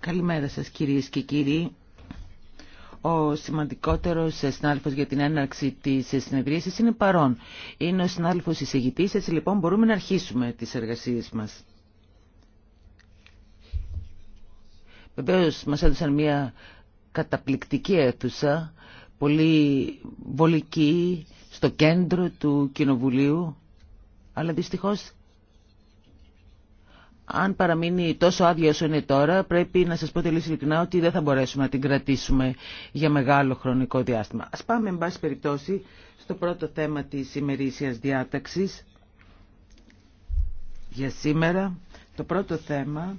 Καλημέρα σας κυρίες και κύριοι. Ο σημαντικότερος συνάδελφος για την έναρξη της συνεδρίασης είναι παρόν. Είναι ο συνάδελφος εισηγητής, έτσι λοιπόν μπορούμε να αρχίσουμε τις εργασίες μας. Βεβαίω μας έδωσαν μια καταπληκτική αίθουσα, πολύ βολική, στο κέντρο του Κοινοβουλίου, αλλά δυστυχώς αν παραμείνει τόσο άδεια όσο είναι τώρα, πρέπει να σας πω τελείως ειλικρινά ότι δεν θα μπορέσουμε να την κρατήσουμε για μεγάλο χρονικό διάστημα. Ας πάμε, εν πάση περιπτώσει, στο πρώτο θέμα της ημερήσιας διάταξης για σήμερα. Το πρώτο θέμα,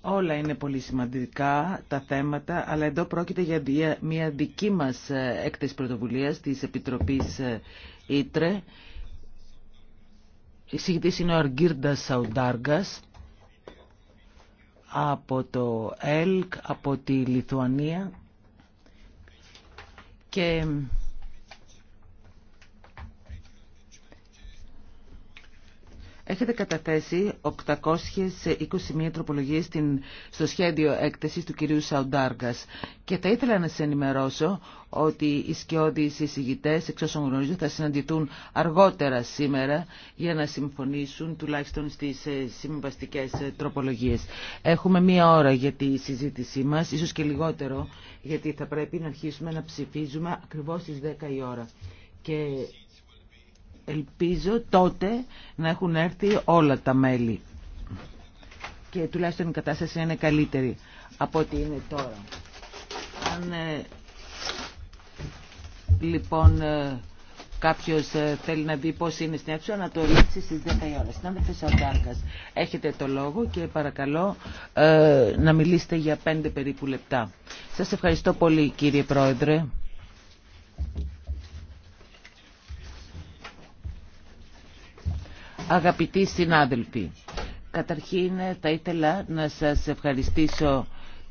όλα είναι πολύ σημαντικά τα θέματα, αλλά εδώ πρόκειται για μια δική μας ε, έκθεση πρωτοβουλίας της Επιτροπής ε, Ήτρε. Η συγκεκριτής είναι ο από το ΕΛΚ, από τη Λιθουανία και Έχετε καταθέσει 821 τροπολογίες στο σχέδιο έκθεσης του κυρίου Σαουντάργας και θα ήθελα να σας ενημερώσω ότι οι σκιώδεις εισηγητές, εξ όσων γνωρίζω, θα συναντηθούν αργότερα σήμερα για να συμφωνήσουν τουλάχιστον στις ε, συμβαστικές ε, τροπολογίες. Έχουμε μία ώρα για τη συζήτησή μας, ίσως και λιγότερο, γιατί θα πρέπει να αρχίσουμε να ψηφίζουμε ακριβώς στις 10 η ώρα. Και ελπίζω τότε να έχουν έρθει όλα τα μέλη και τουλάχιστον η κατάσταση είναι καλύτερη από ό,τι είναι τώρα. Αν ε, λοιπόν ε, κάποιος ε, θέλει να δει πώς είναι στην αίθουσα να το ρίξει στι 10 η ώρα. Συνάδελφε Σαντάρκας, έχετε το λόγο και παρακαλώ να μιλήσετε για 5 περίπου λεπτά. Σας ευχαριστώ πολύ κύριε Πρόεδρε. Αγαπητοί συνάδελφοι, καταρχήν θα ήθελα να σας ευχαριστήσω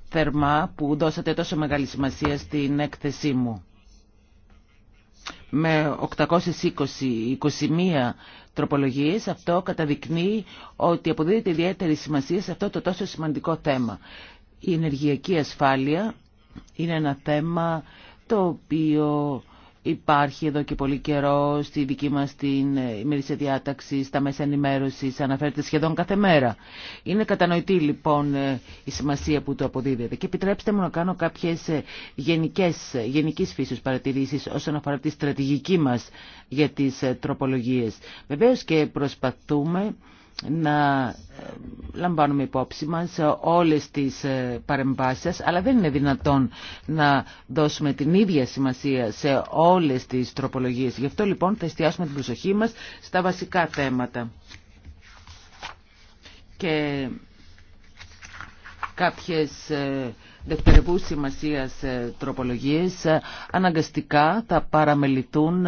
θερμά που δώσατε τόσο μεγάλη σημασία στην έκθεσή μου. Με 821 τροπολογίες αυτό καταδεικνύει ότι αποδίδεται ιδιαίτερη σημασία σε αυτό το τόσο σημαντικό θέμα. Η ενεργειακή ασφάλεια είναι ένα θέμα το οποίο υπάρχει εδώ και πολύ καιρό στη δική μας την ημερήσια διάταξη, στα μέσα ενημέρωσης, αναφέρεται σχεδόν κάθε μέρα. Είναι κατανοητή λοιπόν ε, η σημασία που το αποδίδεται. Και επιτρέψτε μου να κάνω κάποιες ε, γενικές, ε, γενικής φύσεως παρατηρήσεις όσον αφορά τη στρατηγική μας για τις τροπολογίες. Βεβαίως και προσπαθούμε να ε, λαμβάνουμε υπόψη μας όλες τις ε, παρεμβάσεις αλλά δεν είναι δυνατόν να δώσουμε την ίδια σημασία σε όλες τις τροπολογίες. Γι' αυτό λοιπόν θα εστιάσουμε την προσοχή μας στα βασικά θέματα. Και κάποιες ε, δευτερευού σημασία τροπολογίες αναγκαστικά θα παραμεληθούν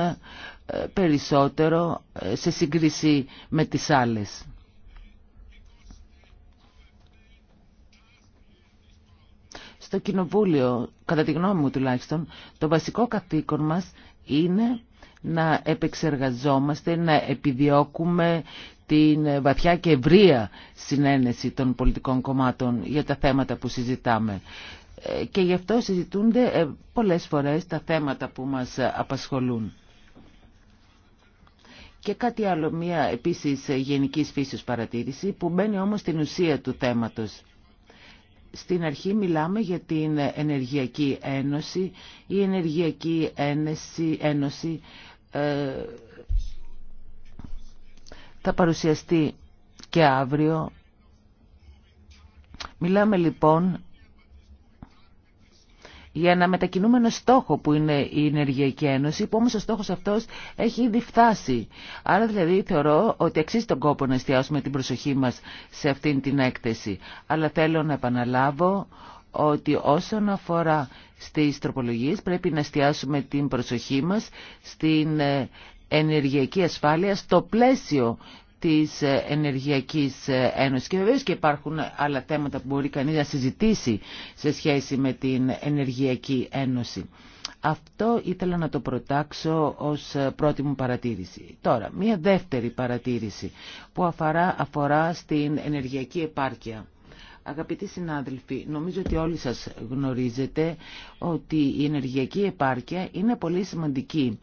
περισσότερο σε σύγκριση με τις άλλες. στο Κοινοβούλιο, κατά τη γνώμη μου τουλάχιστον, το βασικό καθήκον μας είναι να επεξεργαζόμαστε, να επιδιώκουμε την βαθιά και ευρεία συνένεση των πολιτικών κομμάτων για τα θέματα που συζητάμε. Ε, και γι' αυτό συζητούνται ε, πολλές φορές τα θέματα που μας απασχολούν. Και κάτι άλλο, μια επίσης γενικής φύσης παρατήρηση που μπαίνει όμως στην ουσία του θέματος στην αρχή μιλάμε για την Ενεργειακή Ένωση. Η Ενεργειακή Ένωση, Ένωση ε, θα παρουσιαστεί και αύριο. Μιλάμε λοιπόν για ένα μετακινούμενο στόχο που είναι η Ενεργειακή Ένωση, που όμως ο στόχος αυτός έχει ήδη φτάσει. Άρα δηλαδή θεωρώ ότι αξίζει τον κόπο να εστιάσουμε την προσοχή μας σε αυτήν την έκθεση. Αλλά θέλω να επαναλάβω ότι όσον αφορά στις τροπολογίες πρέπει να εστιάσουμε την προσοχή μας στην ε, ενεργειακή ασφάλεια στο πλαίσιο της Ενεργειακής Ένωσης. Και βεβαίως και υπάρχουν άλλα θέματα που μπορεί κανείς να συζητήσει σε σχέση με την Ενεργειακή Ένωση. Αυτό ήθελα να το προτάξω ως πρώτη μου παρατήρηση. Τώρα, μία δεύτερη παρατήρηση που αφορά, αφορά στην ενεργειακή επάρκεια. Αγαπητοί συνάδελφοι, νομίζω ότι όλοι σας γνωρίζετε ότι η ενεργειακή επάρκεια είναι πολύ σημαντική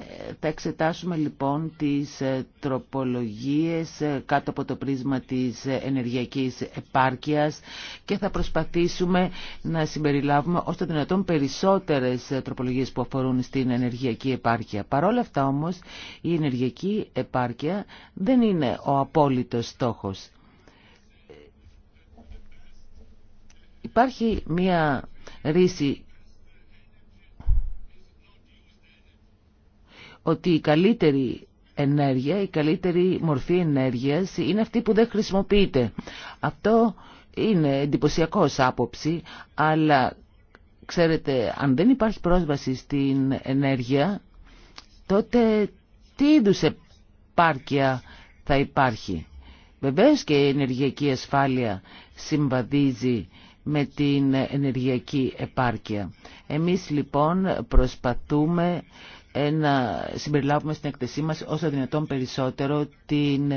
ε, θα εξετάσουμε λοιπόν τις ε, τροπολογίες ε, κάτω από το πρίσμα της ενεργειακής επάρκειας και θα προσπαθήσουμε να συμπεριλάβουμε όσο δυνατόν περισσότερες τροπολογίες που αφορούν στην ενεργειακή επάρκεια. Παρόλα αυτά όμως η ενεργειακή επάρκεια δεν είναι ο απόλυτος στόχος. Υπάρχει μία ρίση ότι η καλύτερη ενέργεια, η καλύτερη μορφή ενέργειας είναι αυτή που δεν χρησιμοποιείται. Αυτό είναι εντυπωσιακό άποψη, αλλά ξέρετε, αν δεν υπάρχει πρόσβαση στην ενέργεια, τότε τι είδου επάρκεια θα υπάρχει. Βεβαίως και η ενεργειακή ασφάλεια συμβαδίζει με την ενεργειακή επάρκεια. Εμείς λοιπόν προσπαθούμε να συμπεριλάβουμε στην εκθεσή μας όσο δυνατόν περισσότερο την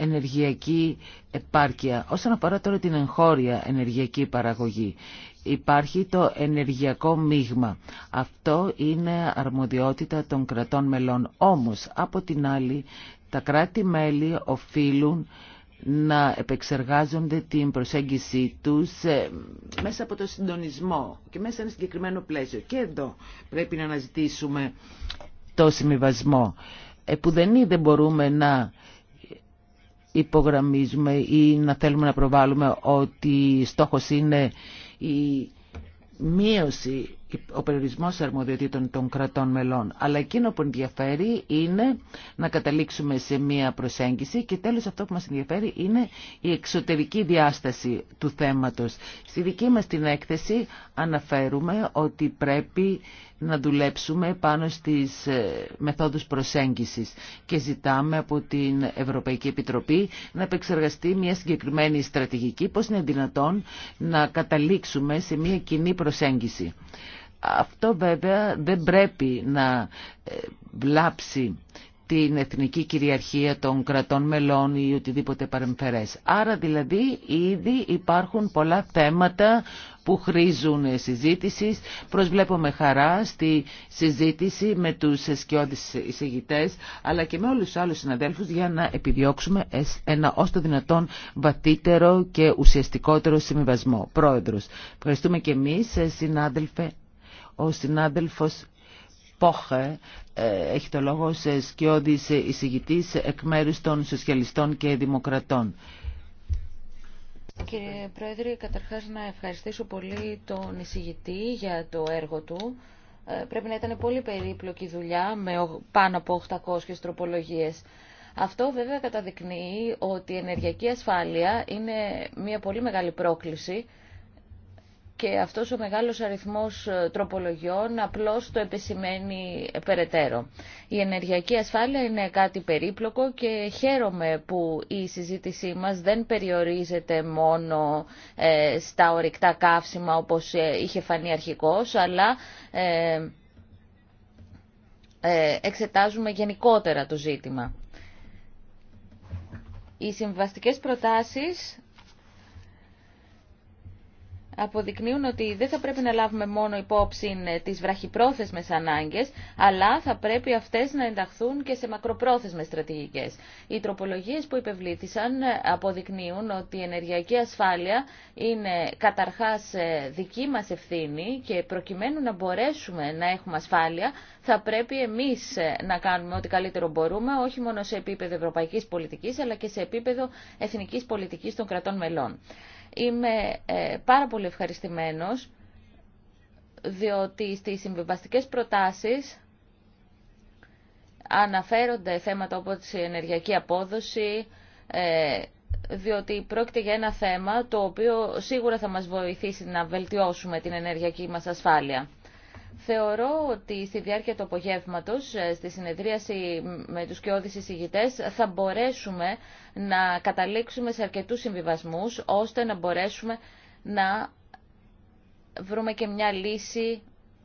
ενεργειακή επάρκεια. Όσον αφορά τώρα την εγχώρια ενεργειακή παραγωγή, υπάρχει το ενεργειακό μείγμα. Αυτό είναι αρμοδιότητα των κρατών μελών. Όμως, από την άλλη, τα κράτη-μέλη οφείλουν να επεξεργάζονται την προσέγγιση τους ε, μέσα από το συντονισμό και μέσα σε ένα συγκεκριμένο πλαίσιο. Και εδώ πρέπει να αναζητήσουμε το συμβιβασμό. Ε, που δεν ή δεν μπορούμε να υπογραμμίζουμε ή να θέλουμε να προβάλλουμε ότι στόχος είναι μπορουμε να υπογραμμιζουμε η να θελουμε να προβαλλουμε οτι στοχος ειναι η μειωση ο περιορισμό αρμοδιοτήτων των κρατών μελών. Αλλά εκείνο που ενδιαφέρει είναι να καταλήξουμε σε μία προσέγγιση και τέλος αυτό που μας ενδιαφέρει είναι η εξωτερική διάσταση του θέματος. Στη δική μας την έκθεση αναφέρουμε ότι πρέπει να δουλέψουμε πάνω στις ε, μεθόδους προσέγγισης και ζητάμε από την Ευρωπαϊκή Επιτροπή να επεξεργαστεί μια συγκεκριμένη στρατηγική πώς είναι δυνατόν να καταλήξουμε σε μια κοινή προσέγγιση. Αυτό βέβαια δεν πρέπει να ε, βλάψει την εθνική κυριαρχία των κρατών μελών ή οτιδήποτε παρεμφερές. Άρα δηλαδή ήδη υπάρχουν πολλά θέματα που χρήζουν συζήτηση. Προσβλέπω με χαρά στη συζήτηση με τους εσκιώδεις εισηγητές αλλά και με όλους τους άλλους συναδέλφους για να επιδιώξουμε ένα ως το δυνατόν βαθύτερο και ουσιαστικότερο συμβιβασμό. Πρόεδρος, ευχαριστούμε και εμείς συνάδελφε ο συνάδελφος Πόχε ε, έχει το λόγο σε σκιώδης εισηγητής εκ μέρους των σοσιαλιστών και δημοκρατών. Κύριε Πρόεδρε, καταρχάς να ευχαριστήσω πολύ τον εισηγητή για το έργο του. Ε, πρέπει να ήταν πολύ περίπλοκη δουλειά με πάνω από 800 τροπολογίες. Αυτό βέβαια καταδεικνύει ότι η ενεργειακή ασφάλεια είναι μια πολύ μεγάλη πρόκληση και αυτός ο μεγάλος αριθμός ε, τροπολογιών απλώς το επισημαίνει περαιτέρω. Η ενεργειακή ασφάλεια είναι κάτι περίπλοκο και χαίρομαι που η συζήτησή μας δεν περιορίζεται μόνο ε, στα ορυκτά καύσιμα όπως ε, είχε φανεί αρχικώς, αλλά εξετάζουμε γενικότερα το ζήτημα. Οι συμβαστικές προτάσεις αποδεικνύουν ότι δεν θα πρέπει να λάβουμε μόνο υπόψη ε, τις βραχυπρόθεσμες ανάγκες, αλλά θα πρέπει αυτές να ενταχθούν και σε μακροπρόθεσμες στρατηγικές. Οι τροπολογίες που υπευλήθησαν ε, αποδεικνύουν ότι η ενεργειακή ασφάλεια είναι καταρχάς ε, δική μας ευθύνη και προκειμένου να μπορέσουμε να έχουμε ασφάλεια, θα πρέπει εμείς να κάνουμε ό,τι καλύτερο μπορούμε, όχι μόνο σε επίπεδο ευρωπαϊκής πολιτικής, αλλά και σε επίπεδο εθνικής πολιτικής των κρατών μελών. Είμαι ε, πάρα πολύ ευχαριστημένος, διότι στις συμβιβαστικές προτάσεις αναφέρονται θέματα όπως η ενεργειακή απόδοση, ε, διότι πρόκειται για ένα θέμα το οποίο σίγουρα θα μας βοηθήσει να βελτιώσουμε την ενεργειακή μας ασφάλεια. Θεωρώ ότι στη διάρκεια του απογεύματος, ε, στη συνεδρίαση με τους κοιόδης εισηγητές, θα μπορέσουμε να καταλήξουμε σε αρκετούς συμβιβασμούς, ώστε να μπορέσουμε να βρούμε και μια λύση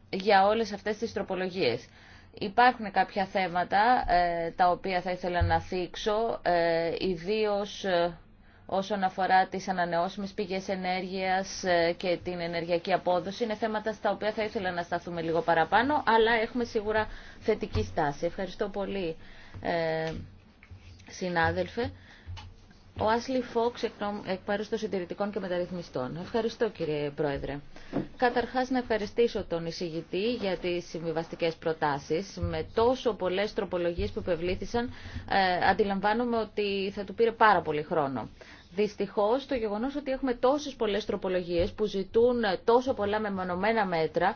για όλες αυτές τις τροπολογίες. Υπάρχουν κάποια θέματα ε, τα οποία θα ήθελα να θίξω, ε, ιδίως όσον αφορά τις ανανεώσιμες πηγές ενέργειας ε, και την ενεργειακή απόδοση. Είναι θέματα στα οποία θα ήθελα να σταθούμε λίγο παραπάνω, αλλά έχουμε σίγουρα θετική στάση. Ευχαριστώ πολύ, ε, συνάδελφε. Ο Άσλι Φόξ, εκ μέρου των συντηρητικών και μεταρρυθμιστών. Ευχαριστώ, κύριε Πρόεδρε. Καταρχά, να ευχαριστήσω τον εισηγητή για τι συμβιβαστικέ προτάσει. Με τόσο πολλέ τροπολογίε που επευλήθησαν, ε, αντιλαμβάνομαι ότι θα του πήρε πάρα πολύ χρόνο. Δυστυχώ, το γεγονός ότι έχουμε τόσε πολλές τροπολογίες που ζητούν τόσο πολλά μεμονωμένα μέτρα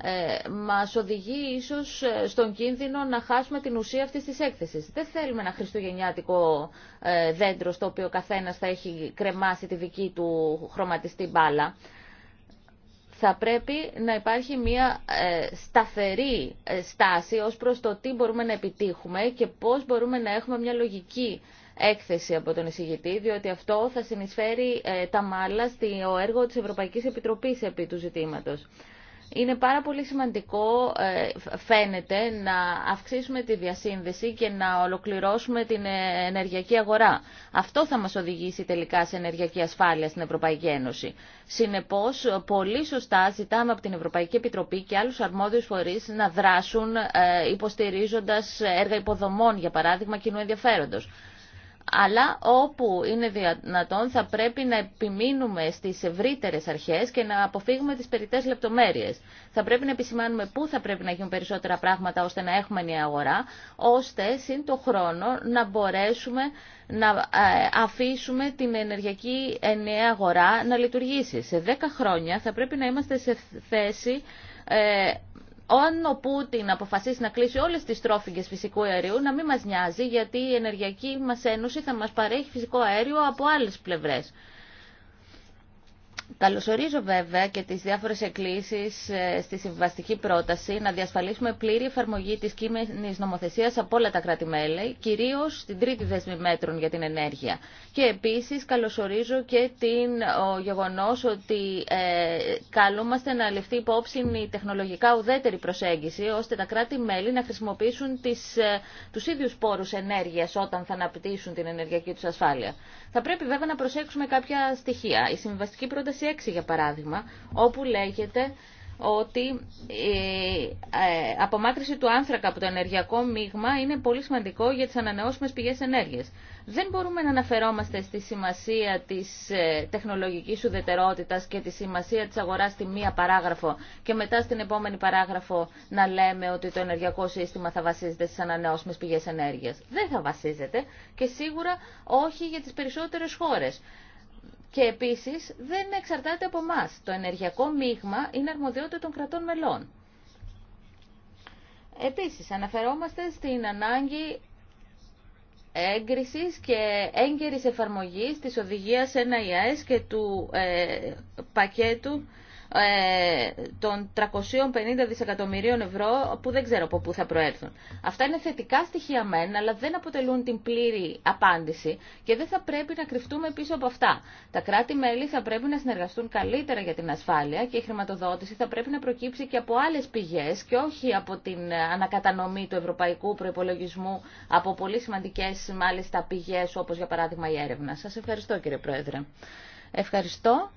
μα ε, μας οδηγεί ίσως ε, στον κίνδυνο να χάσουμε την ουσία αυτή τη έκθεση. Δεν θέλουμε ένα χριστουγεννιάτικο ε, δέντρο στο οποίο καθένα θα έχει κρεμάσει τη δική του χρωματιστή μπάλα. Θα πρέπει να υπάρχει μια σταθερή στάση ως προς το τι μπορούμε να επιτύχουμε και πώς μπορούμε να έχουμε μια λογική έκθεση από τον εισηγητή, διότι αυτό θα συνεισφέρει ε, τα μάλλα στο έργο της Ευρωπαϊκής Επιτροπής επί του ζητήματος. Είναι πάρα πολύ σημαντικό, ε, φαίνεται, να αυξήσουμε τη διασύνδεση και να ολοκληρώσουμε την ε, ενεργειακή αγορά. Αυτό θα μας οδηγήσει τελικά σε ενεργειακή ασφάλεια στην Ευρωπαϊκή Ένωση. Συνεπώς, πολύ σωστά ζητάμε από την Ευρωπαϊκή Επιτροπή και άλλους αρμόδιους φορείς να δράσουν υποστηρίζοντας έργα υποδομών, για παράδειγμα, κοινού ενδιαφέροντος αλλά όπου είναι δυνατόν θα πρέπει να επιμείνουμε στις ευρύτερες αρχές και να αποφύγουμε τις περιττές λεπτομέρειες. Θα πρέπει να επισημάνουμε πού θα πρέπει να γίνουν περισσότερα πράγματα ώστε να έχουμε νέα αγορά, ώστε σύν χρόνο να μπορέσουμε να ε, αφήσουμε την ενεργειακή νέα αγορά να λειτουργήσει. Σε 10 χρόνια θα πρέπει να είμαστε σε θέση ε, αν ο Πούτιν αποφασίσει να κλείσει όλε τι τρόφιγγε φυσικού αερίου, να μην μα νοιάζει, γιατί η Ενεργειακή μα Ένωση θα μα παρέχει φυσικό αέριο από άλλε πλευρέ. Καλωσορίζω βέβαια και τις διάφορες εκκλήσεις ε, στη συμβαστική πρόταση να διασφαλίσουμε πλήρη εφαρμογή της κείμενης νομοθεσίας από όλα τα κράτη-μέλη, κυρίως στην τρίτη δέσμη μέτρων για την ενέργεια. Και επίσης καλωσορίζω και την, ο γεγονός ότι ε, καλούμαστε να ληφθεί υπόψη η τεχνολογικά ουδέτερη προσέγγιση, ώστε τα κράτη-μέλη να χρησιμοποιήσουν τις, ε, τους ίδιους πόρους ενέργειας όταν θα αναπτύσσουν την ενεργειακή τους ασφάλεια. Θα πρέπει βέβαια να προσέξουμε κάποια στοιχεία. Η συμβαστική πρόταση παράγραφη 6 για παράδειγμα, όπου λέγεται ότι η ε, απομάκρυση του άνθρακα από το ενεργειακό μείγμα είναι πολύ σημαντικό για τις ανανεώσιμες πηγές ενέργειας. Δεν μπορούμε να αναφερόμαστε στη σημασία της ε, τεχνολογικής ουδετερότητας και τη σημασία της αγοράς στη μία παράγραφο και μετά στην επόμενη παράγραφο να λέμε ότι το ενεργειακό σύστημα θα βασίζεται στις ανανεώσιμες πηγές ενέργειας. Δεν θα βασίζεται και σίγουρα όχι για τις περισσότερες χώρες και επίση δεν εξαρτάται από εμά. Το ενεργειακό μείγμα είναι αρμοδιότητα των κρατών μελών. Επίσης, αναφερόμαστε στην ανάγκη έγκριση και έγκαιρης εφαρμογής της οδηγίας NIS και του ε, πακέτου ε, των 350 δισεκατομμυρίων ευρώ που δεν ξέρω από πού θα προέρθουν. Αυτά είναι θετικά στοιχεία μεν, αλλά δεν αποτελούν την πλήρη απάντηση και δεν θα πρέπει να κρυφτούμε πίσω από αυτά. Τα κράτη-μέλη θα πρέπει να συνεργαστούν καλύτερα για την ασφάλεια και η χρηματοδότηση θα πρέπει να προκύψει και από άλλε πηγέ και όχι από την ανακατανομή του ευρωπαϊκού προπολογισμού από πολύ σημαντικέ μάλιστα πηγέ όπω για παράδειγμα η έρευνα. Σα ευχαριστώ κύριε Πρόεδρε. Ευχαριστώ.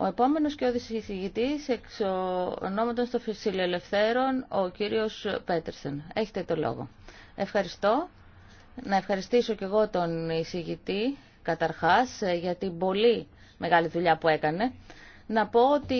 Ο επόμενος και ο δυσυγητής εξ στο των φυσιλελευθέρων, ο κύριος Πέτερσεν. Έχετε το λόγο. Ευχαριστώ. Να ευχαριστήσω και εγώ τον εισηγητή, καταρχάς, για την πολύ μεγάλη δουλειά που έκανε να πω ότι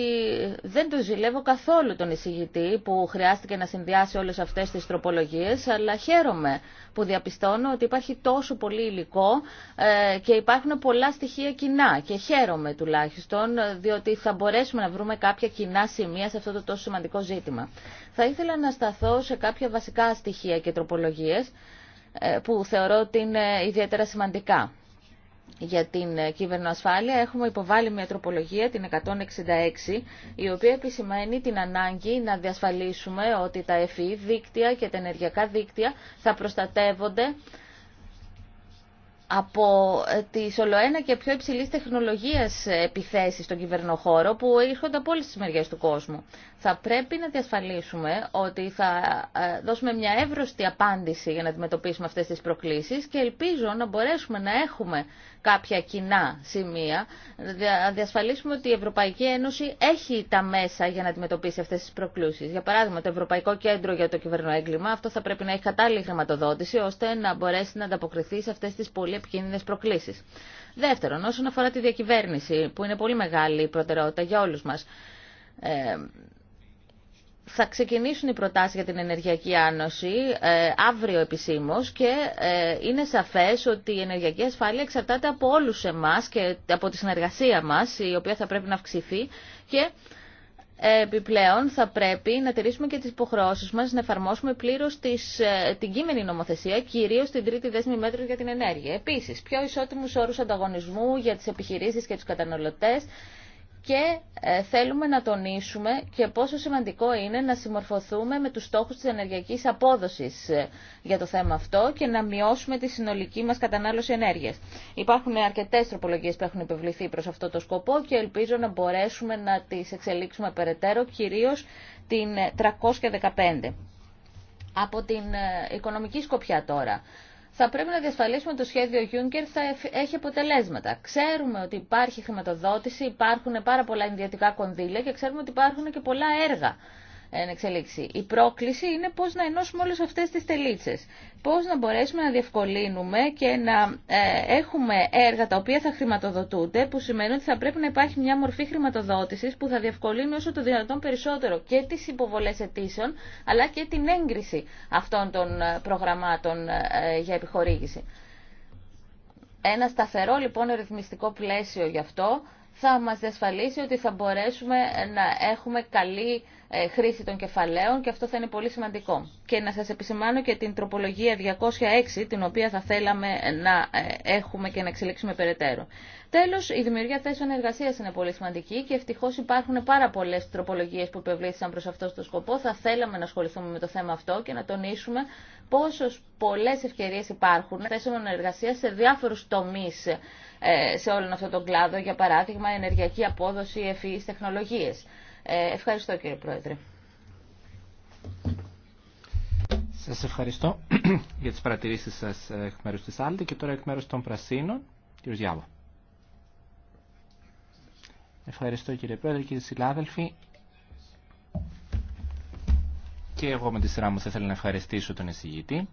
δεν το ζηλεύω καθόλου τον εισηγητή που χρειάστηκε να συνδυάσει όλες αυτές τις τροπολογίες, αλλά χαίρομαι που διαπιστώνω ότι υπάρχει τόσο πολύ υλικό ε, και υπάρχουν πολλά στοιχεία κοινά και χαίρομαι τουλάχιστον διότι θα μπορέσουμε να βρούμε κάποια κοινά σημεία σε αυτό το τόσο σημαντικό ζήτημα. Θα ήθελα να σταθώ σε κάποια βασικά στοιχεία και τροπολογίες ε, που θεωρώ ότι είναι ιδιαίτερα σημαντικά για την ε, κυβερνοασφάλεια έχουμε υποβάλει μια τροπολογία, την 166, η οποία επισημαίνει την ανάγκη να διασφαλίσουμε ότι τα ΕΦΗ e δίκτυα και τα ενεργειακά δίκτυα θα προστατεύονται από ε, τι ολοένα και πιο υψηλής τεχνολογίας επιθέσεις στον κυβερνοχώρο που έρχονται από όλε τι μεριέ του κόσμου. Θα πρέπει να διασφαλίσουμε ότι θα ε, δώσουμε μια εύρωστη απάντηση για να αντιμετωπίσουμε αυτέ τι προκλήσει και ελπίζω να μπορέσουμε να έχουμε κάποια κοινά σημεία, να διασφαλίσουμε ότι η Ευρωπαϊκή Ένωση έχει τα μέσα για να αντιμετωπίσει αυτέ τι προκλούσει. Για παράδειγμα, το Ευρωπαϊκό Κέντρο για το Κυβερνοέγκλημα, αυτό θα πρέπει να έχει κατάλληλη χρηματοδότηση, ώστε να μπορέσει να ανταποκριθεί σε αυτέ τι πολύ επικίνδυνε προκλήσει. Δεύτερον, όσον αφορά τη διακυβέρνηση, που είναι πολύ μεγάλη προτεραιότητα για όλου μα. Ε, θα ξεκινήσουν οι προτάσεις για την Ενεργειακή Άνωση ε, αύριο επισήμως και ε, είναι σαφές ότι η ενεργειακή ασφάλεια εξαρτάται από όλους εμάς και από τη συνεργασία μας, η οποία θα πρέπει να αυξηθεί και ε, επιπλέον θα πρέπει να τηρήσουμε και τις υποχρεώσεις μας, να εφαρμόσουμε πλήρως τις, ε, την κείμενη νομοθεσία, κυρίως την τρίτη δέσμη μέτρων για την ενέργεια. Επίσης, πιο ισότιμους όρους ανταγωνισμού για τις επιχειρήσεις και τους καταναλωτές, και ε, θέλουμε να τονίσουμε και πόσο σημαντικό είναι να συμμορφωθούμε με τους στόχους της ενεργειακής απόδοσης ε, για το θέμα αυτό και να μειώσουμε τη συνολική μας κατανάλωση ενέργειας. Υπάρχουν αρκετές τροπολογίες που έχουν επιβληθεί προς αυτό το σκοπό και ελπίζω να μπορέσουμε να τις εξελίξουμε περαιτέρω, κυρίως την 315. Ε, Από την οικονομική σκοπιά τώρα θα πρέπει να διασφαλίσουμε ότι το σχέδιο Juncker θα έχει αποτελέσματα. Ξέρουμε ότι υπάρχει χρηματοδότηση, υπάρχουν πάρα πολλά ιδιωτικά κονδύλια και ξέρουμε ότι υπάρχουν και πολλά έργα. Ε, εξελίξει. Η πρόκληση είναι πώς να ενώσουμε όλες αυτές τις τελίτσες. Πώς να μπορέσουμε να διευκολύνουμε και να ε, έχουμε έργα τα οποία θα χρηματοδοτούνται, που σημαίνει ότι θα πρέπει να υπάρχει μια μορφή χρηματοδότησης που θα διευκολύνει όσο το δυνατόν περισσότερο και τις υποβολές αιτήσεων, αλλά και την έγκριση αυτών των ε, προγραμμάτων για επιχορήγηση. Ένα σταθερό λοιπόν ρυθμιστικό πλαίσιο γι' αυτό θα μας διασφαλίσει ότι θα μπορέσουμε να έχουμε καλή ε, χρήση των κεφαλαίων και αυτό θα είναι πολύ σημαντικό. Και να σας επισημάνω και την τροπολογία 206, την οποία θα θέλαμε να ε, έχουμε και να εξελίξουμε περαιτέρω. Τέλος, η δημιουργία θέσεων εργασίας είναι πολύ σημαντική και ευτυχώς υπάρχουν πάρα πολλές τροπολογίες που υπευλήθησαν προς αυτό το σκοπό. Θα θέλαμε να ασχοληθούμε με το θέμα αυτό και να τονίσουμε πόσο πολλές ευκαιρίες υπάρχουν θέσεων εργασίας σε διάφορους τομείς ε, σε όλον αυτόν τον κλάδο, για παράδειγμα ενεργειακή απόδοση, ευφυείς τεχνολογίες. Ε, ευχαριστώ κύριε Πρόεδρε. Σας ευχαριστώ για τις παρατηρήσεις σας ε, εκ μέρους της Άλτη και τώρα εκ μέρους των Πρασίνων, κύριο Γιάβο. Ευχαριστώ κύριε Πρόεδρε, κύριοι συνάδελφοι. Και εγώ με τη σειρά μου θα ήθελα να ευχαριστήσω τον εισηγητή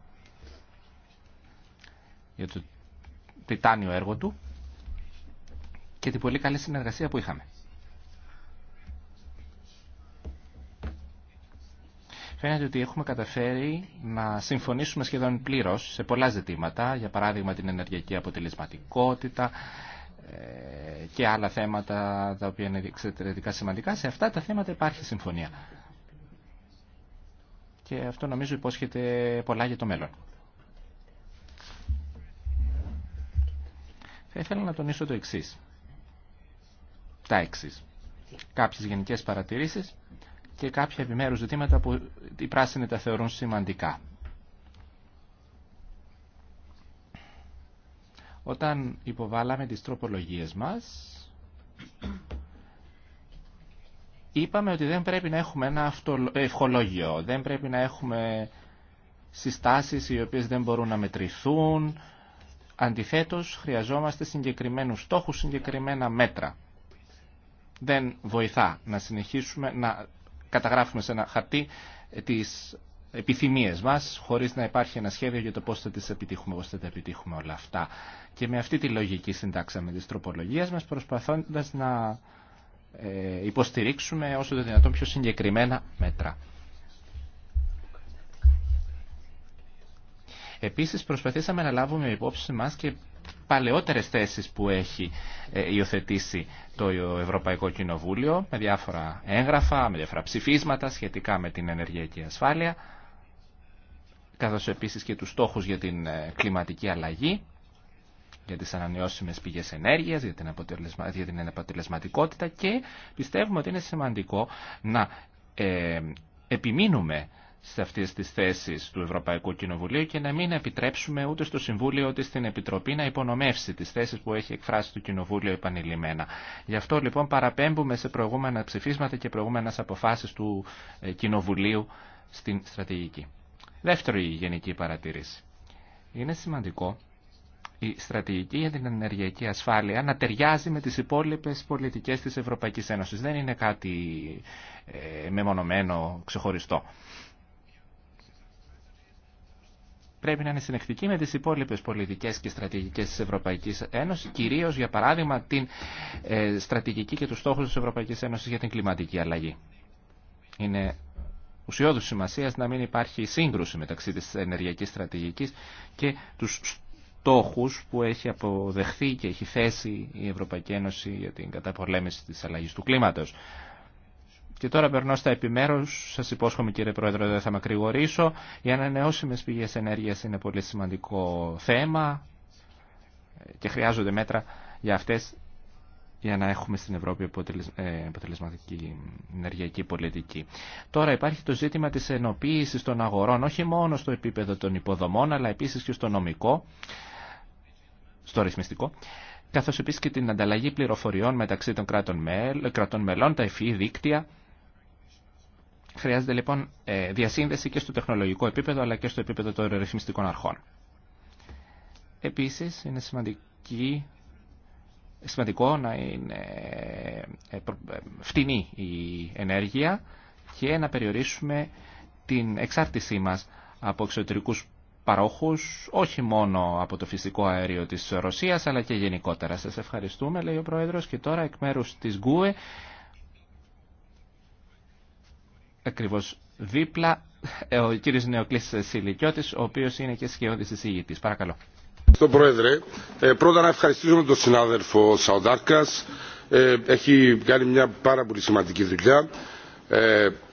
για το τιτάνιο έργο του και την πολύ καλή συνεργασία που είχαμε. φαίνεται ότι έχουμε καταφέρει να συμφωνήσουμε σχεδόν πλήρως σε πολλά ζητήματα, για παράδειγμα την ενεργειακή αποτελεσματικότητα ε, και άλλα θέματα τα οποία είναι εξαιρετικά σημαντικά. Σε αυτά τα θέματα υπάρχει συμφωνία. Και αυτό νομίζω υπόσχεται πολλά για το μέλλον. Θα ήθελα να τονίσω το εξής. Τα εξής. Κάποιες γενικές παρατηρήσεις και κάποια επιμέρους ζητήματα που οι πράσινοι τα θεωρούν σημαντικά. Όταν υποβάλαμε τις τροπολογίες μας, είπαμε ότι δεν πρέπει να έχουμε ένα ε, ευχολόγιο, δεν πρέπει να έχουμε συστάσεις οι οποίες δεν μπορούν να μετρηθούν. Αντιθέτως, χρειαζόμαστε συγκεκριμένους στόχους, συγκεκριμένα μέτρα. Δεν βοηθά να συνεχίσουμε να καταγράφουμε σε ένα χαρτί ε, τις επιθυμίες μας χωρίς να υπάρχει ένα σχέδιο για το πώς θα τις επιτύχουμε, πώς θα τα επιτύχουμε όλα αυτά. Και με αυτή τη λογική συντάξαμε τις τροπολογίες μας προσπαθώντας να ε, υποστηρίξουμε όσο το δυνατόν πιο συγκεκριμένα μέτρα. Επίσης προσπαθήσαμε να λάβουμε υπόψη μας και παλαιότερες θέσεις που έχει ε, υιοθετήσει το Ευρωπαϊκό Κοινοβούλιο με διάφορα έγγραφα, με διάφορα ψηφίσματα σχετικά με την ενεργειακή ασφάλεια καθώς επίσης και τους στόχους για την ε, κλιματική αλλαγή για τις ανανεώσιμες πηγές ενέργειας, για την, αποτελεσμα... αποτελεσματικότητα και πιστεύουμε ότι είναι σημαντικό να ε, επιμείνουμε σε αυτέ τι θέσει του Ευρωπαϊκού Κοινοβουλίου και να μην επιτρέψουμε ούτε στο Συμβούλιο ούτε στην Επιτροπή να υπονομεύσει τι θέσει που έχει εκφράσει το Κοινοβούλιο επανειλημμένα. Γι' αυτό λοιπόν παραπέμπουμε σε προηγούμενα ψηφίσματα και προηγούμενε αποφάσει του ε, Κοινοβουλίου στην στρατηγική. Δεύτερη γενική παρατήρηση. Είναι σημαντικό η στρατηγική για την ενεργειακή ασφάλεια να ταιριάζει με τις υπόλοιπες πολιτικές της Ευρωπαϊκής Ένωσης. Δεν είναι κάτι ε, μεμονωμένο, ξεχωριστό πρέπει να είναι συνεχτική με τις υπόλοιπες πολιτικές και στρατηγικές της Ευρωπαϊκής Ένωσης, κυρίως για παράδειγμα την ε, στρατηγική και τους στόχους της Ευρωπαϊκής Ένωσης για την κλιματική αλλαγή. Είναι ουσιώδους σημασίας να μην υπάρχει σύγκρουση μεταξύ της ενεργειακής στρατηγικής και τους στόχους που έχει αποδεχθεί και έχει θέσει η Ευρωπαϊκή Ένωση για την καταπολέμηση της αλλαγής του κλίματος. Και τώρα περνώ στα επιμέρου. σας υπόσχομαι κύριε Πρόεδρε δεν θα με ακρηγορήσω. Οι ανανεώσιμε πηγέ ενέργεια είναι πολύ σημαντικό θέμα και χρειάζονται μέτρα για αυτέ για να έχουμε στην Ευρώπη ε, αποτελεσματική ενεργειακή πολιτική. Τώρα υπάρχει το ζήτημα της ενοποίησης των αγορών, όχι μόνο στο επίπεδο των υποδομών, αλλά επίσης και στο νομικό, στο ρυθμιστικό, καθώς επίσης και την ανταλλαγή πληροφοριών μεταξύ των κρατών μελών, τα εφή δίκτυα, Χρειάζεται λοιπόν ε, διασύνδεση και στο τεχνολογικό επίπεδο αλλά και στο επίπεδο των ρυθμιστικών αρχών. Επίσης είναι σημαντική, σημαντικό να είναι ε, ε, φτηνή η ενέργεια και να περιορίσουμε την εξάρτησή μας από εξωτερικούς παρόχους, όχι μόνο από το φυσικό αέριο της Ρωσίας, αλλά και γενικότερα. Σας ευχαριστούμε, λέει ο Πρόεδρος, και τώρα εκ μέρους της ΓΚΟΕ ακριβώς δίπλα ε, ο κύριο Νεοκλής Σιλικιώτης, ο οποίος είναι και σχεδόν εισηγητής. Παρακαλώ. Στον Πρόεδρε. Ε, πρώτα να ευχαριστήσουμε τον συνάδελφο Σαουδάρκας. Ε, έχει κάνει μια πάρα πολύ σημαντική δουλειά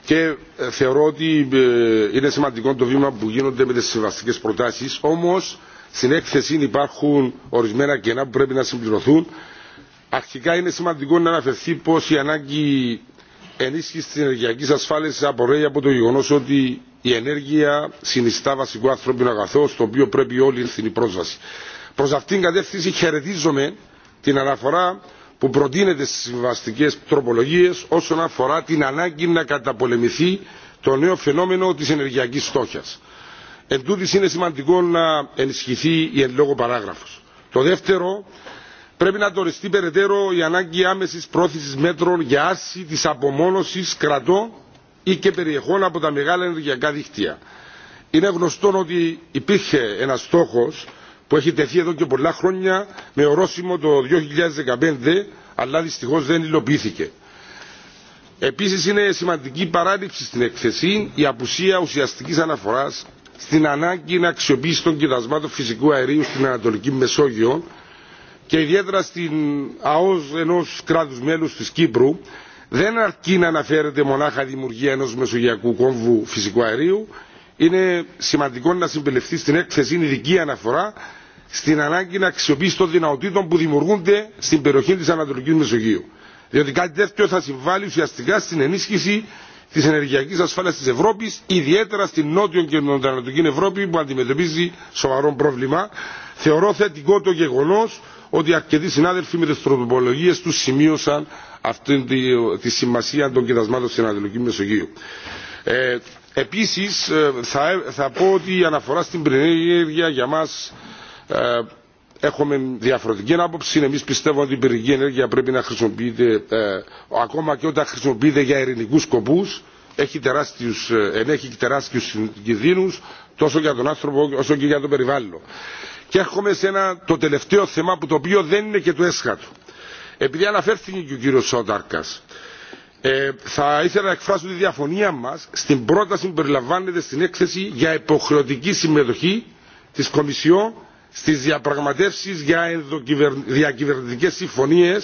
και θεωρώ ότι είναι σημαντικό το βήμα που γίνονται με τις συμβαστικές προτάσεις. Όμως στην έκθεση υπάρχουν ορισμένα κενά που πρέπει να συμπληρωθούν. Αρχικά είναι σημαντικό να αναφερθεί πως η ανάγκη ενίσχυση τη ενεργειακή ασφάλεια απορρέει από το γεγονό ότι η ενέργεια συνιστά βασικό ανθρώπινο αγαθό στο οποίο πρέπει όλοι έχουν πρόσβαση. Προ αυτήν την κατεύθυνση χαιρετίζομαι την αναφορά που προτείνεται στι συμβαστικέ τροπολογίε όσον αφορά την ανάγκη να καταπολεμηθεί το νέο φαινόμενο τη ενεργειακή στόχια. Εν τούτης είναι σημαντικό να ενισχυθεί η εν λόγω παράγραφος. Το δεύτερο πρέπει να τοριστεί περαιτέρω η ανάγκη άμεση πρόθεση μέτρων για άρση τη απομόνωση κρατών ή και περιεχών από τα μεγάλα ενεργειακά δίκτυα. Είναι γνωστό ότι υπήρχε ένα στόχο που έχει τεθεί εδώ και πολλά χρόνια με ορόσημο το 2015, αλλά δυστυχώ δεν υλοποιήθηκε. Επίση, είναι σημαντική παράληψη στην εκθεσή η απουσία ουσιαστική αναφορά στην ανάγκη να αξιοποιήσει των κοιτασμάτων φυσικού αερίου στην Ανατολική Μεσόγειο και ιδιαίτερα στην ΑΟΣ ενός κράτους μέλους της Κύπρου δεν αρκεί να αναφέρεται μονάχα δημιουργία ενός μεσογειακού κόμβου φυσικού αερίου είναι σημαντικό να συμπεριληφθεί στην έκθεση ειδική αναφορά στην ανάγκη να αξιοποιήσει των δυνατοτήτων που δημιουργούνται στην περιοχή της Ανατολικής Μεσογείου. Διότι κάτι τέτοιο θα συμβάλλει ουσιαστικά στην ενίσχυση τη ενεργειακή ασφάλεια τη Ευρώπη, ιδιαίτερα στην νότιο και νοτιοανατολική Ευρώπη που αντιμετωπίζει σοβαρό πρόβλημα. Θεωρώ θετικό το γεγονό ότι αρκετοί συνάδελφοι με τι τροπολογίε του σημείωσαν αυτή τη σημασία των κοιτασμάτων στην Ανατολική Μεσογείο. Ε, Επίση, ε, θα, θα πω ότι η αναφορά στην πυρηνική για μα ε, έχουμε διαφορετική άποψη. Εμεί πιστεύω ότι η πυρηνική ενέργεια πρέπει να χρησιμοποιείται ε, ακόμα και όταν χρησιμοποιείται για ειρηνικού σκοπού. Έχει τεράστιου ενέχει τεράστιους κινδύνου τόσο για τον άνθρωπο όσο και για το περιβάλλον. Και έρχομαι σε ένα, το τελευταίο θέμα που το οποίο δεν είναι και του έσχατου. Επειδή αναφέρθηκε και ο κύριο Σόταρκα, ε, θα ήθελα να εκφράσω τη διαφωνία μα στην πρόταση που περιλαμβάνεται στην έκθεση για υποχρεωτική συμμετοχή τη Κομισιόν στι διαπραγματεύσει για διακυβερνητικέ συμφωνίε,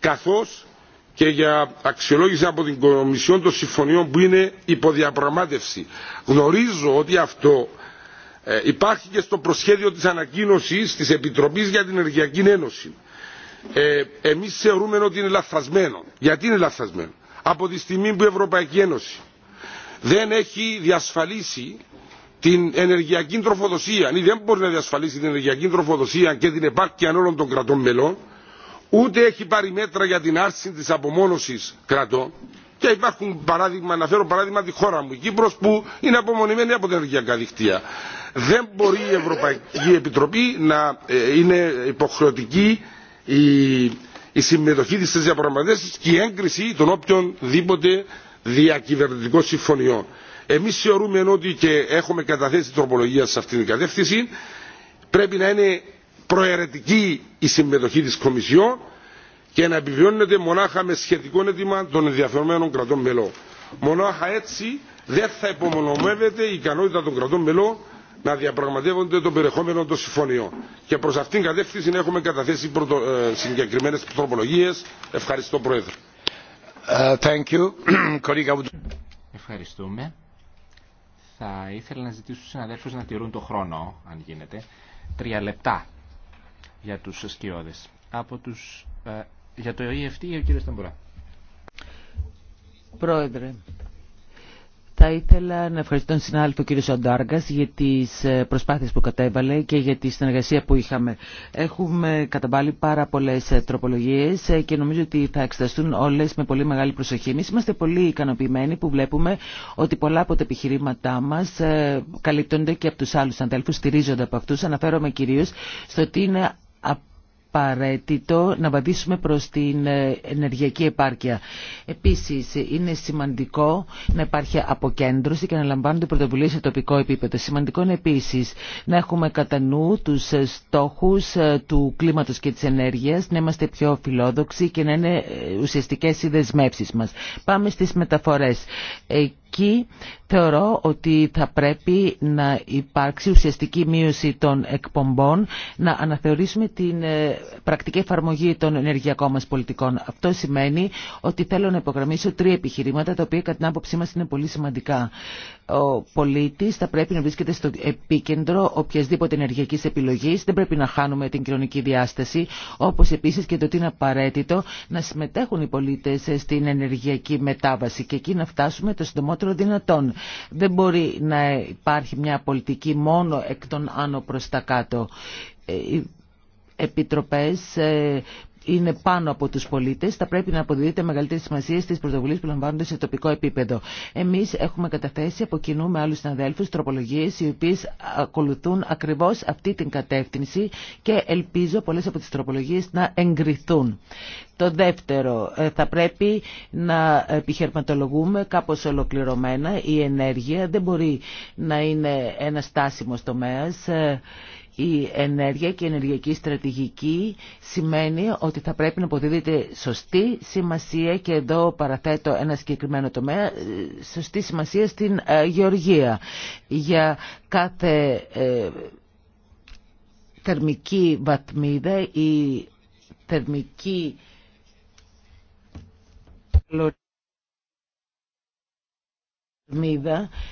καθώ και για αξιολόγηση από την Κομισιόν των συμφωνιών που είναι υποδιαπραγμάτευση. Γνωρίζω ότι αυτό ε, υπάρχει και στο προσχέδιο της ανακοίνωσης της Επιτροπής για την Ενεργειακή Ένωση. Ε, εμείς θεωρούμε ότι είναι λαθασμένο. Γιατί είναι λαθασμένο. Από τη στιγμή που η Ευρωπαϊκή Ένωση δεν έχει διασφαλίσει την ενεργειακή τροφοδοσία ή δεν μπορεί να διασφαλίσει την ενεργειακή τροφοδοσία και την επάρκεια όλων των κρατών μελών ούτε έχει πάρει μέτρα για την άρση της απομόνωσης κρατών και υπάρχουν παράδειγμα, να φέρω παράδειγμα τη χώρα μου, η Κύπρος που είναι απομονημένη από τα ενεργειακά δικτύα δεν μπορεί η Ευρωπαϊκή Επιτροπή να ε, είναι υποχρεωτική η, συμμετοχή της στις διαπραγματεύσεις και η έγκριση των οποιονδήποτε διακυβερνητικών συμφωνιών. Εμείς θεωρούμε ότι και έχουμε καταθέσει τροπολογία σε αυτήν την κατεύθυνση πρέπει να είναι προαιρετική η συμμετοχή της Κομισιόν και να επιβιώνεται μονάχα με σχετικό αίτημα των ενδιαφερμένων κρατών μελών. Μονάχα έτσι δεν θα υπομονωμεύεται η ικανότητα των κρατών μελών να διαπραγματεύονται το περιεχόμενο των συμφωνιών. Και προς αυτήν την κατεύθυνση έχουμε καταθέσει πρωτο... Ε, συγκεκριμένες τροπολογίες. Ευχαριστώ Πρόεδρε. Ε, thank Ευχαριστούμε. Θα ήθελα να ζητήσω στους συναδέλφους να τηρούν το χρόνο, αν γίνεται, τρία λεπτά για τους σκιώδες. Από τους, ε, για το EFT, ο κύριος Ταμπουρά. Πρόεδρε, θα ήθελα να ευχαριστώ τον συνάδελφο κύριο Σαντάργα για τι ε, προσπάθειε που κατέβαλε και για τη συνεργασία που είχαμε. Έχουμε καταβάλει πάρα πολλέ ε, τροπολογίε ε, και νομίζω ότι θα εξεταστούν όλε με πολύ μεγάλη προσοχή. Εμεί είμαστε πολύ ικανοποιημένοι που βλέπουμε ότι πολλά από τα επιχειρήματά μα καλύπτονται και από του άλλου συναδέλφου, στηρίζονται από αυτού. Αναφέρομαι κυρίω στο ότι είναι απαραίτητο να βαδίσουμε προς την ε, ενεργειακή επάρκεια. Επίσης, είναι σημαντικό να υπάρχει αποκέντρωση και να λαμβάνονται πρωτοβουλίες σε τοπικό επίπεδο. Σημαντικό είναι επίσης να έχουμε κατά νου τους ε, στόχους ε, του κλίματος και της ενέργειας, να είμαστε πιο φιλόδοξοι και να είναι ουσιαστικές οι δεσμεύσεις μας. Πάμε στις μεταφορές εκεί θεωρώ ότι θα πρέπει να υπάρξει ουσιαστική μείωση των εκπομπών, να αναθεωρήσουμε την ε, πρακτική εφαρμογή των ενεργειακών μας πολιτικών. Αυτό σημαίνει ότι θέλω να υπογραμμίσω τρία επιχειρήματα, τα οποία κατά την άποψή μας είναι πολύ σημαντικά ο πολίτης θα πρέπει να βρίσκεται στο επίκεντρο οποιασδήποτε ενεργειακής επιλογής. Δεν πρέπει να χάνουμε την κοινωνική διάσταση, όπως επίσης και το ότι είναι απαραίτητο να συμμετέχουν οι πολίτες στην ενεργειακή μετάβαση και εκεί να φτάσουμε το συντομότερο δυνατόν. Δεν μπορεί να υπάρχει μια πολιτική μόνο εκ των άνω προς τα κάτω ε, επιτροπές ε, είναι πάνω από τους πολίτες, θα πρέπει να αποδίδεται μεγαλύτερη σημασία στις πρωτοβουλίες που λαμβάνονται σε τοπικό επίπεδο. Εμείς έχουμε καταθέσει από κοινού με άλλους συναδέλφους τροπολογίες οι οποίες ακολουθούν ακριβώς αυτή την κατεύθυνση και ελπίζω πολλές από τις τροπολογίες να εγκριθούν. Το δεύτερο, ε, θα πρέπει να επιχειρηματολογούμε κάπως ολοκληρωμένα. Η ενέργεια δεν μπορεί να είναι ένα στάσιμο τομέα. Ε, η ενέργεια και η ενεργειακή στρατηγική σημαίνει ότι θα πρέπει να αποδίδεται σωστή σημασία και εδώ παραθέτω ένα συγκεκριμένο τομέα, ε, σωστή σημασία στην ε, γεωργία. Για κάθε ε, θερμική βαθμίδα ή θερμική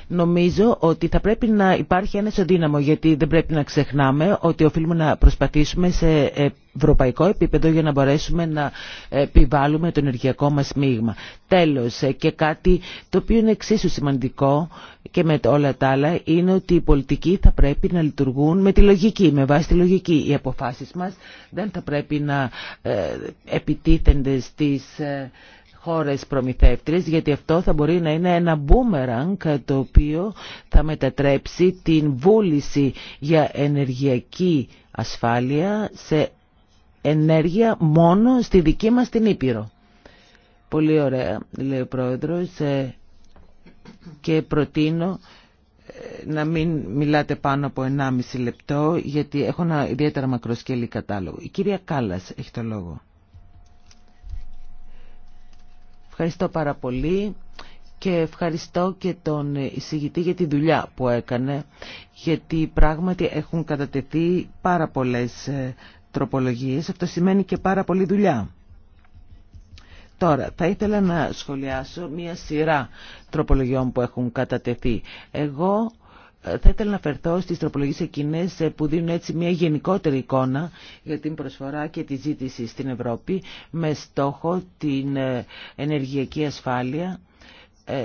νομίζω ότι θα πρέπει να υπάρχει ένα ισοδύναμο γιατί δεν πρέπει να ξεχνάμε ότι οφείλουμε να προσπαθήσουμε σε ευρωπαϊκό επίπεδο για να μπορέσουμε να επιβάλλουμε το ενεργειακό μας μείγμα. Τέλος και κάτι το οποίο είναι εξίσου σημαντικό και με όλα τα άλλα είναι ότι οι πολιτικοί θα πρέπει να λειτουργούν με τη λογική, με βάση τη λογική. Οι αποφάσεις μας δεν θα πρέπει να ε, επιτίθενται στις ε, χώρες προμηθεύτριες γιατί αυτό θα μπορεί να είναι ένα μπούμερανγκ το οποίο θα μετατρέψει την βούληση για ενεργειακή ασφάλεια σε ενέργεια μόνο στη δική μας την Ήπειρο. Πολύ ωραία, λέει ο Πρόεδρος, ε, και προτείνω ε, να μην μιλάτε πάνω από 1,5 λεπτό, γιατί έχω ένα ιδιαίτερα μακροσκελή κατάλογο. Η κυρία Κάλλας έχει το λόγο. Ευχαριστώ πάρα πολύ και ευχαριστώ και τον εισηγητή για τη δουλειά που έκανε γιατί πράγματι έχουν κατατεθεί πάρα πολλές ε, τροπολογίες. Αυτό σημαίνει και πάρα πολλή δουλειά. Τώρα, θα ήθελα να σχολιάσω μία σειρά τροπολογιών που έχουν κατατεθεί. Εγώ θα ήθελα να φερθώ στις τροπολογίες εκείνες ε, που δίνουν έτσι μια γενικότερη εικόνα για την προσφορά και τη ζήτηση στην Ευρώπη με στόχο την ε, ενεργειακή ασφάλεια. Ε,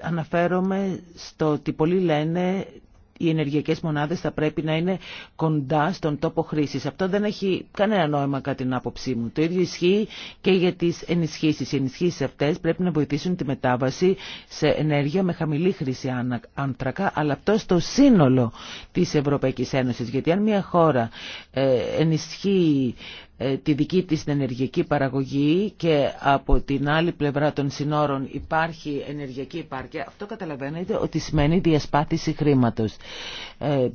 αναφέρομαι στο ότι πολλοί λένε οι ενεργειακές μονάδες θα πρέπει να είναι κοντά στον τόπο χρήσης. Αυτό δεν έχει κανένα νόημα κατά την άποψή μου. Το ίδιο ισχύει και για τις ενισχύσεις. Οι ενισχύσεις αυτές πρέπει να βοηθήσουν τη μετάβαση σε ενέργεια με χαμηλή χρήση άνθρακα, αλλά αυτό στο σύνολο της Ευρωπαϊκής Ένωσης. Γιατί αν μια χώρα ε, ενισχύει ε, τη δική της ενεργειακή παραγωγή και από την άλλη πλευρά των συνόρων υπάρχει ενεργειακή υπάρκεια, αυτό καταλαβαίνετε ότι σημαίνει διασπάθηση χρήματος. Ε,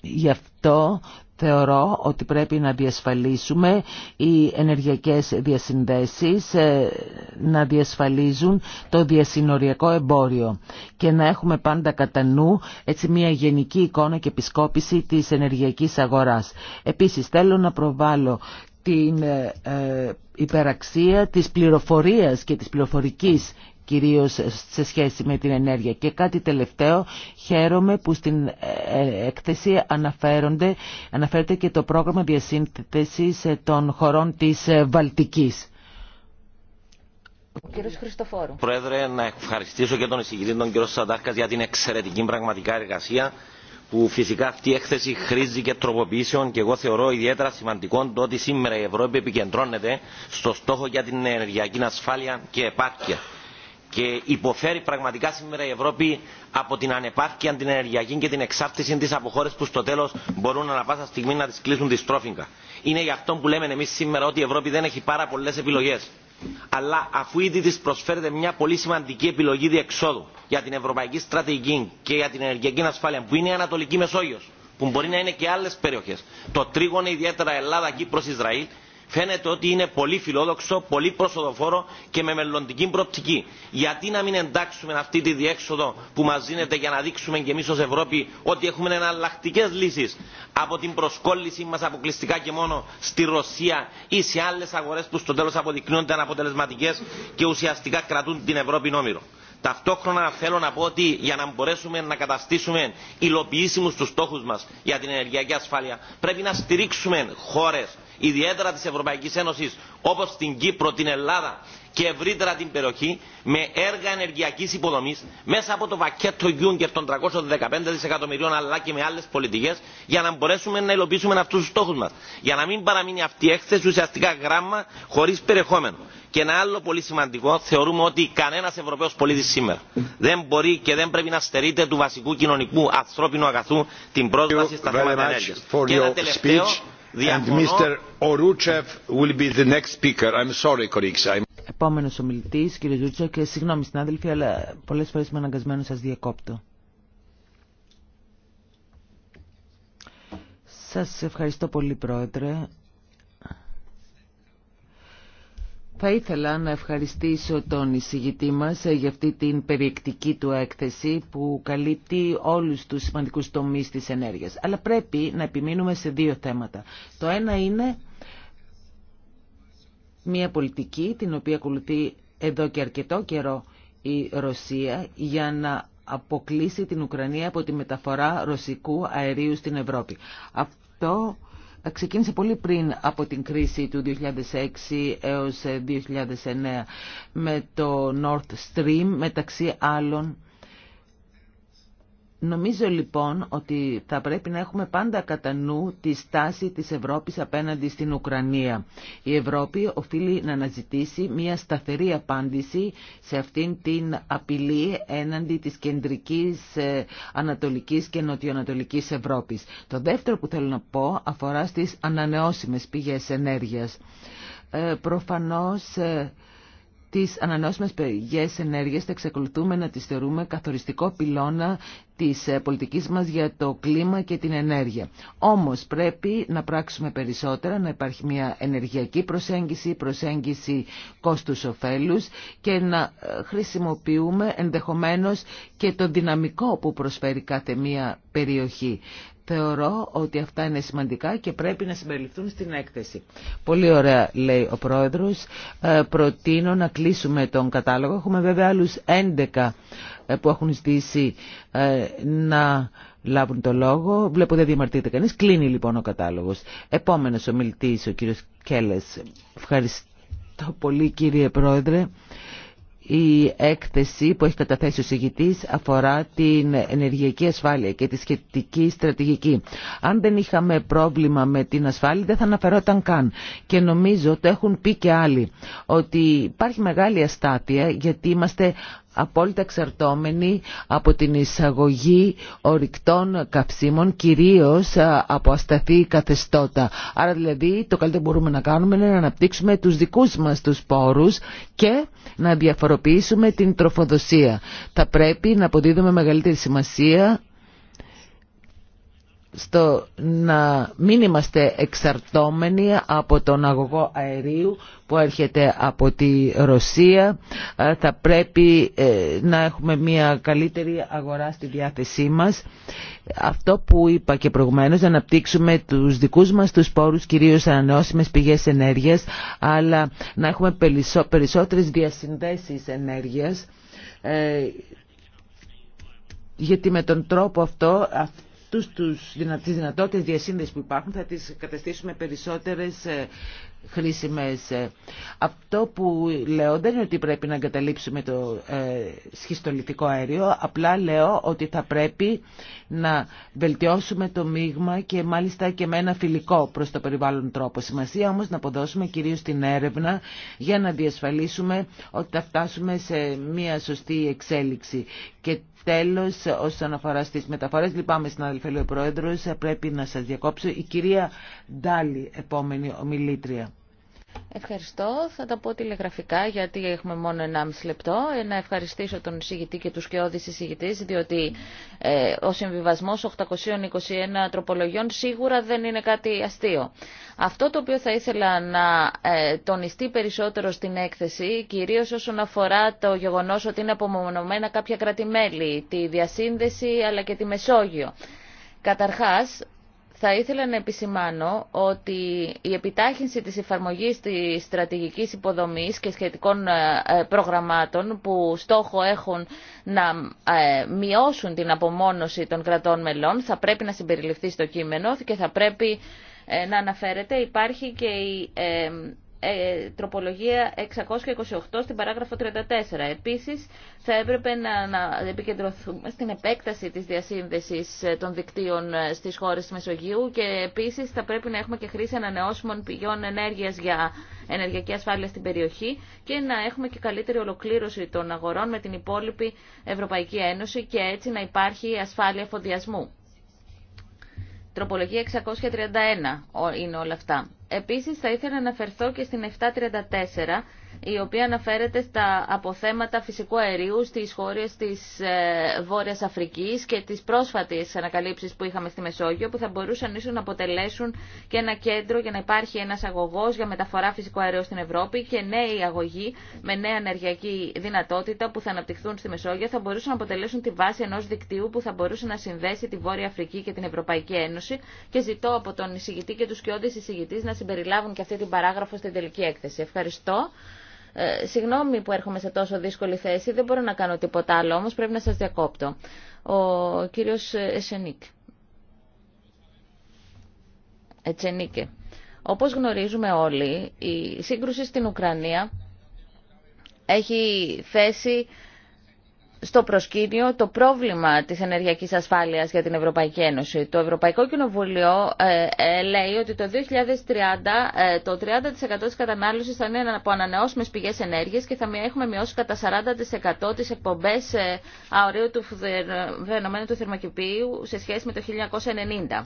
γι' αυτό θεωρώ ότι πρέπει να διασφαλίσουμε οι ενεργειακές διασυνδέσεις ε, να διασφαλίζουν το διασυνοριακό εμπόριο και να έχουμε πάντα κατά νου έτσι μια γενική εικόνα και επισκόπηση της ενεργειακής αγοράς. Επίσης θέλω να προβάλλω την ε, ε, υπεραξία της πληροφορίας και της πληροφορικής κυρίως σε σχέση με την ενέργεια. Και κάτι τελευταίο, χαίρομαι που στην ε, έκθεση αναφέρονται, αναφέρεται και το πρόγραμμα διασύνθεσης των χωρών της Βαλτικής. Πρόεδρε, να ευχαριστήσω και τον εισηγητή τον κύριο Σαντάρκα για την εξαιρετική πραγματικά εργασία που φυσικά αυτή η έκθεση χρήζει και τροποποιήσεων και εγώ θεωρώ ιδιαίτερα σημαντικό το ότι σήμερα η Ευρώπη επικεντρώνεται στο στόχο για την ενεργειακή ασφάλεια και επάρκεια. Και υποφέρει πραγματικά σήμερα η Ευρώπη από την ανεπάρκεια, την ενεργειακή και την εξάρτηση τη από χώρε που στο τέλο μπορούν ανα πάσα στιγμή να τη κλείσουν τη στρόφιγγα. Είναι γι' αυτό που λέμε εμεί σήμερα ότι η Ευρώπη δεν έχει πάρα πολλέ επιλογέ αλλά αφού ήδη τη προσφέρεται μια πολύ σημαντική επιλογή διεξόδου για την ευρωπαϊκή στρατηγική και για την ενεργειακή ασφάλεια που είναι η Ανατολική Μεσόγειος που μπορεί να είναι και άλλες περιοχές το τρίγωνο ιδιαίτερα Ελλάδα, Κύπρος, Ισραήλ φαίνεται ότι είναι πολύ φιλόδοξο, πολύ προσωδοφόρο και με μελλοντική προοπτική. Γιατί να μην εντάξουμε αυτή τη διέξοδο που μα δίνεται για να δείξουμε και εμεί ω Ευρώπη ότι έχουμε εναλλακτικέ λύσει από την προσκόλλησή μα αποκλειστικά και μόνο στη Ρωσία ή σε άλλε αγορέ που στο τέλο αποδεικνύονται αναποτελεσματικέ και ουσιαστικά κρατούν την Ευρώπη νόμιρο. Ταυτόχρονα θέλω να πω ότι για να μπορέσουμε να καταστήσουμε υλοποιήσιμους τους στόχους μας για την ενεργειακή ασφάλεια πρέπει να στηρίξουμε χώρες ιδιαίτερα της Ευρωπαϊκής Ένωσης όπως την Κύπρο, την Ελλάδα και ευρύτερα την περιοχή με έργα ενεργειακής υποδομής μέσα από το πακέτο Γιούγκερ των 315 δισεκατομμυρίων αλλά και με άλλες πολιτικές για να μπορέσουμε να υλοποιήσουμε αυτούς τους στόχους μας. Για να μην παραμείνει αυτή η έκθεση ουσιαστικά γράμμα χωρίς περιεχόμενο. Και ένα άλλο πολύ σημαντικό, θεωρούμε ότι κανένα Ευρωπαίος πολίτη σήμερα δεν μπορεί και δεν πρέπει να στερείται του βασικού κοινωνικού ανθρώπινου αγαθού την πρόσβαση στα θέματα ενέργεια. Και ένα τελευταίο, Επόμενο ομιλητή, κύριε Ζούτσο, και συγγνώμη συνάδελφοι, αλλά πολλέ φορέ είμαι αναγκασμένο σα διακόπτω. Σας ευχαριστώ πολύ, Πρόεδρε. Θα ήθελα να ευχαριστήσω τον εισηγητή μας ε, για αυτή την περιεκτική του έκθεση που καλύπτει όλους τους σημαντικούς τομείς της ενέργειας. Αλλά πρέπει να επιμείνουμε σε δύο θέματα. Το ένα είναι μια πολιτική την οποία ακολουθεί εδώ και αρκετό καιρό η Ρωσία για να αποκλείσει την Ουκρανία από τη μεταφορά ρωσικού αερίου στην Ευρώπη ξεκίνησε πολύ πριν από την κρίση του 2006 έως 2009 με το North Stream μεταξύ άλλων Νομίζω λοιπόν ότι θα πρέπει να έχουμε πάντα κατά νου τη στάση της Ευρώπης απέναντι στην Ουκρανία. Η Ευρώπη οφείλει να αναζητήσει μια σταθερή απάντηση σε αυτήν την απειλή έναντι της κεντρικής, ε, ανατολικής και νοτιοανατολικής Ευρώπης. Το δεύτερο που θέλω να πω αφορά στις ανανεώσιμες πηγές ενέργειας. Ε, προφανώς... Ε, τις ανανεώσιμες πηγές ενέργειας θα εξακολουθούμε να τις θεωρούμε καθοριστικό πυλώνα της ε, πολιτικής μας για το κλίμα και την ενέργεια. Όμως πρέπει να πράξουμε περισσότερα, να υπάρχει μια ενεργειακή προσέγγιση, προσέγγιση κόστους κόστους-οφέλους και να ε, χρησιμοποιούμε ενδεχομένως και το δυναμικό που προσφέρει κάθε μια περιοχή. Θεωρώ ότι αυτά είναι σημαντικά και πρέπει να συμπεριληφθούν στην έκθεση. Πολύ ωραία λέει ο Πρόεδρος. Ε, προτείνω να κλείσουμε τον κατάλογο. Έχουμε βέβαια άλλους 11 ε, που έχουν ζητήσει ε, να λάβουν το λόγο. Βλέπω δεν διαμαρτύρεται κανείς. Κλείνει λοιπόν ο κατάλογος. Επόμενος ο ο κύριος Κέλλες. Ευχαριστώ πολύ κύριε Πρόεδρε. Η έκθεση που έχει καταθέσει ο συγητής αφορά την ενεργειακή ασφάλεια και τη σχετική στρατηγική. Αν δεν είχαμε πρόβλημα με την ασφάλεια δεν θα αναφερόταν καν. Και νομίζω το έχουν πει και άλλοι ότι υπάρχει μεγάλη αστάθεια γιατί είμαστε απόλυτα εξαρτώμενοι από την εισαγωγή ορυκτών καυσίμων, κυρίως από ασταθή καθεστώτα. Άρα δηλαδή το καλύτερο που μπορούμε να κάνουμε είναι να αναπτύξουμε τους δικούς μας τους πόρους και να διαφοροποιήσουμε την τροφοδοσία. Θα πρέπει να αποδίδουμε μεγαλύτερη σημασία στο να μην είμαστε εξαρτώμενοι από τον αγωγό αερίου που έρχεται από τη Ρωσία. Ε, θα πρέπει ε, να έχουμε μια καλύτερη αγορά στη διάθεσή μας. Αυτό που είπα και προηγουμένως, να αναπτύξουμε τους δικούς μας τους πόρους, κυρίως ανανεώσιμες πηγές ενέργειας, αλλά να έχουμε περισσότερες διασυνδέσεις ενέργειας ε, γιατί με τον τρόπο αυτό αυτούς τους, τις δυνατότητες διασύνδεσης που υπάρχουν θα τις καταστήσουμε περισσότερες ε, χρήσιμες. Ε, αυτό που λέω δεν είναι ότι πρέπει να εγκαταλείψουμε το ε, σχιστολιτικό αέριο, απλά λέω ότι θα πρέπει να βελτιώσουμε το μείγμα και μάλιστα και με ένα φιλικό προς το περιβάλλον τρόπο. Σημασία όμως να αποδώσουμε κυρίως την έρευνα για να διασφαλίσουμε ότι θα φτάσουμε σε μια σωστή εξέλιξη και Τέλος, όσον αφορά στις μεταφορές, λυπάμαι στην αδελφέλη ο Πρόεδρο, πρέπει να σας διακόψω. Η κυρία Ντάλη, επόμενη ομιλήτρια. Ευχαριστώ. Θα τα πω τηλεγραφικά γιατί έχουμε μόνο 1,5 λεπτό. Ε, να ευχαριστήσω τον εισηγητή και τους σκιώδη εισηγητής διότι ε, ο συμβιβασμός 821 τροπολογιών σίγουρα δεν είναι κάτι αστείο. Αυτό το οποίο θα ήθελα να ε, τονιστεί περισσότερο στην έκθεση κυρίως όσον αφορά το γεγονός ότι είναι απομονωμένα κάποια κρατημέλη, τη διασύνδεση αλλά και τη Μεσόγειο. Καταρχάς, θα ήθελα να επισημάνω ότι η επιτάχυνση της εφαρμογής της στρατηγικής υποδομής και σχετικών ε, ε, προγραμμάτων που στόχο έχουν να ε, μειώσουν την απομόνωση των κρατών μελών θα πρέπει να συμπεριληφθεί στο κείμενο και θα πρέπει να αναφέρεται υπάρχει και η ε, τροπολογία 628 στην παράγραφο 34. Επίσης, θα έπρεπε να, να επικεντρωθούμε στην επέκταση της διασύνδεσης ε, των δικτύων ε, στις χώρες της Μεσογείου και επίσης θα πρέπει να έχουμε και χρήση ανανεώσιμων πηγών ενέργειας για ενεργειακή ασφάλεια στην περιοχή και να έχουμε και καλύτερη ολοκλήρωση των αγορών με την υπόλοιπη Ευρωπαϊκή Ένωση και έτσι να υπάρχει ασφάλεια φοδιασμού. Τροπολογία 631 είναι όλα αυτά. Επίσης θα ήθελα να αναφερθώ και στην 734, η οποία αναφέρεται στα αποθέματα φυσικού αερίου στις χώρες της ε, Βόρειας Αφρικής και τις πρόσφατες ανακαλύψεις που είχαμε στη Μεσόγειο, που θα μπορούσαν ίσως να αποτελέσουν και ένα κέντρο για να υπάρχει ένας αγωγός για μεταφορά φυσικού αερίου στην Ευρώπη και νέοι αγωγοί με νέα ενεργειακή δυνατότητα που θα αναπτυχθούν στη Μεσόγειο θα μπορούσαν να αποτελέσουν τη βάση ενός δικτύου που θα μπορούσε να συνδέσει τη Βόρεια Αφρική και την Ευρωπαϊκή Ένωση και ζητώ από τον εισηγητή και τους κοιόντες εισηγητής να συμπεριλάβουν και αυτή την παράγραφο στην τελική έκθεση. Ευχαριστώ. Ε, συγγνώμη που έρχομαι σε τόσο δύσκολη θέση, δεν μπορώ να κάνω τίποτα άλλο, όμως πρέπει να σας διακόπτω. Ο κύριος Εσενίκ. Ετσενίκε. Όπως γνωρίζουμε όλοι, η σύγκρουση στην Ουκρανία έχει θέσει στο προσκήνιο το πρόβλημα της ενεργειακής ασφάλειας για την Ευρωπαϊκή Ένωση. Το Ευρωπαϊκό Κοινοβούλιο ε, ε, λέει ότι το 2030 ε, το 30% της κατανάλωσης θα είναι από ανανεώσιμες πηγές ενέργειας και θα έχουμε μειώσει κατά 40% τις εκπομπές αορίου του φαινομένου του θερμοκηπίου σε σχέση με το 1990.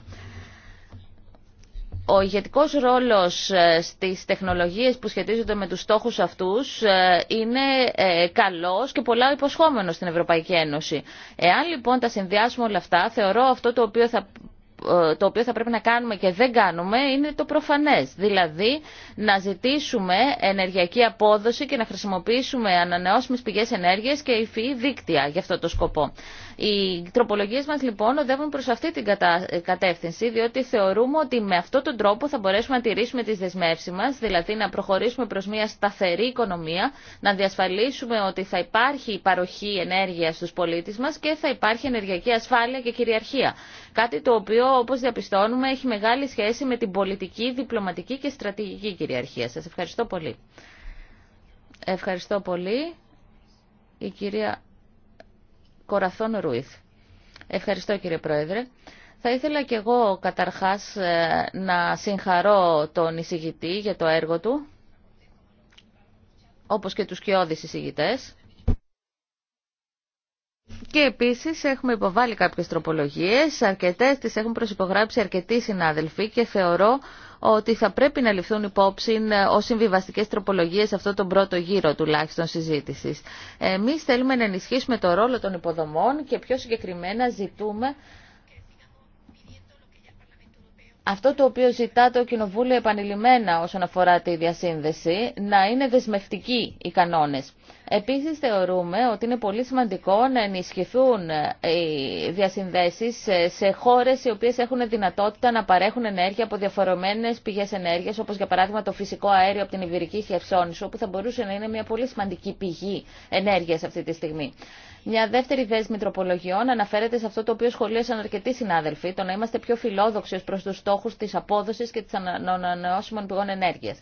Ο ηγετικός ρόλος ε, στις τεχνολογίες που σχετίζονται με τους στόχους αυτούς ε, είναι ε, καλός και πολλά υποσχόμενο στην Ευρωπαϊκή Ένωση. Εάν λοιπόν τα συνδυάσουμε όλα αυτά, θεωρώ αυτό το οποίο θα ε, το οποίο θα πρέπει να κάνουμε και δεν κάνουμε είναι το προφανές. Δηλαδή να ζητήσουμε ενεργειακή απόδοση και να χρησιμοποιήσουμε ανανεώσιμες πηγές ενέργειας και υφή δίκτυα για αυτό το σκοπό. Οι τροπολογίες μας λοιπόν οδεύουν προς αυτή την κατεύθυνση διότι θεωρούμε ότι με αυτόν τον τρόπο θα μπορέσουμε να τηρήσουμε τις δεσμεύσεις μας, δηλαδή να προχωρήσουμε προς μια σταθερή οικονομία, να διασφαλίσουμε ότι θα υπάρχει παροχή ενέργειας στους πολίτες μας και θα υπάρχει ενεργειακή ασφάλεια και κυριαρχία. Κάτι το οποίο, όπως διαπιστώνουμε, έχει μεγάλη σχέση με την πολιτική, διπλωματική και στρατηγική κυριαρχία. Σας ευχαριστώ πολύ. Ευχαριστώ πολύ. Η κυρία Κοραθών Ρουίθ. Ευχαριστώ κύριε Πρόεδρε. Θα ήθελα και εγώ καταρχάς ε, να συγχαρώ τον εισηγητή για το έργο του, όπως και τους κοιόδης εισηγητές. Και επίσης έχουμε υποβάλει κάποιες τροπολογίες, αρκετές τις έχουν προσυπογράψει αρκετοί συνάδελφοι και θεωρώ ότι θα πρέπει να ληφθούν υπόψη ε, ω συμβιβαστικέ τροπολογίε σε αυτόν τον πρώτο γύρο τουλάχιστον συζήτηση. Εμεί θέλουμε να ενισχύσουμε το ρόλο των υποδομών και πιο συγκεκριμένα ζητούμε αυτό το οποίο ζητά το Κοινοβούλιο επανειλημμένα όσον αφορά τη διασύνδεση, να είναι δεσμευτικοί οι κανόνες. Επίσης θεωρούμε ότι είναι πολύ σημαντικό να ενισχυθούν οι διασυνδέσεις σε χώρες οι οποίες έχουν δυνατότητα να παρέχουν ενέργεια από διαφορεμένες πηγές ενέργειας, όπως για παράδειγμα το φυσικό αέριο από την Ιβυρική Χερσόνησο, που θα μπορούσε να είναι μια πολύ σημαντική πηγή ενέργειας αυτή τη στιγμή. Μια δεύτερη δέσμη τροπολογιών αναφέρεται σε αυτό το οποίο σχολίασαν αρκετοί συνάδελφοι, το να είμαστε πιο φιλόδοξοι προ του στόχου τη απόδοση και τη ανανεώσιμων πηγών ενέργεια.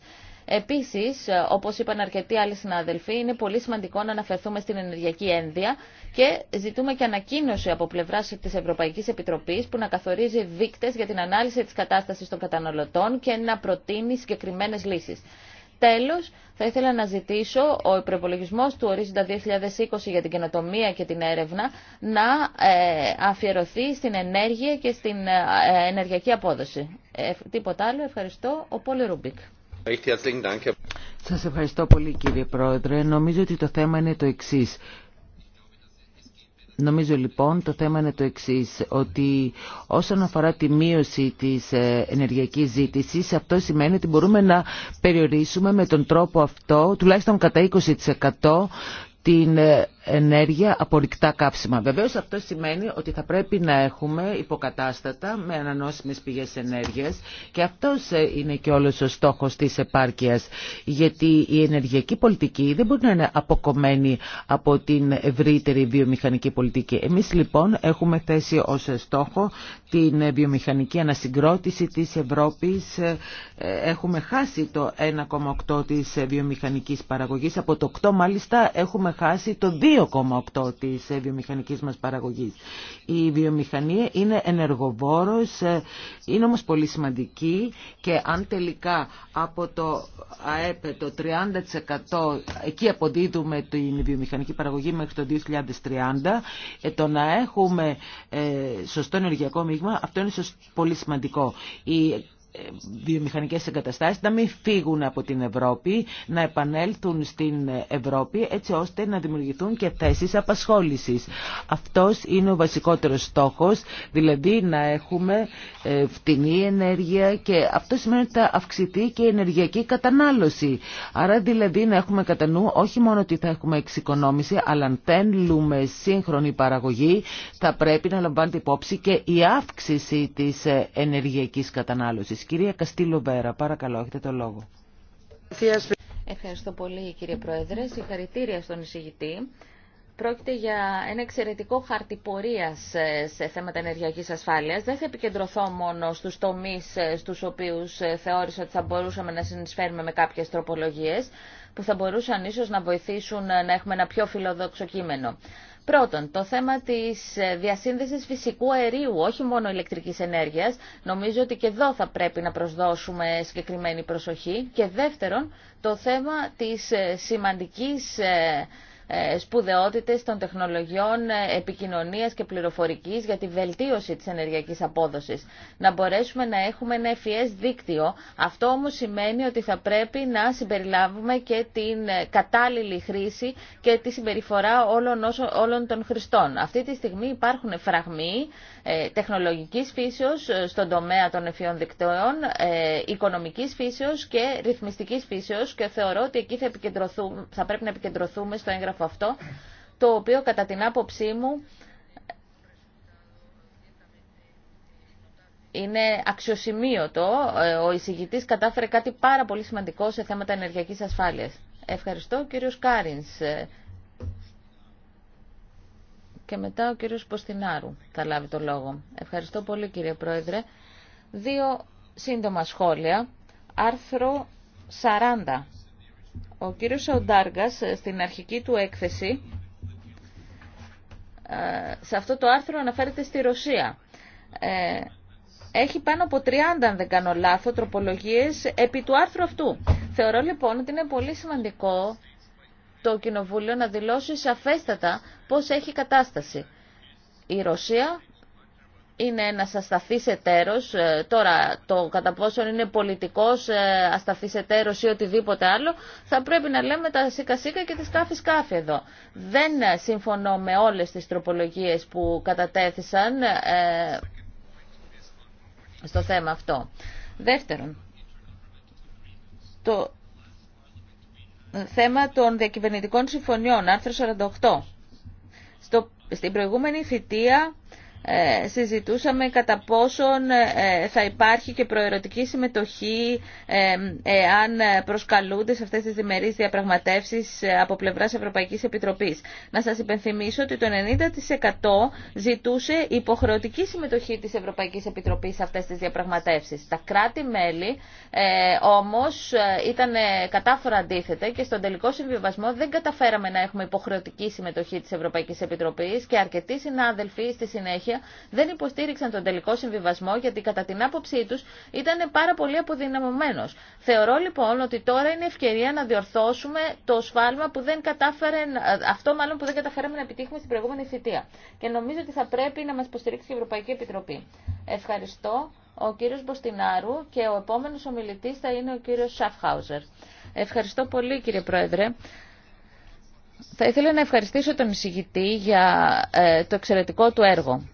Επίση, όπω είπαν αρκετοί άλλοι συνάδελφοι, είναι πολύ σημαντικό να αναφερθούμε στην ενεργειακή ένδυα και ζητούμε και ανακοίνωση από πλευρά τη Ευρωπαϊκή Επιτροπή που να καθορίζει δείκτε για την ανάλυση τη κατάσταση των καταναλωτών και να προτείνει συγκεκριμένε λύσει. Τέλος, θα ήθελα να ζητήσω ο προπολογισμό του ορίζοντα 2020 για την καινοτομία και την έρευνα να ε, αφιερωθεί στην ενέργεια και στην ε, ενεργειακή απόδοση. Ε, τίποτα άλλο. Ευχαριστώ. Ο Πόλε Ρούμπικ. Σας ευχαριστώ πολύ κύριε Πρόεδρε. Νομίζω ότι το θέμα είναι το εξής. Νομίζω λοιπόν το θέμα είναι το εξής, ότι όσον αφορά τη μείωση της ε, ενεργειακής ζήτησης, αυτό σημαίνει ότι μπορούμε να περιορίσουμε με τον τρόπο αυτό, τουλάχιστον κατά 20% την ε, ενέργεια από ρηκτά καύσιμα. Βεβαίως αυτό σημαίνει ότι θα πρέπει να έχουμε υποκατάστατα με ανανόσιμες πηγές ενέργειας και αυτός ε, είναι και όλος ο στόχος της επάρκειας γιατί η ενεργειακή πολιτική δεν μπορεί να είναι αποκομμένη από την ευρύτερη βιομηχανική πολιτική. Εμείς λοιπόν έχουμε θέσει ως στόχο την βιομηχανική ανασυγκρότηση της Ευρώπης. Ε, έχουμε χάσει το 1,8 της βιομηχανικής παραγωγής. Από το 8 μάλιστα έχουμε χάσει το 2,8 της ε, βιομηχανικής μας παραγωγής. Η βιομηχανία είναι ενεργοβόρος, ε, είναι όμως πολύ σημαντική και αν τελικά από το ΑΕΠ το 30% εκεί αποδίδουμε την βιομηχανική παραγωγή μέχρι το 2030, ε, το να έχουμε σωστό ενεργειακό μείγμα, αυτό είναι πολύ σημαντικό. Η βιομηχανικές εγκαταστάσεις να μην φύγουν από την Ευρώπη, να επανέλθουν στην Ευρώπη έτσι ώστε να δημιουργηθούν και θέσεις απασχόλησης. Αυτός είναι ο βασικότερος στόχος, δηλαδή να έχουμε ε, φτηνή ενέργεια και αυτό σημαίνει ότι θα αυξηθεί και η ενεργειακή κατανάλωση. Άρα δηλαδή να έχουμε κατά νου όχι μόνο ότι θα έχουμε εξοικονόμηση, αλλά αν θέλουμε σύγχρονη παραγωγή θα πρέπει να λαμβάνεται υπόψη και η αύξηση της ε, ενεργειακής κατανάλωσης. Κυρία Καστήλο Μπέρα, παρακαλώ, έχετε το λόγο. Ευχαριστώ πολύ κύριε Πρόεδρε. Συγχαρητήρια στον εισηγητή. Πρόκειται για ένα εξαιρετικό χαρτιπορία πορεία ε, σε θέματα ενεργειακή ασφάλεια. Δεν θα επικεντρωθώ μόνο στου τομεί ε, στου οποίου ε, θεώρησα ότι θα μπορούσαμε να συνεισφέρουμε με κάποιε τροπολογίε, που θα μπορούσαν ίσω να βοηθήσουν να έχουμε ένα πιο φιλοδόξο κείμενο. Πρώτον, το θέμα της ε, διασύνδεσης φυσικού αερίου, όχι μόνο ηλεκτρικής ενέργειας. Νομίζω ότι και εδώ θα πρέπει να προσδώσουμε συγκεκριμένη προσοχή. Και δεύτερον, το θέμα της ε, σημαντικής ε, ε, σπουδαιότητες των τεχνολογιών ε, επικοινωνίας και πληροφορικής για τη βελτίωση της ενεργειακής απόδοσης. Να μπορέσουμε να έχουμε ένα ευφιές δίκτυο. Αυτό όμως σημαίνει ότι θα πρέπει να συμπεριλάβουμε και την ε, κατάλληλη χρήση και τη συμπεριφορά όλων, όλων των χρηστών. Αυτή τη στιγμή υπάρχουν φραγμοί ε, τεχνολογικής φύσεως ε, στον τομέα των ευφυών δικτύων, ε, οικονομικής φύσεως και ρυθμιστικής φύσεως και θεωρώ ότι εκεί θα, θα πρέπει να επικεντρωθούμε στο έγγραφο αυτό, το οποίο κατά την άποψή μου είναι αξιοσημείωτο. Ο εισηγητής κατάφερε κάτι πάρα πολύ σημαντικό σε θέματα ενεργειακής ασφάλειας. Ευχαριστώ. Κύριος Κάρινς και μετά ο κύριος Ποστινάρου θα λάβει το λόγο. Ευχαριστώ πολύ κύριε Πρόεδρε. Δύο σύντομα σχόλια. Άρθρο 40. Ο κύριος Σαουντάργας ε, στην αρχική του έκθεση ε, σε αυτό το άρθρο αναφέρεται στη Ρωσία. Ε, έχει πάνω από 30, αν δεν κάνω λάθο, τροπολογίες επί του άρθρου αυτού. Θεωρώ λοιπόν ότι είναι πολύ σημαντικό το Κοινοβούλιο να δηλώσει σαφέστατα πώς έχει κατάσταση. Η Ρωσία είναι ένας ασταθής εταίρος, ε, τώρα το κατά πόσο είναι πολιτικός ε, ασταθής εταίρος ή οτιδήποτε άλλο, θα πρέπει να λέμε τα σίκα σίκα και τη σκάφη σκάφη εδώ. Δεν συμφωνώ με όλες τις τροπολογίες που κατατέθησαν ε, στο θέμα αυτό. Δεύτερον, το θέμα των διακυβερνητικών συμφωνιών, άρθρο 48. Στο, στην προηγούμενη θητεία ε, συζητούσαμε κατά πόσον ε, ε, θα υπάρχει και προερωτική συμμετοχή αν προσκαλούνται σε αυτές τις διμερείς διαπραγματεύσεις από πλευράς Ευρωπαϊκής Επιτροπής. Να σας υπενθυμίσω ότι το 90% ζητούσε υποχρεωτική συμμετοχή της Ευρωπαϊκής Επιτροπής σε αυτές τις διαπραγματεύσεις. Τα κράτη-μέλη όμως ήταν κατάφορα αντίθετα και στον τελικό συμβιβασμό δεν καταφέραμε να έχουμε υποχρεωτική συμμετοχή της Ευρωπαϊκής Επιτροπής και αρκετοί συνάδελφοι στη συνέχεια συνέχεια δεν υποστήριξαν τον τελικό συμβιβασμό γιατί κατά την άποψή του ήταν πάρα πολύ αποδυναμωμένο. Θεωρώ λοιπόν ότι τώρα είναι ευκαιρία να διορθώσουμε το σφάλμα που δεν κατάφερε, αυτό μάλλον που δεν καταφέραμε να επιτύχουμε στην προηγούμενη θητεία. Και νομίζω ότι θα πρέπει να μα υποστηρίξει η Ευρωπαϊκή Επιτροπή. Ευχαριστώ ο κύριο Μποστινάρου και ο επόμενο ομιλητή θα είναι ο κύριο Σαφχάουζερ. Ευχαριστώ πολύ κύριε Πρόεδρε. Θα ήθελα να ευχαριστήσω τον εισηγητή για ε, το εξαιρετικό του έργο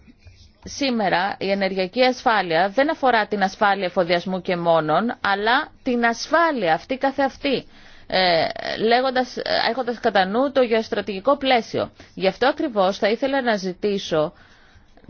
σήμερα η ενεργειακή ασφάλεια δεν αφορά την ασφάλεια εφοδιασμού και μόνον, αλλά την ασφάλεια αυτή καθεαυτή ε, λέγοντας, ε, έχοντας κατά νου το γεωστρατηγικό πλαίσιο. Γι' αυτό ακριβώς θα ήθελα να ζητήσω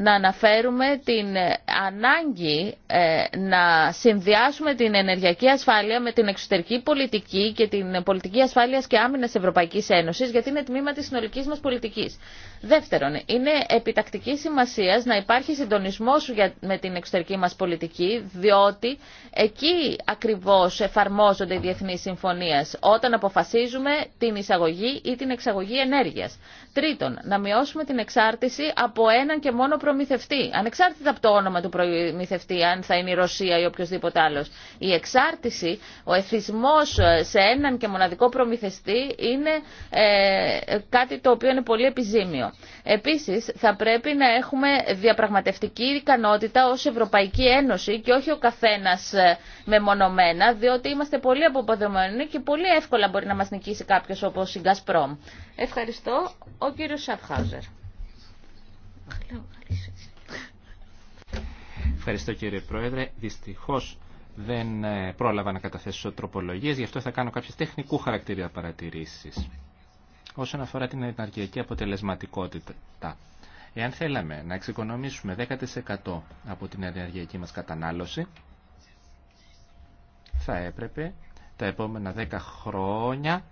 να αναφέρουμε την ε, ανάγκη ε, να συνδυάσουμε την ενεργειακή ασφάλεια με την εξωτερική πολιτική και την πολιτική ασφάλειας και άμυνας Ευρωπαϊκής Ένωσης, γιατί είναι τμήμα της συνολικής μας πολιτικής. Δεύτερον, είναι επιτακτική σημασία να υπάρχει συντονισμός με την εξωτερική μας πολιτική, διότι εκεί ακριβώς εφαρμόζονται οι διεθνείς συμφωνίες, όταν αποφασίζουμε την εισαγωγή ή την εξαγωγή ενέργειας. Τρίτον, να μειώσουμε την εξάρτηση από έναν και μόνο προμηθευτή. Ανεξάρτητα από το όνομα του προμηθευτή, αν θα είναι η Ρωσία ή οποιοδήποτε άλλο. Η εξάρτηση, ο εθισμό σε έναν και μοναδικό προμηθευτή είναι ε, κάτι το οποίο είναι πολύ επιζήμιο. Επίση, θα πρέπει να έχουμε διαπραγματευτική ικανότητα ω Ευρωπαϊκή Ένωση και όχι ο καθένα ε, μεμονωμένα, διότι είμαστε πολύ αποποδεμένοι και πολύ εύκολα μπορεί να μα νικήσει κάποιο όπω η Gazprom. Ευχαριστώ. Ο κύριος Σαφχάουζερ. Ευχαριστώ κύριε Πρόεδρε. Δυστυχώς δεν ε, πρόλαβα να καταθέσω τροπολογίες, γι' αυτό θα κάνω κάποιε τεχνικού χαρακτήρα παρατηρήσεις. Όσον αφορά την ενεργειακή αποτελεσματικότητα, εάν θέλαμε να εξοικονομήσουμε 10% από την ενεργειακή μας κατανάλωση, θα έπρεπε τα επόμενα 10 χρόνια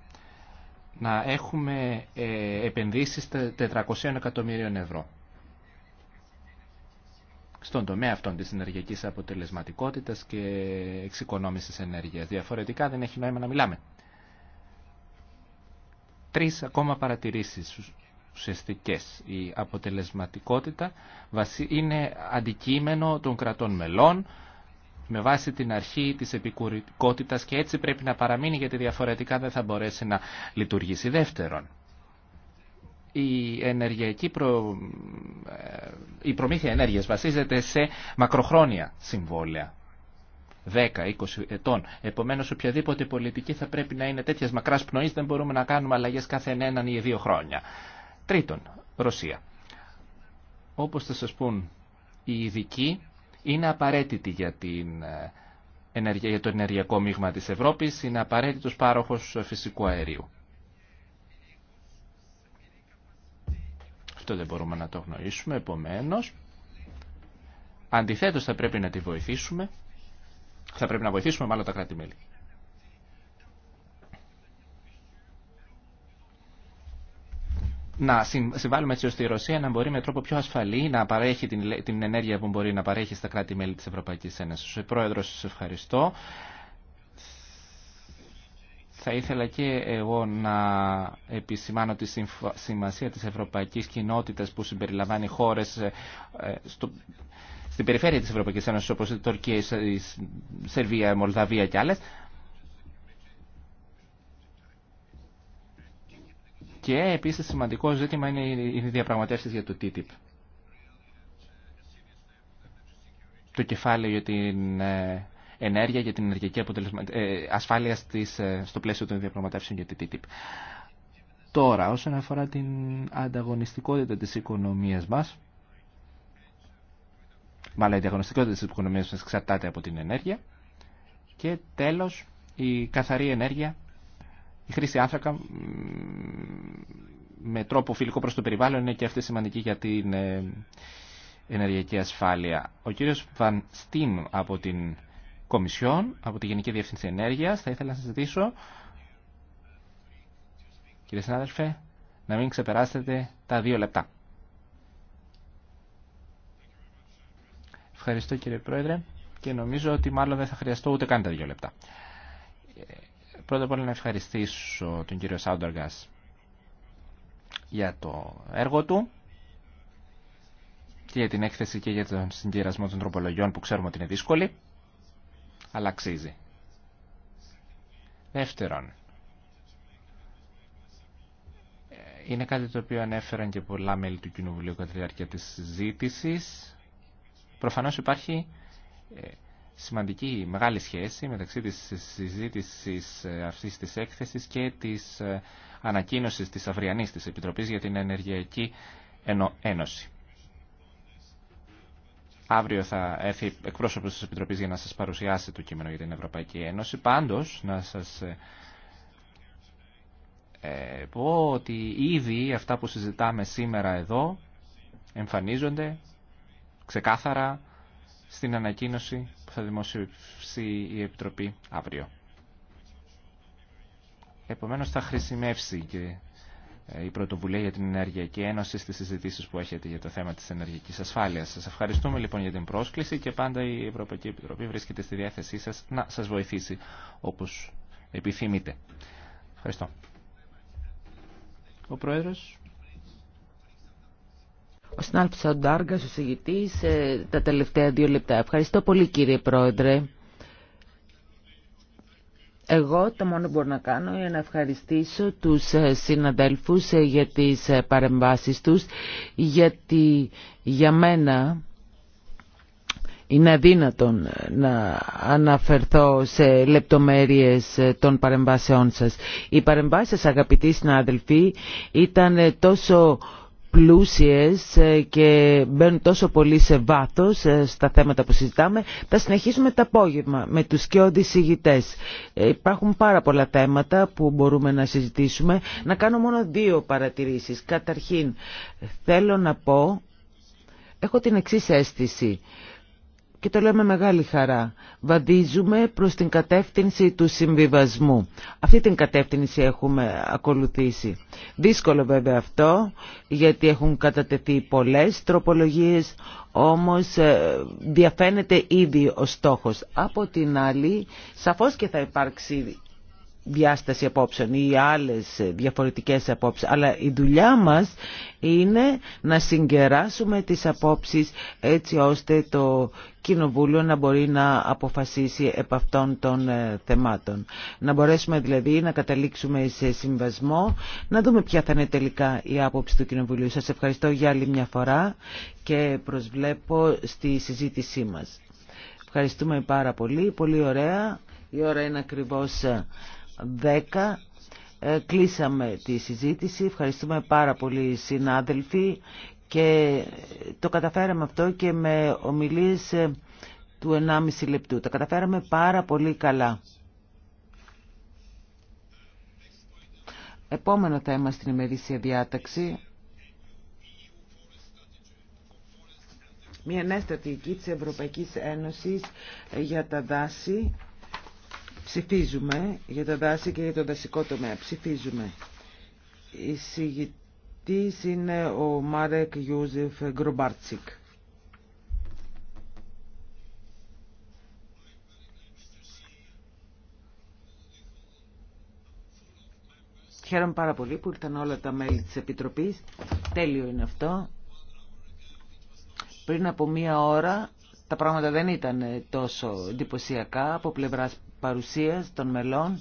να έχουμε ε, επενδύσεις 400 εκατομμύριων ευρώ στον τομέα αυτών της ενεργειακής αποτελεσματικότητας και εξοικονόμησης ενέργειας. Διαφορετικά δεν έχει νόημα να μιλάμε. Τρεις ακόμα παρατηρήσεις ουσιαστικές. Η αποτελεσματικότητα είναι αντικείμενο των κρατών μελών με βάση την αρχή της επικουρικότητας και έτσι πρέπει να παραμείνει γιατί διαφορετικά δεν θα μπορέσει να λειτουργήσει δεύτερον η, ενεργειακή ε, η προμήθεια ενέργειας βασίζεται σε μακροχρόνια συμβόλαια. 10-20 ετών. Επομένω, οποιαδήποτε πολιτική θα πρέπει να είναι τέτοια μακρά πνοή, δεν μπορούμε να κάνουμε αλλαγέ κάθε έναν ή δύο χρόνια. Τρίτον, Ρωσία. Όπω θα σα πούν οι ειδικοί, είναι απαραίτητη για την ε, για το ενεργειακό μείγμα τη Ευρώπη, είναι απαραίτητο πάροχο φυσικού αερίου. Αυτό δεν μπορούμε να το γνωρίσουμε. Επομένως, αντιθέτως θα πρέπει να τη βοηθήσουμε. Θα πρέπει να βοηθήσουμε μάλλον τα κράτη-μέλη. να συμβάλλουμε έτσι ώστε η Ρωσία να μπορεί με τρόπο πιο ασφαλή να παρέχει την, ενέργεια που μπορεί να παρέχει στα κράτη-μέλη της Ευρωπαϊκής Ένωσης. Ο Πρόεδρος, σας ευχαριστώ. Θα ήθελα και εγώ να επισημάνω τη σημασία της ευρωπαϊκής κοινότητας που συμπεριλαμβάνει χώρες ε, στο, στην περιφέρεια της Ευρωπαϊκής Ένωσης όπως η Τουρκία, η Σερβία, η Μολδαβία και άλλες Και επίσης σημαντικό ζήτημα είναι οι διαπραγματεύσεις για το TTIP. Το κεφάλαιο για την ε, ενέργεια για την ενεργειακή αποτελεσμα... Ε, ασφάλεια ε, στο πλαίσιο των διαπραγματεύσεων για την TTIP. Τώρα, όσον αφορά την ανταγωνιστικότητα της οικονομίας μας, μάλλον η ανταγωνιστικότητα της οικονομίας μας εξαρτάται από την ενέργεια και τέλος η καθαρή ενέργεια, η χρήση άνθρακα με τρόπο φιλικό προς το περιβάλλον είναι και αυτή σημαντική για την ε, ενεργειακή ασφάλεια. Ο κύριος Βαν Στίν από την Κομισιόν, από τη Γενική Διεύθυνση ενέργεια. Θα ήθελα να σας ζητήσω, κύριε συνάδελφε, να μην ξεπεράσετε τα δύο λεπτά. Ευχαριστώ κύριε Πρόεδρε και νομίζω ότι μάλλον δεν θα χρειαστώ ούτε καν τα δύο λεπτά. Πρώτα απ' όλα να ευχαριστήσω τον κύριο Σάουνταργας για το έργο του και για την έκθεση και για τον συγκυρασμό των τροπολογιών που ξέρουμε ότι είναι δύσκολη αλλά αξίζει. Δεύτερον, ε, είναι κάτι το οποίο ανέφεραν και πολλά μέλη του Κοινοβουλίου κατά τη διάρκεια της συζήτησης. Προφανώς υπάρχει ε, σημαντική μεγάλη σχέση μεταξύ της συζήτησης ε, αυτής της έκθεσης και της ανακοίνωσης της αυριανής της Επιτροπής για την Ενεργειακή Ένωση. Αύριο θα έρθει εκπρόσωπος της Επιτροπής για να σας παρουσιάσει το κείμενο για την Ευρωπαϊκή Ένωση. Πάντως, να σας ε, ε, πω ότι ήδη αυτά που συζητάμε σήμερα εδώ εμφανίζονται ξεκάθαρα στην ανακοίνωση που θα δημοσιεύσει η Επιτροπή αύριο. Επομένως θα χρησιμεύσει και ε, η πρωτοβουλία για την Ενεργειακή Ένωση στις συζητήσεις που έχετε για το θέμα της ενεργειακής ασφάλειας. Σας ευχαριστούμε λοιπόν για την πρόσκληση και πάντα η Ευρωπαϊκή Επιτροπή βρίσκεται στη διάθεσή σας να σας βοηθήσει όπως επιθυμείτε. Ευχαριστώ. Ο Πρόεδρος. Ο Σαντάργας, ο συγητής, ε, τα τελευταία δύο λεπτά. Ευχαριστώ πολύ κύριε Πρόεδρε. Εγώ το μόνο που μπορώ να κάνω είναι να ευχαριστήσω τους ε, συναδέλφους ε, για τις ε, παρεμβάσεις τους γιατί για μένα είναι αδύνατον να αναφερθώ σε λεπτομέρειες των παρεμβάσεών σας. Οι παρεμβάσεις αγαπητοί συνάδελφοι ήταν τόσο πλούσιες ε, και μπαίνουν τόσο πολύ σε βάθος ε, στα θέματα που συζητάμε. Θα συνεχίσουμε το απόγευμα με τους και ηγητές. Ε, υπάρχουν πάρα πολλά θέματα που μπορούμε να συζητήσουμε. Να κάνω μόνο δύο παρατηρήσεις. Καταρχήν, θέλω να πω, έχω την εξής αίσθηση και το λέμε μεγάλη χαρά, βαδίζουμε προς την κατεύθυνση του συμβιβασμού. Αυτή την κατεύθυνση έχουμε ακολουθήσει. Δύσκολο βέβαια αυτό, γιατί έχουν κατατεθεί πολλές τροπολογίες, όμως ε, διαφαίνεται ήδη ο στόχος. Από την άλλη, σαφώς και θα υπάρξει διάσταση απόψεων ή άλλες διαφορετικές απόψεις. Αλλά η δουλειά μας είναι να συγκεράσουμε τις απόψεις έτσι ώστε το Κοινοβούλιο να μπορεί να αποφασίσει επ' αυτών των ε, θεμάτων. Να μπορέσουμε δηλαδή να καταλήξουμε σε συμβασμό, να δούμε ποια θα είναι τελικά η άποψη του Κοινοβουλίου. Σας ευχαριστώ για άλλη μια φορά και προσβλέπω στη συζήτησή μας. Ευχαριστούμε πάρα πολύ, πολύ ωραία. Η ώρα είναι ακριβώς 10 ε, κλείσαμε τη συζήτηση. Ευχαριστούμε πάρα πολύ συνάδελφοι και το καταφέραμε αυτό και με ομιλίες ε, του 1,5 λεπτού. Τα καταφέραμε πάρα πολύ καλά. Επόμενο θέμα στην ημερήσια διάταξη. Μια νέα στρατηγική της Ευρωπαϊκής Ένωσης ε, για τα δάση Ψηφίζουμε για τα δάση και για το δασικό τομέα. Ψηφίζουμε. Η συγητής είναι ο Μάρεκ Ιούζεφ Γκρομπάρτσικ. Χαίρομαι πάρα πολύ που ήρθαν όλα τα μέλη της Επιτροπής. Τέλειο είναι αυτό. Πριν από μία ώρα τα πράγματα δεν ήταν τόσο εντυπωσιακά από πλευράς παρουσίας των μελών.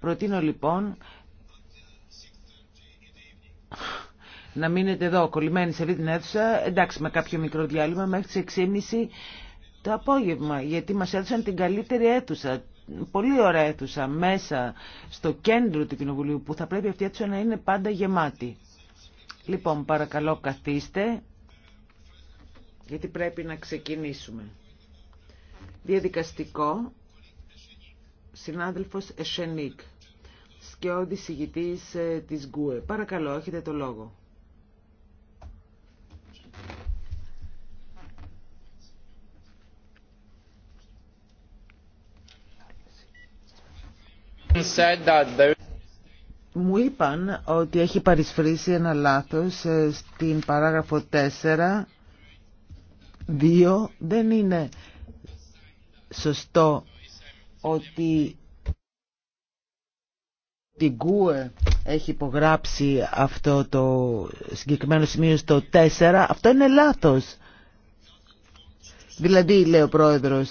Προτείνω λοιπόν να μείνετε εδώ κολλημένοι σε αυτή την αίθουσα, εντάξει με κάποιο μικρό διάλειμμα μέχρι τις 6.30 το απόγευμα, γιατί μας έδωσαν την καλύτερη αίθουσα, πολύ ωραία αίθουσα μέσα στο κέντρο του Κοινοβουλίου που θα πρέπει αυτή η αίθουσα να είναι πάντα γεμάτη. Λοιπόν, παρακαλώ καθίστε, γιατί πρέπει να ξεκινήσουμε. Διαδικαστικό συνάδελφος Εσενίκ, σκιώδης συγητής ε, της ΓΚΟΕ. Παρακαλώ, έχετε το λόγο. Μου είπαν ότι έχει παρισφρήσει ένα λάθος ε, στην παράγραφο 4, 2. Δεν είναι σωστό ότι την ΚΟΕ έχει υπογράψει αυτό το συγκεκριμένο σημείο στο 4, αυτό είναι λάθος. Δηλαδή, λέει ο Πρόεδρος,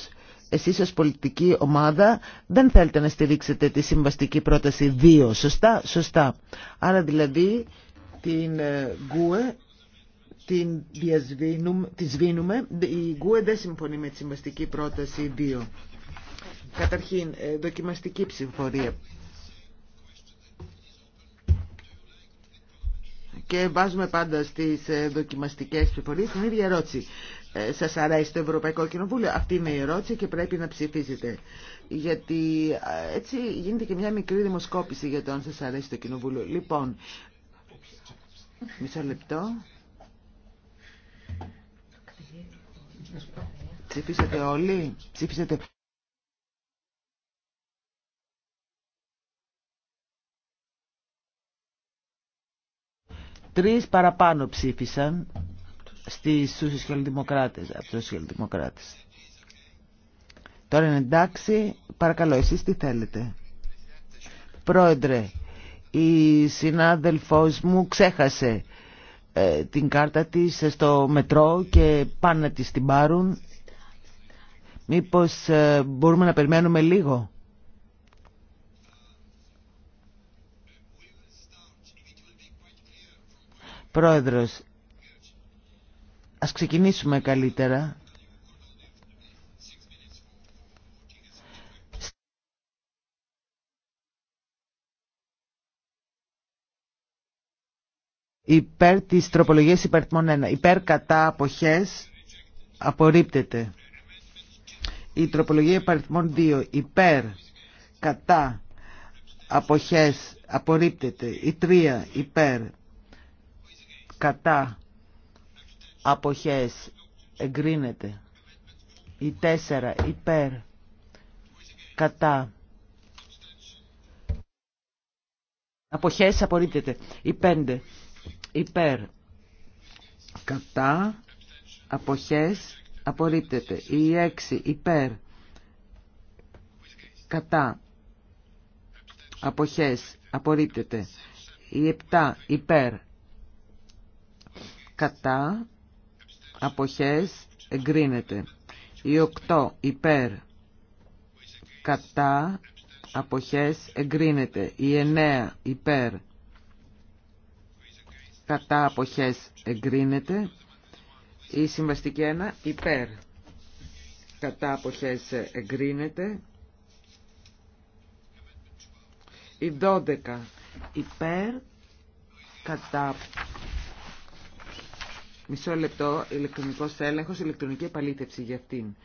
εσείς ως πολιτική ομάδα δεν θέλετε να στηρίξετε τη συμβαστική πρόταση 2, σωστά, σωστά. Άρα δηλαδή την ε, ΚΟΕ την διασβήνουμε, τη σβήνουμε, η ΚΟΕ δεν συμφωνεί με τη συμβαστική πρόταση 2. Καταρχήν, ε, δοκιμαστική ψηφοφορία. Και βάζουμε πάντα στις ε, δοκιμαστικές ψηφορίες την ίδια ερώτηση. Ε, σας αρέσει το Ευρωπαϊκό Κοινοβούλιο. Αυτή είναι η ερώτηση και πρέπει να ψηφίζετε. Γιατί έτσι γίνεται και μια μικρή δημοσκόπηση για το αν σας αρέσει το Κοινοβούλιο. Λοιπόν, μισό λεπτό. Ψηφίσατε όλοι. Ψηφίσατε. Τρεις παραπάνω ψήφισαν στις σοσιαλδημοκράτες, από Τώρα είναι εντάξει, παρακαλώ, εσείς τι θέλετε. Πρόεδρε, η συνάδελφός μου ξέχασε ε, την κάρτα της στο μετρό και πάνε να της την πάρουν. Μήπως ε, μπορούμε να περιμένουμε λίγο. Πρόεδρος, ας ξεκινήσουμε καλύτερα. Υπέρ της τροπολογίας υπαριθμών 1. Υπέρ κατά αποχές απορρίπτεται. Η τροπολογία υπαριθμών 2. Υπέρ κατά αποχές απορρίπτεται. Η 3. Υπέρ κατά αποχές εγκρίνεται η τέσσερα υπέρ κατά αποχές απορρίπτεται η πέντε υπέρ κατά αποχές απορρίπτεται η έξι υπέρ κατά αποχές απορρίπτεται η επτά υπέρ κατά, αποχές, εγκρίνεται. Η 8 υπέρ, κατά, αποχές, εγκρίνεται. Η 9 υπέρ, κατά, αποχές, εγκρίνεται. Η συμβαστική 1 υπέρ, κατά, αποχές, εγκρίνεται. Η 12 υπέρ, κατά, Μισό λεπτό, ηλεκτρονικός έλεγχος, ηλεκτρονική επαλήθευση για αυτήν.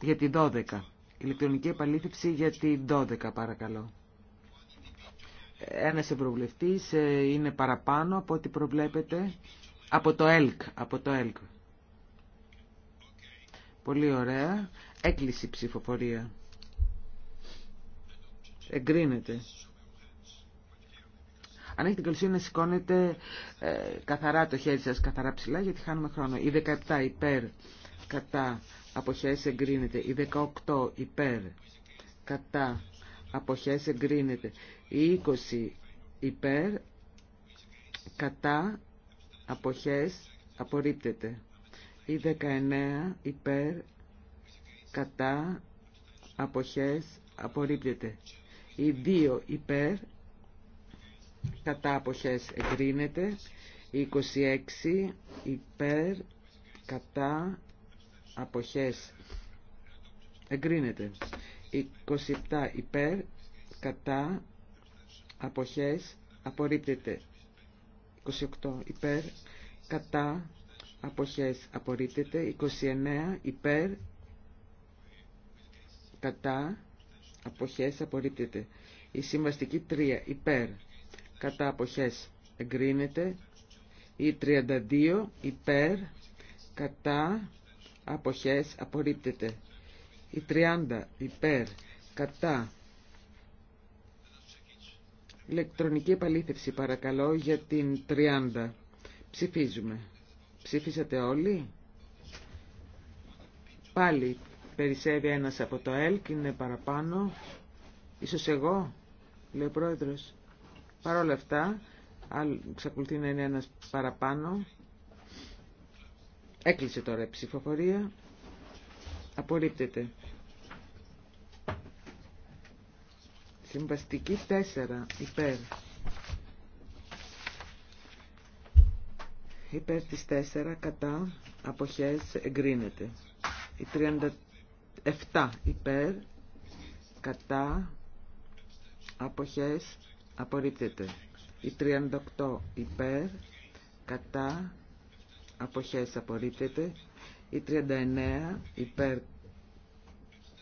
Για την 12. Ηλεκτρονική επαλήθευση για την 12 παρακαλώ. Ένας ευρωβουλευτής ε, είναι παραπάνω από ό,τι προβλέπετε από το ΕΛΚ. Από το ΕΛΚ. Πολύ ωραία. Έκλεισε η ψηφοφορία. Εγκρίνεται. Αν έχετε καλοσύνη να σηκώνετε ε, καθαρά το χέρι σας, καθαρά ψηλά, γιατί χάνουμε χρόνο. Η 17 υπέρ κατά αποχές εγκρίνεται. Η 18 υπέρ κατά αποχές εγκρίνεται. Η 20 υπέρ κατά αποχές απορρίπτεται. Η 19 υπέρ κατά αποχές απορρίπτεται. Η 2 υπέρ κατά αποχές εγκρίνεται 26 υπέρ κατά αποχές εγκρίνεται 27 υπέρ κατά αποχές απορρίπτεται 28 υπέρ κατά αποχές απορρίπτεται 29 υπέρ κατά αποχές απορρίπτεται η συμβαστική 3 υπέρ κατά αποχές εγκρίνεται ή 32 υπέρ κατά αποχές απορρίπτεται ή 30 υπέρ κατά ηλεκτρονική επαλήθευση παρακαλώ για την 30 ψηφίζουμε ψήφισατε όλοι πάλι περισσεύει ένας από το ΕΛΚ είναι παραπάνω ίσως εγώ λέει ο πρόεδρος Παρ' όλα αυτά, εξακολουθεί να είναι ένας παραπάνω. Έκλεισε τώρα η ψηφοφορία. Απορρίπτεται. Συμβαστική 4. Υπέρ. Υπέρ της 4. Κατά. Αποχές. Εγκρίνεται. Η 37. Υπέρ. Κατά. Αποχές απορρίπτεται. Η 38 υπέρ, κατά, αποχές απορρίπτεται. Η 39 υπέρ,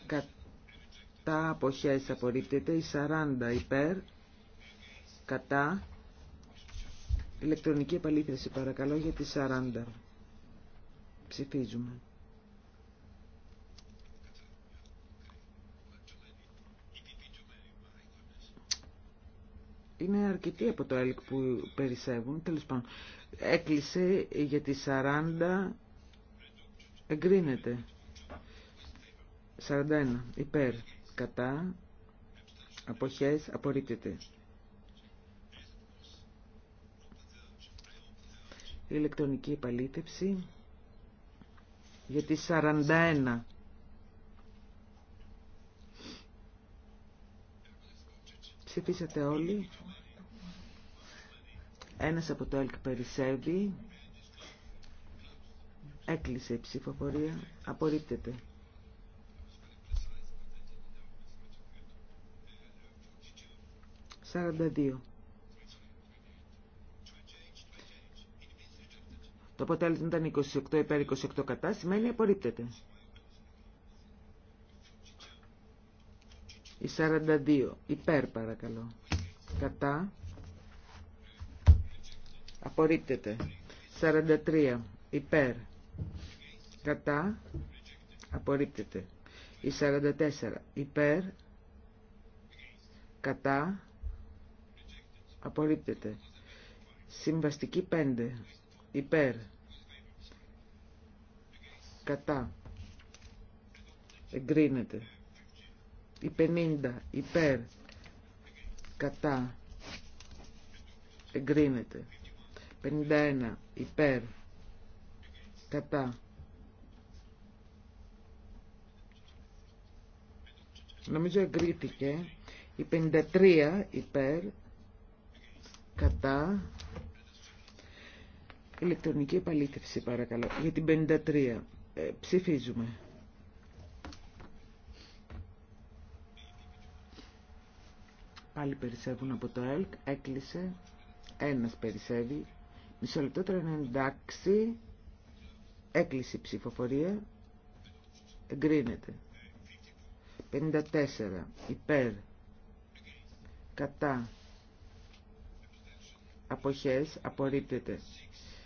κατά, αποχές απορρίπτεται. Η 40 υπέρ, κατά, ηλεκτρονική επαλήθευση παρακαλώ για τη 40. Ψηφίζουμε. είναι αρκετοί από το ΕΛΚ που περισσεύουν. Τέλος πάντων, έκλεισε για τις 40, εγκρίνεται. 41, υπέρ, κατά, αποχές, απορρίπτεται. Ηλεκτρονική επαλήτευση για τις 41. Ψηφίσατε όλοι. Ένας από το ΕΛΚ περισσεύει. Έκλεισε η ψηφοφορία. Απορρίπτεται. 42. Το αποτέλεσμα ήταν 28 υπέρ 28 κατά, σημαίνει απορρίπτεται. Η 42. Υπέρ παρακαλώ. Κατά. Απορρίπτεται. 43. Υπέρ. Κατά. Απορρίπτεται. Η 44. Υπέρ. Κατά. Απορρίπτεται. Συμβαστική 5. Υπέρ. Κατά. Εγκρίνεται. Η 50 υπέρ κατά εγκρίνεται. 51 υπέρ κατά νομίζω εγκρίθηκε. Η 53 υπέρ κατά ηλεκτρονική επαλήθευση παρακαλώ. Για την 53 ε, ψηφίζουμε. Πάλι περισσεύουν από το ΕΛΚ. Έκλεισε. Ένας περισσεύει. Μισό λεπτό τώρα είναι εντάξει. Έκλεισε η ψηφοφορία. Εγκρίνεται. 54. Υπέρ. Κατά. Αποχές. Απορρίπτεται.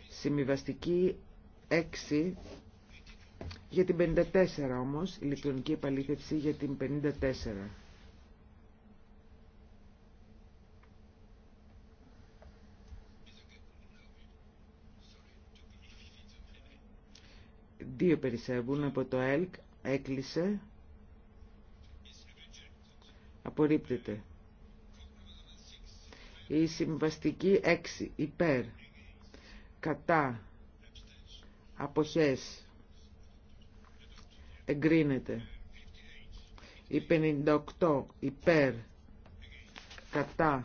Συμβιβαστική 6. Για την 54 όμως, ηλεκτρονική επαλήθευση για την 54. Δύο περισσεύουν από το ΕΛΚ. Έκλεισε. Απορρίπτεται. Η συμβαστική 6 υπέρ. Κατά. Αποχές. Εγκρίνεται. Η 58 υπέρ. Κατά.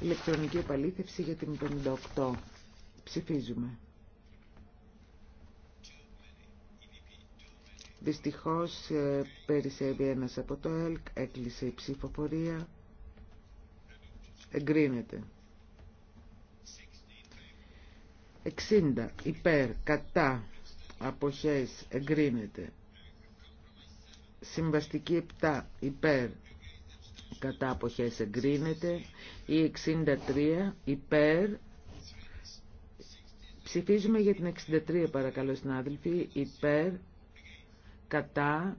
Ηλεκτρονική επαλήθευση για την 58. Ψηφίζουμε. Δυστυχώς ε, περισσεύει ένας από το ΕΛΚ, έκλεισε η ψηφοφορία, εγκρίνεται. 60 υπέρ, κατά, αποχές, εγκρίνεται. Συμβαστική 7 υπέρ, κατά αποχές εγκρίνεται. Η 63 υπέρ, ψηφίζουμε για την 63 παρακαλώ συνάδελφοι, υπέρ, κατά,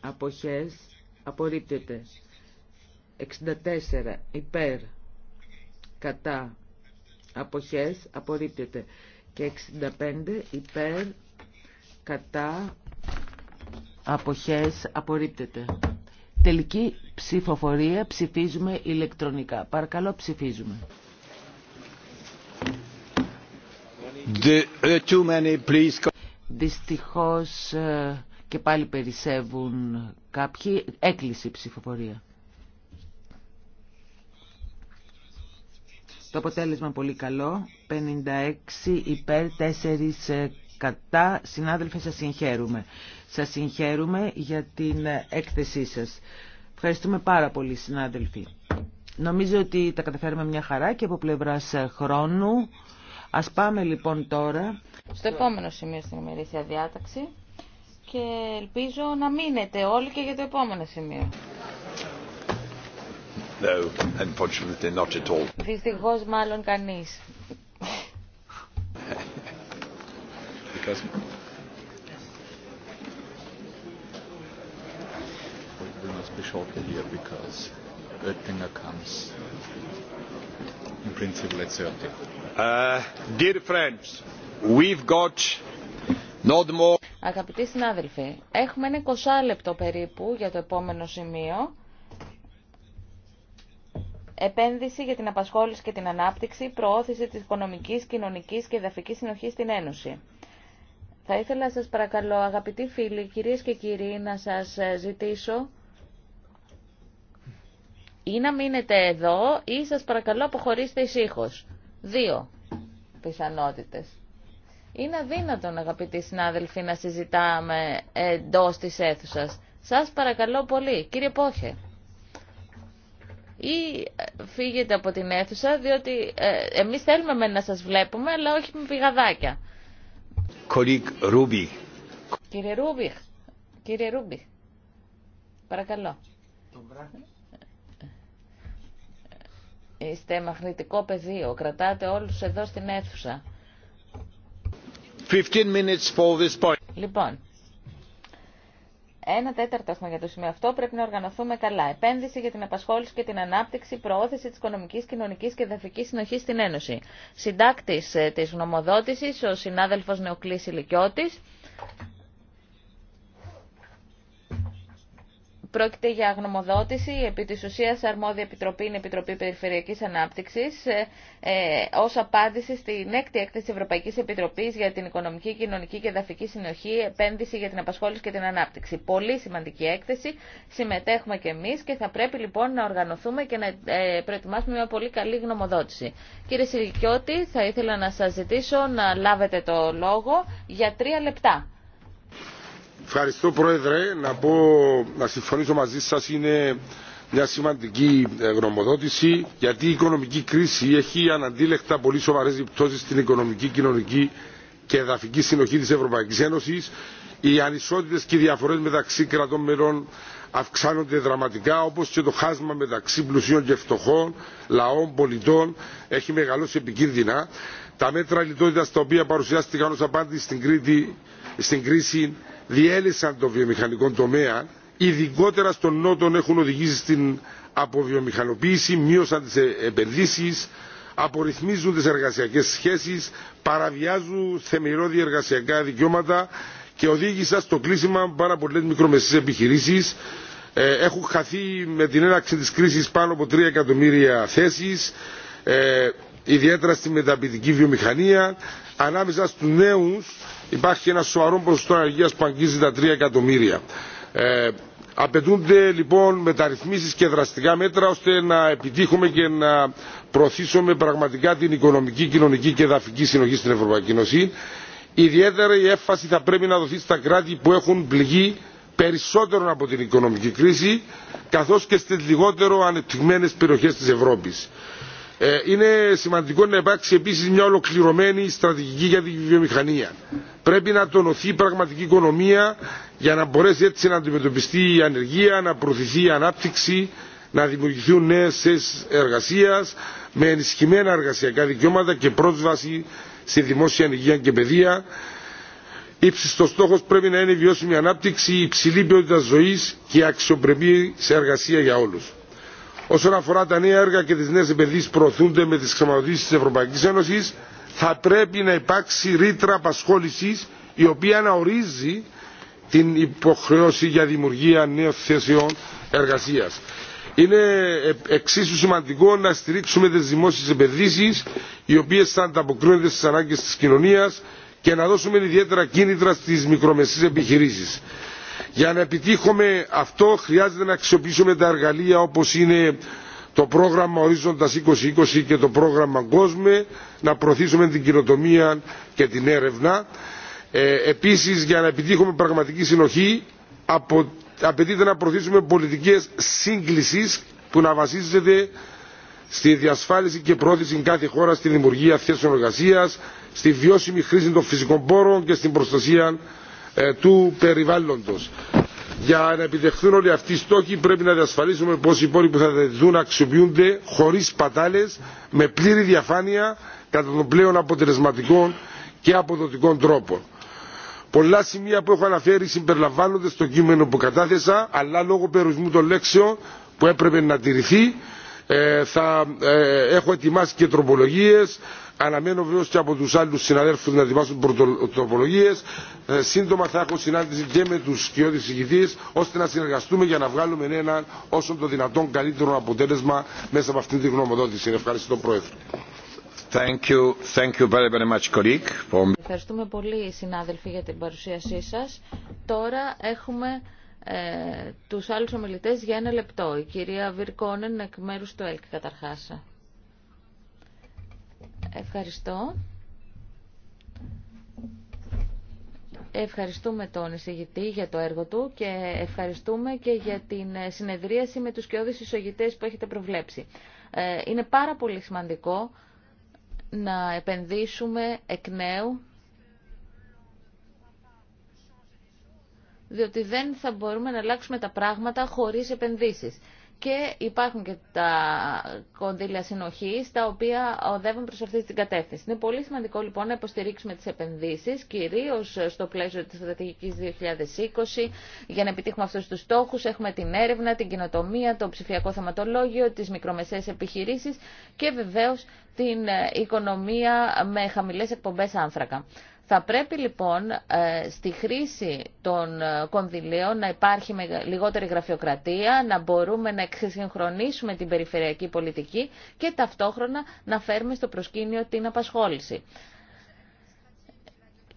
αποχές, απορρίπτεται. 64 υπέρ, κατά, αποχές, απορρίπτεται. Και 65 υπέρ, κατά, αποχές, απορρίπτεται. Τελική ψηφοφορία ψηφίζουμε ηλεκτρονικά. Παρακαλώ ψηφίζουμε. Uh, Δυστυχώς ε, και πάλι περισσεύουν κάποιοι. Έκλεισε η ψηφοφορία. Το αποτέλεσμα πολύ καλό. 56 υπέρ 4 ε, κατά. Συνάδελφε, σας συγχαίρουμε. Σας συγχαίρουμε για την έκθεσή σας. Ευχαριστούμε πάρα πολύ, συνάδελφοι. Νομίζω ότι τα καταφέρουμε μια χαρά και από πλευράς χρόνου. Ας πάμε λοιπόν τώρα... Στο επόμενο σημείο στην ημερήσια διάταξη και ελπίζω να μείνετε όλοι και για το επόμενο σημείο. No, unfortunately not at all. Δυστυχώς μάλλον κανείς. Because... We must be short here because Oettinger comes. In principle at 30. Uh, dear friends, we've got not more... Αγαπητοί συνάδελφοι, έχουμε ένα 20 λεπτό περίπου για το επόμενο σημείο. Επένδυση για την απασχόληση και την ανάπτυξη, προώθηση της οικονομικής, κοινωνικής και εδαφικής συνοχής στην Ένωση. Θα ήθελα σας παρακαλώ, αγαπητοί φίλοι, κυρίες και κύριοι, να σας ζητήσω ή να μείνετε εδώ ή σας παρακαλώ αποχωρήστε ησύχως. Δύο πιθανότητες. Είναι αδύνατον, αγαπητοί συνάδελφοι, να συζητάμε εντό τη αίθουσα. Σας παρακαλώ πολύ, κύριε Πόχε. Ή ε, φύγετε από την αίθουσα, διότι ε, εμείς θέλουμε με να σας βλέπουμε, αλλά όχι με πηγαδάκια. Ρούμπι. Κύριε Ρούμπιχ, κύριε Ρούμπιχ, παρακαλώ. Είστε μαχνητικό πεδίο, κρατάτε όλους εδώ στην αίθουσα. Λοιπόν, ένα τέταρτο έχουμε για το σημείο αυτό. Πρέπει να οργανωθούμε καλά. Επένδυση για την απασχόληση και την ανάπτυξη, προώθηση τη οικονομική, κοινωνική και εδαφική συνοχή στην Ένωση. Συντάκτη ε, τη γνωμοδότηση, ο συνάδελφο Νεοκλή Ηλικιώτη. Πρόκειται για γνωμοδότηση, επί της ουσίας αρμόδια επιτροπή είναι Επιτροπή Περιφερειακής Ανάπτυξης, ε, ε, ως απάντηση στην έκτη έκθεση της Ευρωπαϊκής Επιτροπής για την Οικονομική, Κοινωνική και Δαφική Συνοχή, επένδυση για την απασχόληση και την ανάπτυξη. Πολύ σημαντική έκθεση, συμμετέχουμε και εμείς και θα πρέπει λοιπόν να οργανωθούμε και να ε, προετοιμάσουμε μια πολύ καλή γνωμοδότηση. Κύριε Σιλικιώτη, θα ήθελα να σας ζητήσω να λάβετε το λόγο για τρία λεπτά. Ευχαριστώ Πρόεδρε. Να, πω, να συμφωνήσω μαζί σας είναι μια σημαντική ε, γνωμοδότηση γιατί η οικονομική κρίση έχει αναντίλεκτα πολύ σοβαρές επιπτώσει στην οικονομική, κοινωνική και εδαφική συνοχή της Ευρωπαϊκής Ένωσης. Οι ανισότητες και οι διαφορές μεταξύ κρατών μερών αυξάνονται δραματικά όπως και το χάσμα μεταξύ πλουσίων και φτωχών, λαών, πολιτών έχει μεγαλώσει επικίνδυνα. Τα μέτρα λιτότητας τα οποία παρουσιάστηκαν ως απάντηση στην, στην κρίση διέλυσαν το βιομηχανικό τομέα, ειδικότερα στον Νότο έχουν οδηγήσει στην αποβιομηχανοποίηση, μείωσαν τις ε, επενδύσεις, απορριθμίζουν τις εργασιακές σχέσεις, παραβιάζουν θεμελιώδη εργασιακά δικαιώματα και οδήγησαν στο κλείσιμα πάρα πολλές μικρομεσαίες επιχειρήσεις. Ε, έχουν χαθεί με την έναρξη της κρίσης πάνω από 3 εκατομμύρια θέσεις, ε, ιδιαίτερα στη μεταπητική βιομηχανία, ανάμεσα στους νέους υπάρχει ένα σοβαρό ποσοστό ανεργία που αγγίζει τα 3 εκατομμύρια. Ε, απαιτούνται λοιπόν μεταρρυθμίσει και δραστικά μέτρα ώστε να επιτύχουμε και να προωθήσουμε πραγματικά την οικονομική, κοινωνική και εδαφική συνοχή στην Ευρωπαϊκή Ένωση. Ιδιαίτερα η έφαση θα πρέπει να δοθεί στα κράτη που έχουν πληγεί περισσότερο από την οικονομική κρίση καθώς και στις λιγότερο ανεπτυγμένες περιοχές της Ευρώπης. Ε, είναι σημαντικό να υπάρξει επίση μια ολοκληρωμένη στρατηγική για τη βιομηχανία. Πρέπει να τονωθεί η πραγματική οικονομία για να μπορέσει έτσι να αντιμετωπιστεί η ανεργία, να προωθηθεί η ανάπτυξη, να δημιουργηθούν νέες θέσει εργασία με ενισχυμένα εργασιακά δικαιώματα και πρόσβαση στη δημόσια υγεία και παιδεία. Ήψιστο στόχο πρέπει να είναι η βιώσιμη ανάπτυξη, η υψηλή ποιότητα ζωής και αξιοπρεπή σε εργασία για όλου. Όσον αφορά τα νέα έργα και τι νέε επενδύσει που προωθούνται με τι χρηματοδοτήσει τη Ευρωπαϊκή Ένωση, θα πρέπει να υπάρξει ρήτρα απασχόληση η οποία να ορίζει την υποχρέωση για δημιουργία νέων θέσεων εργασία. Είναι ε, εξίσου σημαντικό να στηρίξουμε τι δημόσιε επενδύσει οι οποίε θα ανταποκρίνονται στι ανάγκε τη κοινωνία και να δώσουμε ιδιαίτερα κίνητρα στι μικρομεσαίες επιχειρήσει. Για να επιτύχουμε αυτό χρειάζεται να αξιοποιήσουμε τα εργαλεία όπως είναι το πρόγραμμα Ορίζοντας 2020 και το πρόγραμμα Κόσμε να προωθήσουμε την κοινοτομία και την έρευνα. Ε, επίσης για να επιτύχουμε πραγματική συνοχή απο, απαιτείται να προωθήσουμε πολιτικές σύγκλησης που να βασίζεται στη διασφάλιση και πρόθεση κάθε χώρα στη δημιουργία θέσεων εργασίας, στη βιώσιμη χρήση των φυσικών πόρων και στην προστασία ε, του περιβάλλοντος. Για να επιτευχθούν όλοι αυτοί οι στόχοι πρέπει να διασφαλίσουμε πως οι πόροι που θα δεθούν αξιοποιούνται χωρίς πατάλες, με πλήρη διαφάνεια κατά τον πλέον αποτελεσματικό και αποδοτικό τρόπο. Πολλά σημεία που έχω αναφέρει συμπεριλαμβάνονται στο κείμενο που κατάθεσα, αλλά λόγω περιορισμού των λέξεων που έπρεπε να τηρηθεί, ε, θα ε, έχω ετοιμάσει και τροπολογίε. Αναμένω βεβαίω και από του άλλου συναδέλφου να ετοιμάσουν πρωτοπολογίε. Ε, σύντομα θα έχω συνάντηση και με του κοιόδη ηγητή ώστε να συνεργαστούμε για να βγάλουμε ένα όσο το δυνατόν καλύτερο αποτέλεσμα μέσα από αυτή τη γνωμοδότηση. Ευχαριστώ, Πρόεδρε. Thank you. Thank you very, very much, Ευχαριστούμε πολύ, συνάδελφοι, για την παρουσίασή σα. Τώρα έχουμε ε, τους άλλους ομιλητές για ένα λεπτό. Η κυρία Βιρκόνεν εκ μέρους του ΕΛΚ καταρχάς. Ευχαριστώ. Ευχαριστούμε τον εισηγητή για το έργο του και ευχαριστούμε και για την συνεδρίαση με τους κοιόδης εισηγητές που έχετε προβλέψει. Ε, είναι πάρα πολύ σημαντικό να επενδύσουμε εκ νέου διότι δεν θα μπορούμε να αλλάξουμε τα πράγματα χωρίς επενδύσεις και υπάρχουν και τα κονδύλια συνοχής τα οποία οδεύουν προς αυτή την κατεύθυνση. Είναι πολύ σημαντικό λοιπόν να υποστηρίξουμε τις επενδύσεις κυρίως στο πλαίσιο της στρατηγική 2020 για να επιτύχουμε αυτούς τους στόχους. Έχουμε την έρευνα, την κοινοτομία, το ψηφιακό θεματολόγιο, τις μικρομεσαίες επιχειρήσεις και βεβαίως την οικονομία με χαμηλές εκπομπές άνθρακα. Θα πρέπει λοιπόν ε, στη χρήση των ε, κονδυλίων να υπάρχει λιγότερη γραφειοκρατία, να μπορούμε να εξυγχρονίσουμε την περιφερειακή πολιτική και ταυτόχρονα να φέρουμε στο προσκήνιο την απασχόληση.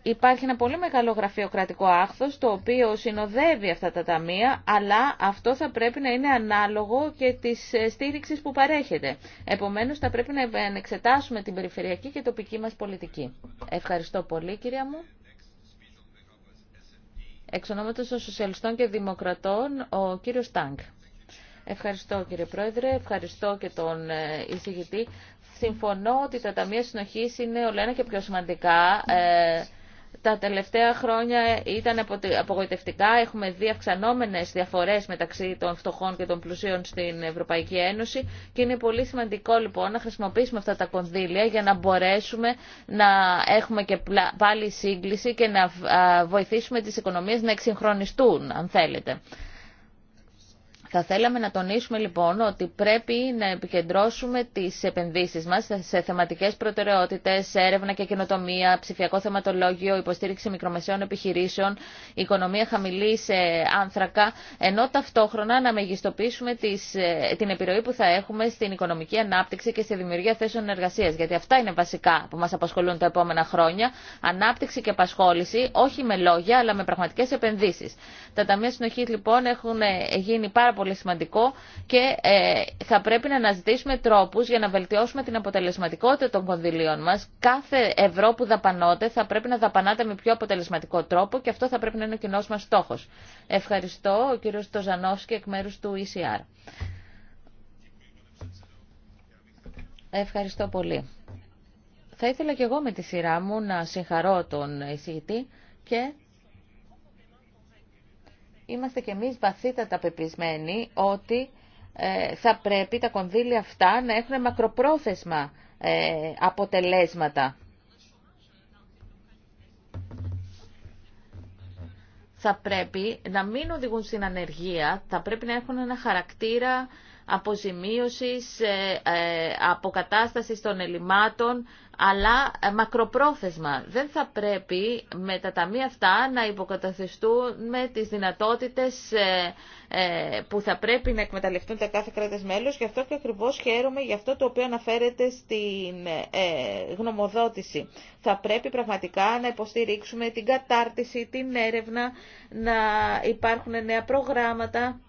Υπάρχει ένα πολύ μεγάλο γραφειοκρατικό άχθος το οποίο συνοδεύει αυτά τα ταμεία, αλλά αυτό θα πρέπει να είναι ανάλογο και της ε, στήριξης που παρέχεται. Επομένως θα πρέπει να εξετάσουμε την περιφερειακή και τοπική μας πολιτική. Ευχαριστώ πολύ κυρία μου. Εξ ονόματος των Σοσιαλιστών και Δημοκρατών, ο κύριος Τάγκ. Ευχαριστώ κύριε Πρόεδρε, ευχαριστώ και τον ε, εισηγητή. Συμφωνώ ότι τα Ταμεία Συνοχής είναι όλα ένα και πιο σημαντικά. Ε, τα τελευταία χρόνια ήταν απογοητευτικά. Έχουμε δει αυξανόμενε διαφορέ μεταξύ των φτωχών και των πλουσίων στην Ευρωπαϊκή Ένωση και είναι πολύ σημαντικό λοιπόν να χρησιμοποιήσουμε αυτά τα κονδύλια για να μπορέσουμε να έχουμε και πάλι σύγκληση και να βοηθήσουμε τι οικονομίε να εξυγχρονιστούν, αν θέλετε. Θα θέλαμε να τονίσουμε λοιπόν ότι πρέπει να επικεντρώσουμε τις επενδύσεις μας σε θεματικές προτεραιότητες, έρευνα και καινοτομία, ψηφιακό θεματολόγιο, υποστήριξη μικρομεσαίων επιχειρήσεων, οικονομία χαμηλή σε άνθρακα, ενώ ταυτόχρονα να μεγιστοποιήσουμε τις, ε, την επιρροή που θα έχουμε στην οικονομική ανάπτυξη και στη δημιουργία θέσεων εργασία. Γιατί αυτά είναι βασικά που μας απασχολούν τα επόμενα χρόνια. Ανάπτυξη και απασχόληση, όχι με λόγια, αλλά με πραγματικές επενδύσεις. Τα ταμεία συνοχή λοιπόν έχουν ε, γίνει πάρα πολύ σημαντικό και ε, θα πρέπει να αναζητήσουμε τρόπους για να βελτιώσουμε την αποτελεσματικότητα των κονδυλίων μας. Κάθε ευρώ που δαπανώτε θα πρέπει να δαπανάτε με πιο αποτελεσματικό τρόπο και αυτό θα πρέπει να είναι ο κοινό μας στόχος. Ευχαριστώ ο κύριος Τοζανόφσκι εκ μέρους του ECR. Ευχαριστώ πολύ. Θα ήθελα και εγώ με τη σειρά μου να συγχαρώ τον εισηγητή και είμαστε κι εμείς βαθύτατα πεπισμένοι ότι ε, θα πρέπει τα κονδύλια αυτά να έχουν μακροπρόθεσμα ε, αποτελέσματα. Θα πρέπει να μην οδηγούν στην ανεργία, θα πρέπει να έχουν ένα χαρακτήρα αποζημίωσης, ε, αποκατάστασης των ελλημάτων αλλά ε, μακροπρόθεσμα. Δεν θα πρέπει με τα ταμεία αυτά να υποκαταθεστούν με τις δυνατότητες ε, ε, που θα πρέπει να εκμεταλλευτούν τα κάθε κράτες μέλος. Γι' αυτό και ακριβώς χαίρομαι για αυτό το οποίο αναφέρεται στην γνωμοδότηση. Θα πρέπει πραγματικά να υποστηρίξουμε την κατάρτιση, την έρευνα, να υπάρχουν νέα προγράμματα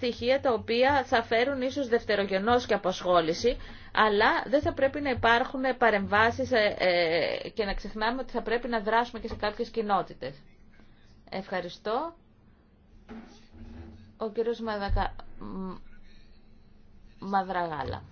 στοιχεία τα οποία θα φέρουν ίσως δευτερογενώς και απασχόληση, αλλά δεν θα πρέπει να υπάρχουν παρεμβάσεις ε, ε, και να ξεχνάμε ότι θα πρέπει να δράσουμε και σε κάποιες κοινότητες. Ευχαριστώ. Ο κύριος Μαδακα... Μαδραγάλα.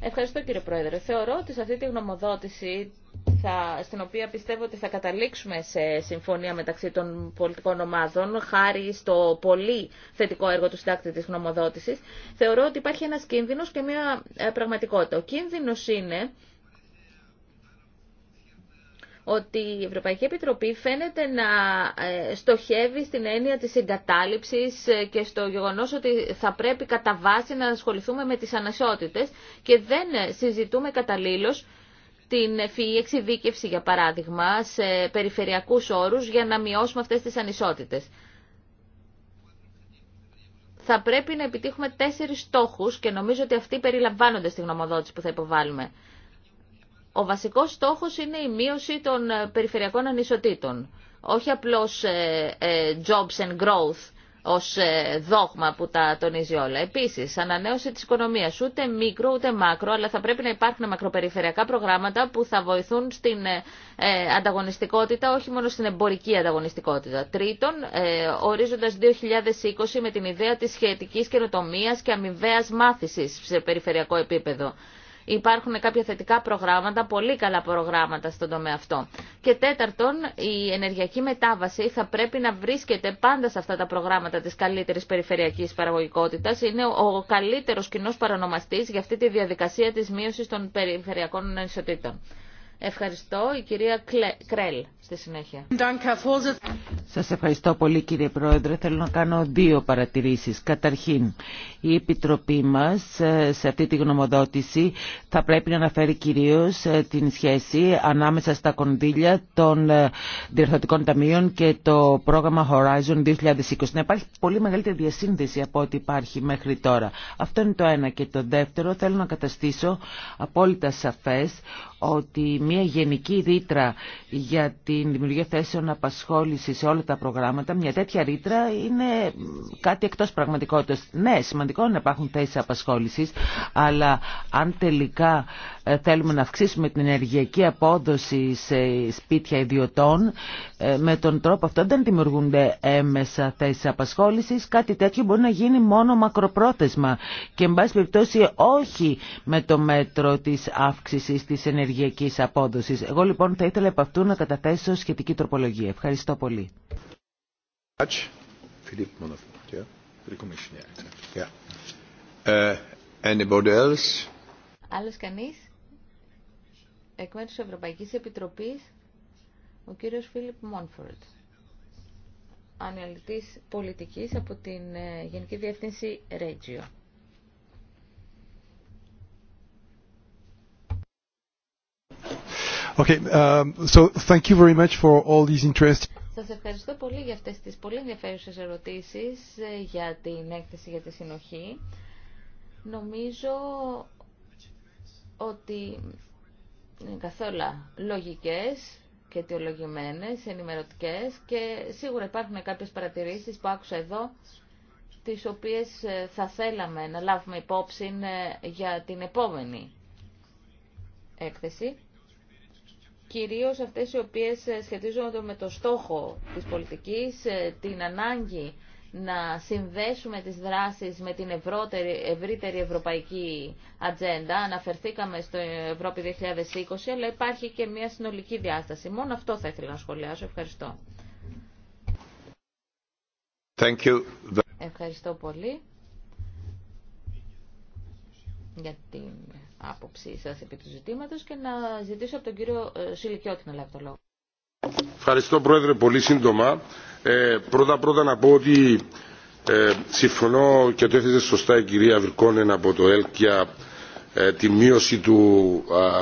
Ευχαριστώ κύριε Πρόεδρε. Θεωρώ ότι σε αυτή τη γνωμοδότηση θα, στην οποία πιστεύω ότι θα καταλήξουμε σε συμφωνία μεταξύ των πολιτικών ομάδων, χάρη στο πολύ θετικό έργο του συντάκτη της γνωμοδότησης, θεωρώ ότι υπάρχει ένας κίνδυνος και μια ε, πραγματικότητα. Ο κίνδυνος είναι ότι η Ευρωπαϊκή Επιτροπή φαίνεται να ε, στοχεύει στην έννοια της εγκατάλειψης ε, και στο γεγονός ότι θα πρέπει κατά βάση να ασχοληθούμε με τις ανασότητες και δεν συζητούμε καταλήλως την ευφυή εξειδίκευση, για παράδειγμα, σε περιφερειακούς όρους για να μειώσουμε αυτές τις ανισότητες. Θα πρέπει να επιτύχουμε τέσσερις στόχους και νομίζω ότι αυτοί περιλαμβάνονται στη γνωμοδότηση που θα υποβάλουμε. Ο βασικός στόχος είναι η μείωση των περιφερειακών ανισοτήτων. Όχι απλώς ε, ε, jobs and growth, ω ε, δόγμα που τα τονίζει όλα. Επίσης, ανανέωση τη οικονομία ούτε μικρο ούτε μάκρο, αλλά θα πρέπει να υπάρχουν μακροπεριφερειακά προγράμματα που θα βοηθούν στην ε, ε, ανταγωνιστικότητα, όχι μόνο στην εμπορική ανταγωνιστικότητα. Τρίτον, ορίζοντας 2020 με την ιδέα της σχετική καινοτομία και αμοιβαία μάθηση σε περιφερειακό επίπεδο. Υπάρχουν κάποια θετικά προγράμματα, πολύ καλά προγράμματα στον τομέα αυτό. Και τέταρτον, η ενεργειακή μετάβαση θα πρέπει να βρίσκεται πάντα σε αυτά τα προγράμματα της καλύτερης περιφερειακής παραγωγικότητας. Είναι ο καλύτερος κοινός παρανομαστής για αυτή τη διαδικασία της μείωσης των περιφερειακών ισοτήτων. Ευχαριστώ. Η κυρία Κρέλ στη συνέχεια. Σας ευχαριστώ πολύ κύριε Πρόεδρε. Θέλω να κάνω δύο παρατηρήσεις. Καταρχήν, η Επιτροπή μας ε, σε αυτή τη γνωμοδότηση θα πρέπει να αναφέρει κυρίως ε, την σχέση ανάμεσα στα κονδύλια των ε, διερθωτικών ταμείων και το πρόγραμμα Horizon 2020. Να υπάρχει πολύ μεγαλύτερη διασύνδεση από ό,τι υπάρχει μέχρι τώρα. Αυτό είναι το ένα. Και το δεύτερο θέλω να καταστήσω απόλυτα σαφές ότι μια γενική ρήτρα για την δημιουργία θέσεων απασχόληση σε όλα τα προγράμματα, μια τέτοια ρήτρα είναι κάτι εκτός πραγματικότητας. Ναι, σημαντικό να υπάρχουν θέσεις απασχόλησης, αλλά αν τελικά ε, θέλουμε να αυξήσουμε την ενεργειακή απόδοση σε σπίτια ιδιωτών. Ε, με τον τρόπο αυτό δεν δημιουργούνται έμεσα θέσει απασχόληση. Κάτι τέτοιο μπορεί να γίνει μόνο μακροπρόθεσμα και, εν πάση περιπτώσει, όχι με το μέτρο τη αύξηση τη ενεργειακή απόδοση. Εγώ λοιπόν θα ήθελα από αυτού να καταθέσω σχετική τροπολογία. Ευχαριστώ πολύ. Ε, Άλλος κανείς? Εκ μέρους της Ευρωπαϊκής Επιτροπής, ο κύριος Φίλιπ Μόνφορντ, αναλυτής πολιτικής από την ε, Γενική Διεύθυνση Regio. Okay, um, so thank you very much for all these interests. Σας ευχαριστώ πολύ για αυτές τις πολύ ενδιαφέρουσες ερωτήσεις ε, για την έκθεση για τη συνοχή. Νομίζω ότι καθόλου λογικές και αιτιολογημένες, ενημερωτικές και σίγουρα υπάρχουν κάποιες παρατηρήσεις που άκουσα εδώ τις οποίες ε, θα θέλαμε να λάβουμε υπόψη ε, για την επόμενη έκθεση κυρίως αυτές οι οποίες ε, σχετίζονται με το στόχο της πολιτικής, την ανάγκη να συνδέσουμε τις δράσεις με την ευρύτερη, ευρωπαϊκή ατζέντα. Αναφερθήκαμε στο Ευρώπη 2020, αλλά υπάρχει και μια συνολική διάσταση. Μόνο αυτό θα ήθελα να σχολιάσω. Ευχαριστώ. Thank you. Ευχαριστώ πολύ για την άποψή σας επί του ζητήματος και να ζητήσω από τον κύριο ε, Σιλικιώτη να λάβει το λόγο. Ευχαριστώ Πρόεδρε πολύ σύντομα. Ε, πρώτα πρώτα να πω ότι ε, συμφωνώ και το έθεσε σωστά η κυρία Βρικόνεν από το ΕΛΚΙΑ ε, τη μείωση του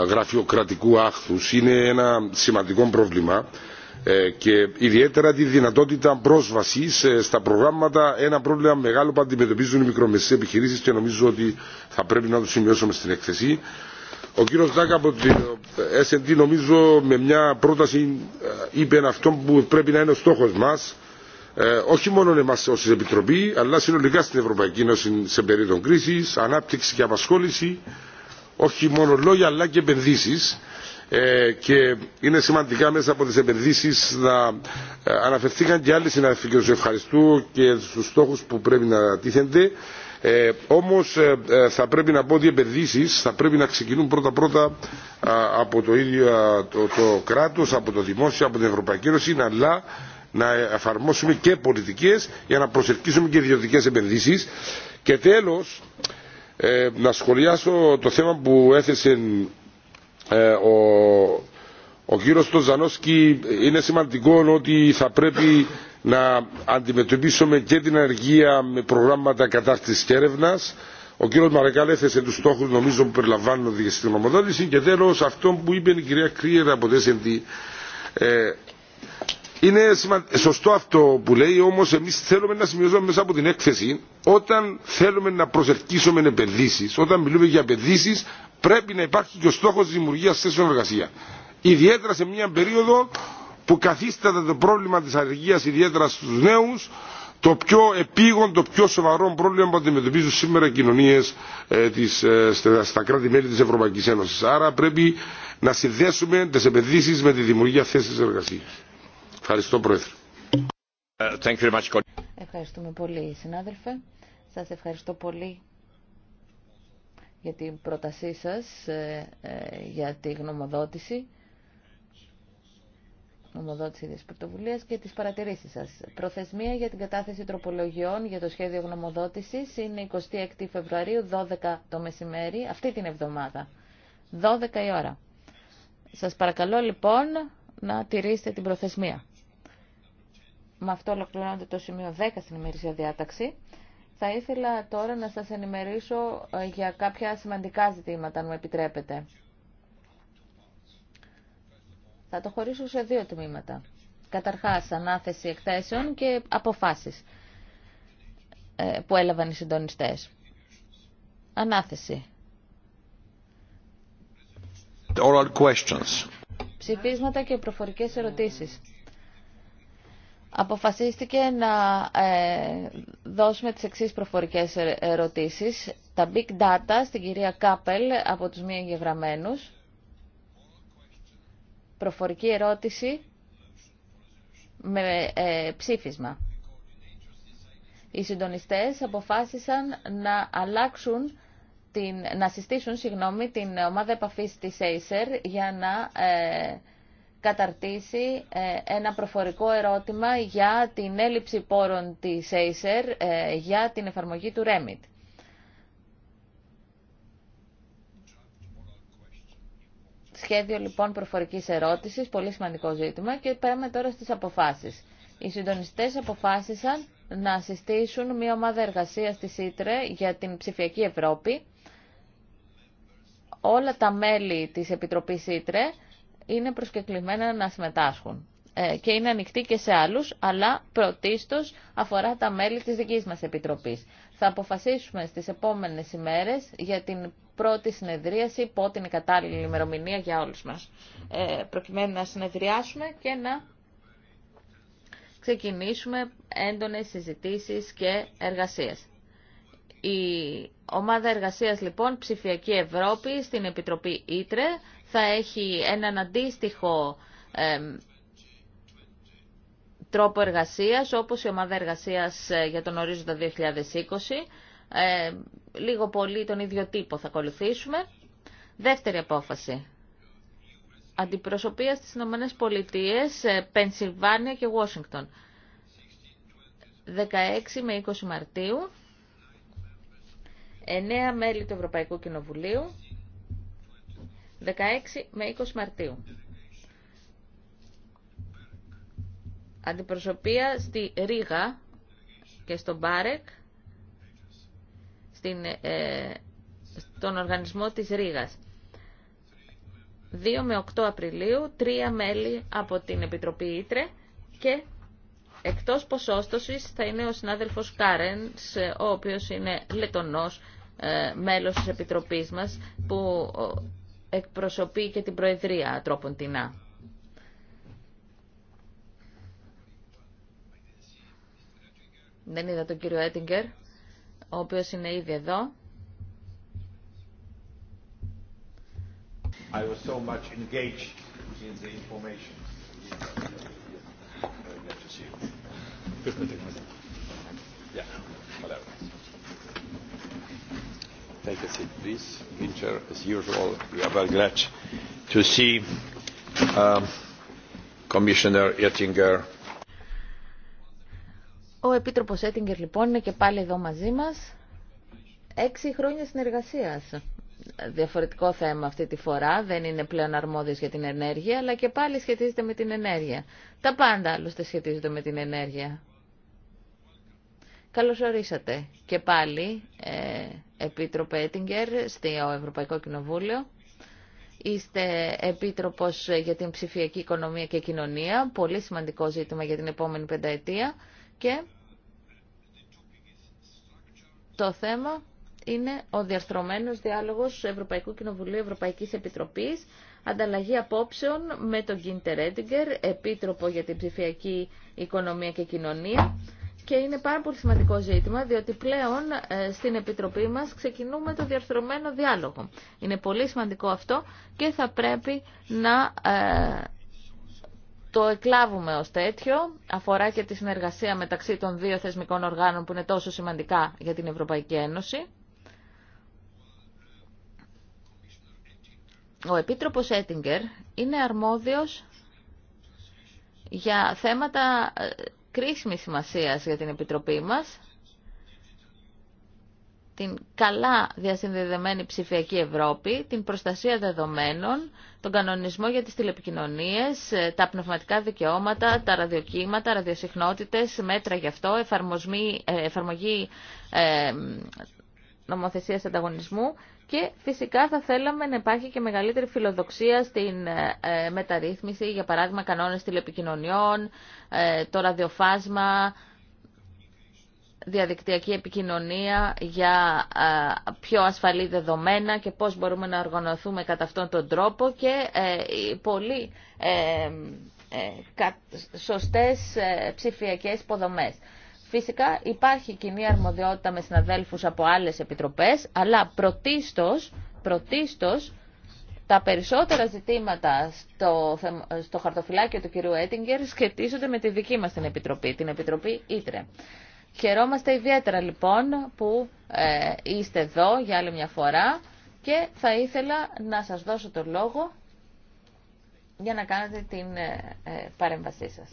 γραφειοκρατικού άχθους. Είναι ένα σημαντικό πρόβλημα ε, και ιδιαίτερα τη δυνατότητα πρόσβαση στα προγράμματα ένα πρόβλημα μεγάλο που αντιμετωπίζουν οι μικρομεσαίες επιχειρήσεις και νομίζω ότι θα πρέπει να το σημειώσουμε στην έκθεση. Ο κύριο Ντάκα από την ε, S&D νομίζω με μια πρόταση ε, είπε αυτό που πρέπει να είναι ο στόχος μας ε, όχι μόνο εμά ω Επιτροπή, αλλά συνολικά στην Ευρωπαϊκή Ένωση σε περίοδο κρίση, ανάπτυξη και απασχόληση, όχι μόνο λόγια αλλά και επενδύσει. και είναι σημαντικά μέσα από τι επενδύσει να αναφερθήκαν και άλλοι συναδελφοί και του ευχαριστώ και στου στόχου που πρέπει να τίθενται. Ε, όμως ε, ε, θα πρέπει να πω ότι οι επενδύσεις θα πρέπει να ξεκινούν πρώτα πρώτα από το ίδιο το, το κράτος, από το δημόσιο, από την Ευρωπαϊκή Ένωση, αλλά να εφαρμόσουμε και πολιτικές για να προσελκύσουμε και ιδιωτικέ επενδύσεις. Και τέλος, να σχολιάσω το θέμα που έθεσε ο, ο κύριος Είναι σημαντικό ότι θα πρέπει να αντιμετωπίσουμε και την αργία με προγράμματα κατάρτισης και έρευνα. Ο κ. Μαρακάλ έθεσε του στόχου, νομίζω, που περιλαμβάνονται στην ομοδότηση Και τέλο, αυτό που είπε η κυρία Κρύερα από το ε, είναι σωστό αυτό που λέει, όμω εμεί θέλουμε να σημειώσουμε μέσα από την έκθεση όταν θέλουμε να προσελκύσουμε επενδύσει. Όταν μιλούμε για επενδύσει, πρέπει να υπάρχει και ο στόχο τη δημιουργία θέσεων εργασία. Ιδιαίτερα σε μια περίοδο που καθίσταται το πρόβλημα της αργίας ιδιαίτερα στους νέους το πιο επίγον, το πιο σοβαρό πρόβλημα που αντιμετωπίζουν σήμερα οι κοινωνίες ε, της, ε, στα κράτη-μέλη της Ευρωπαϊκής Ένωσης. Άρα πρέπει να συνδέσουμε τις επενδύσεις με τη δημιουργία θέσης εργασίας. Ευχαριστώ Πρόεδρε. Ε, Ευχαριστούμε πολύ συνάδελφε. Σας ευχαριστώ πολύ για την πρότασή σας, για τη γνωμοδότηση νομοδότηση της πρωτοβουλίας και τις παρατηρήσεις σας. Προθεσμία για την κατάθεση τροπολογιών για το σχέδιο γνωμοδότησης είναι 26 Φεβρουαρίου, 12 το μεσημέρι, αυτή την εβδομάδα, 12 η ώρα. Σας παρακαλώ λοιπόν να τηρήσετε την προθεσμία. Με αυτό ολοκληρώνεται το σημείο 10 στην ημερήσια διάταξη. Θα ήθελα τώρα να σας ενημερίσω ε, για κάποια σημαντικά ζητήματα, αν μου επιτρέπετε. Θα το χωρίσω σε δύο τμήματα. Καταρχάς, ανάθεση εκθέσεων και αποφάσεις ε, που έλαβαν οι συντονιστές. Ανάθεση. Ψηφίσματα και προφορικές ερωτήσεις. Αποφασίστηκε να ε, δώσουμε τις εξής προφορικές ερωτήσεις. Τα big data στην κυρία Κάπελ από τους μη εγγεγραμμένους προφορική ερώτηση με ε, ψήφισμα. Οι συντονιστές αποφάσισαν να αλλάξουν την, να συστήσουν συγγνώμη, την ομάδα επαφής της Acer για να ε, καταρτήσει ε, ένα προφορικό ερώτημα για την έλλειψη πόρων της Acer ε, για την εφαρμογή του Remit. Σχέδιο λοιπόν προφορικής ερώτησης, πολύ σημαντικό ζήτημα και πέραμε τώρα στις αποφάσεις. Οι συντονιστές αποφάσισαν να συστήσουν μια ομάδα εργασίας της ΣΥΤΡΕ για την ψηφιακή Ευρώπη. Όλα τα μέλη της Επιτροπής ΣΥΤΡΕ είναι προσκεκλημένα να συμμετάσχουν ε, και είναι ανοιχτή και σε άλλους, αλλά πρωτίστως αφορά τα μέλη της δικής μας Επιτροπής. Θα αποφασίσουμε στις επόμενες ημέρες για την πρώτη συνεδρίαση, πότε είναι κατάλληλη ημερομηνία για όλους μας, ε, προκειμένου να συνεδριάσουμε και να ξεκινήσουμε έντονες συζητήσεις και εργασίες. Η ομάδα εργασίας λοιπόν ψηφιακή Ευρώπη στην Επιτροπή Ήτρε θα έχει έναν αντίστοιχο ε, τρόπο εργασίας όπως η ομάδα εργασίας ε, για τον ορίζοντα 2020 ε, λίγο πολύ τον ίδιο τύπο θα ακολουθήσουμε. Δεύτερη απόφαση. Αντιπροσωπεία στις Ηνωμένες Πολιτείες, ε, Πενσιλβάνια και Ουάσιγκτον. 16 με 20 Μαρτίου. 9 μέλη του Ευρωπαϊκού Κοινοβουλίου. 16 με 20 Μαρτίου. Αντιπροσωπεία στη Ρήγα και στο Μπάρεκ στην, ε, στον οργανισμό της Ρήγας. 2 με 8 Απριλίου, τρία μέλη από την Επιτροπή Ήτρε και εκτός ποσόστοσης θα είναι ο συνάδελφος Κάρεν, ε, ο οποίος είναι λετονός ε, μέλος της Επιτροπής μας, που εκπροσωπεί και την Προεδρία τρόπον Δεν είδα τον κύριο Έτιγκερ ο οποίος είναι ήδη εδώ. I was so much engaged in the information. Take a seat, please. Winter, as usual, we are very glad to see um, Commissioner Ettinger. Ο Επίτροπος Έτιγκερ λοιπόν είναι και πάλι εδώ μαζί μας. Έξι χρόνια συνεργασίας. Διαφορετικό θέμα αυτή τη φορά, δεν είναι πλέον αρμόδιος για την ενέργεια, αλλά και πάλι σχετίζεται με την ενέργεια. Τα πάντα άλλωστε σχετίζονται με την ενέργεια. Καλώς ορίσατε και πάλι, ε, Επίτροπε Έτιγκερ, στο Ευρωπαϊκό Κοινοβούλιο. Είστε Επίτροπος για την ψηφιακή οικονομία και κοινωνία, πολύ σημαντικό ζήτημα για την επόμενη πενταετία και το θέμα είναι ο διαρθρωμένος διάλογος Ευρωπαϊκού Κοινοβουλίου Ευρωπαϊκής Επιτροπής, ανταλλαγή απόψεων με τον Γκίντερ Έντιγκερ, Επίτροπο για την Ψηφιακή Οικονομία και Κοινωνία. Και είναι πάρα πολύ σημαντικό ζήτημα, διότι πλέον ε, στην Επιτροπή μας ξεκινούμε το διαρθρωμένο διάλογο. Είναι πολύ σημαντικό αυτό και θα πρέπει να ε, το εκλάβουμε ως τέτοιο, αφορά και τη συνεργασία μεταξύ των δύο θεσμικών οργάνων που είναι τόσο σημαντικά για την Ευρωπαϊκή Ένωση. Ο Επίτροπος Έτιγκερ είναι αρμόδιος για θέματα ε, κρίσιμης σημασίας για την Επιτροπή μας την καλά διασυνδεδεμένη ψηφιακή Ευρώπη, την προστασία δεδομένων, τον κανονισμό για τις τηλεπικοινωνίες, ε, τα πνευματικά δικαιώματα, τα ραδιοκύματα, ραδιοσυχνότητες, μέτρα γι' αυτό, ε, εφαρμογή, εφαρμογή νομοθεσίας ανταγωνισμού και φυσικά θα θέλαμε να υπάρχει και μεγαλύτερη φιλοδοξία στην ε, ε μεταρρύθμιση, για παράδειγμα κανόνες τηλεπικοινωνιών, το ραδιοφάσμα, διαδικτυακή επικοινωνία για πιο ασφαλή δεδομένα και πώς μπορούμε να οργανωθούμε κατά αυτόν τον τρόπο και ε, πολύ ε, ε, σωστές ψηφιακές υποδομές. Φυσικά υπάρχει κοινή αρμοδιότητα με συναδέλφους από άλλες επιτροπές, αλλά πρωτίστως, τα περισσότερα ζητήματα στο, στο χαρτοφυλάκιο του κυρίου Έτιγκερ σχετίζονται με τη δική μας την Επιτροπή, την Επιτροπή Ήτρε. Χαιρόμαστε ιδιαίτερα λοιπόν που ε, είστε εδώ για άλλη μια φορά και θα ήθελα να σας δώσω το λόγο για να κάνετε την ε, ε, παρέμβασή σας.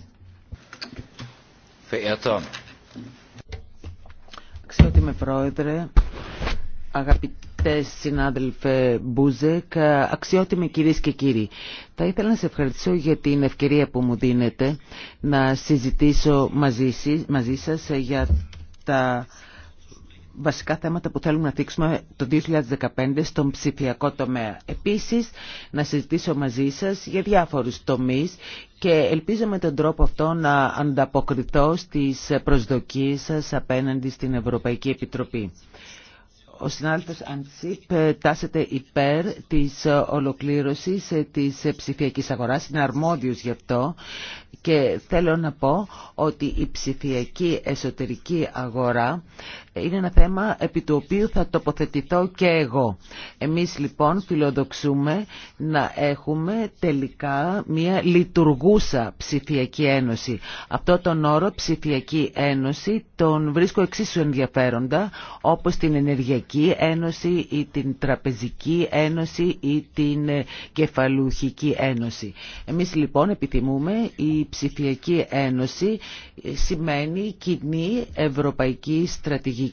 Πρόεδρε, αγαπητοί αγαπητέ συνάδελφε Μπούζεκ, αξιότιμοι κυρίες και κύριοι. Θα ήθελα να σε ευχαριστήσω για την ευκαιρία που μου δίνετε να συζητήσω μαζί, μαζί σας για τα βασικά θέματα που θέλουμε να δείξουμε το 2015 στον ψηφιακό τομέα. Επίσης, να συζητήσω μαζί σας για διάφορους τομείς και ελπίζω με τον τρόπο αυτό να ανταποκριθώ στις προσδοκίες σα απέναντι στην Ευρωπαϊκή Επιτροπή ο συνάδελφος Αντσίπ ε, τάσεται υπέρ της ε, ολοκλήρωσης ε, της ψηφιακής αγοράς, είναι αρμόδιος γι' αυτό και θέλω να πω ότι η ψηφιακή εσωτερική αγορά είναι ένα θέμα επί του οποίου θα τοποθετηθώ και εγώ. Εμείς λοιπόν φιλοδοξούμε να έχουμε τελικά μια λειτουργούσα ψηφιακή ένωση. Αυτό τον όρο ψηφιακή ένωση τον βρίσκω εξίσου ενδιαφέροντα όπως την ενεργειακή ένωση ή την τραπεζική ένωση ή την ε, κεφαλουχική ένωση. Εμείς λοιπόν επιθυμούμε η ψηφιακή ένωση ε, σημαίνει κοινή ευρωπαϊκή στρατηγική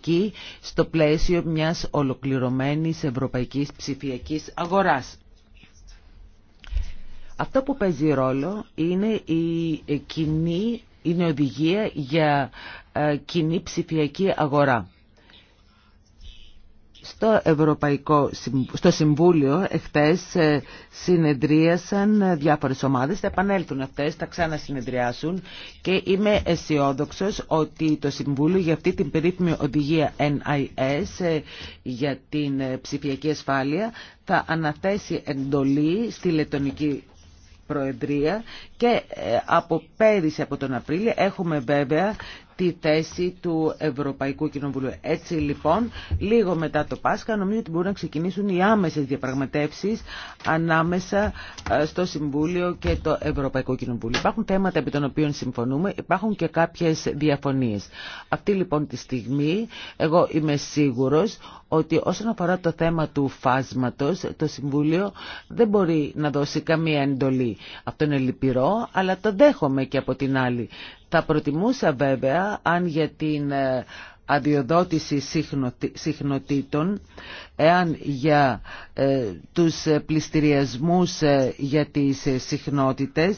στο πλαίσιο μιας ολοκληρωμένης ευρωπαϊκής ψηφιακής αγοράς. Αυτό που παίζει ρόλο είναι η κοινή, είναι οδηγία για ε, κοινή ψηφιακή αγορά. Στο Ευρωπαϊκό στο Συμβούλιο εχθές ε, συνεδρίασαν ε, διάφορες ομάδες, θα επανέλθουν αυτές, θα ξανασυνεδριάσουν και είμαι αισιόδοξο ότι το Συμβούλιο για αυτή την περίφημη οδηγία NIS ε, για την ψηφιακή ασφάλεια θα αναθέσει εντολή στη λετονική Προεδρία και από πέρυσι από τον Απρίλιο έχουμε βέβαια τη θέση του Ευρωπαϊκού Κοινοβουλίου. Έτσι λοιπόν, λίγο μετά το Πάσχα, νομίζω ότι μπορούν να ξεκινήσουν οι άμεσες διαπραγματεύσεις ανάμεσα ε, στο Συμβούλιο και το Ευρωπαϊκό Κοινοβούλιο. Υπάρχουν θέματα επί των οποίων συμφωνούμε, υπάρχουν και κάποιες διαφωνίες. Αυτή λοιπόν τη στιγμή, εγώ είμαι σίγουρος ότι όσον αφορά το θέμα του φάσματος, το Συμβούλιο δεν μπορεί να δώσει καμία εντολή. Αυτό είναι λυπηρό, αλλά το δέχομαι και από την άλλη. Θα προτιμούσα βέβαια αν για την ε, αδειοδότηση συχνοτήτων, εάν για ε, τους πληστηριασμούς ε, για τις ε, συχνότητες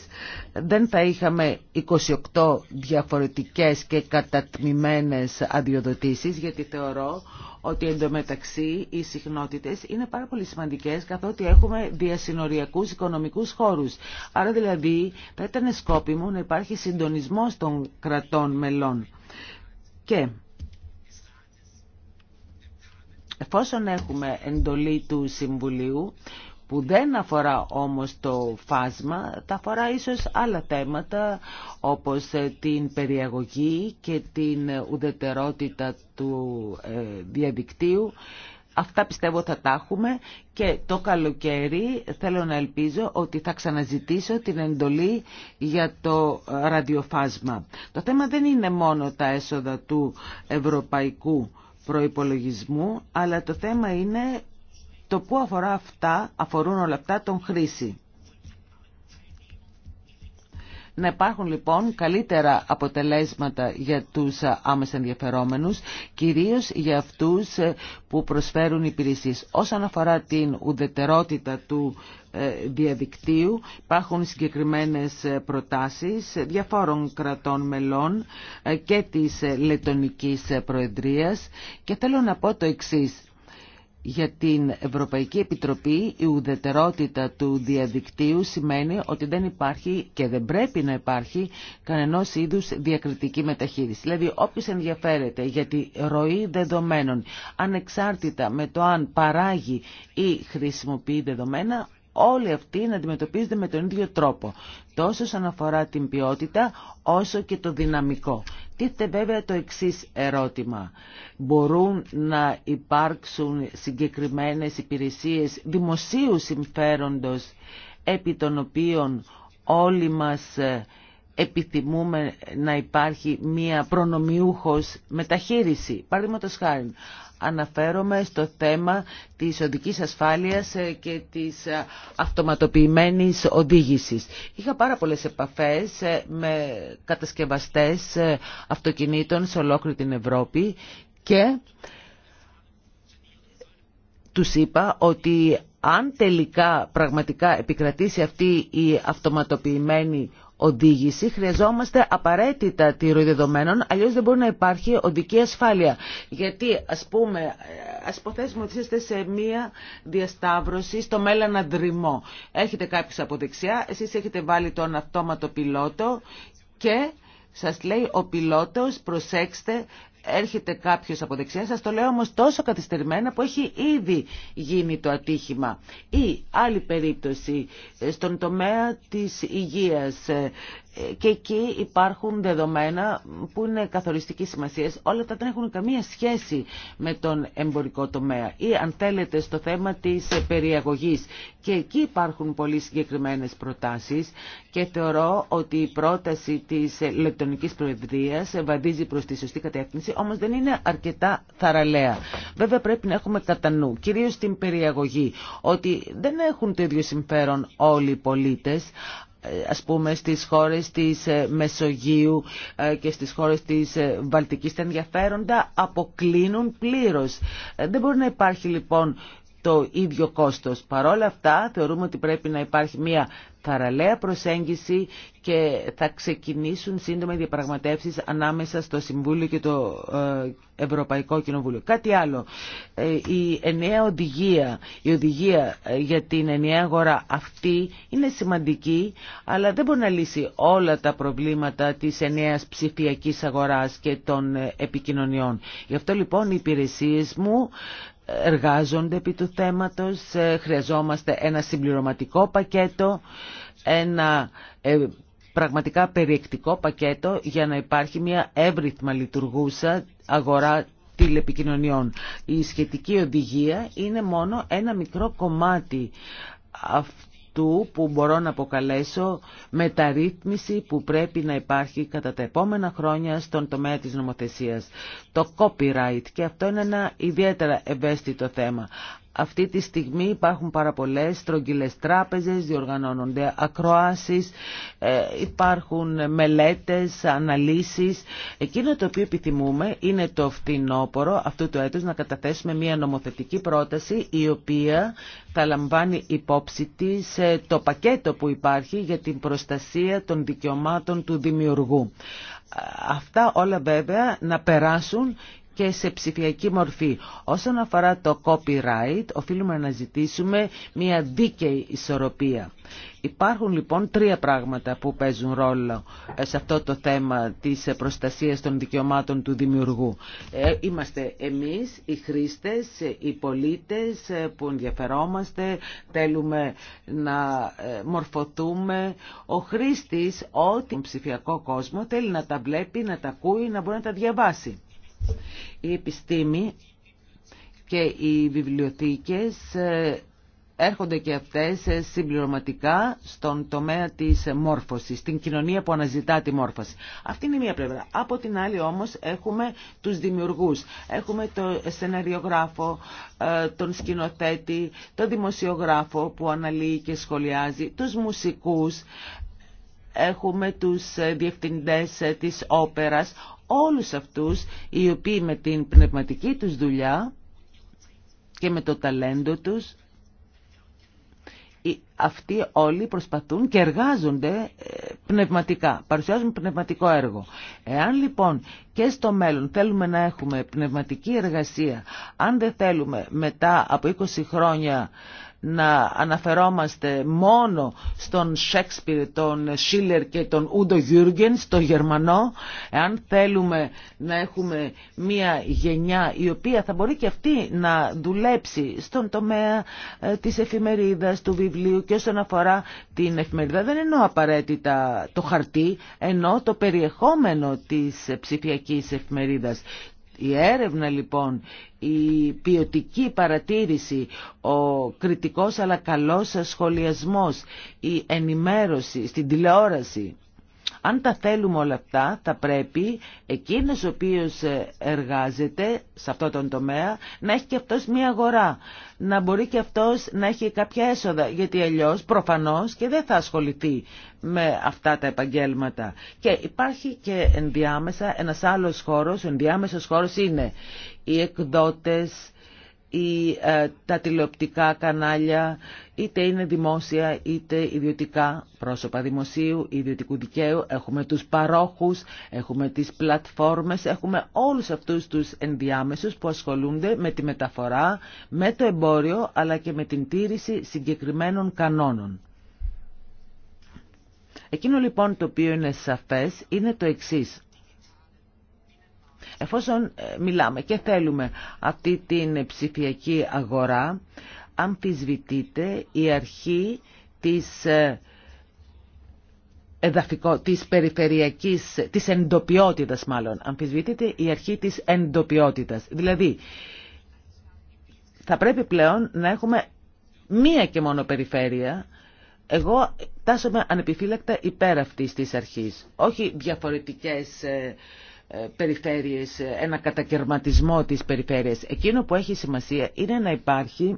δεν θα είχαμε 28 διαφορετικές και κατατμημένες αδειοδοτήσεις γιατί θεωρώ ότι εντωμεταξύ οι συχνότητες είναι πάρα πολύ σημαντικές καθότι έχουμε διασυνοριακούς οικονομικούς χώρους. Άρα δηλαδή θα ήταν σκόπιμο να υπάρχει συντονισμός των κρατών μελών. Και εφόσον έχουμε εντολή του Συμβουλίου που δεν αφορά όμως το φάσμα, τα αφορά ίσως άλλα θέματα όπως ε, την περιαγωγή και την ουδετερότητα του ε, διαδικτύου. Αυτά πιστεύω θα τα έχουμε και το καλοκαίρι θέλω να ελπίζω ότι θα ξαναζητήσω την εντολή για το ραδιοφάσμα. Το θέμα δεν είναι μόνο τα έσοδα του ευρωπαϊκού προϋπολογισμού, αλλά το θέμα είναι το που αφορά αυτά, αφορούν όλα αυτά τον χρήση. Να υπάρχουν λοιπόν καλύτερα αποτελέσματα για τους άμεσα ενδιαφερόμενους, κυρίως για αυτούς που προσφέρουν υπηρεσίες. Όσον αφορά την ουδετερότητα του ε, διαδικτύου, υπάρχουν συγκεκριμένες προτάσεις διαφόρων κρατών μελών ε, και της Λετωνικής Προεδρίας και θέλω να πω το εξής για την Ευρωπαϊκή Επιτροπή η ουδετερότητα του διαδικτύου σημαίνει ότι δεν υπάρχει και δεν πρέπει να υπάρχει κανενός είδους διακριτική μεταχείριση. Δηλαδή όποιος ενδιαφέρεται για τη ροή δεδομένων ανεξάρτητα με το αν παράγει ή χρησιμοποιεί δεδομένα όλοι αυτοί να αντιμετωπίζονται με τον ίδιο τρόπο, τόσο σαν αφορά την ποιότητα όσο και το δυναμικό. Τίθεται βέβαια το εξής ερώτημα. Μπορούν να υπάρξουν συγκεκριμένες υπηρεσίες δημοσίου συμφέροντος επί των οποίων όλοι μας ε, επιθυμούμε να υπάρχει μία προνομιούχος μεταχείριση. Παραδείγματο χάρη, αναφέρομαι στο θέμα της οδικής ασφάλειας ε, και της ε, αυτοματοποιημένης οδήγησης. Είχα πάρα πολλές επαφές ε, με κατασκευαστές αυτοκινήτων σε ολόκληρη την Ευρώπη και τους είπα ότι αν τελικά πραγματικά επικρατήσει αυτή η αυτοματοποιημένη οδήγηση χρειαζόμαστε απαραίτητα τη ροή δεδομένων, αλλιώς δεν μπορεί να υπάρχει οδική ασφάλεια. Γιατί ας πούμε, ε, ας υποθέσουμε ότι είστε σε μία διασταύρωση στο μέλλον να Έχετε κάποιους από δεξιά, εσείς έχετε βάλει τον αυτόματο πιλότο και σας λέει ο πιλότος, προσέξτε, έρχεται κάποιος από δεξιά, σας το λέω όμως τόσο καθυστερημένα που έχει ήδη γίνει το ατύχημα. Ή άλλη περίπτωση, ε, στον τομέα της υγείας ε, και εκεί υπάρχουν δεδομένα που είναι καθοριστική σημασία. Όλα αυτά δεν έχουν καμία σχέση με τον εμπορικό τομέα ή αν θέλετε στο θέμα της περιαγωγής. Και εκεί υπάρχουν πολύ συγκεκριμένες προτάσεις και θεωρώ ότι η πρόταση της ηλεκτρονικής προεδρίας βαδίζει προς τη σωστή κατεύθυνση, όμως δεν είναι αρκετά θαραλέα. Βέβαια πρέπει να έχουμε κατά νου, κυρίως την περιαγωγή, ότι δεν έχουν το ίδιο συμφέρον όλοι οι πολίτες, ας πούμε στις χώρες της ε, Μεσογείου ε, και στις χώρες της ε, Βαλτικής τα ενδιαφέροντα αποκλίνουν πλήρως. Δεν μπορεί να υπάρχει λοιπόν το ίδιο κόστος. Παρόλα αυτά θεωρούμε ότι πρέπει να υπάρχει μια θαραλέα προσέγγιση και θα ξεκινήσουν σύντομα οι διαπραγματεύσεις ανάμεσα στο Συμβούλιο και το ε, Ευρωπαϊκό Κοινοβούλιο. Κάτι άλλο, ε, η ενιαία οδηγία, η οδηγία ε, για την ενιαία αγορά αυτή είναι σημαντική, αλλά δεν μπορεί να λύσει όλα τα προβλήματα της ενιαίας ψηφιακής αγοράς και των επικοινωνιών. Γι' αυτό λοιπόν οι υπηρεσίες μου εργάζονται επί του θέματος, ε, χρειαζόμαστε ένα συμπληρωματικό πακέτο, ένα ε, πραγματικά περιεκτικό πακέτο για να υπάρχει μια εύρυθμα λειτουργούσα αγορά τηλεπικοινωνιών. Η σχετική οδηγία είναι μόνο ένα μικρό κομμάτι αυτού που μπορώ να αποκαλέσω μεταρρύθμιση που πρέπει να υπάρχει κατά τα επόμενα χρόνια στον τομέα της νομοθεσίας. Το copyright και αυτό είναι ένα ιδιαίτερα ευαίσθητο θέμα. Αυτή τη στιγμή υπάρχουν πάρα πολλές στρογγυλές τράπεζες, διοργανώνονται ακροάσεις, ε, υπάρχουν μελέτες, αναλύσεις. Εκείνο το οποίο επιθυμούμε είναι το φθινόπωρο αυτού του έτους να καταθέσουμε μια νομοθετική πρόταση η οποία θα λαμβάνει υπόψη της ε, το πακέτο που υπάρχει για την προστασία των δικαιωμάτων του δημιουργού. Αυτά όλα βέβαια να περάσουν και σε ψηφιακή μορφή. Όσον αφορά το copyright, οφείλουμε να ζητήσουμε μια δίκαιη ισορροπία. Υπάρχουν λοιπόν τρία πράγματα που παίζουν ρόλο ε, σε αυτό το θέμα της ε, προστασίας των δικαιωμάτων του δημιουργού. Ε, είμαστε εμείς οι χρήστες, οι πολίτες που ενδιαφερόμαστε, θέλουμε να μορφωθούμε. Ο χρήστης ό,τι ψηφιακό κόσμο θέλει να τα βλέπει, να τα ακούει, να μπορεί να τα διαβάσει. Η επιστήμη και οι βιβλιοθήκες ε, έρχονται και αυτές ε, συμπληρωματικά στον τομέα της μόρφωσης, στην κοινωνία που αναζητά τη μόρφωση. Αυτή είναι η μία πλευρά. Από την άλλη όμως έχουμε τους δημιουργούς. Έχουμε το σεναριογράφο, ε, τον σκηνοθέτη, τον δημοσιογράφο που αναλύει και σχολιάζει, τους μουσικούς έχουμε τους ε, διευθυντές ε, της όπερας, όλους αυτούς οι οποίοι με την πνευματική τους δουλειά και με το ταλέντο τους αυτοί όλοι προσπαθούν και εργάζονται ε, πνευματικά, παρουσιάζουν πνευματικό έργο. Εάν λοιπόν και στο μέλλον θέλουμε να έχουμε πνευματική εργασία, αν δεν θέλουμε μετά από 20 χρόνια να αναφερόμαστε μόνο στον Σέξπιρ, τον Σίλερ και τον Ούντο Γιούργεν, στο Γερμανό, εάν θέλουμε να έχουμε μια γενιά η οποία θα μπορεί και αυτή να δουλέψει στον τομέα ε, της εφημερίδας, του βιβλίου και όσον αφορά την εφημερίδα, δεν εννοώ απαραίτητα το χαρτί, ενώ το περιεχόμενο της ψηφιακής εφημερίδας. Η έρευνα λοιπόν, η ποιοτική παρατήρηση, ο κριτικός αλλά καλός σχολιασμός, η ενημέρωση στην τηλεόραση αν τα θέλουμε όλα αυτά, θα πρέπει εκείνος ο οποίος εργάζεται σε αυτό τον τομέα να έχει και αυτός μία αγορά. Να μπορεί και αυτός να έχει κάποια έσοδα, γιατί αλλιώς προφανώς και δεν θα ασχοληθεί με αυτά τα επαγγέλματα. Και υπάρχει και ενδιάμεσα ένας άλλος χώρος, ο ενδιάμεσος χώρος είναι οι εκδότες, ή ε, τα τηλεοπτικά κανάλια, είτε είναι δημόσια είτε ιδιωτικά πρόσωπα δημοσίου, ιδιωτικού δικαίου, έχουμε τους παρόχους, έχουμε τις πλατφόρμες, έχουμε όλους αυτούς τους ενδιάμεσους που ασχολούνται με τη μεταφορά, με το εμπόριο αλλά και με την τήρηση συγκεκριμένων κανόνων. Εκείνο λοιπόν το οποίο είναι σαφές είναι το εξής. Εφόσον ε, μιλάμε και θέλουμε αυτή την ψηφιακή αγορά, αμφισβητείται η αρχή της ε, εδαφικό, της περιφερειακής, της εντοπιότητας μάλλον. Αμφισβητείται η αρχή της εντοπιότητας. Δηλαδή, θα πρέπει πλέον να έχουμε μία και μόνο περιφέρεια. Εγώ τάσομαι ανεπιφύλακτα υπέρ αυτής της αρχής. Όχι διαφορετικές ε, ε, περιφέρειες, ε, ένα κατακαιρματισμό της περιφέρειας. Εκείνο που έχει σημασία είναι να υπάρχει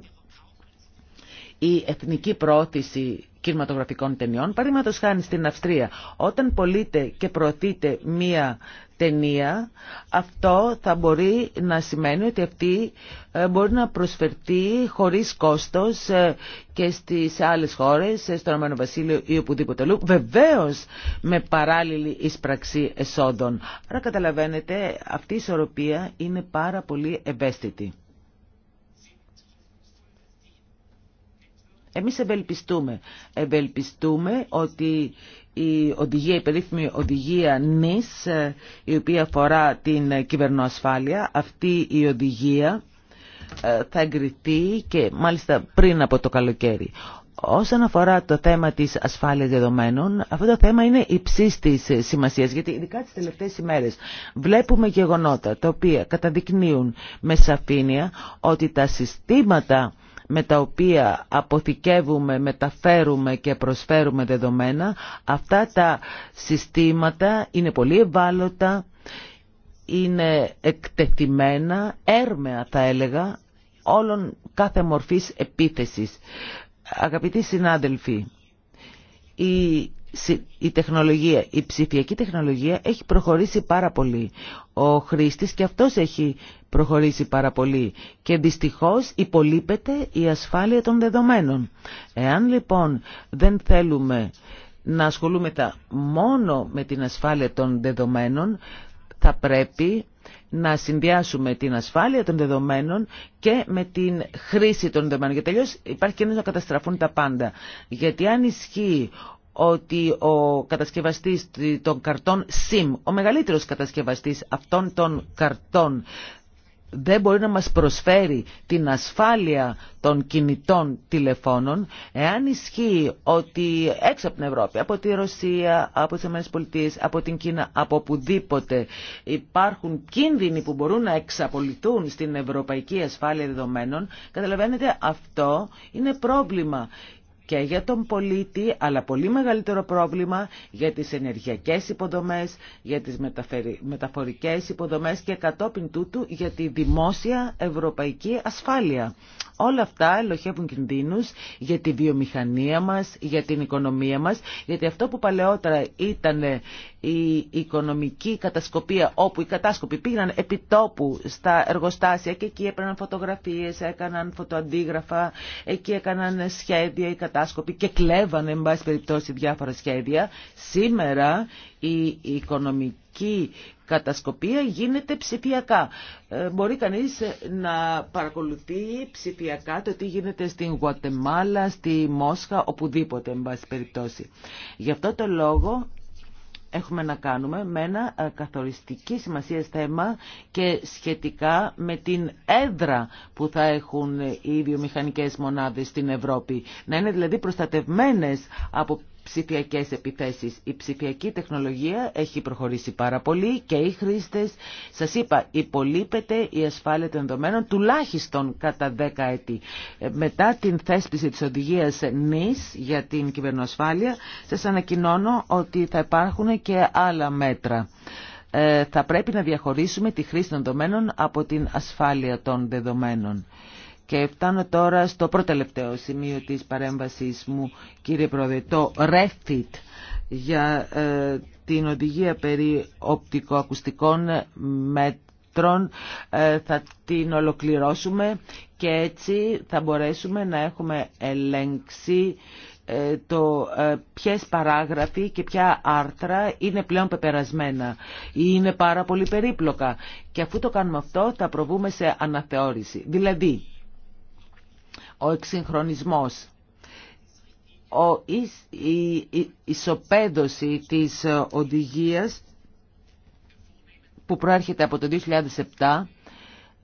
η εθνική πρόθεση κινηματογραφικών ταινιών. Παραδείγματο χάνει στην Αυστρία, όταν πωλείται και προωθείται μία ταινία, αυτό θα μπορεί να σημαίνει ότι αυτή ε, μπορεί να προσφερθεί χωρίς κόστος ε, και στις άλλες χώρες, ε, στον Ρωμανό Βασίλειο ή οπουδήποτε λούπ. Βεβαίως με παράλληλη εισπραξή εσόδων. Άρα καταλαβαίνετε, αυτή η ισορροπία είναι πάρα πολύ ευαίσθητη. Εμείς ευελπιστούμε. ότι η οδηγία, η περίφημη οδηγία ΝΙΣ, η οποία αφορά την κυβερνοασφάλεια, αυτή η οδηγία ε, θα εγκριθεί και μάλιστα πριν από το καλοκαίρι. Όσον αφορά το θέμα της ασφάλειας δεδομένων, αυτό το θέμα είναι υψίστης σημασίας, γιατί ειδικά τις τελευταίες ημέρες βλέπουμε γεγονότα τα οποία καταδεικνύουν με σαφήνεια ότι τα συστήματα με τα οποία αποθηκεύουμε, μεταφέρουμε και προσφέρουμε δεδομένα, αυτά τα συστήματα είναι πολύ ευάλωτα, είναι εκτεθειμένα, έρμεα θα έλεγα, όλων κάθε μορφής επίθεσης. Αγαπητοί συνάδελφοι, η η τεχνολογία, η ψηφιακή τεχνολογία έχει προχωρήσει πάρα πολύ. Ο χρήστης και αυτός έχει προχωρήσει πάρα πολύ και δυστυχώς υπολείπεται η ασφάλεια των δεδομένων. Εάν λοιπόν δεν θέλουμε να τα μόνο με την ασφάλεια των δεδομένων, θα πρέπει να συνδυάσουμε την ασφάλεια των δεδομένων και με την χρήση των δεδομένων. Γιατί τελειώ υπάρχει και να καταστραφούν τα πάντα. Γιατί αν ισχύει ότι ο κατασκευαστής των καρτών SIM, ο μεγαλύτερος κατασκευαστής αυτών των καρτών, δεν μπορεί να μας προσφέρει την ασφάλεια των κινητών τηλεφώνων εάν ισχύει ότι έξω από την Ευρώπη, από τη Ρωσία, από τις ΗΠΑ, από την Κίνα, από οπουδήποτε υπάρχουν κίνδυνοι που μπορούν να εξαπολυθούν στην ευρωπαϊκή ασφάλεια δεδομένων, καταλαβαίνετε αυτό είναι πρόβλημα και για τον πολίτη, αλλά πολύ μεγαλύτερο πρόβλημα για τις ενεργειακές υποδομές, για τις μεταφορικές υποδομές και κατόπιν τούτου για τη δημόσια ευρωπαϊκή ασφάλεια. Όλα αυτά ελοχεύουν κινδύνους για τη βιομηχανία μας, για την οικονομία μας, γιατί αυτό που παλαιότερα ήταν η οικονομική κατασκοπία, όπου οι κατάσκοποι πήγαν επιτόπου στα εργοστάσια και εκεί έπαιρναν φωτογραφίες, έκαναν φωτοαντίγραφα, εκεί έκαναν σχέδια, κατάσκοποι και κλέβανε, εν πάση περιπτώσει, διάφορα σχέδια. Σήμερα η οικονομική κατασκοπία γίνεται ψηφιακά. Ε, μπορεί κανείς να παρακολουθεί ψηφιακά το τι γίνεται στην Γουατεμάλα, στη Μόσχα, οπουδήποτε, εν πάση περιπτώσει. Γι' αυτό το λόγο έχουμε να κάνουμε με ένα ε, καθοριστική σημασία θέμα και σχετικά με την έδρα που θα έχουν ε, οι βιομηχανικές μονάδες στην Ευρώπη. Να είναι δηλαδή προστατευμένες από ψηφιακές επιθέσει. Η ψηφιακή τεχνολογία έχει προχωρήσει πάρα πολύ και οι χρήστες, σας είπα, υπολείπεται η ασφάλεια των δεδομένων τουλάχιστον κατά 10 έτη. Ε, μετά την θέσπιση της οδηγίας νη για την κυβερνοασφάλεια, σας ανακοινώνω ότι θα υπάρχουν και άλλα μέτρα ε, θα πρέπει να διαχωρίσουμε τη χρήση των δεδομένων από την ασφάλεια των δεδομένων. Και φτάνω τώρα στο προτελευταίο σημείο της παρέμβασης μου, κύριε Πρόεδρε, το REFIT για ε, την οδηγία περί οπτικοακουστικών μέτρων. Ε, θα την ολοκληρώσουμε και έτσι θα μπορέσουμε να έχουμε ελέγξει ε, το ε, ποιες παράγραφοι και ποια άρθρα είναι πλέον πεπερασμένα ή είναι πάρα πολύ περίπλοκα. Και αφού το κάνουμε αυτό θα προβούμε σε αναθεώρηση. Δηλαδή, ο εξυγχρονισμός ο, η, ισοπαίδωση της οδηγίας που προέρχεται από το 2007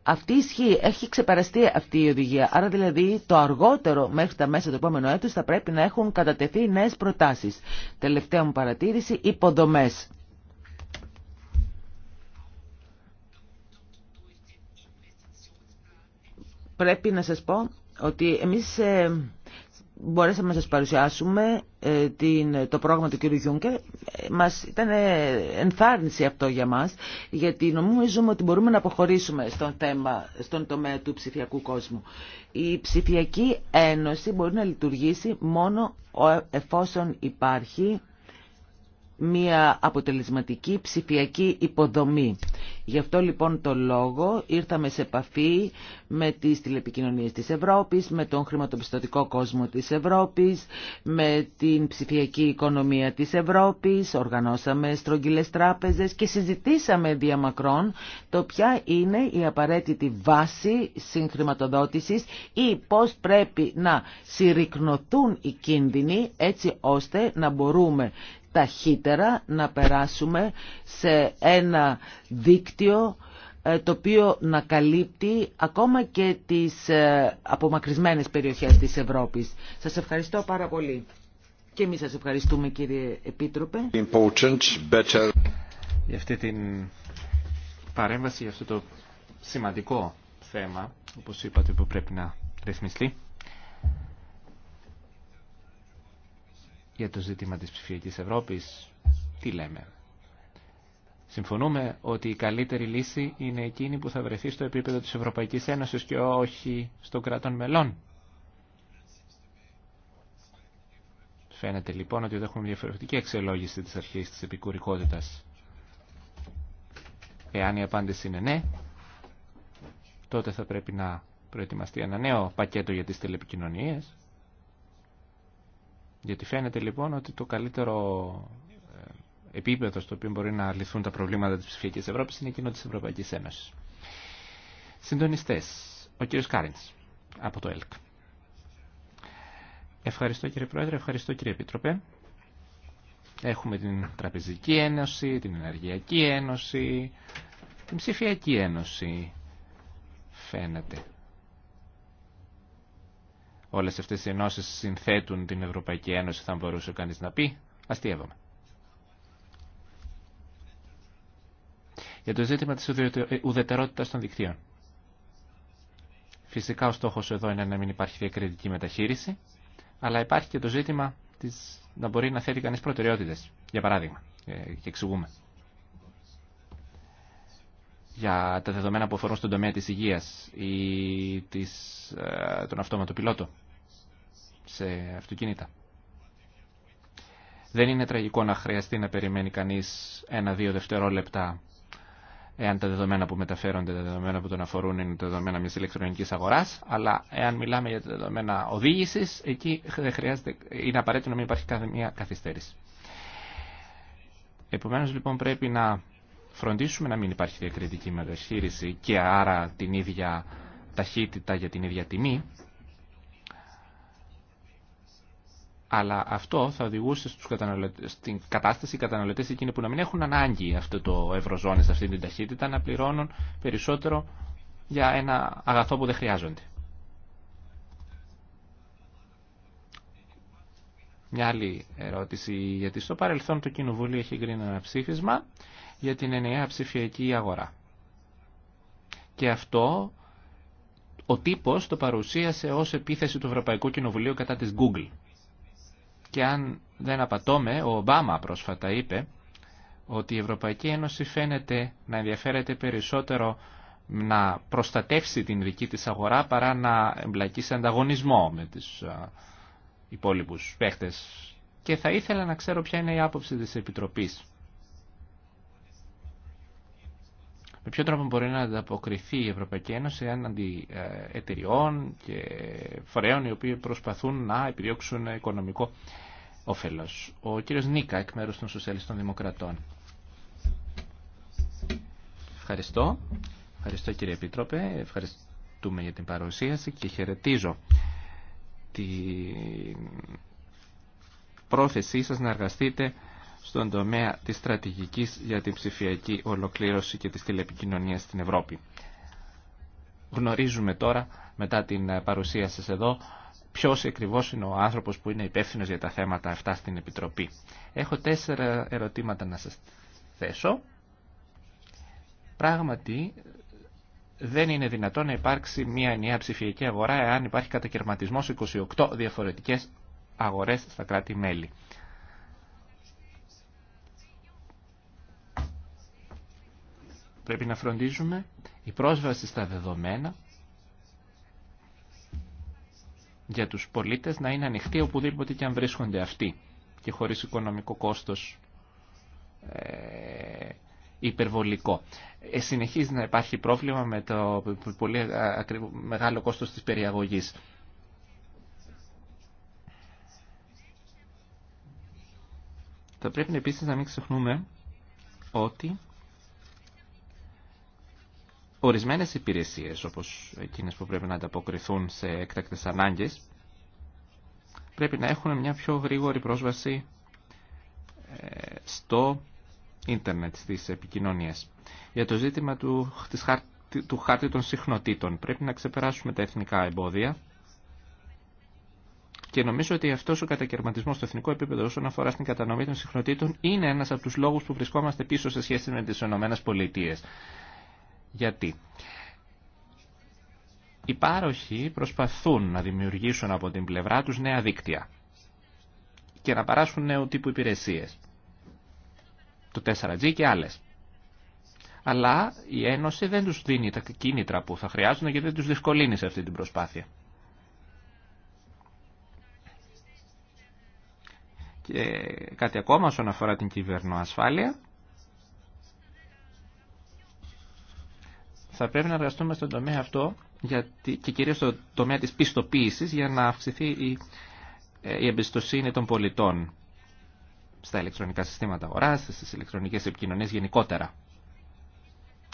αυτή ισχύει, έχει ξεπεραστεί αυτή η οδηγία. Άρα δηλαδή το αργότερο μέχρι τα μέσα του επόμενου έτους θα πρέπει να έχουν κατατεθεί νέες προτάσεις. Τελευταία μου παρατήρηση, υποδομές. Πρέπει να σας πω ότι εμείς ε, μπορέσαμε να σας παρουσιάσουμε ε, την, το πρόγραμμα του κύριου Γιούγκερ. Ε, μας ήταν ενθάρρυνση αυτό για μας, γιατί νομίζουμε ότι μπορούμε να αποχωρήσουμε στον θέμα, στον τομέα του ψηφιακού κόσμου. Η ψηφιακή ένωση μπορεί να λειτουργήσει μόνο εφόσον υπάρχει μια αποτελεσματική ψηφιακή υποδομή. Γι' αυτό λοιπόν το λόγο ήρθαμε σε επαφή με τις τηλεπικοινωνίες της Ευρώπης, με τον χρηματοπιστωτικό κόσμο της Ευρώπης, με την ψηφιακή οικονομία της Ευρώπης, οργανώσαμε στρογγυλές τράπεζες και συζητήσαμε διαμακρών το ποια είναι η απαραίτητη βάση συγχρηματοδότησης ή πώς πρέπει να συρρυκνωθούν οι κίνδυνοι έτσι ώστε να μπορούμε ταχύτερα να περάσουμε σε ένα δίκτυο ε, το οποίο να καλύπτει ακόμα και τις ε, απομακρυσμένες περιοχές της Ευρώπης. Σας ευχαριστώ πάρα πολύ. Και εμείς σας ευχαριστούμε κύριε Επίτροπε. better. Για αυτή την παρέμβαση, για αυτό το σημαντικό θέμα, όπως είπατε, που πρέπει να ρυθμιστεί. για το ζήτημα της ψηφιακής Ευρώπης, τι λέμε. Συμφωνούμε ότι η καλύτερη λύση είναι εκείνη που θα βρεθεί στο επίπεδο της Ευρωπαϊκής Ένωσης και όχι στον κράτον μελών. Φαίνεται λοιπόν ότι εδώ έχουμε διαφορετική εξελόγηση της αρχής της επικουρικότητας. Εάν η απάντηση είναι ναι, τότε θα πρέπει να προετοιμαστεί ένα νέο πακέτο για τις τηλεπικοινωνίες γιατί φαίνεται λοιπόν ότι το καλύτερο ε, επίπεδο στο οποίο μπορεί να λυθούν τα προβλήματα της ψηφιακής Ευρώπης είναι εκείνο της Ευρωπαϊκής Ένωσης. Συντονιστές, ο κύριος Κάριντς από το ΕΛΚ. Ευχαριστώ κύριε Πρόεδρε, ευχαριστώ κύριε Επίτροπε. Έχουμε την Τραπεζική Ένωση, την Ενεργειακή Ένωση, την Ψηφιακή Ένωση φαίνεται όλες αυτές οι ενώσει συνθέτουν την Ευρωπαϊκή Ένωση, θα μπορούσε κανείς να πει. Αστείευαμε. Για το ζήτημα τη ουδετερότητας των δικτύων. Φυσικά ο στόχο εδώ είναι να μην υπάρχει διακριτική μεταχείριση, αλλά υπάρχει και το ζήτημα της να μπορεί να θέτει κανείς προτεραιότητες, για παράδειγμα, ε, και εξηγούμε. Για τα δεδομένα που αφορούν στον τομέα τη υγεία ή της, ε, τον αυτόματο πιλότο σε αυτοκίνητα. Δεν είναι τραγικό να χρειαστεί να περιμένει κανείς ένα-δύο δευτερόλεπτα εάν τα δεδομένα που μεταφέρονται, τα δεδομένα που τον αφορούν είναι τα δεδομένα μιας ηλεκτρονικής αγοράς, αλλά εάν μιλάμε για τα δεδομένα οδήγησης, εκεί χρειάζεται, είναι απαραίτητο να μην υπάρχει μια καθυστέρηση. Επομένως λοιπόν πρέπει να φροντίσουμε να μην υπάρχει διακριτική μεταχείριση και άρα την ίδια ταχύτητα για την ίδια τιμή, αλλά αυτό θα οδηγούσε στους στην κατάσταση οι καταναλωτές εκείνοι που να μην έχουν ανάγκη αυτό το ευρωζώνη σε αυτή την ταχύτητα να πληρώνουν περισσότερο για ένα αγαθό που δεν χρειάζονται. Μια άλλη ερώτηση, γιατί στο παρελθόν το Κοινοβούλιο έχει γκρίνει ένα ψήφισμα για την ενιαία ψηφιακή αγορά. Και αυτό ο τύπος το παρουσίασε ως επίθεση του Ευρωπαϊκού Κοινοβουλίου κατά της Google. Και αν δεν απατώμε, ο Ομπάμα πρόσφατα είπε ότι η Ευρωπαϊκή Ένωση φαίνεται να ενδιαφέρεται περισσότερο να προστατεύσει την δική της αγορά παρά να εμπλακεί σε ανταγωνισμό με τις υπόλοιπους παίχτες. Και θα ήθελα να ξέρω ποια είναι η άποψη της Επιτροπής με ποιο τρόπο μπορεί να ανταποκριθεί η Ευρωπαϊκή Ένωση έναντι ε, εταιριών και φορέων οι οποίοι προσπαθούν να επιδιώξουν οικονομικό όφελος. Ο κύριος Νίκα, εκ μέρους των Σοσιαλιστών Δημοκρατών. Ευχαριστώ. Ευχαριστώ κύριε Επίτροπε. Ευχαριστούμε για την παρουσίαση και χαιρετίζω την πρόθεσή σας να εργαστείτε στον τομέα της στρατηγικής για την ψηφιακή ολοκλήρωση και της τηλεπικοινωνίας στην Ευρώπη. Γνωρίζουμε τώρα, μετά την ε, παρουσία σας εδώ, ποιος ακριβώ είναι ο άνθρωπος που είναι υπεύθυνος για τα θέματα αυτά στην Επιτροπή. Έχω τέσσερα ερωτήματα να σας θέσω. Πράγματι, δεν είναι δυνατό να υπάρξει μια ενιαία ψηφιακή αγορά εάν υπάρχει κατακαιρματισμός 28 διαφορετικές αγορές στα κράτη-μέλη. Πρέπει να φροντίζουμε η πρόσβαση στα δεδομένα για τους πολίτες να είναι ανοιχτή οπουδήποτε και αν βρίσκονται αυτοί και χωρίς οικονομικό κόστος ε, υπερβολικό. Ε, συνεχίζει να υπάρχει πρόβλημα με το πολύ μεγάλο κόστος της περιαγωγής. Θα πρέπει επίσης να μην ξεχνούμε ότι Ορισμένες υπηρεσίες, όπως εκείνες που πρέπει να ανταποκριθούν σε έκτακτες ανάγκες, πρέπει να έχουν μια πιο γρήγορη πρόσβαση ε, στο ίντερνετ, στις επικοινωνίες. Για το ζήτημα του, της χάρτη, του χάρτη των συχνοτήτων, πρέπει να ξεπεράσουμε τα εθνικά εμπόδια και νομίζω ότι αυτός ο κατακαιρματισμός στο εθνικό επίπεδο όσον αφορά στην κατανομή των συχνοτήτων είναι ένας από τους λόγους που βρισκόμαστε πίσω σε σχέση με τις ΗΠΑ. Γιατί οι πάροχοι προσπαθούν να δημιουργήσουν από την πλευρά τους νέα δίκτυα και να παράσχουν νέου τύπου υπηρεσίες. Το 4G και άλλες. Αλλά η Ένωση δεν τους δίνει τα κίνητρα που θα χρειάζονται και δεν τους δυσκολύνει σε αυτή την προσπάθεια. Και κάτι ακόμα όσον αφορά την κυβερνοασφάλεια, Θα πρέπει να εργαστούμε στον τομέα αυτό και κυρίως στον τομέα της πιστοποίησης για να αυξηθεί ε, η, εμπιστοσύνη των πολιτών στα ηλεκτρονικά συστήματα αγοράς, στις ηλεκτρονικές επικοινωνίες γενικότερα.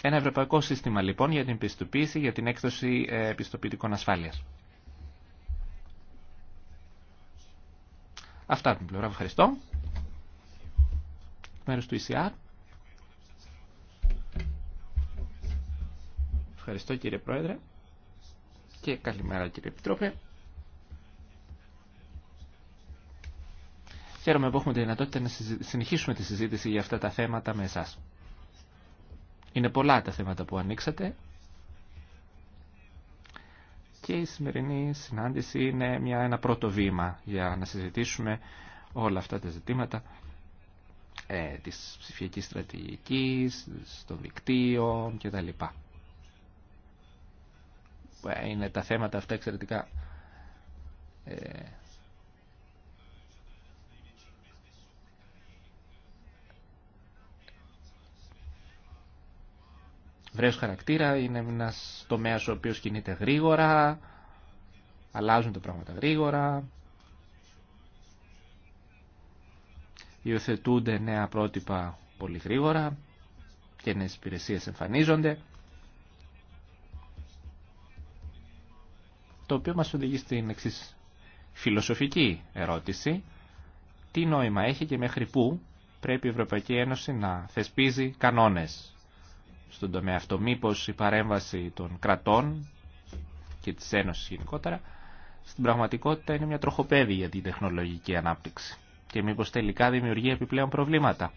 Ένα ευρωπαϊκό σύστημα λοιπόν για την πιστοποίηση, για την έκδοση ε, πιστοποιητικών ασφάλειας. Αυτά την πλευρά. Ευχαριστώ. Μέρος του ECR. Ευχαριστώ κύριε Πρόεδρε και καλημέρα κύριε Επιτρόπε. Χαίρομαι που έχουμε τη δυνατότητα να συνεχίσουμε τη συζήτηση για αυτά τα θέματα με εσάς. Είναι πολλά τα θέματα που ανοίξατε και η σημερινή συνάντηση είναι μια, ένα πρώτο βήμα για να συζητήσουμε όλα αυτά τα ζητήματα ε, της ψηφιακής στρατηγικής, των δικτύων κτλ. Ε, είναι τα θέματα αυτά εξαιρετικά ε, βρέως χαρακτήρα, είναι ένας τομέας ο οποίος κινείται γρήγορα, αλλάζουν τα πράγματα γρήγορα, υιοθετούνται νέα πρότυπα πολύ γρήγορα και νέες υπηρεσίες εμφανίζονται. Το οποίο μας οδηγεί στην εξής φιλοσοφική ερώτηση. Τι νόημα έχει και μέχρι πού πρέπει η Ευρωπαϊκή Ένωση να θεσπίζει κανόνες στον τομέα αυτό. Μήπως η παρέμβαση των κρατών και της Ένωσης γενικότερα στην πραγματικότητα είναι μια τροχοπέδη για την τεχνολογική ανάπτυξη και μήπως τελικά δημιουργεί επιπλέον προβλήματα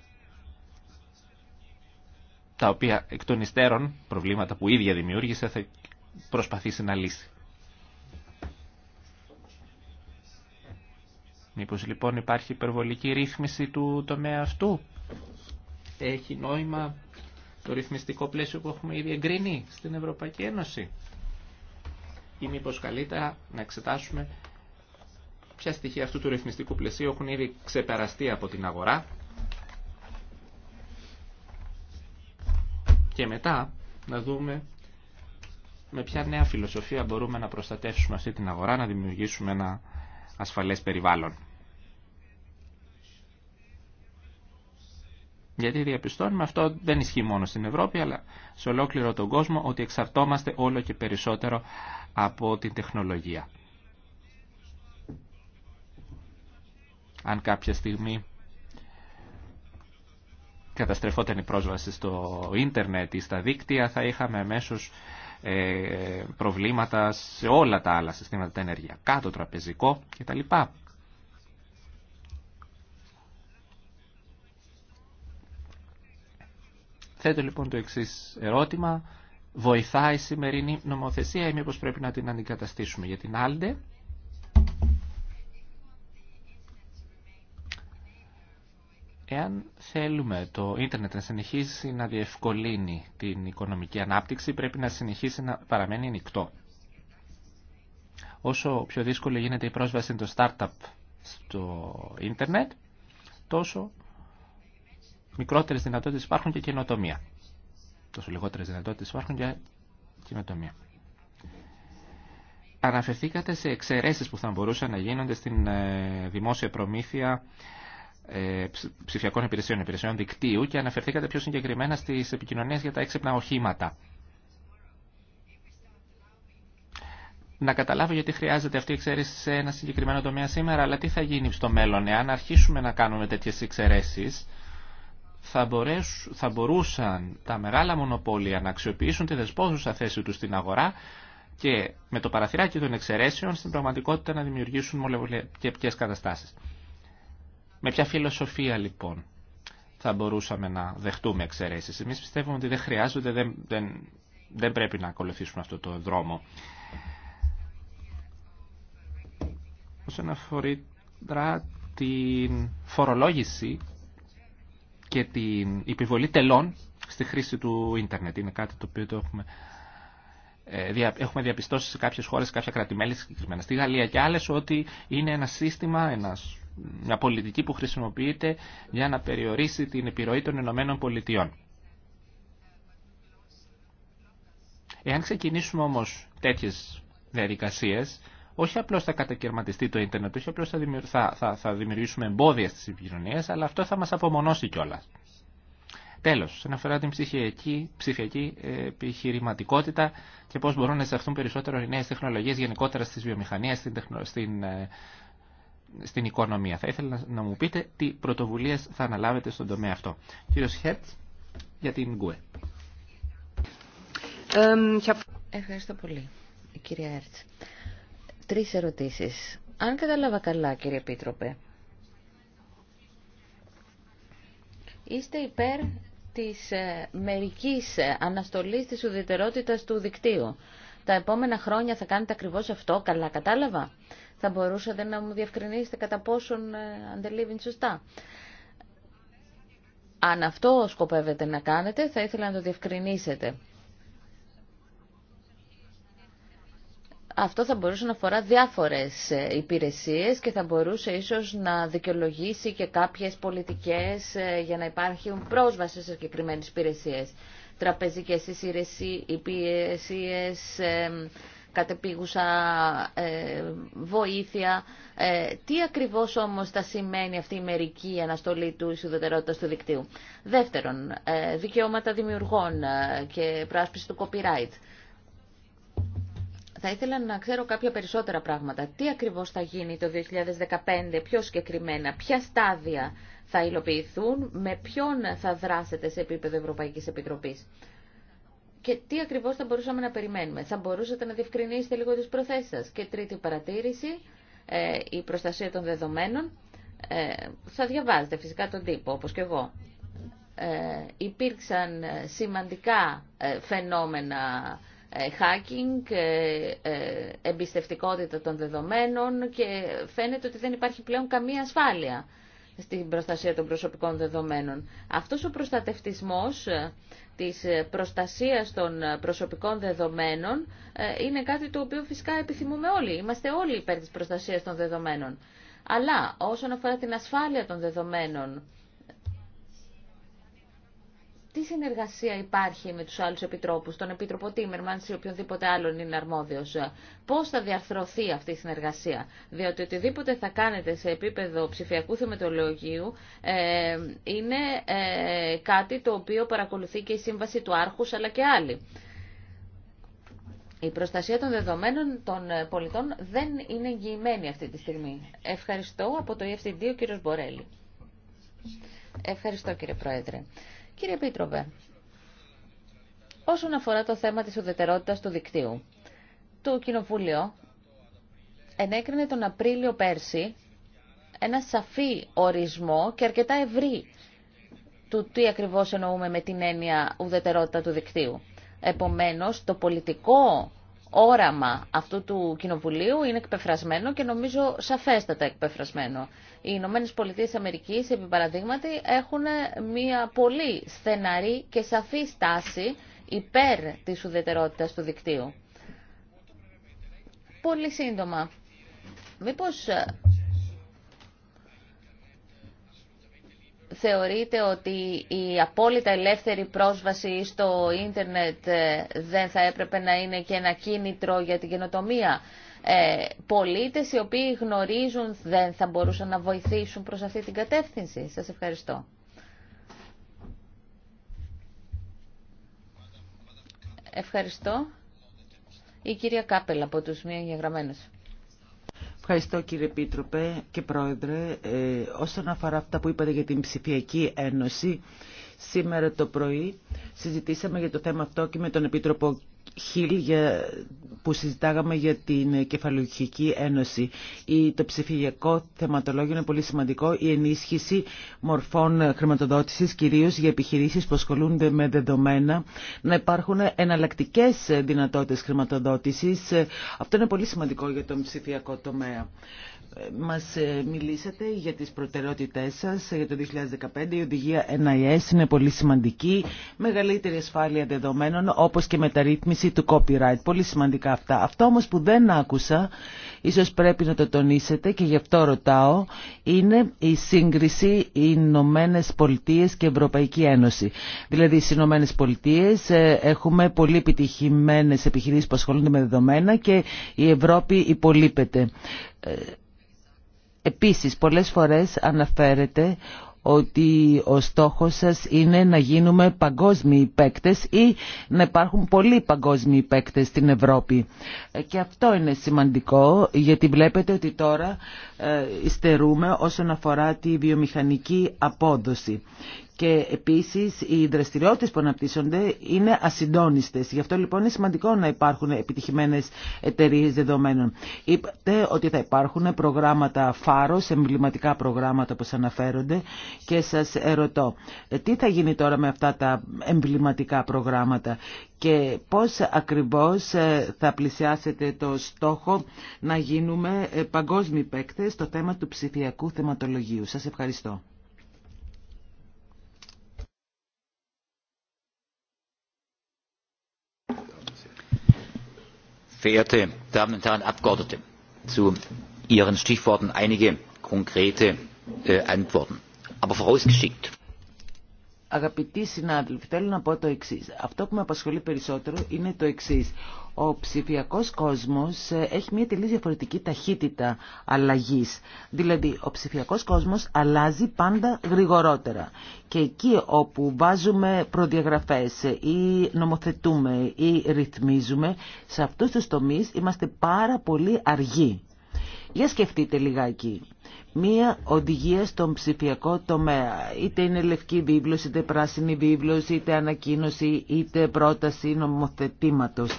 τα οποία εκ των υστέρων προβλήματα που ίδια δημιούργησε θα προσπαθήσει να λύσει. Μήπως λοιπόν υπάρχει υπερβολική ρύθμιση του τομέα αυτού. Έχει νόημα το ρυθμιστικό πλαίσιο που έχουμε ήδη εγκρίνει στην Ευρωπαϊκή Ένωση. Ή μήπως καλύτερα να εξετάσουμε ποια στοιχεία αυτού του ρυθμιστικού πλαισίου έχουν ήδη ξεπεραστεί από την αγορά και μετά να δούμε με ποια νέα φιλοσοφία μπορούμε να προστατεύσουμε αυτή την αγορά, να δημιουργήσουμε ένα ασφαλές περιβάλλον. Γιατί διαπιστώνουμε αυτό δεν ισχύει μόνο στην Ευρώπη αλλά σε ολόκληρο τον κόσμο ότι εξαρτώμαστε όλο και περισσότερο από την τεχνολογία. Αν κάποια στιγμή καταστρεφόταν η πρόσβαση στο ίντερνετ ή στα δίκτυα θα είχαμε αμέσως ε, προβλήματα σε όλα τα άλλα συστήματα, τα ενεργειακά, το τραπεζικό κτλ. Θέτω λοιπόν το εξή ερώτημα. Βοηθάει η σημερινή νομοθεσία ή μήπως πρέπει να την αντικαταστήσουμε για την Άλντε. Εάν θέλουμε το ίντερνετ να συνεχίσει να διευκολύνει την οικονομική ανάπτυξη, πρέπει να συνεχίσει να παραμένει ανοιχτό. Όσο πιο δύσκολη γίνεται η πρόσβαση στο startup στο ίντερνετ, τόσο μικρότερες δυνατότητες υπάρχουν και καινοτομία. Τόσο λιγότερες δυνατότητες υπάρχουν και καινοτομία. Αναφερθήκατε σε εξαιρέσεις που θα μπορούσαν να γίνονται στην ε, δημόσια προμήθεια ε, ψηφιακών υπηρεσιών, υπηρεσιών δικτύου και αναφερθήκατε πιο συγκεκριμένα στις επικοινωνίες για τα έξυπνα οχήματα. Να καταλάβω γιατί χρειάζεται αυτή η εξαίρεση σε ένα συγκεκριμένο τομέα σήμερα, αλλά τι θα γίνει στο μέλλον, εάν αρχίσουμε να κάνουμε τέτοιες εξαιρέσεις, θα, θα μπορούσαν τα μεγάλα μονοπόλια να αξιοποιήσουν τη δεσπόζουσα θέση τους στην αγορά και με το παραθυράκι των εξαιρέσεων στην πραγματικότητα να δημιουργήσουν μολευκές καταστάσεις. Με ποια φιλοσοφία λοιπόν θα μπορούσαμε να δεχτούμε εξαιρέσεις. Εμείς πιστεύουμε ότι δεν χρειάζονται, δεν, δεν, δεν πρέπει να ακολουθήσουμε αυτό το δρόμο. Όσον αφορά την φορολόγηση και την επιβολή τελών στη χρήση του ίντερνετ. Είναι κάτι το οποίο το έχουμε, ε, έχουμε διαπιστώσει σε κάποιες χώρες, σε κάποια κρατημέλη συγκεκριμένα. Στη Γαλλία και άλλες ότι είναι ένα σύστημα, ένας μια πολιτική που χρησιμοποιείται για να περιορίσει την επιρροή των Ηνωμένων Πολιτειών. Εάν ξεκινήσουμε όμως τέτοιες διαδικασίες, όχι απλώς θα κατακαιρματιστεί το ίντερνετ, όχι απλώς θα, δημιουργήσουμε εμπόδια στις επικοινωνίες, αλλά αυτό θα μας απομονώσει κιόλα. Τέλος, σε αναφορά την ψηφιακή, ψηφιακή επιχειρηματικότητα και πώς μπορούν να εισαχθούν περισσότερο οι νέες τεχνολογίες γενικότερα στις βιομηχανίες, στην, στην ε, στην οικονομία. Θα ήθελα να μου πείτε τι πρωτοβουλίες θα αναλάβετε στον τομέα αυτό. Κύριος Χέρτς, για την ΚΟΕ. Ευχαριστώ πολύ, κύριε Έρτς. Τρεις ερωτήσεις. Αν κατάλαβα καλά, κύριε Επίτροπε, είστε υπέρ της ε, μερικής ε, αναστολής της ουδετερότητας του δικτύου. Τα επόμενα χρόνια θα κάνετε ακριβώς αυτό, καλά κατάλαβα. Θα μπορούσατε να μου διευκρινίσετε κατά πόσον ε, αντελείβει σωστά. Αν αυτό σκοπεύετε να κάνετε, θα ήθελα να το διευκρινίσετε. Αυτό θα μπορούσε να αφορά διάφορες ε, υπηρεσίες και θα μπορούσε ίσως να δικαιολογήσει και κάποιες πολιτικές ε, για να υπάρχουν πρόσβαση σε συγκεκριμένες υπηρεσίες. Τραπεζικές υπηρεσίες, κατεπίγουσα ε, βοήθεια. Ε, τι ακριβώς όμως θα σημαίνει αυτή η μερική αναστολή του ισοδετερότητας του δικτύου. Δεύτερον, ε, δικαιώματα δημιουργών και πράσπιση του copyright. Θα ήθελα να ξέρω κάποια περισσότερα πράγματα. Τι ακριβώς θα γίνει το 2015, πιο συγκεκριμένα, ποια στάδια θα υλοποιηθούν, με ποιον θα δράσετε σε επίπεδο Ευρωπαϊκής Επιτροπής και τι ακριβώς θα μπορούσαμε να περιμένουμε. Θα μπορούσατε να διευκρινίσετε λίγο τις προθέσεις σα. Και τρίτη παρατήρηση, ε, η προστασία των δεδομένων. Ε, θα διαβάζετε φυσικά τον τύπο, όπως και εγώ. Ε, υπήρξαν σημαντικά φαινόμενα hacking, εμπιστευτικότητα των δεδομένων και φαίνεται ότι δεν υπάρχει πλέον καμία ασφάλεια στην προστασία των προσωπικών δεδομένων. Αυτός ο προστατευτισμός ε, της ε, προστασίας των ε, προσωπικών δεδομένων είναι κάτι το οποίο φυσικά επιθυμούμε όλοι. Είμαστε όλοι υπέρ της προστασίας των δεδομένων. Αλλά όσον αφορά την ασφάλεια των δεδομένων τι συνεργασία υπάρχει με τους άλλους επιτρόπους, τον Επίτροπο Τίμερμανς ή οποιονδήποτε άλλον είναι αρμόδιος. Πώς θα διαρθρωθεί αυτή η συνεργασία. Διότι οτιδήποτε θα κάνετε σε επίπεδο ψηφιακού θεμετολογίου ε, είναι ε, κάτι το οποίο παρακολουθεί και η Σύμβαση του Άρχους αλλά και άλλοι. Η προστασία των δεδομένων των πολιτών δεν είναι εγγυημένη αυτή τη στιγμή. Ευχαριστώ από το EFTD ο κύριος Μπορέλη. Ευχαριστώ κύριε Πρόεδρε. Κύριε Πίτροβε, όσον αφορά το θέμα της ουδετερότητας του δικτύου, το Κοινοβούλιο ενέκρινε τον Απρίλιο πέρσι ένα σαφή ορισμό και αρκετά ευρύ του τι ακριβώς εννοούμε με την έννοια ουδετερότητα του δικτύου. Επομένως, το πολιτικό όραμα αυτού του κοινοβουλίου είναι εκπεφρασμένο και νομίζω σαφέστατα εκπεφρασμένο. Οι Ηνωμένε Πολιτείε Αμερική, επί παραδείγματι, έχουν μια πολύ στεναρή και σαφή στάση υπέρ της ουδετερότητας του δικτύου. Πολύ σύντομα. Μήπως θεωρείτε ότι η απόλυτα ελεύθερη πρόσβαση στο ίντερνετ ε, δεν θα έπρεπε να είναι και ένα κίνητρο για την καινοτομία. Ε, πολίτες οι οποίοι γνωρίζουν δεν θα μπορούσαν να βοηθήσουν προς αυτή την κατεύθυνση. Σας ευχαριστώ. Ευχαριστώ. Η κυρία Κάπελ από τους μία γεγραμμένους. Ευχαριστώ κύριε Πίτροπε και Πρόεδρε. Ε, όσον αφορά αυτά που είπατε για την ψηφιακή ένωση, σήμερα το πρωί συζητήσαμε για το θέμα αυτό και με τον Επίτροπο που συζητάγαμε για την κεφαλουχική Ένωση. Το ψηφιακό θεματολόγιο είναι πολύ σημαντικό. Η ενίσχυση μορφών χρηματοδότησης, κυρίως για επιχειρήσεις που ασχολούνται με δεδομένα, να υπάρχουν εναλλακτικέ δυνατότητες χρηματοδότησης. Αυτό είναι πολύ σημαντικό για τον ψηφιακό τομέα μας ε, μιλήσατε για τις προτεραιότητές σας για το 2015. Η οδηγία NIS είναι πολύ σημαντική. Μεγαλύτερη ασφάλεια δεδομένων όπως και μεταρρύθμιση του copyright. Πολύ σημαντικά αυτά. Αυτό όμως που δεν άκουσα, ίσως πρέπει να το τονίσετε και γι' αυτό ρωτάω, είναι η σύγκριση Ηνωμένε Πολιτείε και Ευρωπαϊκή Ένωση. Δηλαδή στι Ηνωμένε Πολιτείε ε, έχουμε πολύ επιτυχημένες επιχειρήσεις που ασχολούνται με δεδομένα και η Ευρώπη υπολείπεται. Ε, Επίσης, πολλές φορές αναφέρεται ότι ο στόχος σας είναι να γίνουμε παγκόσμιοι παίκτες ή να υπάρχουν πολλοί παγκόσμιοι παίκτες στην Ευρώπη. Ε, και αυτό είναι σημαντικό γιατί βλέπετε ότι τώρα ε, υστερούμε όσον αφορά τη βιομηχανική απόδοση. Και επίσης οι δραστηριότητες που αναπτύσσονται είναι ασυντόνιστες. Γι' αυτό λοιπόν είναι σημαντικό να υπάρχουν επιτυχημένες εταιρείε δεδομένων. Είπατε ότι θα υπάρχουν προγράμματα φάρος, εμβληματικά προγράμματα που αναφέρονται και σας ερωτώ ε, τι θα γίνει τώρα με αυτά τα εμβληματικά προγράμματα και πώς ακριβώς ε, θα πλησιάσετε το στόχο να γίνουμε ε, παγκόσμιοι παίκτες στο θέμα του ψηφιακού θεματολογίου. Σας ευχαριστώ. Verehrte Damen und Herren Abgeordnete, zu Ihren Stichworten einige konkrete äh, Antworten, aber vorausgeschickt Αγαπητοί συνάδελφοι, θέλω να πω το εξή. Αυτό που με απασχολεί περισσότερο είναι το εξή. Ο ψηφιακό κόσμος ε, έχει μια τελείως διαφορετική ταχύτητα αλλαγή. Δηλαδή, ο ψηφιακό κόσμος αλλάζει πάντα γρηγορότερα. Και εκεί όπου βάζουμε προδιαγραφέ ή νομοθετούμε ή ρυθμίζουμε, σε αυτού του τομεί είμαστε πάρα πολύ αργοί. Για σκεφτείτε λιγάκι μία οδηγία στον ψηφιακό τομέα. Είτε είναι λευκή βίβλος, είτε πράσινη βίβλος, είτε ανακοίνωση, είτε πρόταση νομοθετήματος.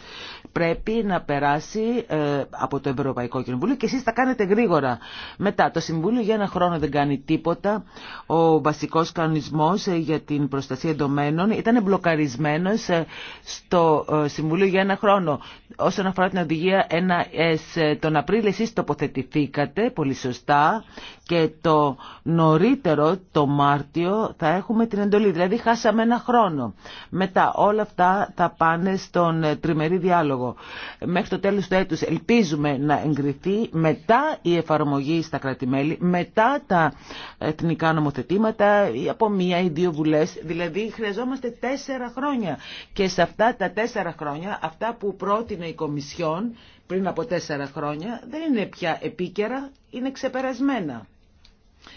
Πρέπει να περάσει ε, από το Ευρωπαϊκό Κοινοβούλιο και εσείς τα κάνετε γρήγορα. Μετά το Συμβούλιο για ένα χρόνο δεν κάνει τίποτα. Ο βασικός κανονισμός ε, για την προστασία εντομένων ήταν μπλοκαρισμένος ε, στο Συμβούλιο για ένα χρόνο. Όσον αφορά την οδηγία 1S, τον Απρίλιο εσείς τοποθετηθήκατε πολύ σωστά και το νωρίτερο το Μάρτιο θα έχουμε την εντολή. Δηλαδή χάσαμε ένα χρόνο. Μετά όλα αυτά θα πάνε στον ε, τριμερή διάλογο. Μέχρι το τέλος του έτους ελπίζουμε να εγκριθεί μετά η εφαρμογή στα κρατημέλη, μετά τα εθνικά νομοθετήματα από μία ή δύο βουλές. Δηλαδή χρειαζόμαστε τέσσερα χρόνια. Και σε αυτά τα τέσσερα χρόνια, αυτά που πρότεινε η Κομισιόν πριν από τέσσερα χρόνια δεν είναι πια επίκαιρα, είναι ξεπερασμένα.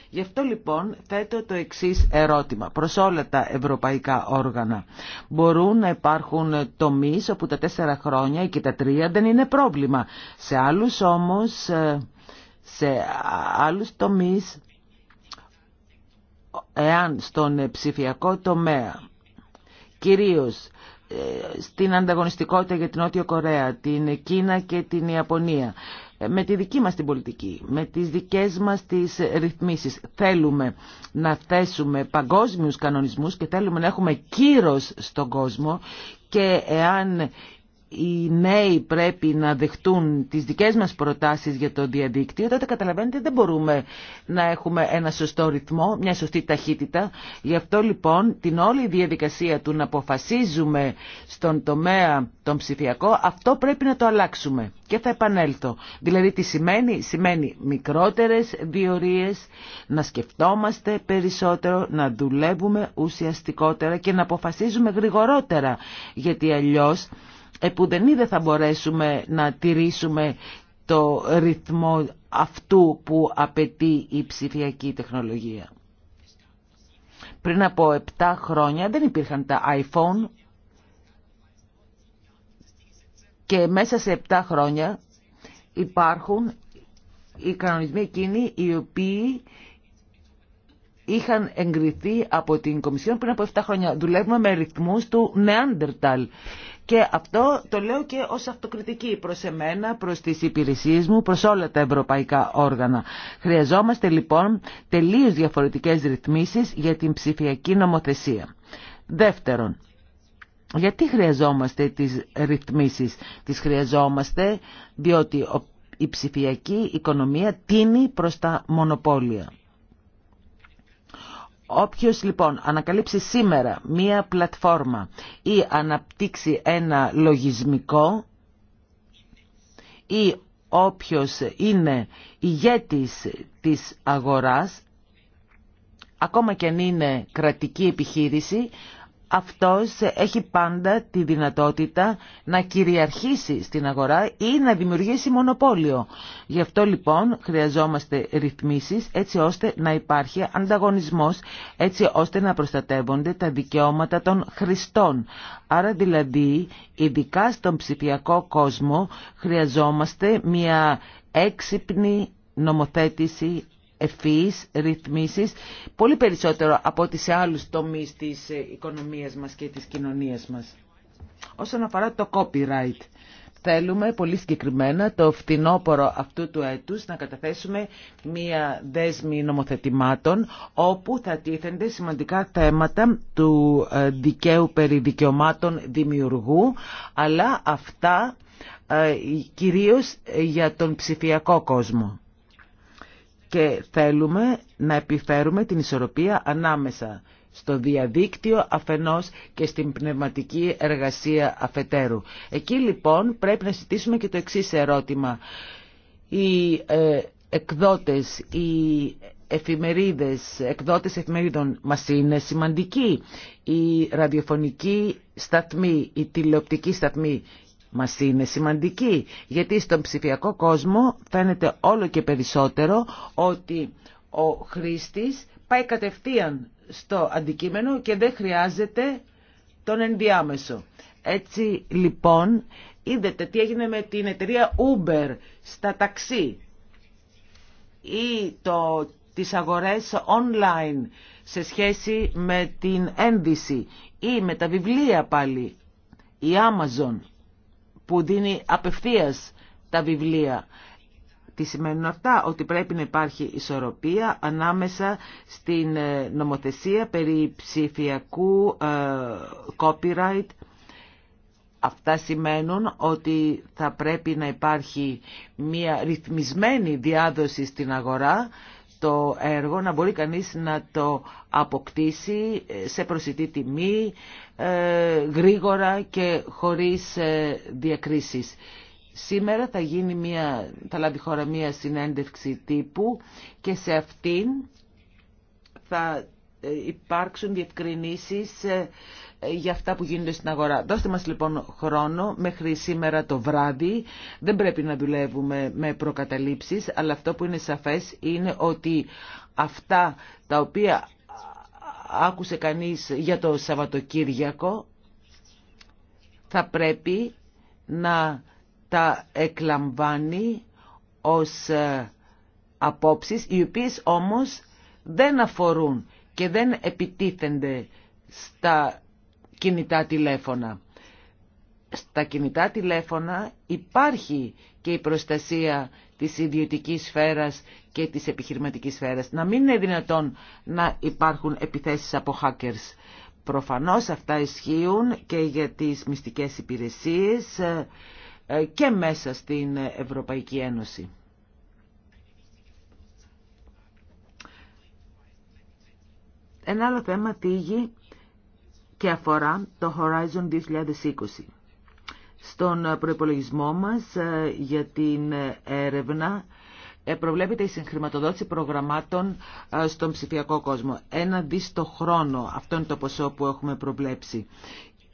Γι' αυτό λοιπόν θέτω το εξής ερώτημα προς όλα τα ευρωπαϊκά όργανα. Μπορούν να υπάρχουν τομείς όπου τα τέσσερα χρόνια ή και τα τρία δεν είναι πρόβλημα. Σε άλλους όμως, ε, σε άλλους τομείς, εάν στον ψηφιακό τομέα, κυρίως στην ανταγωνιστικότητα για την Νότια Κορέα, την Κίνα και την Ιαπωνία. Με τη δική μας την πολιτική, με τις δικές μας τις ρυθμίσεις θέλουμε να θέσουμε παγκόσμιους κανονισμούς και θέλουμε να έχουμε κύρος στον κόσμο και εάν οι νέοι πρέπει να δεχτούν τις δικές μας προτάσεις για το διαδίκτυο, τότε καταλαβαίνετε δεν μπορούμε να έχουμε ένα σωστό ρυθμό, μια σωστή ταχύτητα. Γι' αυτό λοιπόν την όλη διαδικασία του να αποφασίζουμε στον τομέα τον ψηφιακό, αυτό πρέπει να το αλλάξουμε. Και θα επανέλθω. Δηλαδή τι σημαίνει, σημαίνει μικρότερες διορίες, να σκεφτόμαστε περισσότερο, να δουλεύουμε ουσιαστικότερα και να αποφασίζουμε γρηγορότερα. Γιατί αλλιώς που δεν θα μπορέσουμε να τηρήσουμε το ρυθμό αυτού που απαιτεί η ψηφιακή τεχνολογία. Πριν από 7 χρόνια δεν υπήρχαν τα iPhone και μέσα σε 7 χρόνια υπάρχουν οι κανονισμοί εκείνοι οι οποίοι είχαν εγκριθεί από την Κομισιόν πριν από 7 χρόνια. Δουλεύουμε με ρυθμούς του Νεάντερταλ. Και αυτό το λέω και ως αυτοκριτική προς εμένα, προς τις υπηρεσίες μου, προς όλα τα ευρωπαϊκά όργανα. Χρειαζόμαστε λοιπόν τελείως διαφορετικές ρυθμίσεις για την ψηφιακή νομοθεσία. Δεύτερον, γιατί χρειαζόμαστε τις ρυθμίσεις. Τις χρειαζόμαστε διότι η ψηφιακή οικονομία τίνει προς τα μονοπόλια. Όποιος λοιπόν ανακαλύψει σήμερα μία πλατφόρμα ή αναπτύξει ένα λογισμικό ή όποιος είναι ηγέτης της αγοράς, ακόμα και αν είναι κρατική επιχείρηση, αυτός έχει πάντα τη δυνατότητα να κυριαρχήσει στην αγορά ή να δημιουργήσει μονοπόλιο. Γι' αυτό λοιπόν χρειαζόμαστε ρυθμίσεις έτσι ώστε να υπάρχει ανταγωνισμός, έτσι ώστε να προστατεύονται τα δικαιώματα των χρηστών. Άρα δηλαδή ειδικά στον ψηφιακό κόσμο χρειαζόμαστε μια έξυπνη νομοθέτηση ευφύης, ρυθμίσεις πολύ περισσότερο από ό,τι σε άλλους τομείς της ε, οικονομίας μας και της κοινωνίας μας. Όσον αφορά το copyright, θέλουμε πολύ συγκεκριμένα το φθινόπωρο αυτού του έτους να καταθέσουμε μία δέσμη νομοθετημάτων όπου θα τίθενται σημαντικά θέματα του ε, δικαίου περί δικαιωμάτων δημιουργού αλλά αυτά ε, κυρίως για τον ψηφιακό κόσμο και θέλουμε να επιφέρουμε την ισορροπία ανάμεσα στο διαδίκτυο αφενός και στην πνευματική εργασία αφετέρου. Εκεί λοιπόν πρέπει να συζητήσουμε και το εξής ερώτημα. Οι ε, εκδότες, οι εφημερίδες, εκδότες εφημερίδων μας είναι σημαντικοί. Η ραδιοφωνική σταθμή, η τηλεοπτική σταθμή μα είναι σημαντική, γιατί στον ψηφιακό κόσμο φαίνεται όλο και περισσότερο ότι ο χρήστης πάει κατευθείαν στο αντικείμενο και δεν χρειάζεται τον ενδιάμεσο. Έτσι λοιπόν είδατε τι έγινε με την εταιρεία Uber στα ταξί ή το, τις αγορές online σε σχέση με την ένδυση ή με τα βιβλία πάλι, η Amazon που δίνει απευθείας τα βιβλία. Τι σημαίνουν αυτά, ότι πρέπει να υπάρχει ισορροπία ανάμεσα στην ε, νομοθεσία περί ψηφιακού ε, copyright. Αυτά σημαίνουν ότι θα πρέπει να υπάρχει μια ρυθμισμένη διάδοση στην αγορά το έργο να μπορεί κανείς να το αποκτήσει σε προσιτή τιμή, ε, γρήγορα και χωρίς ε, διακρίσεις. Σήμερα θα, γίνει μια, θα λάβει χώρα μια συνέντευξη τύπου και σε αυτήν θα ε, υπάρξουν διευκρινήσεις για αυτά που γίνονται στην αγορά. Δώστε μας λοιπόν χρόνο μέχρι σήμερα το βράδυ. Δεν πρέπει να δουλεύουμε με προκαταλήψεις, αλλά αυτό που είναι σαφές είναι ότι αυτά τα οποία άκουσε κανείς για το Σαββατοκύριακο θα πρέπει να τα εκλαμβάνει ως ε, απόψεις, οι οποίες όμως δεν αφορούν και δεν επιτίθενται στα κινητά τηλέφωνα. Στα κινητά τηλέφωνα υπάρχει και η προστασία της ιδιωτικής σφαίρας και της επιχειρηματικής σφαίρας. Να μην είναι δυνατόν να υπάρχουν επιθέσεις από hackers. Προφανώς αυτά ισχύουν και για τις μυστικές υπηρεσίες ε, ε, και μέσα στην Ευρωπαϊκή Ένωση. Ένα άλλο θέμα τύγει και αφορά το Horizon 2020. Στον προϋπολογισμό μας ε, για την ε, έρευνα ε, προβλέπεται η συγχρηματοδότηση προγραμμάτων στον ψηφιακό κόσμο. Ένα δίστο χρόνο, αυτό είναι το ποσό που έχουμε προβλέψει.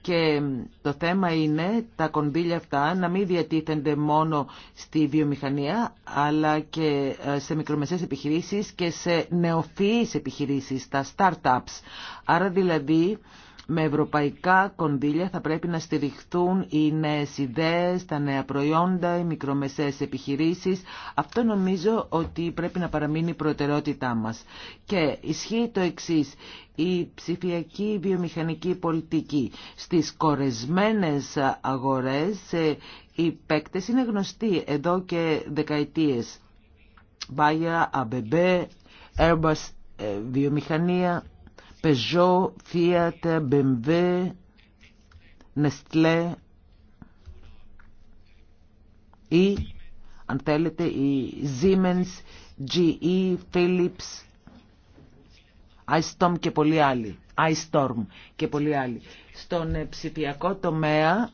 Και το θέμα είναι τα κονδύλια αυτά να μην διατίθενται μόνο στη βιομηχανία, αλλά και σε μικρομεσαίες επιχειρήσεις και σε νεοφυείς επιχειρήσεις, τα startups. Άρα δηλαδή με ευρωπαϊκά κονδύλια θα πρέπει να στηριχθούν οι νέες ιδέες, τα νέα προϊόντα, οι μικρομεσαίες επιχειρήσεις. Αυτό νομίζω ότι πρέπει να παραμείνει η προτεραιότητά μας. Και ισχύει το εξής, η ψηφιακή βιομηχανική πολιτική στις κορεσμένες αγορές ε, οι παίκτες είναι γνωστοί εδώ και δεκαετίες. Bayer, ABB, Airbus, ε, βιομηχανία Peugeot, Fiat, BMW, Nestlé ή αν θέλετε η Siemens, GE, Philips, iStorm και πολλοί άλλοι. iStorm και πολλοί άλλοι. Στον ε, ψηφιακό τομέα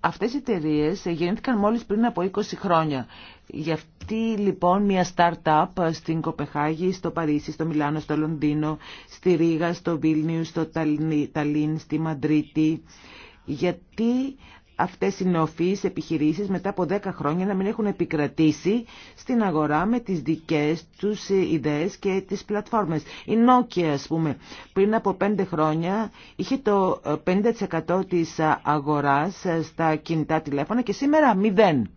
αυτές οι εταιρείε ε, γεννήθηκαν μόλις πριν από 20 χρόνια Γι' αυτή λοιπόν μια startup στην Κοπεχάγη, στο Παρίσι, στο Μιλάνο, στο Λονδίνο, στη Ρήγα, στο Βίλνιου, στο Ταλίν, στη Μαντρίτη. Γιατί αυτές οι νεοφύης επιχειρήσεις μετά από 10 χρόνια να μην έχουν επικρατήσει στην αγορά με τις δικές τους ιδέες και τις πλατφόρμες. Η Nokia, ας πούμε, πριν από 5 χρόνια είχε το 50% της αγοράς στα κινητά τηλέφωνα και σήμερα μηδέν.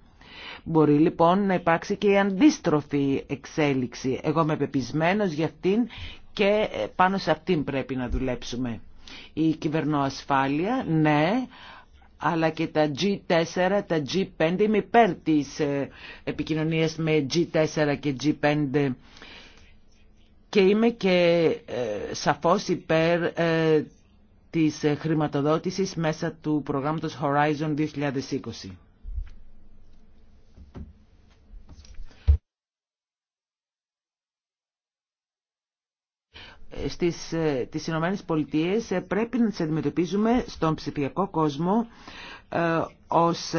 Μπορεί λοιπόν να υπάρξει και η αντίστροφη εξέλιξη. Εγώ είμαι πεπισμένος για αυτήν και πάνω σε αυτήν πρέπει να δουλέψουμε. Η κυβερνοασφάλεια, ναι, αλλά και τα G4, τα G5, είμαι υπέρ της ε, επικοινωνίας με G4 και G5 και είμαι και ε, σαφώς υπέρ ε, της χρηματοδότησης μέσα του προγράμματος Horizon 2020. στις, ε, τις Ηνωμένες Πολιτείες ε, πρέπει να τις αντιμετωπίζουμε στον ψηφιακό κόσμο ε, ως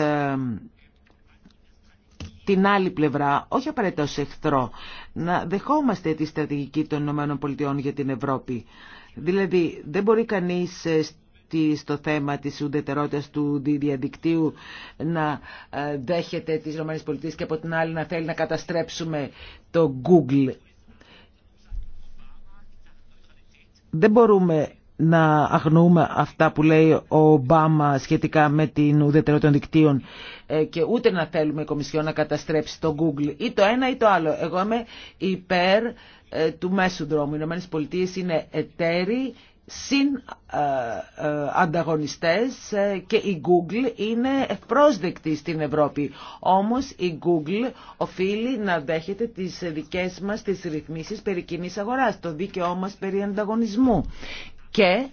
την άλλη πλευρά, όχι απαραίτητα ως εχθρό, να δεχόμαστε τη στρατηγική των Ηνωμένων Πολιτειών για την Ευρώπη. Δηλαδή δεν μπορεί κανείς στο θέμα της ουδετερότητας του διαδικτύου να δέχεται τις ΗΠΑ και από την άλλη να θέλει να καταστρέψουμε το Google δεν μπορούμε να αγνοούμε αυτά που λέει ο Ομπάμα σχετικά με την ουδετερότητα των δικτύων ε, και ούτε να θέλουμε η Κομισιό να καταστρέψει το Google ή το ένα ή το άλλο. Εγώ είμαι υπέρ ε, του μέσου δρόμου. Οι Ηνωμένες Πολιτείες είναι εταίροι συν ε, ε, ε, και η Google είναι ευπρόσδεκτη στην Ευρώπη. Όμως η Google οφείλει να δέχεται τις δικές μας τις ρυθμίσεις περί κοινής αγοράς, το δίκαιό μας περί ανταγωνισμού. Και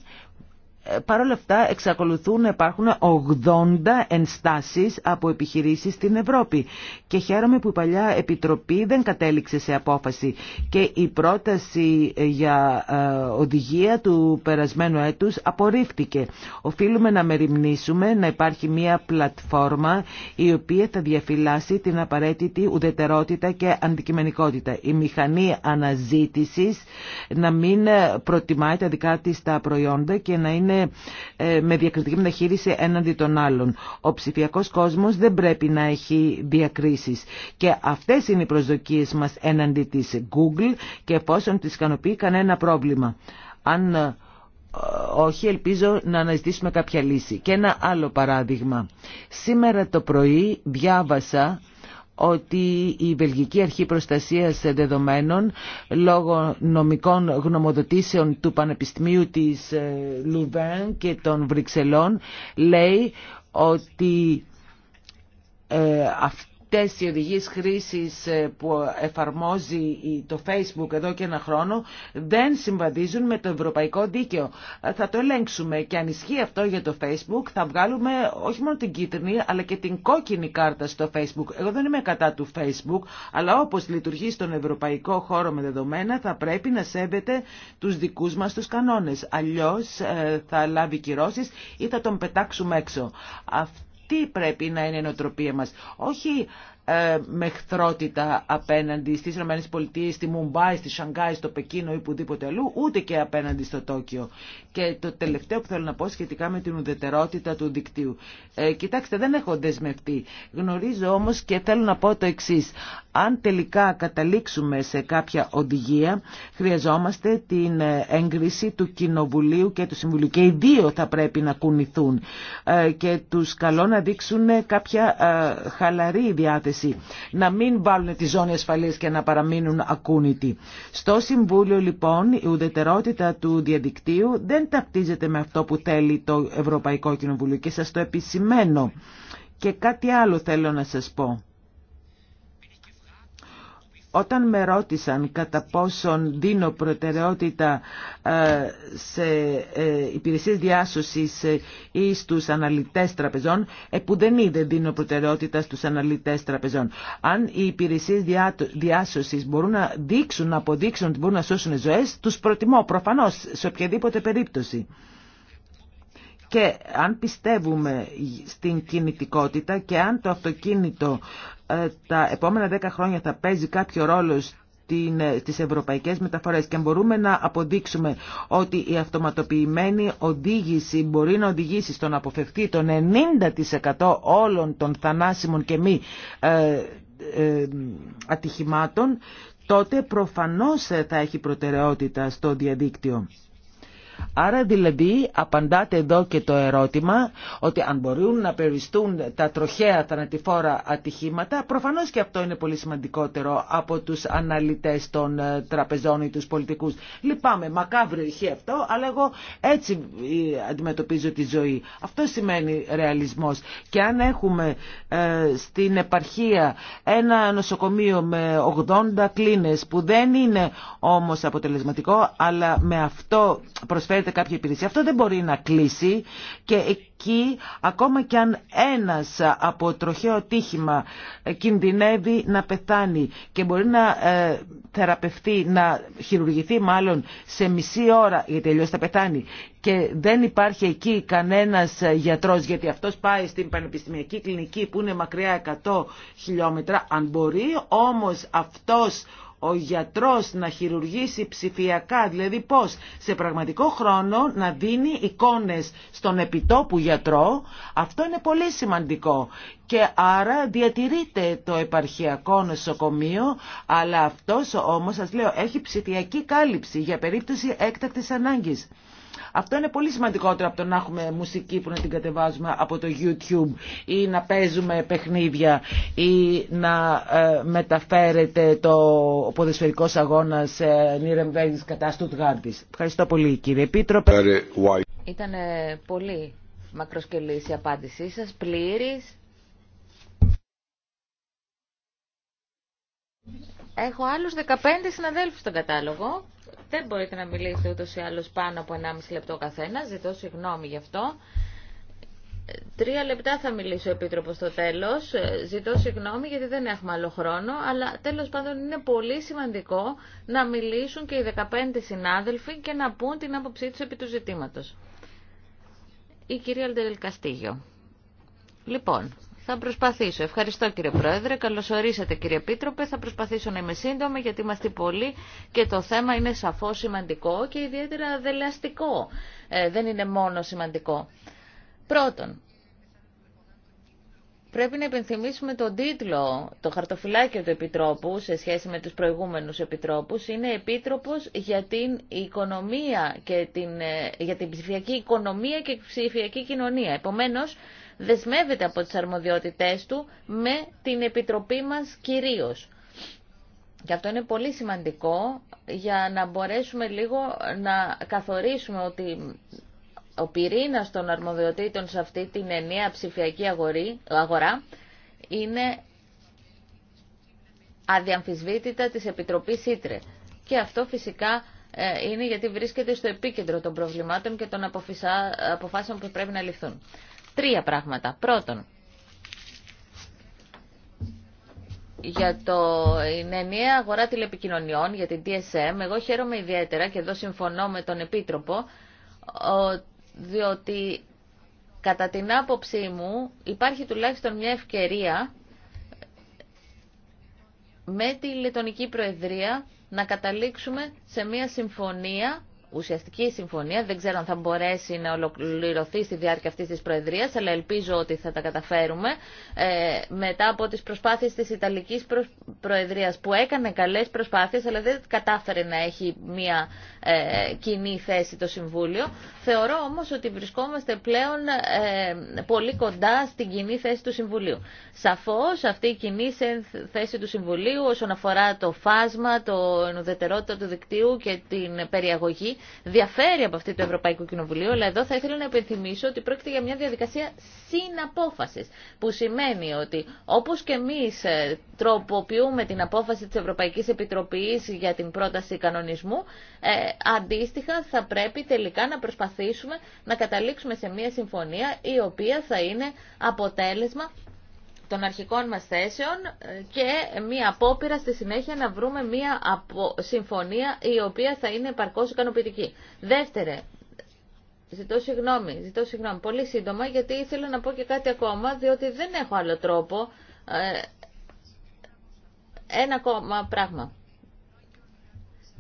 ε, Παρ' όλα αυτά εξακολουθούν να υπάρχουν 80 ενστάσεις από επιχειρήσεις στην Ευρώπη και χαίρομαι που η παλιά επιτροπή δεν κατέληξε σε απόφαση και η πρόταση ε, για ε, οδηγία του περασμένου έτους απορρίφθηκε. Οφείλουμε να μεριμνήσουμε να υπάρχει μια πλατφόρμα η οποία θα διαφυλάσει την απαραίτητη ουδετερότητα και αντικειμενικότητα. Η μηχανή αναζήτησης να μην προτιμάει τα δικά τα προϊόντα και να είναι ε, με διακριτική μεταχείριση έναντι των άλλων. Ο ψηφιακός κόσμος δεν πρέπει να έχει διακρίσεις και αυτές είναι οι προσδοκίες μας έναντι της Google και εφόσον τις ικανοποιεί κανένα πρόβλημα. Αν ε, όχι, ελπίζω να αναζητήσουμε κάποια λύση. Και ένα άλλο παράδειγμα. Σήμερα το πρωί διάβασα ότι η Βελγική Αρχή Προστασίας Δεδομένων λόγω νομικών γνωμοδοτήσεων του Πανεπιστημίου της Λουβέν ε, και των Βρυξελών λέει ότι ε, αυτή αυτές οι οδηγίες χρήσης ε, που εφαρμόζει το Facebook εδώ και ένα χρόνο δεν συμβαδίζουν με το ευρωπαϊκό δίκαιο. Ε, θα το ελέγξουμε και αν ισχύει αυτό για το Facebook θα βγάλουμε όχι μόνο την κίτρινη αλλά και την κόκκινη κάρτα στο Facebook. Εγώ δεν είμαι κατά του Facebook αλλά όπως λειτουργεί στον ευρωπαϊκό χώρο με δεδομένα θα πρέπει να σέβεται τους δικούς μας τους κανόνες. Αλλιώς ε, θα λάβει κυρώσεις ή θα τον πετάξουμε έξω. Αυτό αυτή πρέπει να είναι η νοοτροπία μας. Όχι ε, με χθρότητα απέναντι στις ΗΠΑ, στη Μουμπάη, στη Σανγκάη, στο Πεκίνο ή πουδήποτε αλλού, ούτε και απέναντι στο Τόκιο. Και το τελευταίο που θέλω να πω σχετικά με την ουδετερότητα του δικτύου. Ε, κοιτάξτε, δεν έχω δεσμευτεί. Γνωρίζω όμως και θέλω να πω το εξή. Αν τελικά καταλήξουμε σε κάποια οδηγία, χρειαζόμαστε την ε, έγκριση του Κοινοβουλίου και του Συμβουλίου. Και οι δύο θα πρέπει να κουνηθούν. Ε, και τους καλώ να δείξουν κάποια χαλαρή διάθεση να μην βάλουν τη ζώνη ασφαλείας και να παραμείνουν ακούνητοι. Στο Συμβούλιο λοιπόν η ουδετερότητα του διαδικτύου δεν ταυτίζεται με αυτό που θέλει το Ευρωπαϊκό Κοινοβούλιο και σας το επισημαίνω. Και κάτι άλλο θέλω να σας πω. Όταν με ρώτησαν κατά πόσον δίνω προτεραιότητα ε, σε ε, υπηρεσίες διάσωσης ε, ή στους αναλυτές τραπεζών, που δεν είδε δίνω προτεραιότητα στους αναλυτές τραπεζών. Αν οι υπηρεσίες διάσωσης μπορούν να δείξουν, να αποδείξουν ότι μπορούν να σώσουν ζωές, τους προτιμώ προφανώς σε οποιαδήποτε περίπτωση. Και αν πιστεύουμε στην κινητικότητα και αν το αυτοκίνητο ε, τα επόμενα 10 χρόνια θα παίζει κάποιο ρόλο ε, στις ευρωπαϊκές μεταφορές και μπορούμε να αποδείξουμε ότι η αυτοματοποιημένη οδήγηση μπορεί να οδηγήσει στον να αποφευθεί τον 90% όλων των θανάσιμων και μη ε, ατυχημάτων τότε προφανώς θα έχει προτεραιότητα στο διαδίκτυο. Άρα δηλαδή απαντάτε εδώ και το ερώτημα ότι αν μπορούν να περιστούν τα τροχαία θανατηφόρα ατυχήματα, προφανώς και αυτό είναι πολύ σημαντικότερο από τους αναλυτές των ε, τραπεζών ή τους πολιτικούς. Λυπάμαι, μακάβριο είχε αυτό, αλλά εγώ έτσι ε, αντιμετωπίζω τη ζωή. Αυτό σημαίνει ρεαλισμός. Και αν έχουμε ε, στην επαρχία ένα νοσοκομείο με 80 κλίνες που δεν είναι όμως αποτελεσματικό, αλλά με αυτό προσφέρεται κάποια υπηρεσία. Αυτό δεν μπορεί να κλείσει και εκεί ακόμα κι αν ένας από τροχαίο τύχημα ε, κινδυνεύει να πεθάνει και μπορεί να ε, θεραπευτεί, να χειρουργηθεί μάλλον σε μισή ώρα γιατί αλλιώ θα πεθάνει και δεν υπάρχει εκεί κανένας ε, γιατρός γιατί αυτός πάει στην πανεπιστημιακή κλινική που είναι μακριά 100 χιλιόμετρα αν μπορεί όμως αυτός ο γιατρός να χειρουργήσει ψηφιακά, δηλαδή πώς σε πραγματικό χρόνο να δίνει εικόνες στον επιτόπου γιατρό, αυτό είναι πολύ σημαντικό. Και άρα διατηρείται το επαρχιακό νοσοκομείο, αλλά αυτός όμως, σας λέω, έχει ψηφιακή κάλυψη για περίπτωση έκτακτης ανάγκης. Αυτό είναι πολύ σημαντικότερο από το να έχουμε μουσική που να την κατεβάζουμε από το YouTube ή να παίζουμε παιχνίδια ή να ε, μεταφέρεται το ποδοσφαιρικό αγώνα Νίρεμβέργης κατά Στουτγάρντης. Ευχαριστώ πολύ κύριε Επίτροπε. Ήταν πολύ μακροσκελής η να παιζουμε παιχνιδια η να μεταφερεται το ποδοσφαιρικο αγωνα νιρεμβεργης κατα Στουτγάρτη. ευχαριστω πολυ κυριε επιτροπε ηταν πολυ μακροσκελης η απαντηση σας, πλήρης. Έχω άλλους 15 συναδέλφους στο κατάλογο δεν μπορείτε να μιλήσετε ούτω ή άλλω πάνω από 1,5 λεπτό καθένα. Ζητώ συγγνώμη γι' αυτό. Τρία λεπτά θα μιλήσω ο επίτροπο στο τέλος. Ζητώ συγγνώμη γιατί δεν έχουμε άλλο χρόνο, αλλά τέλος πάντων είναι πολύ σημαντικό να μιλήσουν και οι 15 συνάδελφοι και να πούν την άποψή του επί του ζητήματος. Η κυρία Αλτερελ Καστίγιο. Λοιπόν, θα προσπαθήσω. Ευχαριστώ κύριε Πρόεδρε. Καλώς ορίσατε κύριε Επίτροπε. Θα προσπαθήσω να είμαι σύντομη γιατί είμαστε πολλοί και το θέμα είναι σαφώς σημαντικό και ιδιαίτερα δελεαστικό. Ε, δεν είναι μόνο σημαντικό. Πρώτον, πρέπει να υπενθυμίσουμε τον τίτλο, το χαρτοφυλάκιο του Επιτρόπου σε σχέση με τους προηγούμενους Επιτρόπους. Είναι Επίτροπος για την, οικονομία και την, ε, ψηφιακή οικονομία και ψηφιακή κοινωνία. Επομένως, δεσμεύεται από τις αρμοδιότητές του με την Επιτροπή μας κυρίως. Και αυτό είναι πολύ σημαντικό για να μπορέσουμε λίγο να καθορίσουμε ότι ο πυρήνας των αρμοδιοτήτων σε αυτή την ενιαία ψηφιακή αγορά είναι αδιαμφισβήτητα της Επιτροπής Ήτρε. Και αυτό φυσικά ε, είναι γιατί βρίσκεται στο επίκεντρο των προβλημάτων και των αποφάσεων που πρέπει να ληφθούν τρία πράγματα. Πρώτον, για το είναι ενιαία αγορά τηλεπικοινωνιών, για την DSM, εγώ χαίρομαι ιδιαίτερα και εδώ συμφωνώ με τον Επίτροπο, διότι κατά την άποψή μου υπάρχει τουλάχιστον μια ευκαιρία με τη Λετωνική Προεδρία να καταλήξουμε σε μια συμφωνία ουσιαστική συμφωνία. Δεν ξέρω αν θα μπορέσει να ολοκληρωθεί στη διάρκεια αυτή τη προεδρία, αλλά ελπίζω ότι θα τα καταφέρουμε. Ε, μετά από τις προσπάθειες της Ιταλικής Προεδρίας που έκανε καλέ προσπάθειες, αλλά δεν κατάφερε να έχει μια ε, κοινή θέση το Συμβούλιο. Θεωρώ όμω ότι βρισκόμαστε πλέον ε, πολύ κοντά στην κοινή θέση του Συμβουλίου. Σαφώ αυτή η κοινή θέση του Συμβουλίου όσον αφορά το φάσμα, το ουδετερότητα του δικτύου και την περιαγωγή διαφέρει από αυτή του Ευρωπαϊκό Κοινοβουλίου, αλλά εδώ θα ήθελα να υπενθυμίσω ότι πρόκειται για μια διαδικασία συναπόφασης, που σημαίνει ότι όπως και εμεί ε, τροποποιούμε την απόφαση της Ευρωπαϊκής Επιτροπής για την πρόταση κανονισμού, ε, αντίστοιχα θα πρέπει τελικά να προσπαθήσουμε να καταλήξουμε σε μια συμφωνία η οποία θα είναι αποτέλεσμα των αρχικών μας θέσεων ε, και μία απόπειρα στη συνέχεια να βρούμε μία συμφωνία η οποία θα είναι επαρκώς ικανοποιητική. Δεύτερε, Ζητώ συγγνώμη, ζητώ συγγνώμη πολύ σύντομα γιατί ήθελα να πω και κάτι ακόμα διότι δεν έχω άλλο τρόπο. Ε, ένα ακόμα πράγμα.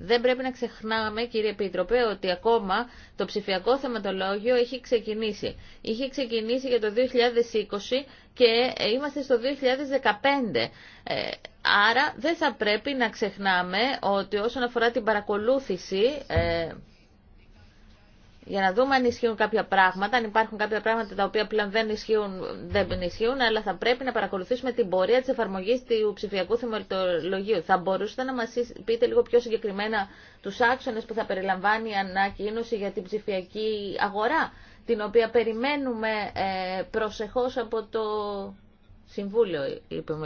Δεν πρέπει να ξεχνάμε, κύριε Επίτροπε, ότι ακόμα το ψηφιακό θεματολόγιο έχει ξεκινήσει. Είχε ξεκινήσει για το 2020 και ε, είμαστε στο 2015. Ε, άρα δεν θα πρέπει να ξεχνάμε ότι όσον αφορά την παρακολούθηση ε, για να δούμε αν ισχύουν κάποια πράγματα, αν υπάρχουν κάποια πράγματα τα οποία πλέον δεν ισχύουν, δεν ισχύουν, αλλά θα πρέπει να παρακολουθήσουμε την πορεία τη εφαρμογή του ψηφιακού θυμολογίου. Θα μπορούσατε να μα πείτε λίγο πιο συγκεκριμένα του άξονε που θα περιλαμβάνει η ανακοίνωση για την ψηφιακή αγορά, την οποία περιμένουμε ε, προσεχώ από το Συμβούλιο, είπε ο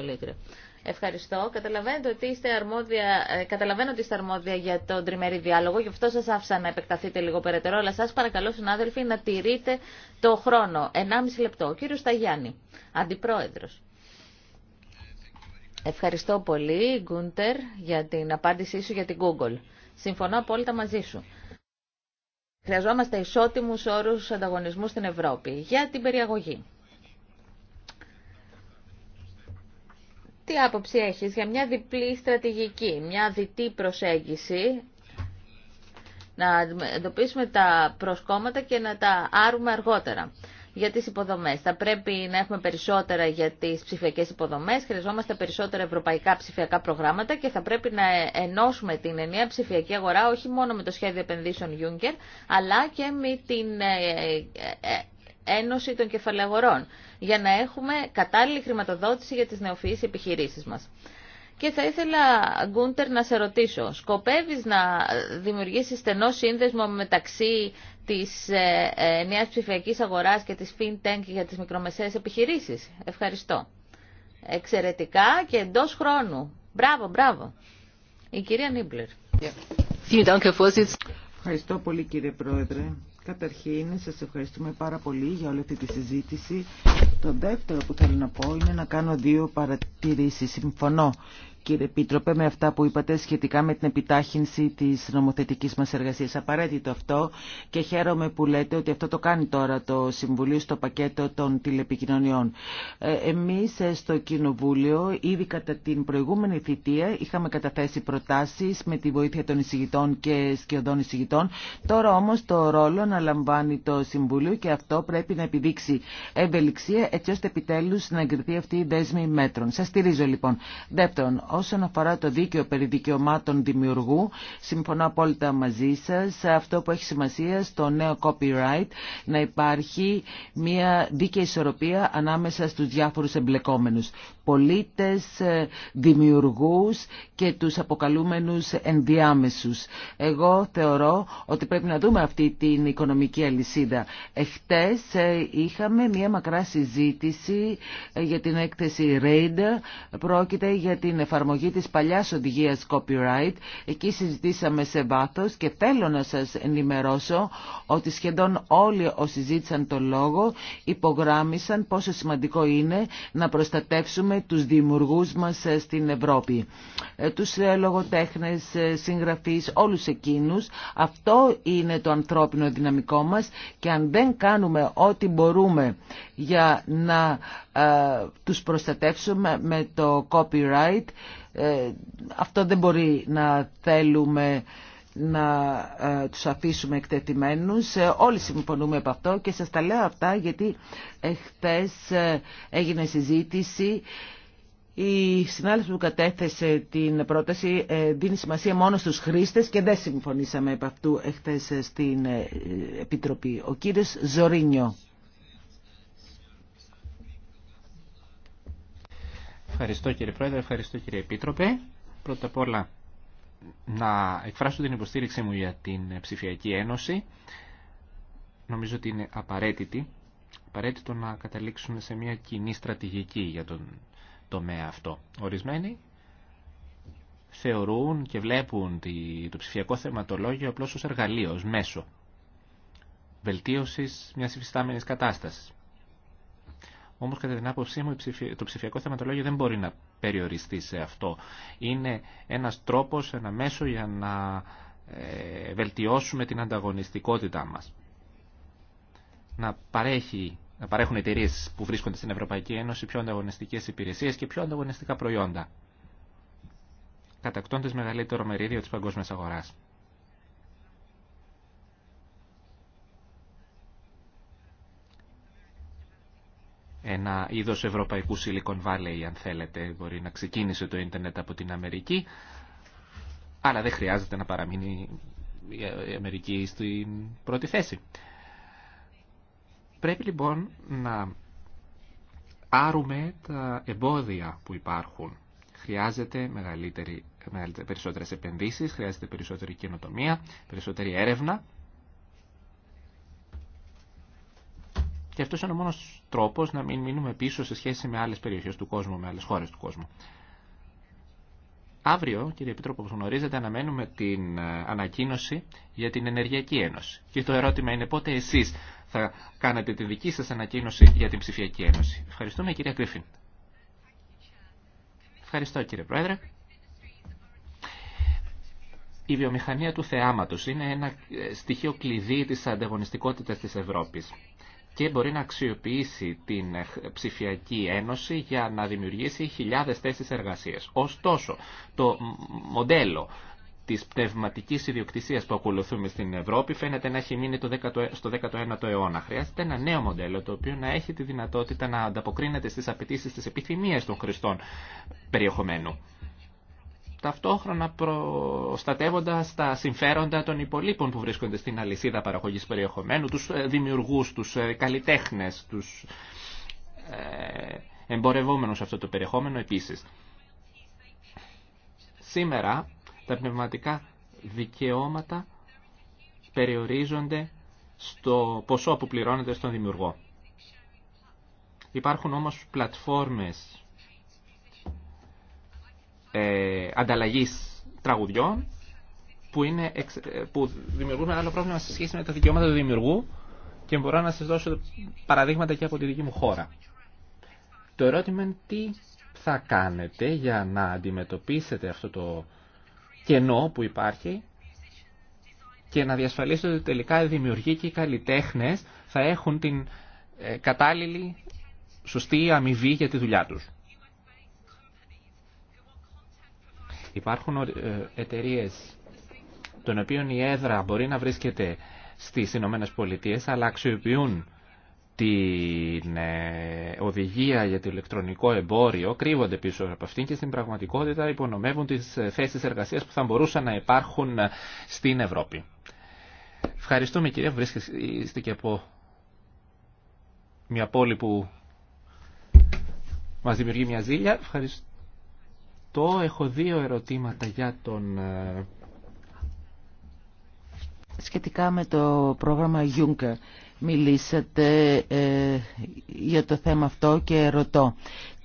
Ευχαριστώ. Καταλαβαίνετε ότι είστε αρμόδια, ε, καταλαβαίνω ότι είστε αρμόδια για τον τριμερή διάλογο, γι' αυτό σα άφησα να επεκταθείτε λίγο περαιτέρω, αλλά σα παρακαλώ συνάδελφοι να τηρείτε το χρόνο. 1,5 λεπτό. Ο κύριο Σταγιάννη, αντιπρόεδρος. Ευχαριστώ πολύ, Γκούντερ, για την απάντησή σου για την Google. Συμφωνώ απόλυτα μαζί σου. Χρειαζόμαστε ισότιμους όρους ανταγωνισμού στην Ευρώπη για την περιαγωγή. Τι άποψη έχεις για μια διπλή στρατηγική, μια διτή προσέγγιση, να εντοπίσουμε τα προσκόμματα και να τα άρουμε αργότερα. Για τις υποδομές. Θα πρέπει να έχουμε περισσότερα για τις ψηφιακές υποδομές, χρειαζόμαστε περισσότερα ευρωπαϊκά ψηφιακά προγράμματα και θα πρέπει να ενώσουμε την ενιαία ψηφιακή αγορά όχι μόνο με το σχέδιο επενδύσεων Juncker, αλλά και με την ε, ε, ε, Ένωση των Κεφαλαγορών για να έχουμε κατάλληλη χρηματοδότηση για τις νεοφυείς επιχειρήσεις μας. Και θα ήθελα, Γκούντερ, να σε ρωτήσω. Σκοπεύεις να δημιουργήσεις στενό σύνδεσμο μεταξύ της ε, ε, νέας ψηφιακής αγοράς και της FinTech για τις μικρομεσαίες επιχειρήσεις. Ευχαριστώ. Εξαιρετικά και εντός χρόνου. Μπράβο, μπράβο. Η κυρία Νίμπλερ. Ευχαριστώ πολύ κύριε Πρόεδρε. Καταρχήν, σας ευχαριστούμε πάρα πολύ για όλη αυτή τη συζήτηση. Το δεύτερο που θέλω να πω είναι να κάνω δύο παρατηρήσεις. Συμφωνώ κύριε Επίτροπε, με αυτά που είπατε σχετικά με την επιτάχυνση της νομοθετικής μας εργασίας. Απαραίτητο αυτό και χαίρομαι που λέτε ότι αυτό το κάνει τώρα το Συμβουλίο στο πακέτο των τηλεπικοινωνιών. Ε, εμείς ε, στο Κοινοβούλιο, ήδη κατά την προηγούμενη θητεία, είχαμε καταθέσει προτάσεις με τη βοήθεια των εισηγητών και σκιωδών εισηγητών. Τώρα όμως το ρόλο να λαμβάνει το Συμβούλιο και αυτό πρέπει να επιδείξει ευελιξία έτσι ώστε επιτέλους να εγκριθεί αυτή η δέσμη μέτρων. Σας στηρίζω λοιπόν. Δεύτερον, Όσον αφορά το δίκαιο περί δικαιωμάτων δημιουργού, συμφωνώ απόλυτα μαζί σας. Αυτό που έχει σημασία στο νέο copyright να υπάρχει μια δίκαιη ισορροπία ανάμεσα στους διάφορους εμπλεκόμενους. Πολίτες, ε, δημιουργούς και τους αποκαλούμενους ενδιάμεσους. Εγώ θεωρώ ότι πρέπει να δούμε αυτή την οικονομική αλυσίδα. Εχθές ε, είχαμε μια μακρά συζήτηση ε, για την έκθεση RAID Πρόκειται για την εφαρμογή εφαρμογή της παλιάς οδηγίας copyright. Εκεί συζητήσαμε σε βάθος και θέλω να σας ενημερώσω ότι σχεδόν όλοι όσοι ζήτησαν το λόγο υπογράμμισαν πόσο σημαντικό είναι να προστατεύσουμε τους δημιουργούς μας ε, στην Ευρώπη. Ε, τους ε, λογοτέχνες, συγγραφείς, όλους εκείνους. Αυτό είναι το ανθρώπινο δυναμικό μας και αν δεν κάνουμε ό,τι μπορούμε για να ε, τους προστατεύσουμε με το copyright. Ε, αυτό δεν μπορεί να θέλουμε να ε, τους αφήσουμε εκτεθειμένους. Όλοι συμφωνούμε από αυτό και σας τα λέω αυτά γιατί ε, έγινε συζήτηση η συνάδελφη που κατέθεσε την πρόταση δίνει σημασία μόνο στους χρήστες και δεν συμφωνήσαμε επ' αυτού εχθές στην Επιτροπή. Ο κύριος Ζωρίνιο. Ευχαριστώ κύριε Πρόεδρε, ευχαριστώ κύριε Επίτροπε. Πρώτα απ' όλα να εκφράσω την υποστήριξή μου για την ψηφιακή ένωση. Νομίζω ότι είναι απαραίτητη. Απαραίτητο να καταλήξουμε σε μια κοινή στρατηγική για τον τομέα αυτό. Ορισμένοι θεωρούν και βλέπουν το ψηφιακό θεματολόγιο απλώς ως εργαλείο, ως μέσο βελτίωσης μιας υφιστάμενης κατάστασης. Όμως κατά την άποψή μου το ψηφιακό θεματολόγιο δεν μπορεί να περιοριστεί σε αυτό. Είναι ένας τρόπος, ένα μέσο για να ε, βελτιώσουμε την ανταγωνιστικότητά μας. Να, παρέχει, να παρέχουν εταιρείε που βρίσκονται στην Ευρωπαϊκή Ένωση πιο ανταγωνιστικές υπηρεσίες και πιο ανταγωνιστικά προϊόντα. Κατακτώντας μεγαλύτερο μερίδιο της παγκόσμιας αγοράς. ένα είδος ευρωπαϊκού Silicon Valley, αν θέλετε. Μπορεί να ξεκίνησε το ίντερνετ από την Αμερική, αλλά δεν χρειάζεται να παραμείνει η Αμερική στην πρώτη θέση. Πρέπει λοιπόν να άρουμε τα εμπόδια που υπάρχουν. Χρειάζεται μεγαλύτερη, μεγαλύτερη, περισσότερες επενδύσεις, χρειάζεται περισσότερη καινοτομία, περισσότερη έρευνα Και αυτό είναι ο μόνος τρόπος να μην μείνουμε πίσω σε σχέση με άλλε περιοχέ του κόσμου, με άλλε χώρε του κόσμου. Αύριο, κύριε Επίτροπο, όπω γνωρίζετε, αναμένουμε την ε, ανακοίνωση για την Ενεργειακή Ένωση. Και το ερώτημα είναι πότε εσεί θα κάνετε τη δική σα ανακοίνωση για την Ψηφιακή Ένωση. Ευχαριστούμε, κυρία Κρίφιν. Ευχαριστώ, κύριε Πρόεδρε. Η βιομηχανία του θεάματος είναι ένα ε, στοιχείο κλειδί της ανταγωνιστικότητας της Ευρώπης και μπορεί να αξιοποιήσει την ε, ψηφιακή ένωση για να δημιουργήσει χιλιάδες θέσεις εργασίας. Ωστόσο, το μοντέλο της πνευματικής ιδιοκτησίας που ακολουθούμε στην Ευρώπη φαίνεται να έχει μείνει στο 19ο αιώνα. Χρειάζεται ένα νέο μοντέλο το οποίο να έχει τη δυνατότητα να ανταποκρίνεται στις απαιτήσεις της επιθυμίας των χρηστών περιεχομένου ταυτόχρονα προστατεύοντας τα συμφέροντα των υπολείπων που βρίσκονται στην αλυσίδα παραγωγής περιεχομένου, τους ε, δημιουργούς, τους ε, καλλιτέχνες, τους ε, εμπορευόμενους αυτό το περιεχόμενο επίσης. Σήμερα τα πνευματικά δικαιώματα περιορίζονται στο ποσό που πληρώνεται στον δημιουργό. Υπάρχουν όμως πλατφόρμες ε, ανταλλαγής τραγουδιών που, είναι, ε, που δημιουργούν μεγάλο πρόβλημα σε σχέση με τα δικαιώματα του δημιουργού και μπορώ να σα δώσω παραδείγματα και από τη δική μου χώρα. Το ερώτημα είναι τι θα κάνετε για να αντιμετωπίσετε αυτό το κενό που υπάρχει και να διασφαλίσετε ότι τελικά οι δημιουργοί και οι καλλιτέχνες θα έχουν την ε, κατάλληλη σωστή αμοιβή για τη δουλειά τους. Υπάρχουν ε, εταιρείε των οποίων η έδρα μπορεί να βρίσκεται στις Ηνωμένε Πολιτείες, αλλά αξιοποιούν την ε, οδηγία για το ηλεκτρονικό εμπόριο, κρύβονται πίσω από αυτήν και στην πραγματικότητα υπονομεύουν τις ε, θέσεις εργασίας που θα μπορούσαν να υπάρχουν στην Ευρώπη. Ευχαριστούμε κυρία, βρίσκεστε και από μια πόλη που μας δημιουργεί μια ζήλια αυτό. Έχω δύο ερωτήματα για τον... Ε, Σχετικά με το πρόγραμμα Juncker μιλήσατε ε, για το θέμα αυτό και ρωτώ.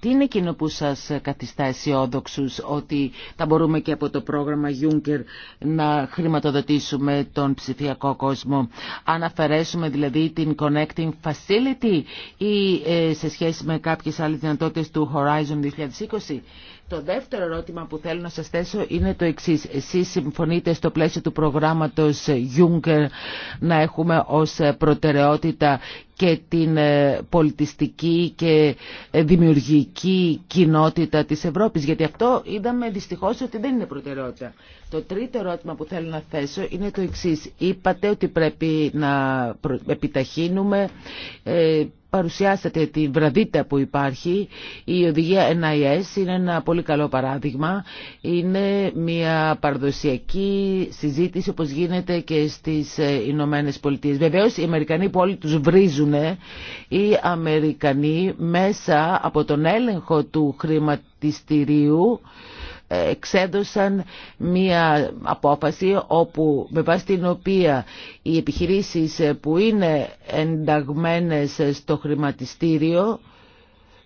Τι είναι εκείνο που σας καθιστά αισιόδοξου ότι θα μπορούμε και από το πρόγραμμα Juncker να χρηματοδοτήσουμε τον ψηφιακό κόσμο. Αν αφαιρέσουμε δηλαδή την Connecting Facility ή ε, σε σχέση με κάποιες άλλες δυνατότητες του Horizon 2020. Το δεύτερο ερώτημα που θέλω να σας θέσω είναι το εξής. Εσείς συμφωνείτε στο πλαίσιο του προγράμματος Juncker να έχουμε ως προτεραιότητα και την ε, πολιτιστική και ε, δημιουργική κοινότητα της Ευρώπης. Γιατί αυτό είδαμε δυστυχώς ότι δεν είναι προτεραιότητα. Το τρίτο ερώτημα που θέλω να θέσω είναι το εξής. Είπατε ότι πρέπει να επιταχύνουμε ε, παρουσιάσατε τη βραδίτα που υπάρχει. Η οδηγία NIS είναι ένα πολύ καλό παράδειγμα. Είναι μια παραδοσιακή συζήτηση όπως γίνεται και στις ε, Ηνωμένε Πολιτείες. Βεβαίως οι Αμερικανοί που όλοι τους βρίζουν, οι Αμερικανοί μέσα από τον έλεγχο του χρηματιστηρίου εξέδωσαν μία απόφαση όπου με βάση την οποία οι επιχειρήσεις που είναι ενταγμένες στο χρηματιστήριο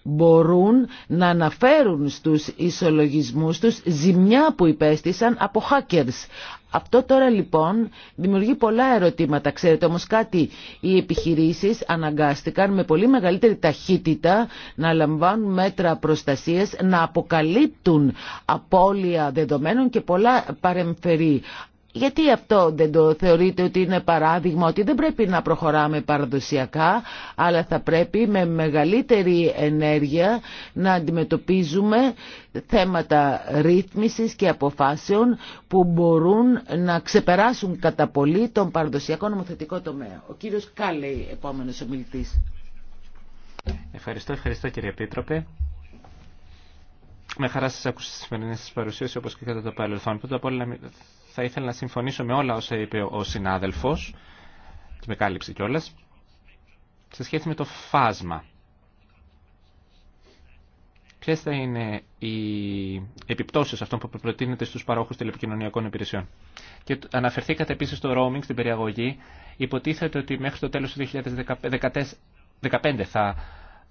μπορούν να αναφέρουν στους ισολογισμούς τους ζημιά που υπέστησαν από hackers. Αυτό τώρα λοιπόν δημιουργεί πολλά ερωτήματα. Ξέρετε όμως κάτι, οι επιχειρήσεις αναγκάστηκαν με πολύ μεγαλύτερη ταχύτητα να λαμβάνουν μέτρα προστασίας, να αποκαλύπτουν απώλεια δεδομένων και πολλά παρεμφερή. Γιατί αυτό δεν το θεωρείτε ότι είναι παράδειγμα, ότι δεν πρέπει να προχωράμε παραδοσιακά, αλλά θα πρέπει με μεγαλύτερη ενέργεια να αντιμετωπίζουμε θέματα ρύθμισης και αποφάσεων που μπορούν να ξεπεράσουν κατά πολύ τον παραδοσιακό νομοθετικό τομέα. Ο κύριος Κάλεϊ, επόμενος ομιλητής. Ευχαριστώ, ευχαριστώ κύριε Επίτροπε. Με χαρά σας άκουσα στις σημερινές σας παρουσίες όπως και κατά το παρελθόν. Πρώτα απ' όλα θα ήθελα να συμφωνήσω με όλα όσα είπε ο συνάδελφος και με κάλυψε κιόλα. σε σχέση με το φάσμα. Ποιες θα είναι οι επιπτώσεις αυτών που προτείνεται στους παρόχους τηλεπικοινωνιακών υπηρεσιών. Και αναφερθήκατε επίσης στο roaming, στην περιαγωγή. Υποτίθεται ότι μέχρι το τέλος του 2015 θα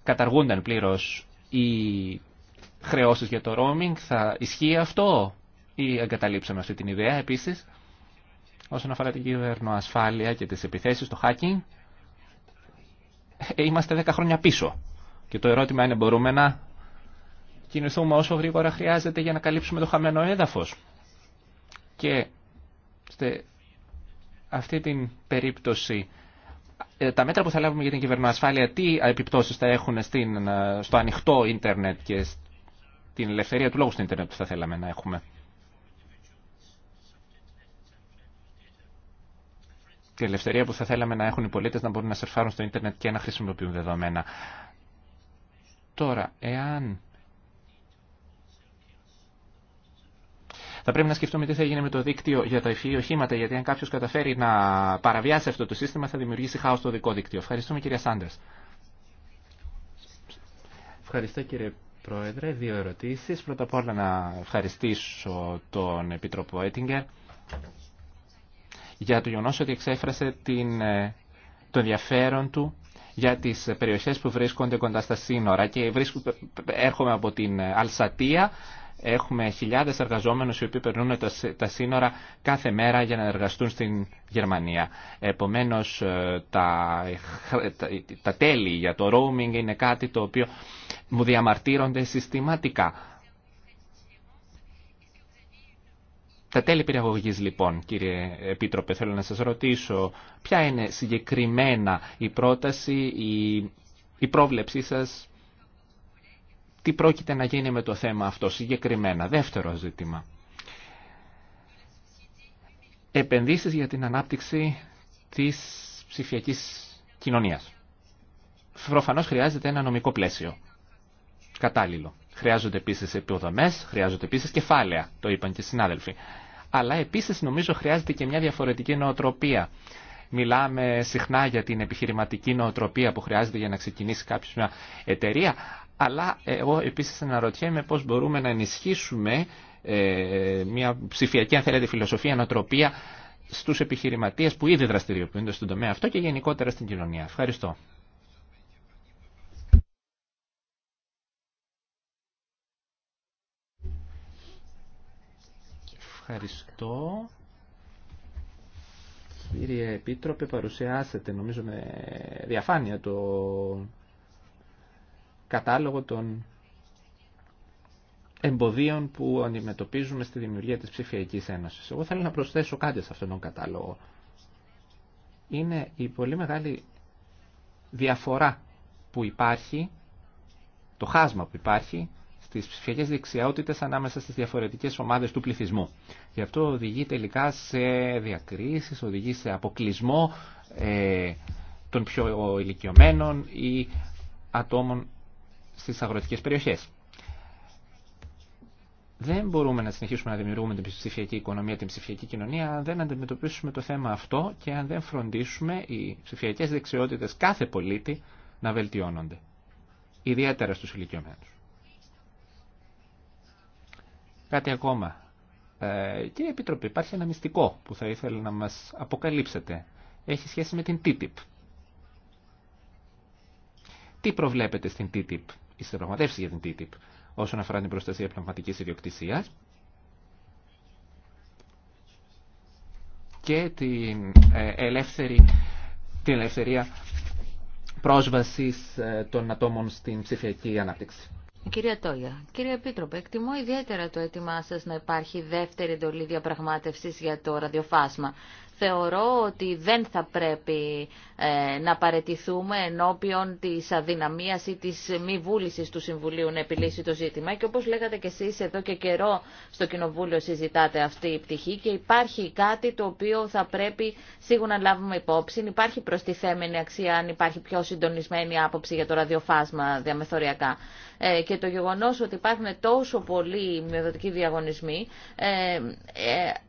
καταργούνταν πλήρως οι χρεώσεις για το roaming. Θα ισχύει αυτό ή εγκαταλείψαμε αυτή την ιδέα επίσης. Όσον αφορά την κυβερνοασφάλεια και τις επιθέσεις, το hacking, ε, είμαστε 10 χρόνια πίσω. Και το ερώτημα είναι μπορούμε να κινηθούμε όσο γρήγορα χρειάζεται για να καλύψουμε το χαμένο έδαφος. Και σε αυτή την περίπτωση ε, τα μέτρα που θα λάβουμε για την κυβερνοασφάλεια τι επιπτώσεις θα έχουν στην, ε, στο ανοιχτό ίντερνετ και την ελευθερία του λόγου στο ίντερνετ που θα θέλαμε να έχουμε. τη ελευθερία που θα θέλαμε να έχουν οι πολίτες να μπορούν να σερφάρουν στο ίντερνετ και να χρησιμοποιούν δεδομένα. Τώρα, εάν... Θα πρέπει να σκεφτούμε τι θα γίνει με το δίκτυο για τα υφή οχήματα, γιατί αν κάποιος καταφέρει να παραβιάσει αυτό το σύστημα θα δημιουργήσει χάος στο δικό δίκτυο. Ευχαριστούμε κυρία Σάντερς. Ευχαριστώ κύριε Πρόεδρε. Δύο ερωτήσεις. Πρώτα απ' όλα να ευχαριστήσω τον Επίτροπο Έτιγκερ για το γεγονό ότι εξέφρασε την, ε, το ενδιαφέρον του για τις περιοχές που βρίσκονται κοντά στα σύνορα και βρίσκουμε, έρχομαι από την ε, Αλσατία έχουμε χιλιάδες εργαζόμενους οι οποίοι περνούν τα, σύνορα κάθε μέρα για να εργαστούν στην Γερμανία. Επομένως ε, τα, τα, τα τέλη για το roaming είναι κάτι το οποίο μου διαμαρτύρονται συστηματικά. Τα τέλη πυραγωγής λοιπόν, κύριε Επίτροπε, θέλω να σας ρωτήσω ποια είναι συγκεκριμένα η πρόταση, η, η πρόβλεψή σας, τι πρόκειται να γίνει με το θέμα αυτό συγκεκριμένα. Δεύτερο ζήτημα. Επενδύσεις για την ανάπτυξη της ψηφιακή κοινωνίας. Προφανώς χρειάζεται ένα νομικό πλαίσιο. Κατάλληλο. Χρειάζονται επίση υποδομέ, χρειάζονται επίση κεφάλαια, το είπαν και οι συνάδελφοι. Αλλά επίση νομίζω χρειάζεται και μια διαφορετική νοοτροπία. Μιλάμε συχνά για την επιχειρηματική νοοτροπία που χρειάζεται για να ξεκινήσει κάποιο μια εταιρεία, αλλά εγώ επίση αναρωτιέμαι πώ μπορούμε να ενισχύσουμε ε, μια ψηφιακή, αν θέλετε, φιλοσοφία, νοοτροπία στου επιχειρηματίε που ήδη δραστηριοποιούνται στον τομέα αυτό και γενικότερα στην κοινωνία. Ευχαριστώ. Ευχαριστώ. Κύριε Επίτροπε, παρουσιάσετε νομίζω με διαφάνεια το κατάλογο των εμποδίων που αντιμετωπίζουμε στη δημιουργία της ψηφιακής ένωσης. Εγώ θέλω να προσθέσω κάτι σε αυτόν τον κατάλογο. Είναι η πολύ μεγάλη διαφορά που υπάρχει, το χάσμα που υπάρχει τι ψηφιακέ δεξιότητε ανάμεσα στι διαφορετικέ ομάδε του πληθυσμού. Γι' αυτό οδηγεί τελικά σε διακρίσει, οδηγεί σε αποκλεισμό ε, των πιο ηλικιωμένων ή ατόμων στι αγροτικέ περιοχέ. Δεν μπορούμε να συνεχίσουμε να δημιουργούμε την ψηφιακή οικονομία, την ψηφιακή κοινωνία, αν δεν αντιμετωπίσουμε το θέμα αυτό και αν δεν φροντίσουμε οι ψηφιακέ δεξιότητε κάθε πολίτη να βελτιώνονται. Ιδιαίτερα στους ηλικιωμένους. Κάτι ακόμα. Ε, κύριε Επιτροπή, υπάρχει ένα μυστικό που θα ήθελα να μας αποκαλύψετε. Έχει σχέση με την TTIP. Τι προβλέπετε στην TTIP, ή στις για την TTIP, όσον αφορά την προστασία πνευματικής ιδιοκτησίας και την, ε, ελεύθερη, την ελευθερία πρόσβασης ε, των ατόμων στην ψηφιακή ανάπτυξη. Κυρία Τόγια, κύριε Επίτροπε, εκτιμώ ιδιαίτερα το αίτημά σα να υπάρχει δεύτερη εντολή διαπραγμάτευση για το ραδιοφάσμα. Θεωρώ ότι δεν θα πρέπει ε, να παρετηθούμε ενώπιον τη αδυναμία ή τη μη βούληση του Συμβουλίου να επιλύσει το ζήτημα και όπω λέγατε και εσεί εδώ και καιρό στο Κοινοβούλιο συζητάτε αυτή η πτυχή και υπάρχει κάτι το οποίο θα πρέπει σίγουρα να λάβουμε υπόψη. Υπάρχει προστιθέμενη αξία αν υπάρχει πιο συντονισμένη άποψη για το ραδιοφάσμα διαμεθοριακά. Ε, και το γεγονός ότι υπάρχουν τόσο πολλοί μειοδοτικοί διαγωνισμοί ε, ε,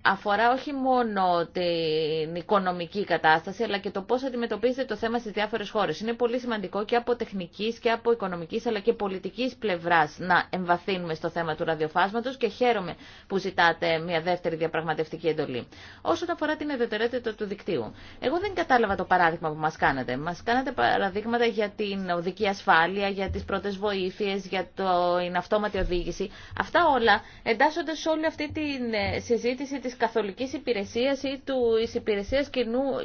αφορά όχι μόνο την οικονομική κατάσταση αλλά και το πώς αντιμετωπίζεται το θέμα στις διάφορες χώρες. Είναι πολύ σημαντικό και από τεχνικής και από οικονομικής αλλά και πολιτικής πλευράς να εμβαθύνουμε στο θέμα του ραδιοφάσματος και χαίρομαι που ζητάτε μια δεύτερη διαπραγματευτική εντολή. Όσον αφορά την αιρετερότητα του δικτύου, εγώ δεν κατάλαβα το παράδειγμα που μας κάνατε. Μας κάνατε παραδείγματα για την οδική ασφάλεια, για τις πρώτες βοήθειες, για την αυτόματη οδήγηση. Αυτά όλα εντάσσονται σε όλη αυτή τη ε, συζήτηση της καθολικής υπηρεσία ή τη Υπηρεσία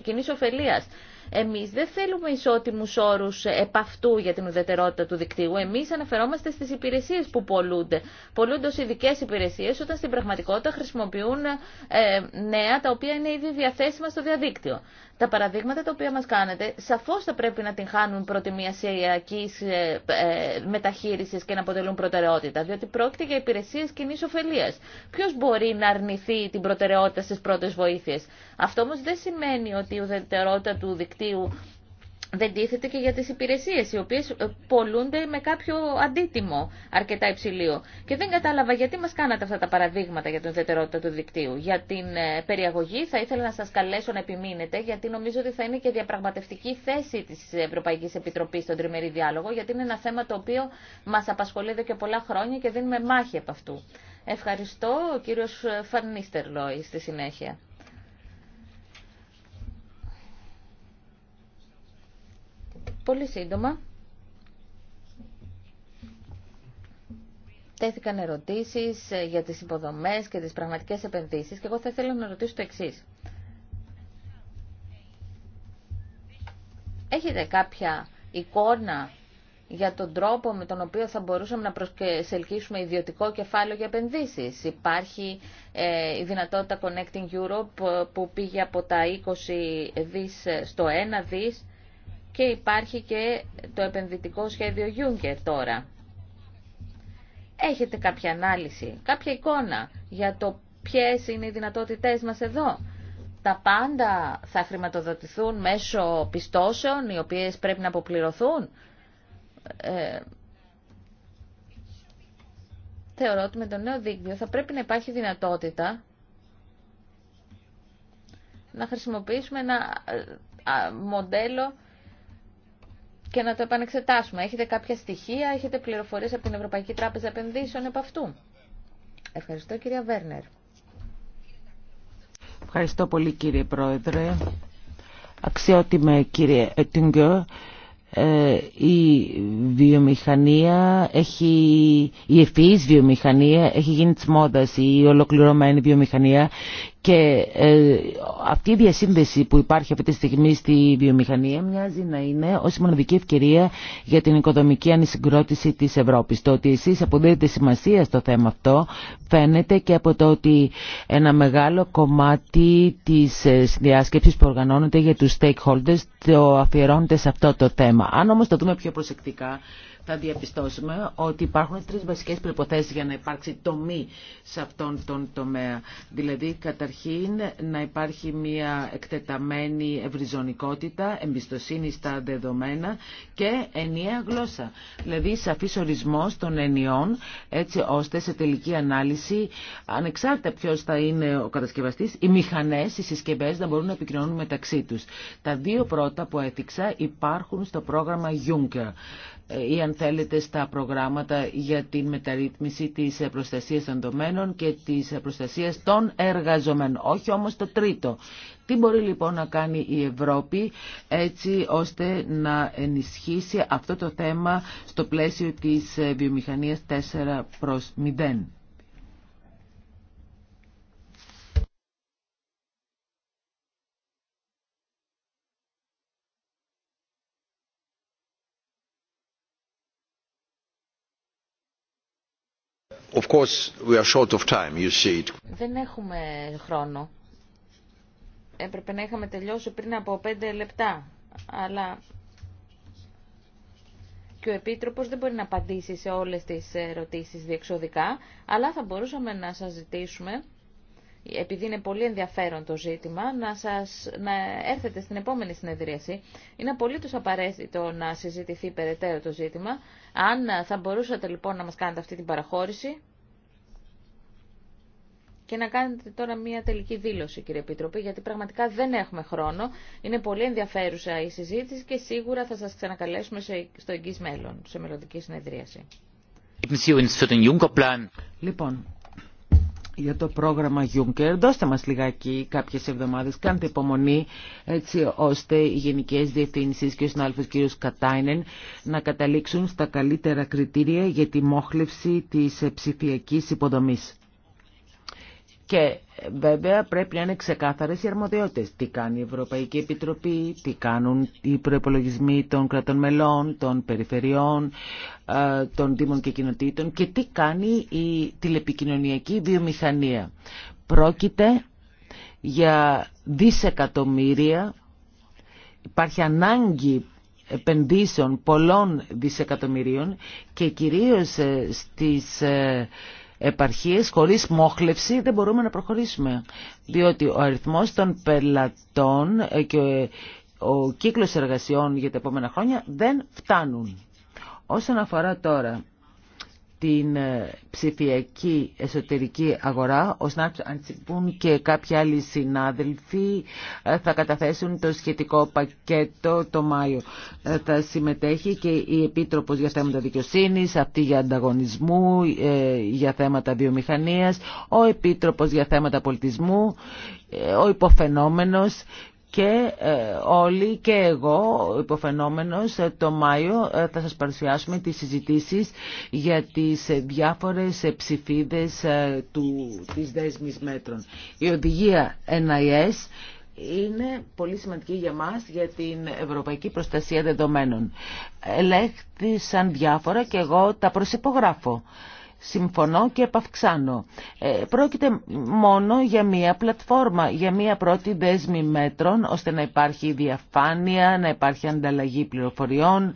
κοινή ωφελία. Εμείς δεν θέλουμε ισότιμους όρους επ' αυτού για την ουδετερότητα του δικτύου. Εμείς αναφερόμαστε στις υπηρεσίες που πολλούνται. Πολλούνται ω ειδικέ υπηρεσίες όταν στην πραγματικότητα χρησιμοποιούν ε, νέα τα οποία είναι ήδη διαθέσιμα στο διαδίκτυο τα παραδείγματα τα οποία μας κάνετε σαφώς θα πρέπει να την χάνουν προτιμιασιακής ε, ε, μεταχείρισης και να αποτελούν προτεραιότητα, διότι πρόκειται για υπηρεσίες κοινή ωφελία. Ποιο μπορεί να αρνηθεί την προτεραιότητα στις πρώτες βοήθειες. Αυτό όμως δεν σημαίνει ότι η ουδετερότητα του δικτύου δεν τίθεται και για τις υπηρεσίες, οι οποίες ε, πολλούνται με κάποιο αντίτιμο αρκετά υψηλείο. Και δεν κατάλαβα γιατί μας κάνατε αυτά τα παραδείγματα για την ουδετερότητα του δικτύου. Για την ε, περιαγωγή θα ήθελα να σας καλέσω να επιμείνετε, γιατί νομίζω ότι θα είναι και διαπραγματευτική θέση της Ευρωπαϊκής Επιτροπής στον τριμερή διάλογο, γιατί είναι ένα θέμα το οποίο μας απασχολεί εδώ και πολλά χρόνια και δίνουμε μάχη από αυτού. Ευχαριστώ, ο κύριος Φανίστερ Λόι, στη συνέχεια. Πολύ σύντομα. Τέθηκαν ερωτήσεις ε, για τις υποδομές και τις πραγματικές επενδύσεις και εγώ θα ήθελα να ρωτήσω το εξής. Έχετε κάποια εικόνα για τον τρόπο με τον οποίο θα μπορούσαμε να προσελκύσουμε ιδιωτικό κεφάλαιο για επενδύσεις. Υπάρχει ε, η δυνατότητα Connecting Europe που πήγε από τα 20 δις στο 1 δις και υπάρχει και το επενδυτικό σχέδιο Juncker τώρα. Έχετε κάποια ανάλυση, κάποια εικόνα για το ποιες είναι οι δυνατότητές μας εδώ. Τα πάντα θα χρηματοδοτηθούν μέσω πιστώσεων, οι οποίες πρέπει να αποπληρωθούν. Ε, θεωρώ ότι με το νέο δίκτυο θα πρέπει να υπάρχει δυνατότητα να χρησιμοποιήσουμε ένα ε, μοντέλο και να το επανεξετάσουμε. Έχετε κάποια στοιχεία, έχετε πληροφορίες από την Ευρωπαϊκή Τράπεζα Επενδύσεων επ' αυτού. Ευχαριστώ κυρία Βέρνερ. Ευχαριστώ πολύ κύριε Πρόεδρε. Αξιότιμε κύριε Ετυγκό, η βιομηχανία έχει, η ευφυής βιομηχανία έχει γίνει της μόδας η ολοκληρωμένη βιομηχανία και ε, αυτή η διασύνδεση που υπάρχει αυτή τη στιγμή στη βιομηχανία μοιάζει να είναι ως μοναδική ευκαιρία για την οικοδομική ανησυγκρότηση της Ευρώπης. Το ότι εσείς αποδίδετε σημασία στο θέμα αυτό φαίνεται και από το ότι ένα μεγάλο κομμάτι της ε, διάσκεψης που οργανώνεται για τους stakeholders το αφιερώνεται σε αυτό το θέμα. Αν όμως το δούμε πιο προσεκτικά θα διαπιστώσουμε ότι υπάρχουν τρεις βασικές προϋποθέσεις για να υπάρξει τομή σε αυτόν τον τομέα. Δηλαδή, καταρχήν, να υπάρχει μια εκτεταμένη ευρυζωνικότητα, εμπιστοσύνη στα δεδομένα και ενιαία γλώσσα. Δηλαδή, σαφής ορισμός των ενιών, έτσι ώστε σε τελική ανάλυση, ανεξάρτητα ποιο θα είναι ο κατασκευαστής, οι μηχανές, οι συσκευές να μπορούν να επικοινωνούν μεταξύ τους. Τα δύο πρώτα που έθιξα υπάρχουν στο πρόγραμμα Juncker ή αν θέλετε στα προγράμματα για την μεταρρύθμιση της προστασίας των δομένων και της προστασίας των εργαζομένων. Όχι όμως το τρίτο. Τι μπορεί λοιπόν να κάνει η Ευρώπη έτσι ώστε να ενισχύσει αυτό το θέμα στο πλαίσιο της βιομηχανίας 4 προς 0. Of course, we are short of time, you see it. Δεν έχουμε χρόνο. Έπρεπε να είχαμε τελειώσει πριν από πέντε λεπτά. Αλλά και ο Επίτροπος δεν μπορεί να απαντήσει σε όλες τις ερωτήσεις διεξοδικά, αλλά θα μπορούσαμε να σας ζητήσουμε, επειδή είναι πολύ ενδιαφέρον το ζήτημα, να, σας, να έρθετε στην επόμενη συνεδρίαση. Είναι απολύτως απαραίτητο να συζητηθεί περαιτέρω το ζήτημα. Αν θα μπορούσατε λοιπόν να μας κάνετε αυτή την παραχώρηση, και να κάνετε τώρα μια τελική δήλωση, κύριε Επίτροπη, γιατί πραγματικά δεν έχουμε χρόνο. Είναι πολύ ενδιαφέρουσα η συζήτηση και σίγουρα θα σας ξανακαλέσουμε στο εγγύς μέλλον, σε μελλοντική συνεδρίαση. Λοιπόν, για το πρόγραμμα Juncker. Δώστε μας λιγάκι κάποιες εβδομάδες, κάντε υπομονή έτσι ώστε οι γενικές διευθύνσεις και ο συνάδελφος κ. Κατάινεν να καταλήξουν στα καλύτερα κριτήρια για τη μόχλευση της ψηφιακής υποδομή. Και βέβαια πρέπει να είναι ξεκάθαρες οι αρμοδιότητες. Τι κάνει η Ευρωπαϊκή Επιτροπή, τι κάνουν οι προπολογισμοί των κρατών μελών, των περιφερειών, ε, των δήμων και κοινοτήτων και τι κάνει η τηλεπικοινωνιακή βιομηχανία. Πρόκειται για δισεκατομμύρια, υπάρχει ανάγκη επενδύσεων πολλών δισεκατομμυρίων και κυρίως ε, στις ε, επαρχίες χωρίς μόχλευση δεν μπορούμε να προχωρήσουμε. Διότι ο αριθμός των πελατών ε, και ο κύκλος εργασιών για τα επόμενα χρόνια δεν φτάνουν. Όσον αφορά τώρα την ε, ψηφιακή εσωτερική αγορά. Ο να Αντσιπούν και κάποιοι άλλοι συνάδελφοι ε, θα καταθέσουν το σχετικό πακέτο το Μάιο. Ε, θα συμμετέχει και η Επίτροπος για θέματα δικαιοσύνης, αυτή για ανταγωνισμού, για θέματα βιομηχανίας, ο Επίτροπος για θέματα πολιτισμού, ο υποφαινόμενος και ε, όλοι και εγώ υποφαινόμενος ε, το Μάιο ε, θα σας παρουσιάσουμε τις συζητήσεις για τις διάφορες ψηφίδες του, της δέσμης μέτρων. Η οδηγία NIS είναι πολύ σημαντική για μας για την ευρωπαϊκή προστασία δεδομένων. Ελέγχθησαν διάφορα και εγώ τα προσυπογράφω συμφωνώ και επαυξάνω. Ε, πρόκειται μόνο για μία πλατφόρμα, για μία πρώτη δέσμη μέτρων, ώστε να υπάρχει διαφάνεια, να υπάρχει ανταλλαγή πληροφοριών,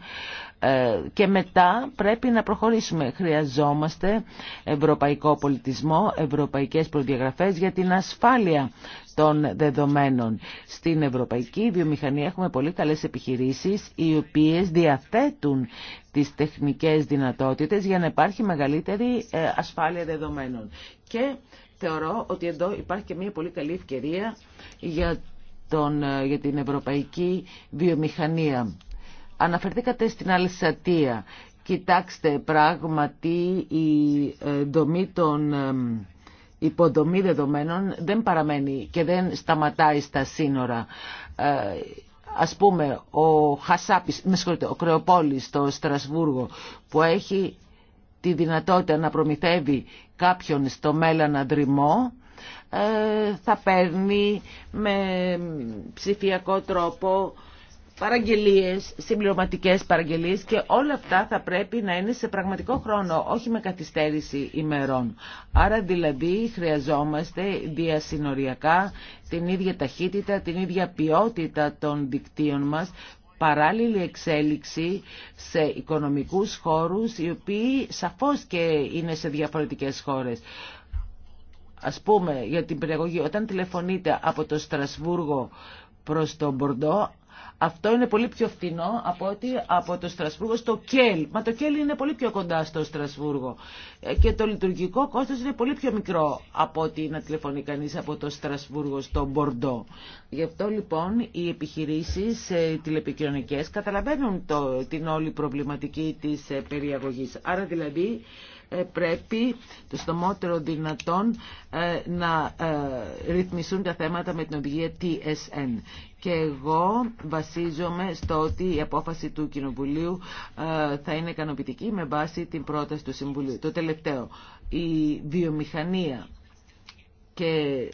ε, και μετά πρέπει να προχωρήσουμε. Χρειαζόμαστε ευρωπαϊκό πολιτισμό, ευρωπαϊκές προδιαγραφές για την ασφάλεια των δεδομένων. Στην ευρωπαϊκή βιομηχανία έχουμε πολύ καλές επιχειρήσεις οι οποίες διαθέτουν τις τεχνικές δυνατότητες για να υπάρχει μεγαλύτερη ε, ασφάλεια δεδομένων. Και θεωρώ ότι εδώ υπάρχει και μια πολύ καλή ευκαιρία για, ε, για την ευρωπαϊκή βιομηχανία. Αναφερθήκατε στην Αλσατία. Κοιτάξτε, πράγματι η ε, δομή των υποδομή δεδομένων δεν παραμένει και δεν σταματάει στα σύνορα. Ε, ας πούμε, ο Χασάπης, με ο Κρεοπόλης στο Στρασβούργο που έχει τη δυνατότητα να προμηθεύει κάποιον στο μέλλον αδρυμό, ε, θα παίρνει με ψηφιακό τρόπο παραγγελίες, συμπληρωματικές παραγγελίες και όλα αυτά θα πρέπει να είναι σε πραγματικό χρόνο, όχι με καθυστέρηση ημερών. Άρα δηλαδή χρειαζόμαστε διασυνοριακά την ίδια ταχύτητα, την ίδια ποιότητα των δικτύων μας, παράλληλη εξέλιξη σε οικονομικούς χώρους, οι οποίοι σαφώς και είναι σε διαφορετικές χώρες. Ας πούμε για την πυριαγωγή, όταν τηλεφωνείτε από το Στρασβούργο προς τον Μπορντό, αυτό είναι πολύ πιο φθηνό από ότι από το Στρασβούργο στο Κέλ. Μα το Κέλ είναι πολύ πιο κοντά στο Στρασβούργο. Ε, και το λειτουργικό κόστος είναι πολύ πιο μικρό από ότι να τηλεφωνεί κανεί από το Στρασβούργο στο Μπορντό. Γι' αυτό λοιπόν οι επιχειρήσεις ε, τηλεπικοινωνικές καταλαβαίνουν την όλη προβληματική της ε, περιαγωγής. Άρα δηλαδή πρέπει το στομότερο δυνατόν να ρυθμιστούν τα θέματα με την οδηγία TSN και εγώ βασίζομαι στο ότι η απόφαση του Κοινοβουλίου ε, θα είναι ικανοποιητική με βάση την πρόταση του Συμβουλίου. Το τελευταίο, η βιομηχανία και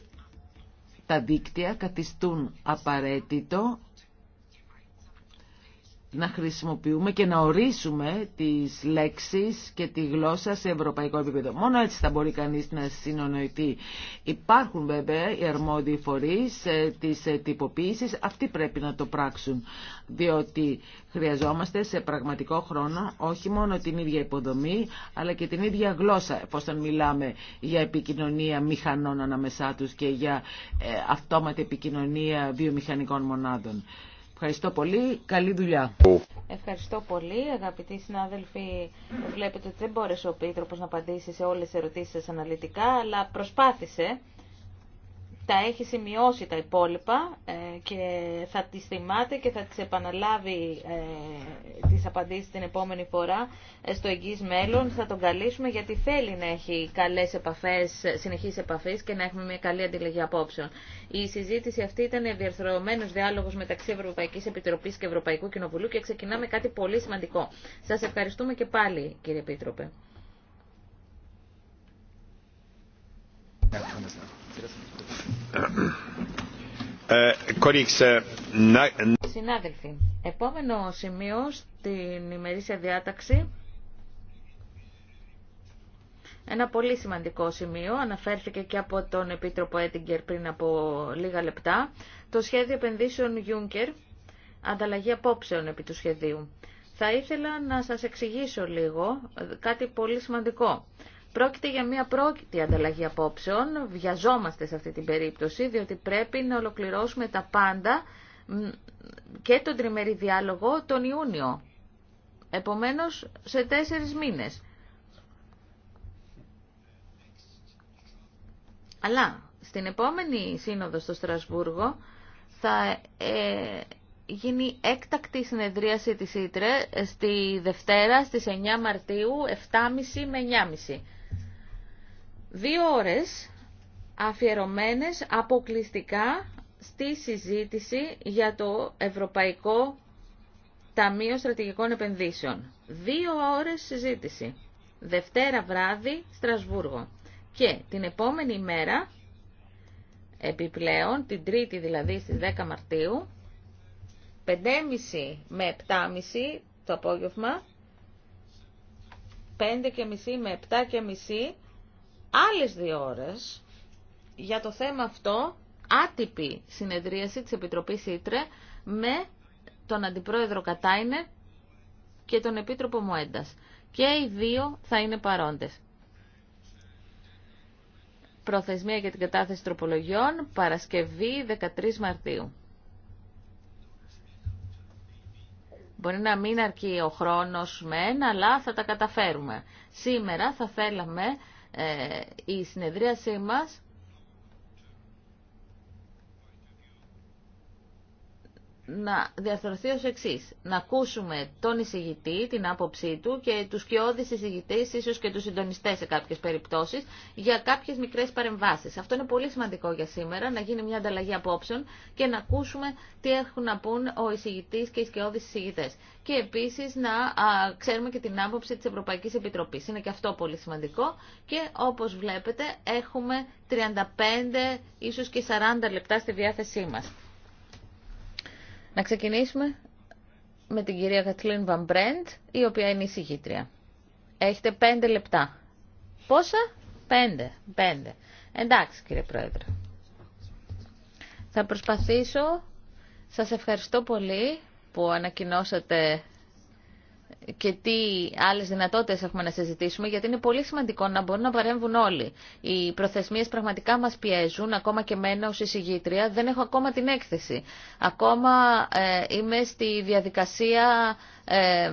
τα δίκτυα καθιστούν απαραίτητο να χρησιμοποιούμε και να ορίσουμε τις λέξεις και τη γλώσσα σε ευρωπαϊκό επίπεδο. Μόνο έτσι θα μπορεί κανείς να συνονοηθεί. Υπάρχουν βέβαια οι αρμόδιοι φορείς ε, της ε, τυποποίησης. Αυτοί πρέπει να το πράξουν, διότι χρειαζόμαστε σε πραγματικό χρόνο όχι μόνο την ίδια υποδομή, αλλά και την ίδια γλώσσα, εφόσον μιλάμε για επικοινωνία μηχανών ανάμεσά τους και για ε, αυτόματη επικοινωνία βιομηχανικών μονάδων. Ευχαριστώ πολύ. Καλή δουλειά. Ευχαριστώ πολύ, αγαπητοί συνάδελφοι. Βλέπετε ότι δεν μπόρεσε ο Πίτροπος να απαντήσει σε όλες τις ερωτήσεις σας αναλυτικά, αλλά προσπάθησε τα έχει σημειώσει τα υπόλοιπα ε, και θα τις θυμάται και θα τις επαναλάβει ε, τις απαντήσεις την επόμενη φορά ε, στο εγγύς μέλλον. Θα τον καλήσουμε γιατί θέλει να έχει καλές επαφές, συνεχείς επαφές και να έχουμε μια καλή αντιλογή απόψεων. Η συζήτηση αυτή ήταν διαρθρωμένος διάλογος μεταξύ Ευρωπαϊκής Επιτροπής και Ευρωπαϊκού Κοινοβουλίου και ξεκινάμε κάτι πολύ σημαντικό. Σας ευχαριστούμε και πάλι κύριε Πίτροπε. Ναι, ε, ε, Συνάδελφοι, επόμενο σημείο στην ημερήσια διάταξη. Ένα πολύ σημαντικό σημείο, αναφέρθηκε και από τον Επίτροπο Έτιγκερ πριν από λίγα λεπτά, το σχέδιο επενδύσεων Juncker, ανταλλαγή απόψεων επί του σχεδίου. Θα ήθελα να σας εξηγήσω λίγο κάτι πολύ σημαντικό. Πρόκειται για μια πρόκειτη ανταλλαγή απόψεων. Βιαζόμαστε σε αυτή την περίπτωση, διότι πρέπει να ολοκληρώσουμε τα πάντα και τον τριμερή διάλογο τον Ιούνιο. Επομένως, σε τέσσερις μήνες. Αλλά στην επόμενη σύνοδο στο Στρασβούργο θα ε, γίνει έκτακτη συνεδρίαση της Ήτρε ε, στη Δευτέρα στις 9 Μαρτίου 7.30 με 9.30 δύο ώρες αφιερωμένες αποκλειστικά στη συζήτηση για το Ευρωπαϊκό Ταμείο Στρατηγικών Επενδύσεων. Δύο ώρες συζήτηση. Δευτέρα βράδυ, Στρασβούργο. Και την επόμενη μέρα επιπλέον, την Τρίτη δηλαδή στις 10 Μαρτίου, 5.30 με 7.30 το απόγευμα, 5.30 με 7.30 άλλες δύο ώρες για το θέμα αυτό άτυπη συνεδρίαση της Επιτροπής Ήτρε με τον Αντιπρόεδρο Κατάινε και τον Επίτροπο Μουέντας. Και οι δύο θα είναι παρόντες. Προθεσμία για την κατάθεση τροπολογιών, Παρασκευή 13 Μαρτίου. Μπορεί να μην αρκεί ο χρόνος με αλλά θα τα καταφέρουμε. Σήμερα θα θέλαμε ε, η συνεδρίασή μας να διαρθρωθεί ως εξή. Να ακούσουμε τον εισηγητή, την άποψή του και τους κοιόδης εισηγητές, ίσως και τους συντονιστές σε κάποιες περιπτώσεις, για κάποιες μικρές παρεμβάσεις. Αυτό είναι πολύ σημαντικό για σήμερα, να γίνει μια ανταλλαγή απόψεων και να ακούσουμε τι έχουν να πούν ο εισηγητής και οι σκιώδεις εισηγητές. Και επίσης να ξέρουμε και την άποψη της Ευρωπαϊκής Επιτροπής. Είναι και αυτό πολύ σημαντικό και όπως βλέπετε έχουμε 35, ίσως και 40 λεπτά στη διάθεσή μας. Να ξεκινήσουμε με την κυρία Κατλίν Βαμπρέντ, η οποία είναι η συγχύτρια. Έχετε πέντε λεπτά. Πόσα? Πέντε. Πέντε. Εντάξει κύριε Πρόεδρε. Θα προσπαθήσω. Σας ευχαριστώ πολύ που ανακοινώσατε και τι άλλε δυνατότητε έχουμε να συζητήσουμε, γιατί είναι πολύ σημαντικό να μπορούν να παρέμβουν όλοι. Οι προθεσμίε πραγματικά μα πιέζουν, ακόμα και εμένα ως εισηγήτρια, δεν έχω ακόμα την έκθεση. Ακόμα ε, είμαι στη διαδικασία... Ε,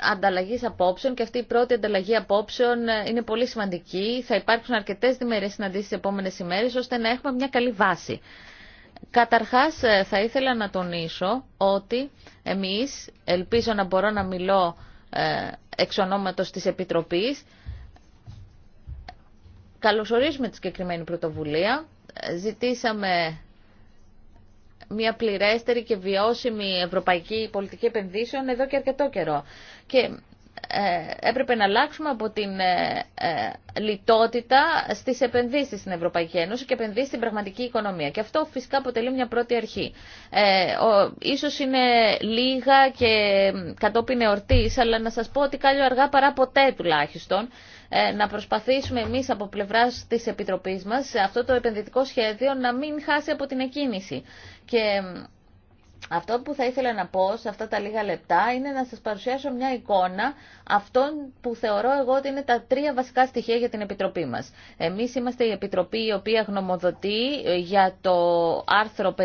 ανταλλαγής απόψεων και αυτή η πρώτη ανταλλαγή απόψεων ε, είναι πολύ σημαντική. Θα υπάρξουν αρκετέ διμερές συναντήσει τι επόμενε ημέρε, ώστε να έχουμε μια καλή βάση. Καταρχάς ε, θα ήθελα να τονίσω ότι εμείς, ελπίζω να μπορώ να μιλώ ε, εξ ονόματος της Επιτροπής, καλωσορίζουμε τη συγκεκριμένη πρωτοβουλία, ε, ζητήσαμε μια πληρέστερη και βιώσιμη ευρωπαϊκή πολιτική επενδύσεων εδώ και αρκετό καιρό. Και ε, έπρεπε να αλλάξουμε από την ε, ε, λιτότητα στις επενδύσεις στην Ευρωπαϊκή Ένωση και επενδύσεις στην πραγματική οικονομία. Και αυτό φυσικά αποτελεί μια πρώτη αρχή. Ίσως είναι λίγα και κατόπιν εορτής, αλλά να σας πω ότι κάλλιο αργά παρά ποτέ τουλάχιστον να προσπαθήσουμε εμείς από πλευράς της Επιτροπής μας αυτό το επενδυτικό σχέδιο να μην χάσει από την εκκίνηση. Και αυτό που θα ήθελα να πω σε αυτά τα λίγα λεπτά είναι να σας παρουσιάσω μια εικόνα αυτών που θεωρώ εγώ ότι είναι τα τρία βασικά στοιχεία για την Επιτροπή μας. Εμείς είμαστε η Επιτροπή η οποία γνωμοδοτεί ε, για το άρθρο 54,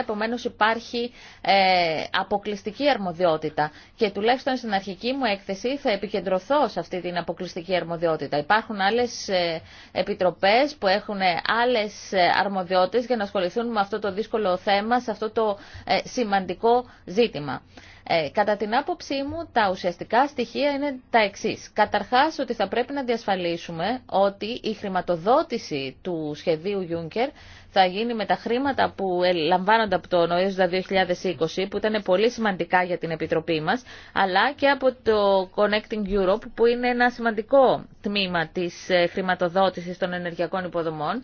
επομένως υπάρχει ε, αποκλειστική αρμοδιότητα και τουλάχιστον στην αρχική μου έκθεση θα επικεντρωθώ σε αυτή την αποκλειστική αρμοδιότητα. Υπάρχουν άλλες ε, επιτροπές που έχουν άλλες αρμοδιότητες για να ασχοληθούν με αυτό το δύσκολο θέμα, σε αυτό το σημαντικό ζήτημα. Ε, κατά την άποψή μου, τα ουσιαστικά στοιχεία είναι τα εξή. Καταρχά, ότι θα πρέπει να διασφαλίσουμε ότι η χρηματοδότηση του σχεδίου Juncker θα γίνει με τα χρήματα που ε, λαμβάνονται από το ΟΕΣΔΑ 2020, που ήταν πολύ σημαντικά για την Επιτροπή μας, αλλά και από το Connecting Europe, που είναι ένα σημαντικό τμήμα της ε, χρηματοδότησης των ενεργειακών υποδομών,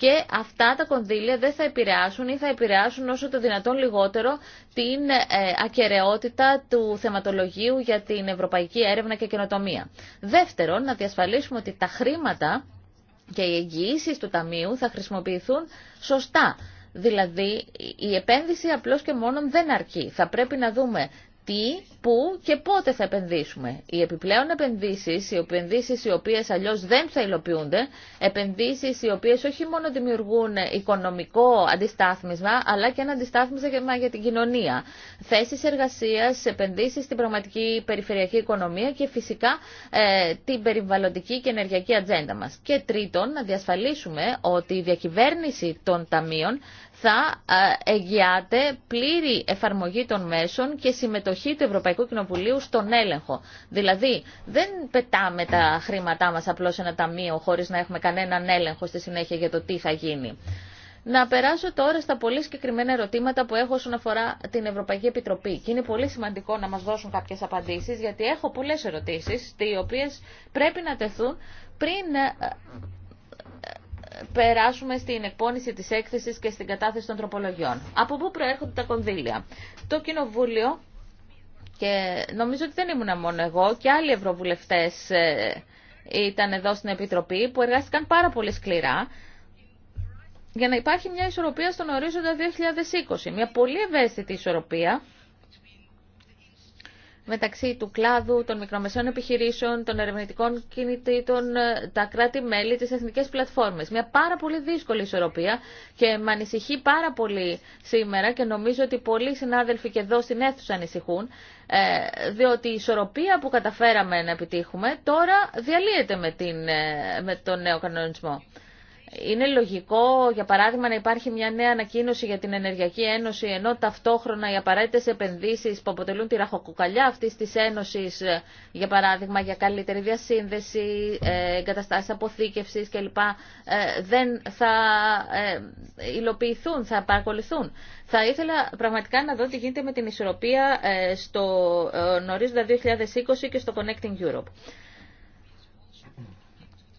και αυτά τα κονδύλια δεν θα επηρεάσουν ή θα επηρεάσουν όσο το δυνατόν λιγότερο την ε, ακαιρεότητα του θεματολογίου για την ευρωπαϊκή έρευνα και καινοτομία. Δεύτερον, να διασφαλίσουμε ότι τα χρήματα και οι εγγυήσει του Ταμείου θα χρησιμοποιηθούν σωστά. Δηλαδή η επένδυση απλώς και μόνο δεν αρκεί. Θα πρέπει να δούμε τι, πού και πότε θα επενδύσουμε. Οι επιπλέον επενδύσεις, οι επενδύσεις οι οποίες αλλιώς δεν θα υλοποιούνται, επενδύσεις οι οποίες όχι μόνο δημιουργούν οικονομικό αντιστάθμισμα, αλλά και ένα αντιστάθμισμα για την κοινωνία. Θέσεις εργασίας, επενδύσεις στην πραγματική περιφερειακή οικονομία και φυσικά ε, την περιβαλλοντική και ενεργειακή ατζέντα μας. Και τρίτον, να διασφαλίσουμε ότι η διακυβέρνηση των ταμείων θα εγγυάται πλήρη εφαρμογή των μέσων και συμμετοχή του Ευρωπαϊκού Κοινοβουλίου στον έλεγχο. Δηλαδή, δεν πετάμε τα χρήματά μας απλώς σε ένα ταμείο χωρίς να έχουμε κανέναν έλεγχο στη συνέχεια για το τι θα γίνει. Να περάσω τώρα στα πολύ συγκεκριμένα ερωτήματα που έχω όσον αφορά την Ευρωπαϊκή Επιτροπή. Και είναι πολύ σημαντικό να μας δώσουν κάποιες απαντήσεις, γιατί έχω πολλές ερωτήσεις, οι οποίες πρέπει να τεθούν πριν ε, περάσουμε στην εκπόνηση της έκθεσης και στην κατάθεση των τροπολογιών. Από πού προέρχονται τα κονδύλια. Το Κοινοβούλιο, και νομίζω ότι δεν ήμουν μόνο εγώ, και άλλοι ευρωβουλευτές ε, ήταν εδώ στην Επιτροπή που εργάστηκαν πάρα πολύ σκληρά για να υπάρχει μια ισορροπία στον ορίζοντα 2020. Μια πολύ ευαίσθητη ισορροπία μεταξύ του κλάδου, των μικρομεσαίων επιχειρήσεων, των ερευνητικών κινητήτων, ε, τα κράτη-μέλη, τις εθνικές πλατφόρμες. Μια πάρα πολύ δύσκολη ισορροπία και με ανησυχεί πάρα πολύ σήμερα και νομίζω ότι πολλοί συνάδελφοι και εδώ στην αίθουσα ανησυχούν, ε, διότι η ισορροπία που καταφέραμε να επιτύχουμε τώρα διαλύεται με, την, ε, με τον νέο κανονισμό. Είναι λογικό, για παράδειγμα, να υπάρχει μια νέα ανακοίνωση για την Ενεργειακή Ένωση, ενώ ταυτόχρονα οι απαραίτητε επενδύσει που αποτελούν τη ραχοκοκαλιά αυτή τη Ένωση, ε, για παράδειγμα, για καλύτερη διασύνδεση, ε, εγκαταστάσει αποθήκευση κλπ., ε, δεν θα υλοποιηθούν, θα παρακολουθούν. Θα ήθελα πραγματικά να δω τι γίνεται με την ισορροπία στο ορίζοντα 2020 και στο Connecting Europe.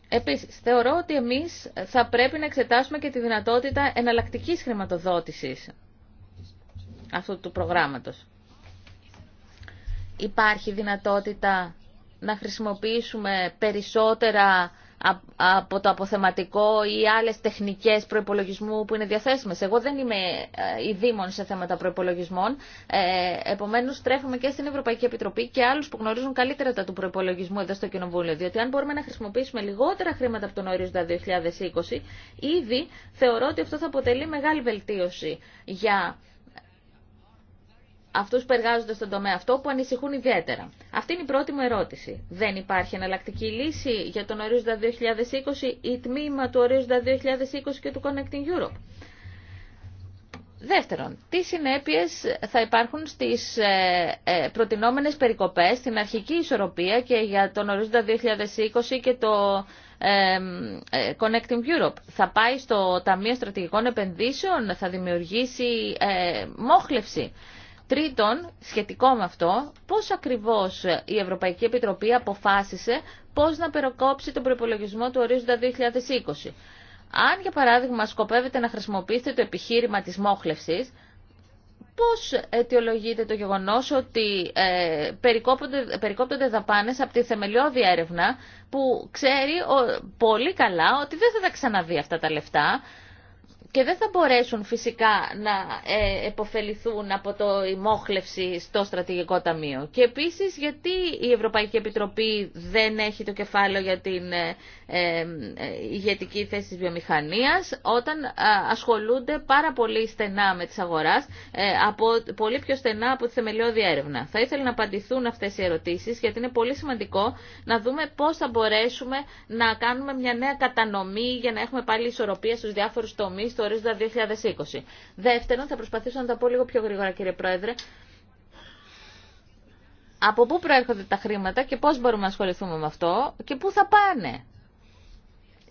Επίσης, θεωρώ ότι εμείς θα πρέπει να εξετάσουμε και τη δυνατότητα εναλλακτικής χρηματοδότησης αυτού του προγράμματος. Υπάρχει δυνατότητα να χρησιμοποιήσουμε περισσότερα από το αποθεματικό ή άλλες τεχνικές προϋπολογισμού που είναι διαθέσιμες. Εγώ δεν είμαι ε, η δήμον σε θέματα προϋπολογισμών, ε, επομένως στρέφουμε και στην Ευρωπαϊκή Επιτροπή και άλλους που γνωρίζουν καλύτερα τα του προϋπολογισμού εδώ στο Κοινοβούλιο, διότι αν μπορούμε να χρησιμοποιήσουμε λιγότερα χρήματα από τον ορίζοντα 2020, ήδη θεωρώ ότι αυτό θα αποτελεί μεγάλη βελτίωση για Αυτού που εργάζονται στον τομέα αυτό που ανησυχούν ιδιαίτερα. Αυτή είναι η πρώτη μου ερώτηση. Δεν υπάρχει εναλλακτική λύση για τον ορίζοντα 2020 ή τμήμα του ορίζοντα 2020 και του Connecting Europe. Δεύτερον, τι συνέπειες θα υπάρχουν στις ε, ε, προτινόμενες περικοπές, στην αρχική ισορροπία και για τον ορίζοντα 2020 και το ε, Connecting Europe. Θα πάει στο Ταμείο Στρατηγικών Επενδύσεων, θα δημιουργήσει μόχλευση. Τρίτον, σχετικό με αυτό, πώς ακριβώς η Ευρωπαϊκή Επιτροπή αποφάσισε πώς να περοκόψει τον προπολογισμό του ορίζοντα 2020. Αν, για παράδειγμα, σκοπεύετε να χρησιμοποιήσετε το επιχείρημα της μόχλευσης, πώς αιτιολογείται το γεγονός ότι ε, περικόπτονται, περικόπτονται δαπάνες από τη θεμελιώδη έρευνα που ξέρει πολύ καλά ότι δεν θα τα ξαναδεί αυτά τα λεφτά, και δεν θα μπορέσουν φυσικά να ε, επωφεληθούν από το ημόχλευση στο στρατηγικό ταμείο. Και επίσης γιατί η Ευρωπαϊκή Επιτροπή δεν έχει το κεφάλαιο για την ε, ε ηγετική θέση της βιομηχανίας όταν ε, ασχολούνται πάρα πολύ στενά με τις αγοράς, ε, από, πολύ πιο στενά από τη θεμελιώδη έρευνα. Θα ήθελα να απαντηθούν αυτές οι ερωτήσεις γιατί είναι πολύ σημαντικό να δούμε πώς θα μπορέσουμε να κάνουμε μια νέα κατανομή για να έχουμε πάλι ισορροπία στους διάφορους τομείς στο ορίζοντα 2020. Δεύτερον, θα προσπαθήσω να τα πω λίγο πιο γρήγορα κύριε Πρόεδρε, από πού προέρχονται τα χρήματα και πώς μπορούμε να ασχοληθούμε με αυτό και πού θα πάνε.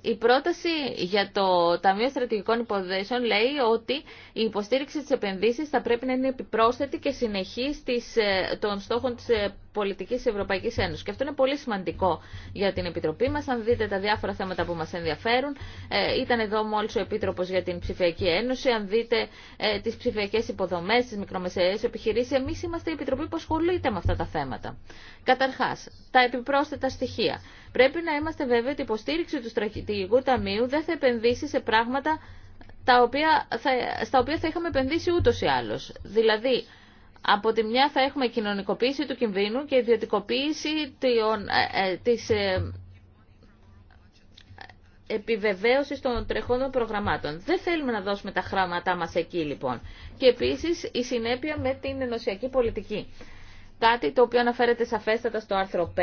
Η πρόταση για το Ταμείο Στρατηγικών Υποδέσεων λέει ότι η υποστήριξη της επενδύσης θα πρέπει να είναι επιπρόσθετη και συνεχής ε, των στόχων της ε, πολιτική Ευρωπαϊκή Ένωση. Και αυτό είναι πολύ σημαντικό για την Επιτροπή μα, Αν δείτε τα διάφορα θέματα που μα ενδιαφέρουν, ε, ήταν εδώ μόλι ο επίτροπο για την Ψηφιακή Ένωση. Αν δείτε ε, τις ψηφιακέ υποδομές, τις μικρομεσαίες επιχειρήσει, εμεί είμαστε η Επιτροπή που ασχολείται με αυτά τα θέματα. Καταρχά, τα επιπρόσθετα στοιχεία. Πρέπει να είμαστε βέβαιοι ότι η υποστήριξη του στρατηγικού ταμείου δεν θα επενδύσει σε πράγματα τα οποία θα, στα οποία θα είχαμε επενδύσει ούτως ή άλλως. Δηλαδή, από τη μια θα έχουμε κοινωνικοποίηση του κινδύνου και ιδιωτικοποίηση ε, ε, της ε, επιβεβαίωση των τρεχόντων προγραμμάτων. Δεν θέλουμε να δώσουμε τα χρήματά μας εκεί λοιπόν. Και επίσης η συνέπεια με την ενωσιακή πολιτική. Κάτι το οποίο αναφέρεται σαφέστατα στο άρθρο 5,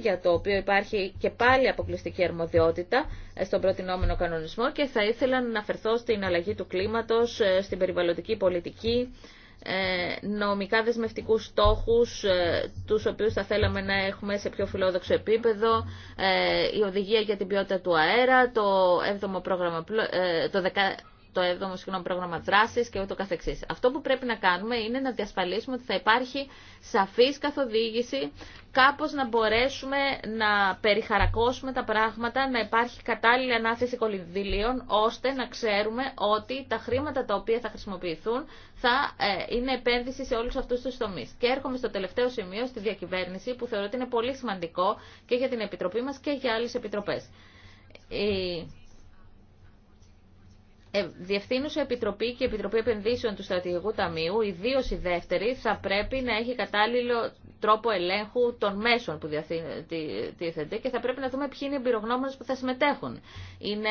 για το οποίο υπάρχει και πάλι αποκλειστική αρμοδιότητα στον προτινόμενο κανονισμό και θα ήθελα να αναφερθώ στην αλλαγή του κλίματος, στην περιβαλλοντική πολιτική, ε, νομικά δεσμευτικούς στόχους, ε, τους οποίους θα θέλαμε να έχουμε σε πιο φιλόδοξο επίπεδο, ε, η οδηγία για την ποιότητα του αέρα, το 7ο πρόγραμμα, το το 7ο συγγνώμη, πρόγραμμα δράση και ούτω καθεξή. Αυτό που πρέπει να κάνουμε είναι να διασφαλίσουμε ότι θα υπάρχει σαφής καθοδήγηση, κάπω να μπορέσουμε να περιχαρακώσουμε τα πράγματα, να υπάρχει κατάλληλη ανάθεση κολυνδυλίων, ώστε να ξέρουμε ότι τα χρήματα τα οποία θα χρησιμοποιηθούν θα ε, είναι επένδυση σε όλου αυτού του τομεί. Και έρχομαι στο τελευταίο σημείο, στη διακυβέρνηση, που θεωρώ ότι είναι πολύ σημαντικό και για την Επιτροπή μα και για άλλε επιτροπέ. Η ε, Διευθύνουσα Επιτροπή και Επιτροπή Επενδύσεων του Στρατηγικού Ταμείου, ιδίω η δεύτερη, θα πρέπει να έχει κατάλληλο τρόπο ελέγχου των μέσων που διευθύνεται και θα πρέπει να δούμε ποιοι είναι οι εμπειρογνώμονε που θα συμμετέχουν. Είναι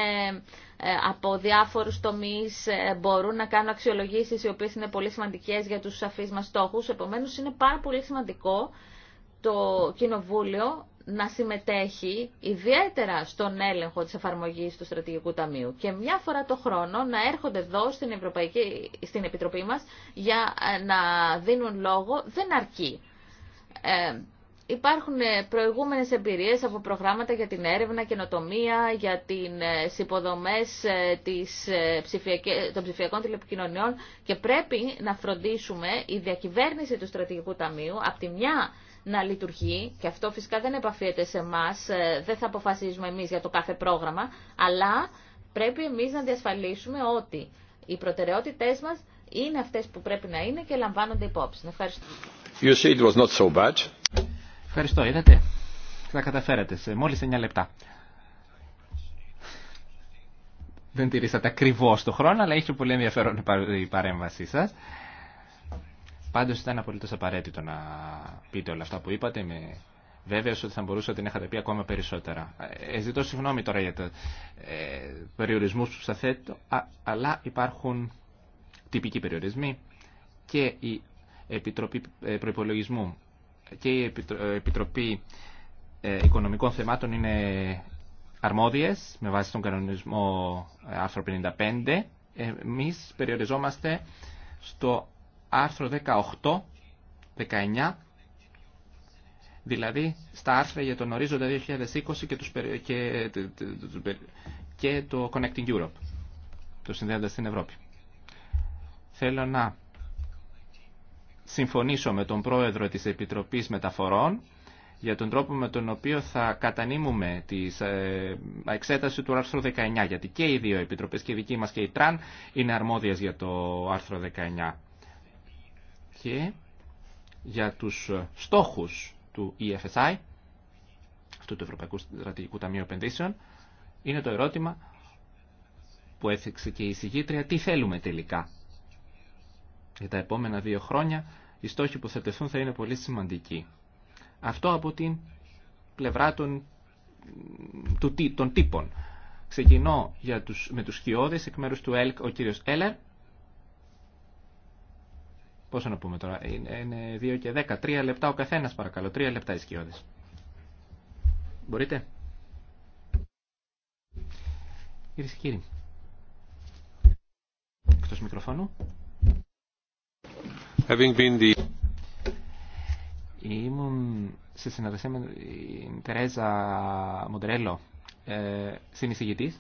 ε, από διάφορου τομεί, ε, μπορούν να κάνουν αξιολογήσει οι οποίε είναι πολύ σημαντικέ για του σαφεί μα στόχου. Επομένω, είναι πάρα πολύ σημαντικό το Κοινοβούλιο να συμμετέχει ιδιαίτερα στον έλεγχο της εφαρμογής του Στρατηγικού Ταμείου και μια φορά το χρόνο να έρχονται εδώ στην, Ευρωπαϊκή, στην Επιτροπή μας για ε, να δίνουν λόγο δεν αρκεί. Ε, υπάρχουν ε, προηγούμενες εμπειρίες από προγράμματα για την έρευνα, καινοτομία, για ε, τις υποδομές της των ψηφιακών τηλεπικοινωνιών και πρέπει να φροντίσουμε η διακυβέρνηση του Στρατηγικού Ταμείου από τη μια να λειτουργεί και αυτό φυσικά δεν επαφείται σε εμά, ε, δεν θα αποφασίζουμε εμείς για το κάθε πρόγραμμα, αλλά πρέπει εμείς να διασφαλίσουμε ότι οι προτεραιότητές μας είναι αυτές που πρέπει να είναι και λαμβάνονται υπόψη. Ευχαριστώ. You see it was not so bad. Ευχαριστώ, είδατε. θα καταφέρατε σε μόλις 9 λεπτά. Δεν τηρήσατε ακριβώ το χρόνο, αλλά είχε πολύ ενδιαφέρον η παρέμβασή σας. Πάντω ήταν απολύτως απαραίτητο να πείτε όλα αυτά που είπατε. Είμαι βέβαιο ότι θα μπορούσατε να την πει ακόμα περισσότερα. Ε, ε, ζητώ συγγνώμη τώρα για τα ε, περιορισμούς που σας θέτω, αλλά υπάρχουν τυπικοί περιορισμοί και η Επιτροπή ε, προπολογισμού και η ε, Επιτροπή Οικονομικών Θεμάτων είναι αρμόδιε, με βάση τον κανονισμό άρθρο 55. Εμεί περιοριζόμαστε στο άρθρο 18, 19, δηλαδή στα άρθρα για τον ορίζοντα 2020 και, τους, και, το Connecting Europe, το συνδέοντα στην Ευρώπη. Θέλω να συμφωνήσω με τον πρόεδρο της Επιτροπής Μεταφορών για τον τρόπο με τον οποίο θα κατανείμουμε τη ε, εξέταση του άρθρου 19, γιατί και οι δύο επιτροπές, και η δική μας και η ΤΡΑΝ, είναι αρμόδιες για το άρθρο 19 και για τους στόχους του EFSI, αυτού του Ευρωπαϊκού Στρατηγικού Ταμείου Επενδύσεων, είναι το ερώτημα που έθιξε και η συγγήτρια, τι θέλουμε τελικά. Για τα επόμενα δύο χρόνια οι στόχοι που θα τεθούν θα είναι πολύ σημαντικοί. Αυτό από την πλευρά των, τύπων. Ξεκινώ για τους, με τους σκιώδες εκ μέρους του ΕΛΚ ο κύριος Έλερ, Πόσο να πούμε τώρα, είναι 2 και 10, 3 λεπτά ο καθένας παρακαλώ, 3 λεπτά οι σκιώδες. Μπορείτε. Κύριε και κύριοι, εκτός μικροφώνου. Having been the... Ήμουν σε συνεργασία με την Τερέζα Μοντρέλο, ε, συνεισηγητής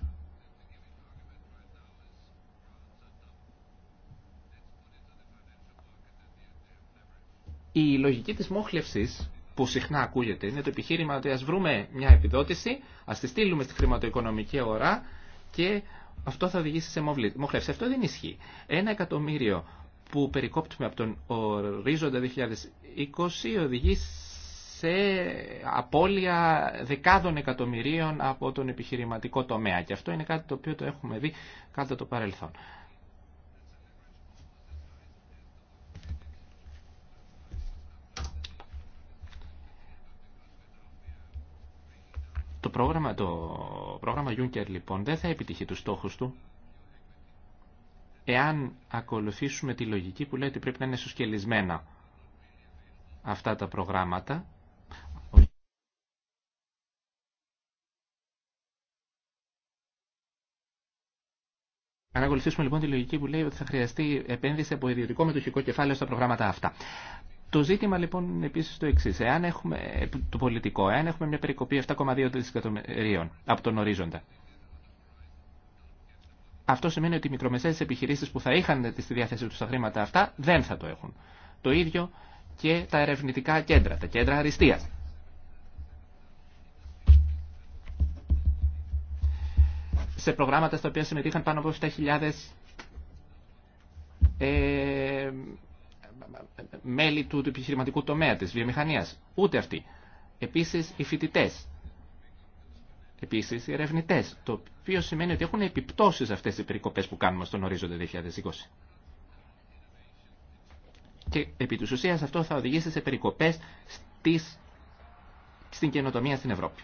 η λογική της μόχλευσης που συχνά ακούγεται είναι το επιχείρημα ότι ας βρούμε μια επιδότηση, ας τη στείλουμε στη χρηματοοικονομική αγορά και αυτό θα οδηγήσει σε μόχλευση. Αυτό δεν ισχύει. Ένα εκατομμύριο που περικόπτουμε από τον ορίζοντα 2020 οδηγεί σε απώλεια δεκάδων εκατομμυρίων από τον επιχειρηματικό τομέα. Και αυτό είναι κάτι το οποίο το έχουμε δει κάτω το παρελθόν. Το πρόγραμμα, το πρόγραμμα Juncker λοιπόν δεν θα επιτυχεί τους στόχους του εάν ακολουθήσουμε τη λογική που λέει ότι πρέπει να είναι σοσκελισμένα αυτά τα προγράμματα Αν ακολουθήσουμε λοιπόν τη λογική που λέει ότι θα χρειαστεί επένδυση από ιδιωτικό μετοχικό κεφάλαιο στα προγράμματα αυτά. Το ζήτημα λοιπόν είναι επίση το εξή. Εάν έχουμε, το πολιτικό, εάν έχουμε μια περικοπή 7,2 δισεκατομμυρίων από τον ορίζοντα, αυτό σημαίνει ότι οι μικρομεσαίες επιχειρήσεις που θα είχαν στη διάθεσή του τα χρήματα αυτά δεν θα το έχουν. Το ίδιο και τα ερευνητικά κέντρα, τα κέντρα αριστεία. Σε προγράμματα στα οποία συμμετείχαν πάνω από 7.000 μέλη του, επιχειρηματικού τομέα της βιομηχανίας. Ούτε αυτοί. Επίσης οι φοιτητέ. Επίσης οι ερευνητέ. Το οποίο σημαίνει ότι έχουν επιπτώσεις αυτές οι περικοπές που κάνουμε στον ορίζοντα 2020. Και επί της ουσίας αυτό θα οδηγήσει σε περικοπές στις, στην καινοτομία στην Ευρώπη.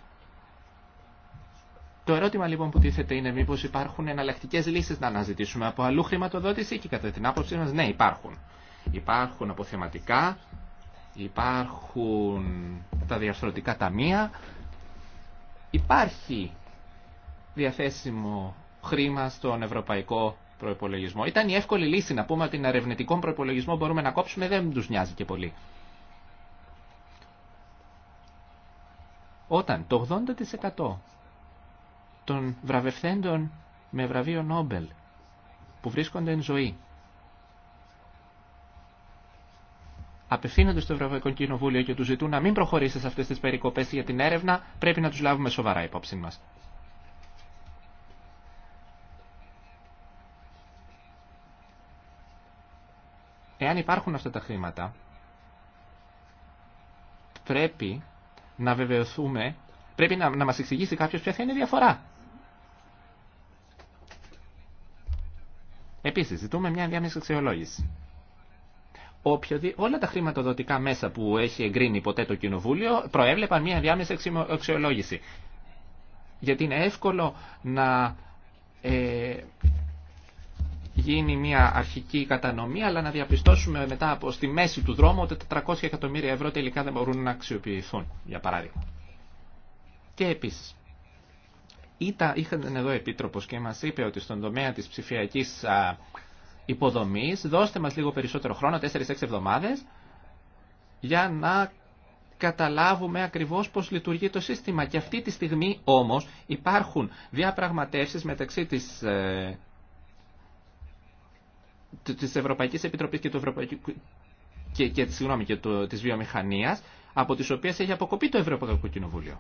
Το ερώτημα λοιπόν που τίθεται είναι μήπως υπάρχουν εναλλακτικέ λύσεις να αναζητήσουμε από αλλού χρηματοδότηση και κατά την άποψή μας ναι υπάρχουν. Υπάρχουν αποθεματικά, υπάρχουν τα διαφορετικά ταμεία, υπάρχει διαθέσιμο χρήμα στον ευρωπαϊκό προϋπολογισμό. Ήταν η εύκολη λύση να πούμε ότι την ερευνητικό προϋπολογισμό μπορούμε να κόψουμε, δεν τους νοιάζει και πολύ. Όταν το 80% των βραβευθέντων με βραβείο Νόμπελ που βρίσκονται εν ζωή απευθύνονται στο Ευρωπαϊκό Κοινοβούλιο και του ζητούν να μην προχωρήσει σε αυτέ τι περικοπέ για την έρευνα, πρέπει να του λάβουμε σοβαρά υπόψη μα. Εάν υπάρχουν αυτά τα χρήματα, πρέπει να βεβαιωθούμε, πρέπει να, να μας εξηγήσει κάποιος ποια θα είναι η διαφορά. Επίσης, ζητούμε μια διάμεση αξιολόγηση όλα τα χρηματοδοτικά μέσα που έχει εγκρίνει ποτέ το Κοινοβούλιο προέβλεπαν μια διάμεση αξιολόγηση. Γιατί είναι εύκολο να ε, γίνει μια αρχική κατανομή, αλλά να διαπιστώσουμε μετά από στη μέση του δρόμου ότι 400 εκατομμύρια ευρώ τελικά δεν μπορούν να αξιοποιηθούν, για παράδειγμα. Και επίσης, είχαν εδώ επίτροπος και μας είπε ότι στον τομέα της ψηφιακής υποδομής, δώστε μας λίγο περισσότερο χρόνο, 4-6 εβδομάδες, για να καταλάβουμε ακριβώς πώς λειτουργεί το σύστημα. Και αυτή τη στιγμή όμως υπάρχουν διαπραγματεύσεις μεταξύ της, ε, της Ευρωπαϊκής Επιτροπής και, του Ευρωπαϊκού, και, και, συγγνώμη, και της βιομηχανίας, από τις οποίες έχει αποκοπεί το Ευρωπαϊκό Κοινοβούλιο.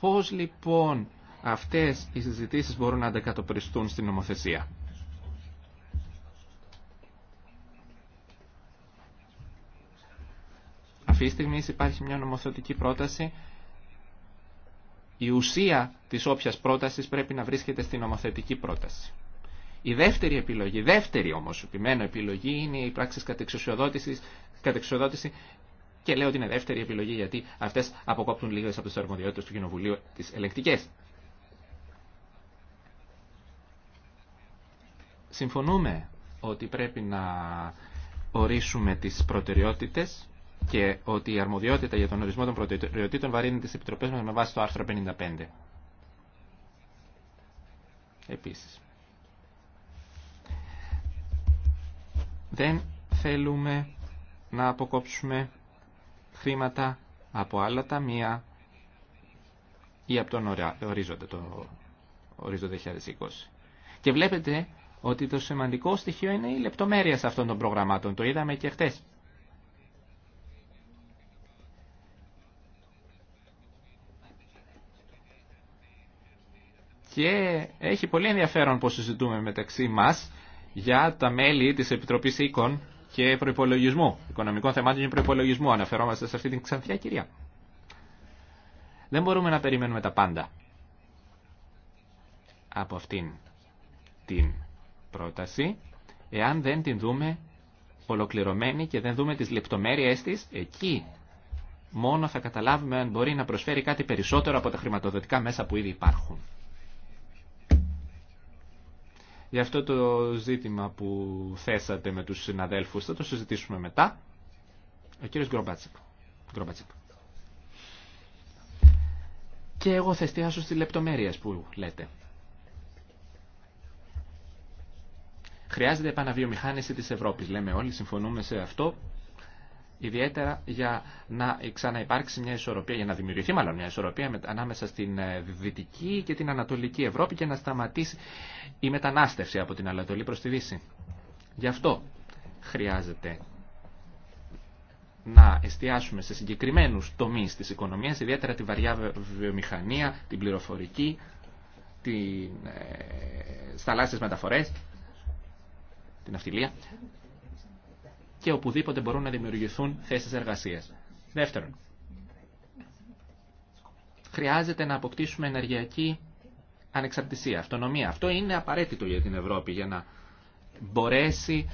Πώς λοιπόν αυτές οι συζητήσεις μπορούν να αντακατοπριστούν στην νομοθεσία. Αυτή τη στιγμή υπάρχει μια νομοθετική πρόταση. Η ουσία της όποιας πρότασης πρέπει να βρίσκεται στην νομοθετική πρόταση. Η δεύτερη επιλογή, δεύτερη όμως επιμένω επιλογή είναι η πράξεις κατεξοδότηση και λέω ότι είναι δεύτερη επιλογή γιατί αυτές αποκόπτουν λίγες από τις αρμοδιότητες του Κοινοβουλίου τις ελεκτικές. Συμφωνούμε ότι πρέπει να ορίσουμε τις προτεραιότητες και ότι η αρμοδιότητα για τον ορισμό των προτεραιοτήτων βαρύνει τις επιτροπές μας με βάση το άρθρο 55. Επίσης. Δεν θέλουμε να αποκόψουμε χρήματα από άλλα ταμεία ή από τον ορίζοντα, το ορίζοντα 2020. Και βλέπετε ότι το σημαντικό στοιχείο είναι η λεπτομέρεια σε αυτών των προγραμμάτων. Το είδαμε και χτες. Και έχει πολύ ενδιαφέρον που συζητούμε μεταξύ μας για τα μέλη της Επιτροπής Οίκων και Προϋπολογισμού, Οικονομικών Θεμάτων και Προϋπολογισμού. Αναφερόμαστε σε αυτή την ξανθιά κυρία. Δεν μπορούμε να περιμένουμε τα πάντα από αυτήν την πρόταση, εάν δεν την δούμε ολοκληρωμένη και δεν δούμε τις λεπτομέρειές της, εκεί μόνο θα καταλάβουμε αν μπορεί να προσφέρει κάτι περισσότερο από τα χρηματοδοτικά μέσα που ήδη υπάρχουν. Για αυτό το ζήτημα που θέσατε με τους συναδέλφους θα το συζητήσουμε μετά. Ο κύριος Γκρομπάτσικ. Και εγώ θα εστιάσω στις λεπτομέρειες που λέτε. Χρειάζεται επαναβιομηχάνηση της Ευρώπης, λέμε όλοι, συμφωνούμε σε αυτό, ιδιαίτερα για να ξαναυπάρξει μια ισορροπία, για να δημιουργηθεί μάλλον μια ισορροπία ανάμεσα στην ε, Δυτική και την Ανατολική Ευρώπη και να σταματήσει η μετανάστευση από την Ανατολή προς τη Δύση. Γι' αυτό χρειάζεται να εστιάσουμε σε συγκεκριμένους τομείς της οικονομίας, ιδιαίτερα τη βαριά βιομηχανία, την πληροφορική, την, ε, μεταφορές την αυτιλία και οπουδήποτε μπορούν να δημιουργηθούν θέσεις εργασίας. Δεύτερον, χρειάζεται να αποκτήσουμε ενεργειακή ανεξαρτησία, αυτονομία. Αυτό είναι απαραίτητο για την Ευρώπη για να μπορέσει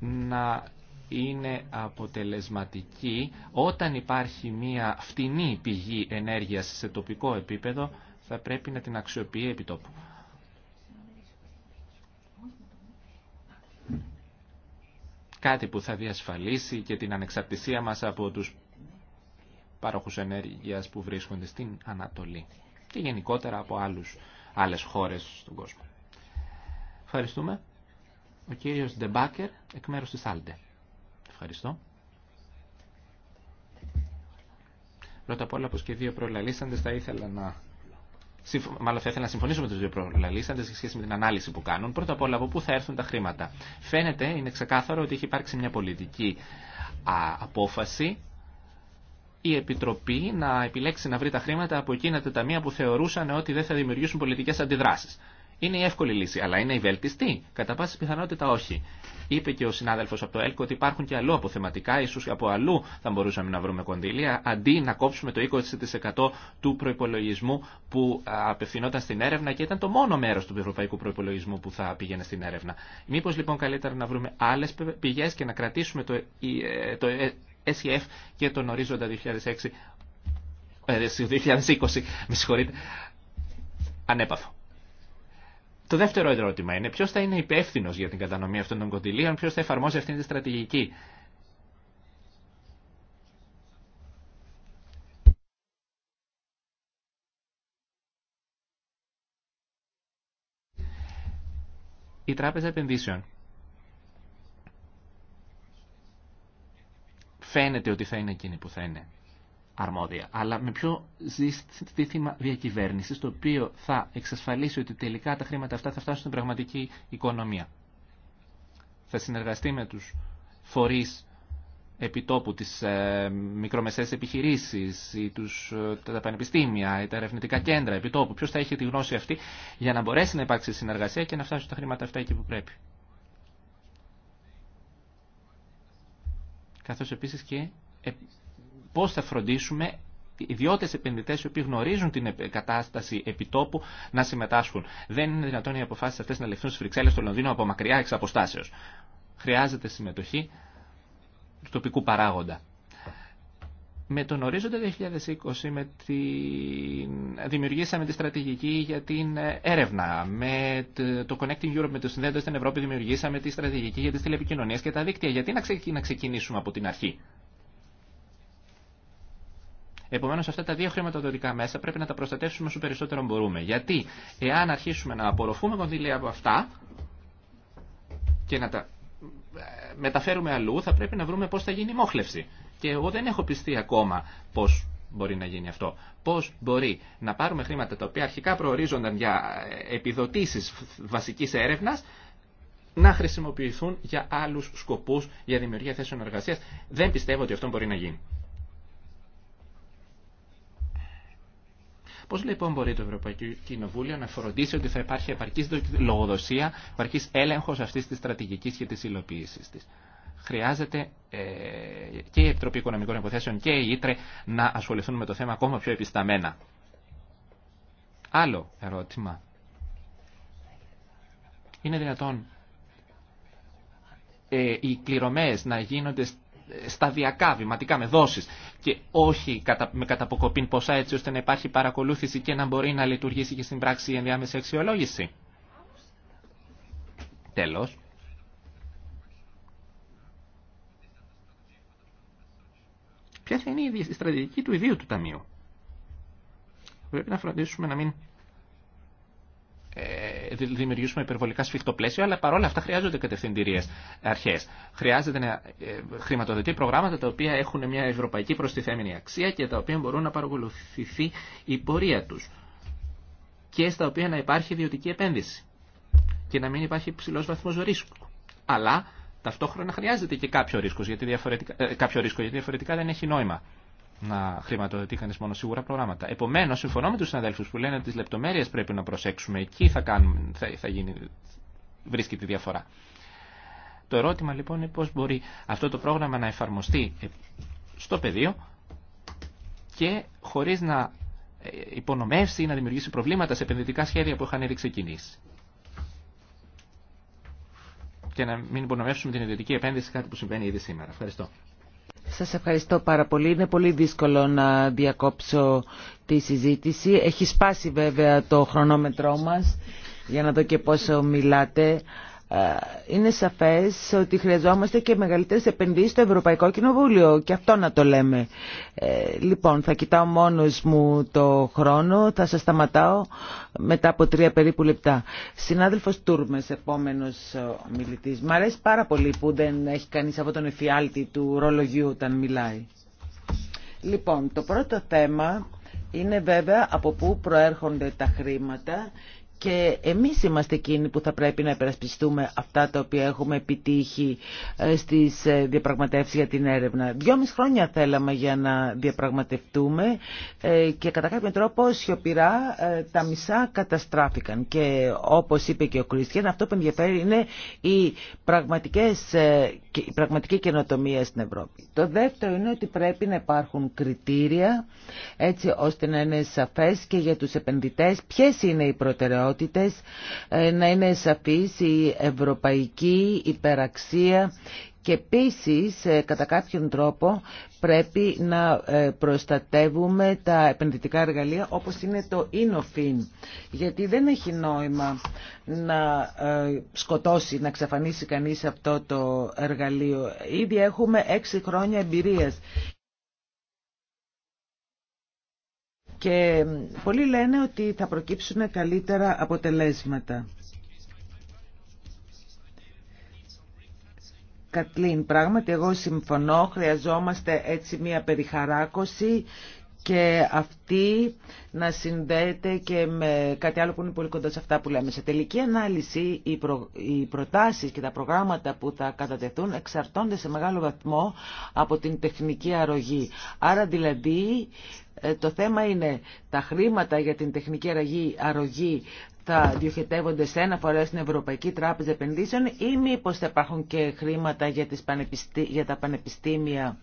να είναι αποτελεσματική όταν υπάρχει μια φτηνή πηγή ενέργειας σε τοπικό επίπεδο θα πρέπει να την αξιοποιεί τόπου. κάτι που θα διασφαλίσει και την ανεξαρτησία μας από τους παρόχους ενέργειας που βρίσκονται στην Ανατολή και γενικότερα από άλλους, άλλες χώρες στον κόσμο. Ευχαριστούμε. Ο κύριος Ντεμπάκερ, εκ μέρους της Άλντε. Ευχαριστώ. Πρώτα απ' όλα, όπως και δύο προλαλήσαντες, θα ήθελα να μάλλον θα ήθελα να συμφωνήσω με του δύο προλαλήσαντε σε σχέση με την ανάλυση που κάνουν. Πρώτα απ' όλα, από πού θα έρθουν τα χρήματα. Φαίνεται, είναι ξεκάθαρο ότι έχει υπάρξει μια πολιτική απόφαση η Επιτροπή να επιλέξει να βρει τα χρήματα από εκείνα τα ταμεία που θεωρούσαν ότι δεν θα δημιουργήσουν πολιτικέ αντιδράσει. Είναι η εύκολη λύση, αλλά είναι η βελτιστή. Κατά πάση πιθανότητα όχι. Είπε και ο συνάδελφο από το ΕΛΚΟ ότι υπάρχουν και αλλού αποθεματικά, ίσω από αλλού θα μπορούσαμε να βρούμε κονδύλια, αντί να κόψουμε το 20% του προπολογισμού που απευθυνόταν στην έρευνα και ήταν το μόνο μέρο του ευρωπαϊκού προπολογισμού που θα πήγαινε στην έρευνα. Μήπω λοιπόν καλύτερα να βρούμε άλλε πηγέ και να κρατήσουμε το, ε, το ε, SEF και τον ορίζοντα 2006, 2020, ε, με συγχωρείτε, ανέπαθο. Το δεύτερο ερώτημα είναι ποιο θα είναι υπεύθυνο για την κατανομή αυτών των κοντιλίων, ποιο θα εφαρμόσει αυτήν τη στρατηγική. Η Τράπεζα Επενδύσεων φαίνεται ότι θα είναι εκείνη που θα είναι αρμόδια, αλλά με πιο ζήτημα διακυβέρνηση, το οποίο θα εξασφαλίσει ότι τελικά τα χρήματα αυτά θα φτάσουν στην πραγματική οικονομία. Θα συνεργαστεί με του φορεί επιτόπου τις ε, μικρομεσαίες επιχειρήσεις ή τους, ε, τα πανεπιστήμια ή τα ερευνητικά κέντρα επιτόπου. Ποιος θα έχει τη γνώση αυτή για να μπορέσει να υπάρξει συνεργασία και να φτάσουν τα χρήματα αυτά εκεί που πρέπει. Καθώς επίσης και πώ θα φροντίσουμε οι ιδιώτε επενδυτέ οι οποίοι γνωρίζουν την κατάσταση επιτόπου να συμμετάσχουν. Δεν είναι δυνατόν οι αποφάσει αυτέ να ληφθούν στι Βρυξέλλε, στο Λονδίνο από μακριά εξ αποστάσεω. Χρειάζεται συμμετοχή του τοπικού παράγοντα. Με τον ορίζοντα 2020 με την... δημιουργήσαμε τη στρατηγική για την ε, έρευνα. Με το Connecting Europe, με το Συνδέοντα στην Ευρώπη, δημιουργήσαμε τη στρατηγική για τι τηλεπικοινωνίε και τα δίκτυα. Γιατί να ξεκινήσουμε από την αρχή. Επομένω, αυτά τα δύο χρηματοδοτικά μέσα πρέπει να τα προστατεύσουμε όσο περισσότερο μπορούμε. Γιατί εάν αρχίσουμε να απορροφούμε κονδύλια από αυτά και να τα ε, μεταφέρουμε αλλού, θα πρέπει να βρούμε πώ θα γίνει η μόχλευση. Και εγώ δεν έχω πιστεί ακόμα πώ μπορεί να γίνει αυτό. Πώ μπορεί να πάρουμε χρήματα τα οποία αρχικά προορίζονταν για ε, επιδοτήσει βασική έρευνα να χρησιμοποιηθούν για άλλους σκοπούς για δημιουργία θέσεων εργασία. Δεν πιστεύω ότι αυτό μπορεί να γίνει. Πώ λοιπόν μπορεί το Ευρωπαϊκό Κοινοβούλιο να φροντίσει ότι θα υπάρχει επαρκή λογοδοσία, επαρκή έλεγχο αυτή τη στρατηγική και τη υλοποίηση τη. Χρειάζεται ε, και η Επιτροπή Οικονομικών Υποθέσεων και η Ήτρε να ασχοληθούν με το θέμα ακόμα πιο επισταμένα. Άλλο ερώτημα. Είναι δυνατόν ε, οι κληρωμές να γίνονται σταδιακά, βηματικά, με δόσεις και όχι με καταποκοπήν ποσά έτσι ώστε να υπάρχει παρακολούθηση και να μπορεί να λειτουργήσει και στην πράξη η ενδιάμεση αξιολόγηση. Τέλος. Ποια θα είναι η στρατηγική του ιδίου του Ταμείου. Πρέπει να φροντίσουμε να μην ε, δημιουργήσουμε υπερβολικά σφιχτό πλαίσιο, αλλά παρόλα αυτά χρειάζονται κατευθυντηρίε αρχέ. Χρειάζεται να ε, χρηματοδοτεί προγράμματα τα οποία έχουν μια ευρωπαϊκή προστιθέμενη αξία και τα οποία μπορούν να παρακολουθηθεί η πορεία του και στα οποία να υπάρχει ιδιωτική επένδυση και να μην υπάρχει ψηλό βαθμό ρίσκου. Αλλά ταυτόχρονα χρειάζεται και ε, κάποιο ρίσκο, γιατί διαφορετικά δεν έχει νόημα να χρηματοδοτεί κανεί μόνο σίγουρα προγράμματα. Επομένω, συμφωνώ με του συναδέλφου που λένε ότι τι λεπτομέρειε πρέπει να προσέξουμε. Εκεί θα, κάνουμε, θα, θα γίνει, βρίσκεται η διαφορά. Το ερώτημα λοιπόν είναι πώ μπορεί αυτό το πρόγραμμα να εφαρμοστεί στο πεδίο και χωρί να ε, υπονομεύσει ή να δημιουργήσει προβλήματα σε επενδυτικά σχέδια που είχαν ήδη ξεκινήσει. Και να μην υπονομεύσουμε την ιδιωτική επένδυση, κάτι που συμβαίνει ήδη σήμερα. Ευχαριστώ. Σας ευχαριστώ πάρα πολύ. Είναι πολύ δύσκολο να διακόψω τη συζήτηση. Έχει σπάσει βέβαια το χρονόμετρό μας για να δω και πόσο μιλάτε. Ε, είναι σαφές ότι χρειαζόμαστε και μεγαλύτερες επενδύσεις στο Ευρωπαϊκό Κοινοβούλιο και αυτό να το λέμε. Ε, λοιπόν, θα κοιτάω μόνος μου το χρόνο, θα σας σταματάω μετά από τρία περίπου λεπτά. Συνάδελφος Τούρμες, επόμενος μιλητής. Μ' αρέσει πάρα πολύ που δεν έχει κανείς από τον εφιάλτη του ρολογιού όταν μιλάει. Λοιπόν, το πρώτο θέμα είναι βέβαια από πού προέρχονται τα χρήματα και εμείς είμαστε εκείνοι που θα πρέπει να υπερασπιστούμε αυτά τα οποία έχουμε επιτύχει ε, στις ε, διαπραγματεύσεις για την έρευνα. Δυόμιση χρόνια θέλαμε για να διαπραγματευτούμε ε, και κατά κάποιο τρόπο σιωπηρά τα μισά καταστράφηκαν. Και όπως είπε και ο Κρίστιαν, αυτό που ενδιαφέρει είναι η, η πραγματική καινοτομία στην Ευρώπη. Το δεύτερο είναι ότι πρέπει να υπάρχουν κριτήρια έτσι ώστε να είναι σαφές και για τους επενδυτές ποιες είναι οι προτεραιότητες ε, να είναι σαφής η ευρωπαϊκή υπεραξία και επίση, ε, κατά κάποιον τρόπο πρέπει να ε, προστατεύουμε τα επενδυτικά εργαλεία όπως είναι το Enofin. γιατί δεν έχει νόημα να σκοτώσει, να εξαφανίσει κανείς αυτό το εργαλείο. Ήδη έχουμε έξι χρόνια εμπειρίας και πολλοί λένε ότι θα προκύψουν καλύτερα αποτελέσματα. Κατλίν, πράγματι εγώ συμφωνώ, χρειαζόμαστε έτσι μια περιχαράκωση και αυτή να συνδέεται και με κάτι άλλο που είναι πολύ κοντά σε αυτά που λέμε. Σε τελική ανάλυση οι, προ... οι προτάσεις και τα προγράμματα που θα κατατεθούν εξαρτώνται σε μεγάλο βαθμό από την τεχνική αρρωγή. Άρα δηλαδή ε, το θέμα είναι τα χρήματα για την τεχνική αρρωγή θα διοχετεύονται σε ένα φορέα στην Ευρωπαϊκή Τράπεζα Επενδύσεων ή μήπως θα υπάρχουν και χρήματα για, τις τα πανεπιστήμια,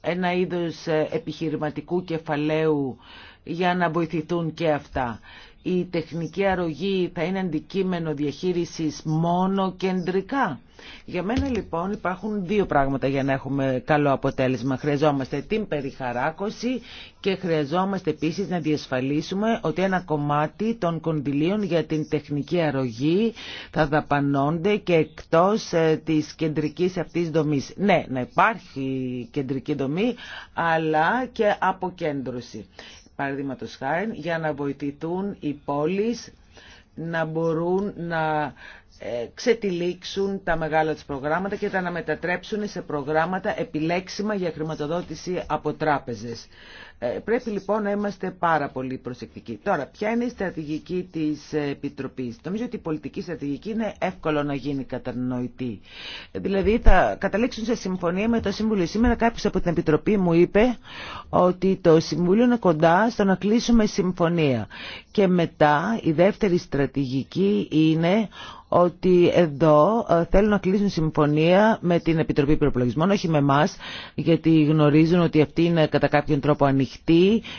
ένα είδος ε, επιχειρηματικού κεφαλαίου για να βοηθηθούν και αυτά η τεχνική αρρωγή θα είναι αντικείμενο διαχείρισης μόνο κεντρικά. Για μένα λοιπόν υπάρχουν δύο πράγματα για να έχουμε καλό αποτέλεσμα. Χρειαζόμαστε την περιχαράκωση και χρειαζόμαστε επίσης να διασφαλίσουμε ότι ένα κομμάτι των κοντιλίων για την τεχνική αρρωγή θα δαπανώνται και εκτός ε, της κεντρικής αυτής δομής. Ναι, να υπάρχει κεντρική δομή αλλά και αποκέντρωση παραδείγματο για να βοηθηθούν οι πόλεις να μπορούν να ε, ξετυλίξουν τα μεγάλα τους προγράμματα και τα να μετατρέψουν σε προγράμματα επιλέξιμα για χρηματοδότηση από τράπεζες. Ε, πρέπει λοιπόν να είμαστε πάρα πολύ προσεκτικοί. Τώρα, ποια είναι η στρατηγική της Επιτροπής. Νομίζω ότι η πολιτική στρατηγική είναι εύκολο να γίνει κατανοητή. Δηλαδή θα καταλήξουν σε συμφωνία με το Συμβούλιο. Σήμερα κάποιος από την Επιτροπή μου είπε ότι το Συμβούλιο είναι κοντά στο να κλείσουμε συμφωνία. Και μετά η δεύτερη στρατηγική είναι ότι εδώ ε, θέλουν να κλείσουν συμφωνία με την Επιτροπή Προπολογισμών, όχι με εμά, γιατί γνωρίζουν ότι αυτή είναι κατά κάποιον τρόπο ανοιχτή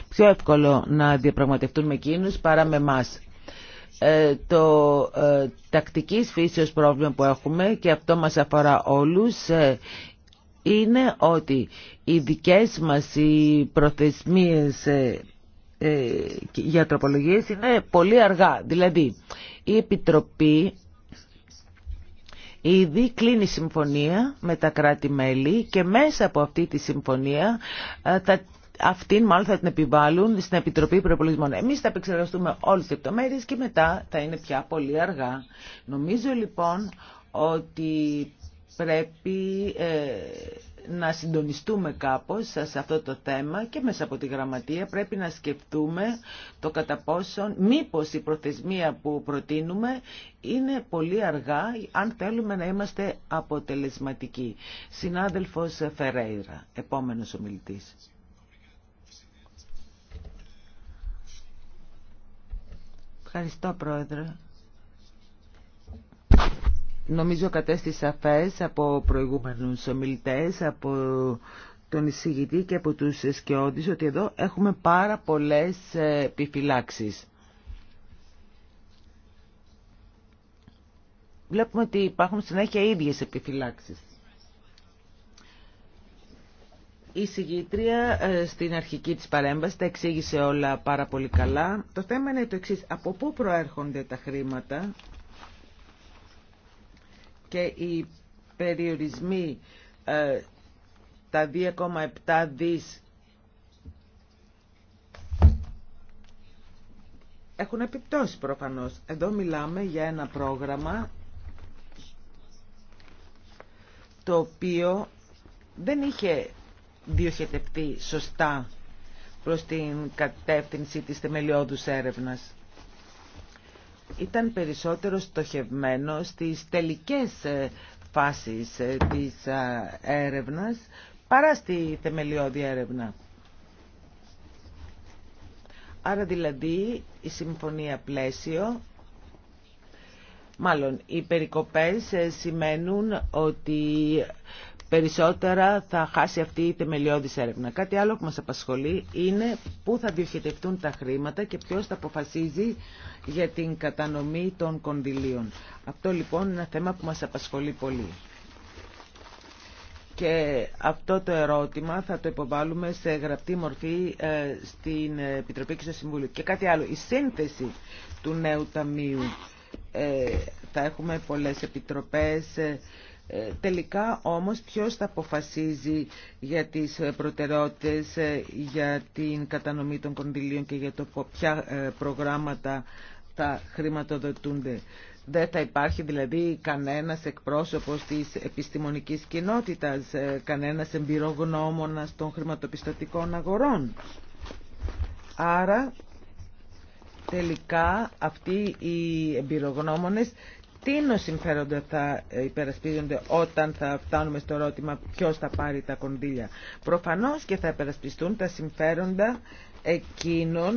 πιο εύκολο να διαπραγματευτούν με εκείνους παρά με εμάς. Ε, το ε, τακτικής φύσεως πρόβλημα που έχουμε και αυτό μας αφορά όλους ε, είναι ότι οι δικές μας οι προθεσμίες ε, ε, για τροπολογίες είναι πολύ αργά. Δηλαδή η Επιτροπή ήδη κλείνει συμφωνία με τα κράτη-μέλη και μέσα από αυτή τη συμφωνία θα αυτήν μάλλον θα την επιβάλλουν στην Επιτροπή Προπολογισμών. Εμείς θα επεξεργαστούμε όλες τις λεπτομέρειες και μετά θα είναι πια πολύ αργά. Νομίζω λοιπόν ότι πρέπει ε, να συντονιστούμε κάπως σε αυτό το θέμα και μέσα από τη γραμματεία πρέπει να σκεφτούμε το κατά πόσον μήπως η προθεσμία που προτείνουμε είναι πολύ αργά αν θέλουμε να είμαστε αποτελεσματικοί. Συνάδελφος Φερέιρα, επόμενος ομιλητής. Ευχαριστώ πρόεδρε. Νομίζω κατέστη σαφές από προηγούμενους ομιλητές, από τον εισηγητή και από τους σκιώδεις ότι εδώ έχουμε πάρα πολλές ε, επιφυλάξεις. Βλέπουμε ότι υπάρχουν συνέχεια ίδιες επιφυλάξεις. Η συγγήτρια ε, στην αρχική της παρέμβαση τα εξήγησε όλα πάρα πολύ καλά. Το θέμα είναι το εξής. Από πού προέρχονται τα χρήματα και οι περιορισμοί ε, τα 2,7 δις έχουν επιπτώσει προφανώς. Εδώ μιλάμε για ένα πρόγραμμα το οποίο δεν είχε διοχετευτεί σωστά προς την κατεύθυνση της θεμελιώδους έρευνας. Ήταν περισσότερο στοχευμένο στις τελικές ε, φάσεις ε, της ε, έρευνας παρά στη θεμελιώδη έρευνα. Άρα δηλαδή η συμφωνία πλαίσιο, μάλλον οι περικοπές σημαίνουν ότι περισσότερα θα χάσει αυτή η θεμελιώδης έρευνα. Κάτι άλλο που μας απασχολεί είναι πού θα διοχετευτούν τα χρήματα και ποιος θα αποφασίζει για την κατανομή των κονδυλίων. Αυτό λοιπόν είναι ένα θέμα που μας απασχολεί πολύ. Και αυτό το ερώτημα θα το υποβάλουμε σε γραπτή μορφή ε, στην Επιτροπή και στο Συμβούλιο. Και κάτι άλλο, η σύνθεση του νέου ταμείου. Ε, θα έχουμε πολλές επιτροπές ε, ε, τελικά όμως ποιος θα αποφασίζει για τις ε, προτεραιότητες, ε, για την κατανομή των κονδυλίων και για το ποια προγράμματα θα χρηματοδοτούνται. Δεν θα υπάρχει δηλαδή κανένας εκπρόσωπος της επιστημονικής κοινότητας, κανένας εμπειρογνώμονας των χρηματοπιστωτικών αγορών. Άρα τελικά αυτοί οι εμπειρογνώμονες τίνο συμφέροντα θα υπερασπίζονται όταν θα φτάνουμε στο ερώτημα ποιος θα πάρει τα κονδύλια. Προφανώς και θα υπερασπιστούν τα συμφέροντα εκείνων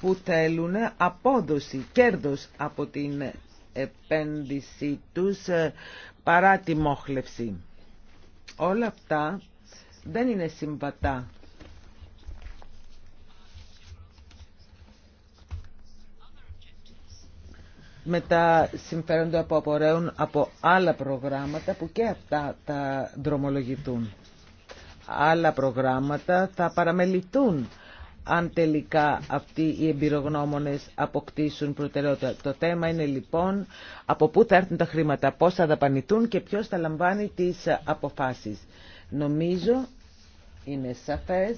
που θέλουν απόδοση, κέρδος από την επένδυσή τους ε, παρά τη μόχλευση. Όλα αυτά δεν είναι συμβατά με τα συμφέροντα που απορρέουν από άλλα προγράμματα που και αυτά τα δρομολογητούν. Άλλα προγράμματα θα παραμελητούν αν τελικά αυτοί οι εμπειρογνώμονες αποκτήσουν προτεραιότητα. Το θέμα είναι λοιπόν από πού θα έρθουν τα χρήματα, πώς θα δαπανηθούν και ποιος θα λαμβάνει τις αποφάσεις. Νομίζω είναι σαφές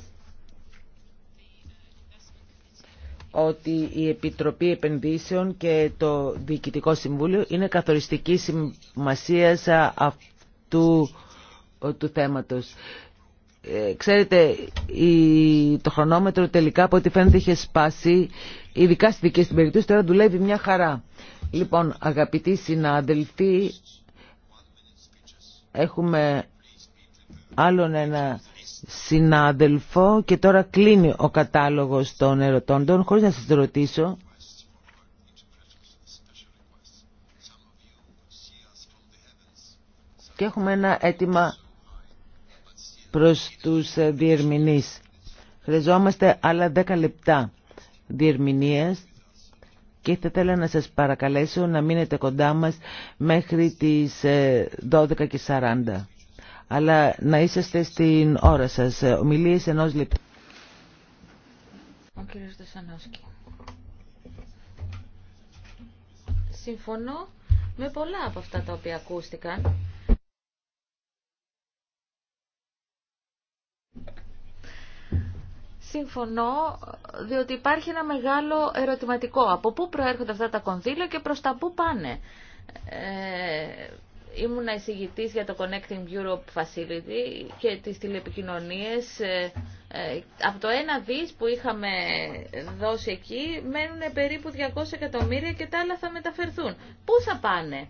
ότι η Επιτροπή Επενδύσεων και το Διοικητικό Συμβούλιο είναι καθοριστική σημασία αυτού του θέματος. Ε, ξέρετε, το χρονόμετρο τελικά από ό,τι φαίνεται είχε σπάσει, ειδικά στη δική στην περίπτωση, τώρα δουλεύει μια χαρά. Λοιπόν, αγαπητοί συνάδελφοι, έχουμε άλλον ένα συνάδελφο και τώρα κλείνει ο κατάλογος των ερωτώντων χωρίς να σας ρωτήσω. Και έχουμε ένα αίτημα προς τους διερμηνείς. Χρειαζόμαστε άλλα 10 λεπτά διερμηνίας και θα ήθελα να σας παρακαλέσω να μείνετε κοντά μας μέχρι τις 12.40. Ε, αλλά να είσαστε στην ώρα σας. Ομιλίες ενός λεπτού. Ο κύριος Συμφωνώ με πολλά από αυτά τα οποία ακούστηκαν. Συμφωνώ, διότι υπάρχει ένα μεγάλο ερωτηματικό. Από πού προέρχονται αυτά τα κονδύλια και προς τα πού πάνε. Ε, ήμουν εισηγητής για το Connecting Europe Facility και τις τηλεπικοινωνίες ε, ε, από το ένα δις που είχαμε δώσει εκεί μένουν περίπου 200 εκατομμύρια και τα άλλα θα μεταφερθούν. Πού θα πάνε.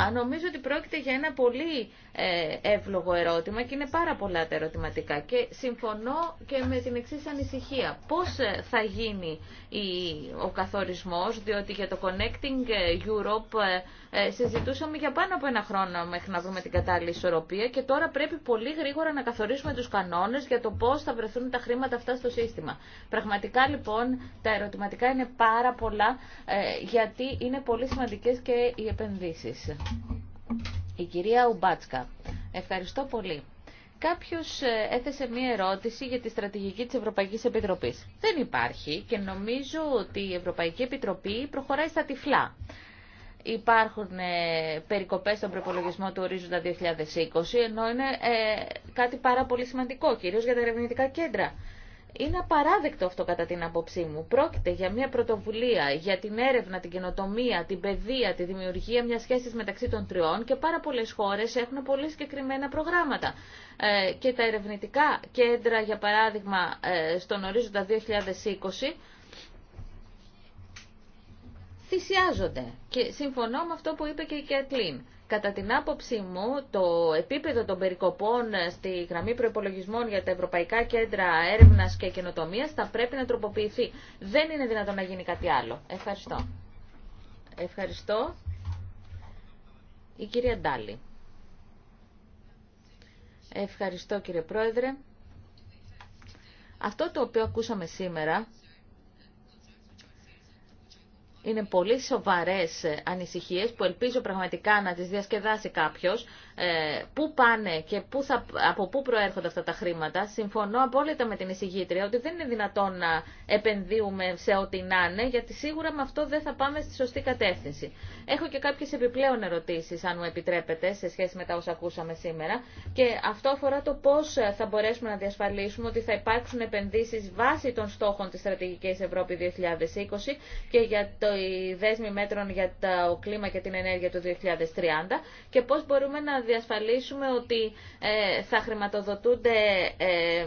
Α, νομίζω ότι πρόκειται για ένα πολύ ε, εύλογο ερώτημα και είναι πάρα πολλά τα ερωτηματικά και συμφωνώ και με την εξή ανησυχία. Πώς ε, θα γίνει ο καθορισμός διότι για το Connecting Europe συζητούσαμε για πάνω από ένα χρόνο μέχρι να βρούμε την κατάλληλη ισορροπία και τώρα πρέπει πολύ γρήγορα να καθορίσουμε τους κανόνες για το πώς θα βρεθούν φτάσουν τα χρήματα αυτά στο σύστημα. Πραγματικά λοιπόν τα ερωτηματικά είναι πάρα πολλά ε, γιατί είναι πολύ σημαντικές και οι επενδύσεις. Η κυρία Ουμπάτσκα. Ευχαριστώ πολύ. Κάποιο ε, έθεσε μία ερώτηση για τη στρατηγική τη Ευρωπαϊκής Επιτροπής. Δεν υπάρχει και νομίζω ότι η Ευρωπαϊκή Επιτροπή προχωράει στα τυφλά υπάρχουν ε, περικοπές στον προπολογισμό του ορίζοντα 2020, ενώ είναι ε, κάτι πάρα πολύ σημαντικό, κυρίως για τα ερευνητικά κέντρα. Είναι απαράδεκτο αυτό κατά την άποψή μου. Πρόκειται για μια πρωτοβουλία για την έρευνα, την καινοτομία, την παιδεία, τη δημιουργία μια σχέση μεταξύ των τριών και πάρα πολλέ χώρε έχουν πολύ συγκεκριμένα προγράμματα. Ε, και τα ερευνητικά κέντρα, για παράδειγμα, στον ορίζοντα 2020 θυσιάζονται. Και συμφωνώ με αυτό που είπε και η Κετλίν. Κατά την άποψή μου, το επίπεδο των περικοπών στη γραμμή προπολογισμών για τα Ευρωπαϊκά Κέντρα Έρευνα και Καινοτομία θα πρέπει να τροποποιηθεί. Δεν είναι δυνατόν να γίνει κάτι άλλο. Ευχαριστώ. Ευχαριστώ. Η κυρία Ντάλη. Ευχαριστώ κύριε Πρόεδρε. Αυτό το οποίο ακούσαμε σήμερα είναι πολύ σοβαρές ανησυχίες που ελπίζω πραγματικά να τις διασκεδάσει κάποιος. Ε, πού πάνε και πού θα, από πού προέρχονται αυτά τα χρήματα. Συμφωνώ απόλυτα με την εισηγήτρια ότι δεν είναι δυνατόν να επενδύουμε σε ό,τι να είναι, γιατί σίγουρα με αυτό δεν θα πάμε στη σωστή κατεύθυνση. Έχω και κάποιες επιπλέον ερωτήσεις, αν μου επιτρέπετε, σε σχέση με τα όσα ακούσαμε σήμερα. Και αυτό αφορά το πώς θα μπορέσουμε να διασφαλίσουμε ότι θα υπάρξουν επενδύσεις βάσει των στόχων της Στρατηγικής Ευρώπη 2020 και για το οι δέσμοι μέτρων για το κλίμα και την ενέργεια του 2030 και πώς μπορούμε να διασφαλίσουμε ότι ε, θα χρηματοδοτούνται ε, ε,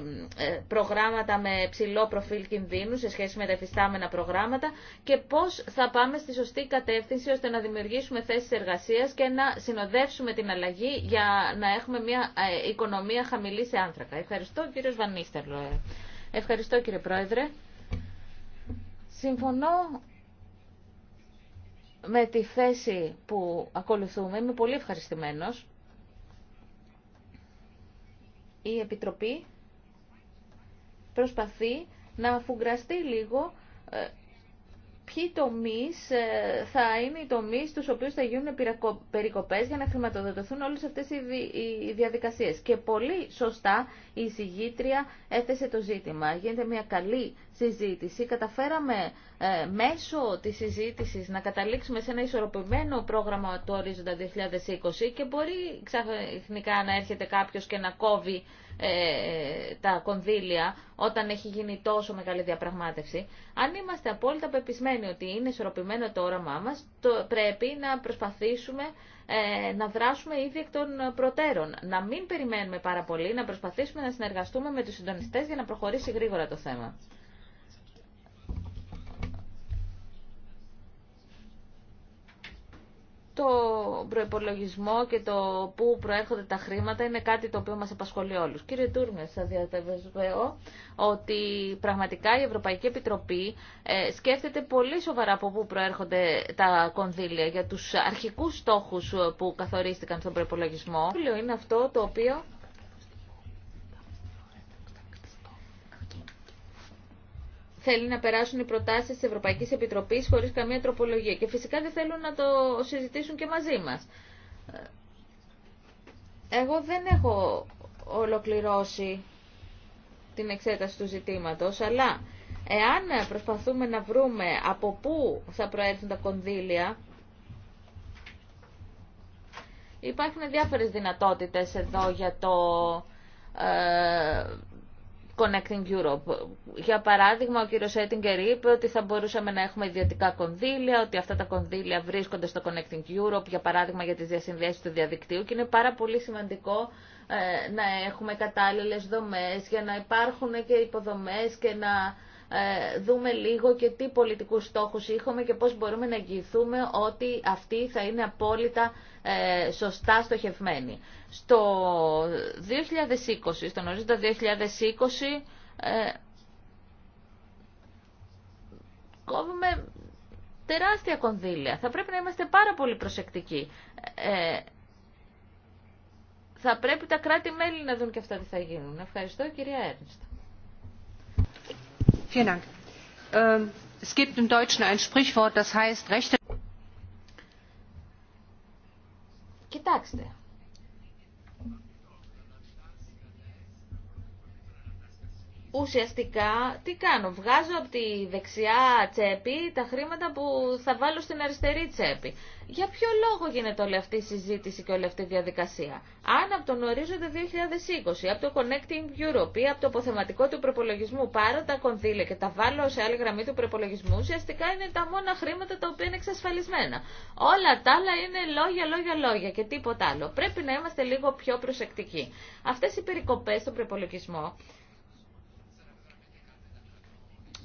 προγράμματα με ψηλό προφίλ κινδύνου σε σχέση με τα εφιστάμενα προγράμματα και πώς θα πάμε στη σωστή κατεύθυνση ώστε να δημιουργήσουμε θέσεις εργασίας και να συνοδεύσουμε την αλλαγή για να έχουμε μια οικονομία χαμηλή σε άνθρακα. Ευχαριστώ κύριο Βανίστερλο. Ευχαριστώ κύριε Πρόεδρε. Συμφωνώ με τη θέση που ακολουθούμε είμαι πολύ ευχαριστημένος. Η Επιτροπή προσπαθεί να αφουγκραστεί λίγο ε, ποιοι τομείς ε, θα είναι οι τομείς στους οποίους θα γίνουν περικοπές για να χρηματοδοτηθούν όλες αυτές οι διαδικασίες. Και πολύ σωστά η εισηγήτρια έθεσε το ζήτημα. Γίνεται μια καλή συζήτηση. Καταφέραμε ε, μέσω της συζήτησης να καταλήξουμε σε ένα ισορροπημένο πρόγραμμα του ορίζοντα 2020 και μπορεί ξαφνικά να έρχεται κάποιος και να κόβει ε, τα κονδύλια όταν έχει γίνει τόσο μεγάλη διαπραγμάτευση. Αν είμαστε απόλυτα πεπισμένοι ότι είναι ισορροπημένο το όραμά μας, το, πρέπει να προσπαθήσουμε ε, να δράσουμε ήδη εκ των προτέρων. Να μην περιμένουμε πάρα πολύ, να προσπαθήσουμε να συνεργαστούμε με τους συντονιστές για να προχωρήσει γρήγορα το θέμα. το προπολογισμό και το πού προέρχονται τα χρήματα είναι κάτι το οποίο μας απασχολεί όλους. Κύριε Τούρμε, θα διαβεβαιώ ότι πραγματικά η Ευρωπαϊκή Επιτροπή ε, σκέφτεται πολύ σοβαρά από πού προέρχονται τα κονδύλια για τους αρχικούς στόχους που καθορίστηκαν στον προπολογισμό. Είναι αυτό το οποίο θέλει να περάσουν οι προτάσεις της Ευρωπαϊκής Επιτροπής χωρίς καμία τροπολογία και φυσικά δεν θέλουν να το συζητήσουν και μαζί μας. Εγώ δεν έχω ολοκληρώσει την εξέταση του ζητήματος, αλλά εάν προσπαθούμε να βρούμε από πού θα προέρθουν τα κονδύλια, υπάρχουν διάφορες δυνατότητες εδώ για το ε, Connecting Europe. Για παράδειγμα, ο κύριος Έτιγκερ είπε ότι θα μπορούσαμε να έχουμε ιδιωτικά κονδύλια, ότι αυτά τα κονδύλια βρίσκονται στο Connecting Europe, για παράδειγμα για τις διασυνδέσεις του διαδικτύου και είναι πάρα πολύ σημαντικό ε, να έχουμε κατάλληλες δομές για να υπάρχουν και υποδομές και να ε, δούμε λίγο και τι πολιτικούς στόχους είχαμε και πώς μπορούμε να εγγυηθούμε ότι αυτή θα είναι απόλυτα ε, σωστά στοχευμένοι. Στο 2020, στον ορίζοντα 2020, ε, κόβουμε τεράστια κονδύλια. Θα πρέπει να είμαστε πάρα πολύ προσεκτικοί. Ε, θα πρέπει τα κράτη-μέλη να δουν και αυτά τι θα γίνουν. Ευχαριστώ, κυρία Έρνστα. Vielen Dank. Es gibt im Deutschen ein Sprichwort, das heißt Rechte. ουσιαστικά τι κάνω, βγάζω από τη δεξιά τσέπη τα χρήματα που θα βάλω στην αριστερή τσέπη. Για ποιο λόγο γίνεται όλη αυτή η συζήτηση και όλη αυτή η διαδικασία. Αν από τον ορίζοντα 2020, από το Connecting Europe ή από το αποθεματικό του προπολογισμού πάρω τα κονδύλια και τα βάλω σε άλλη γραμμή του προπολογισμού, ουσιαστικά είναι τα μόνα χρήματα τα οποία είναι εξασφαλισμένα. Όλα τα άλλα είναι λόγια, λόγια, λόγια και τίποτα άλλο. Πρέπει να είμαστε λίγο πιο προσεκτικοί. Αυτέ οι περικοπέ στον προπολογισμό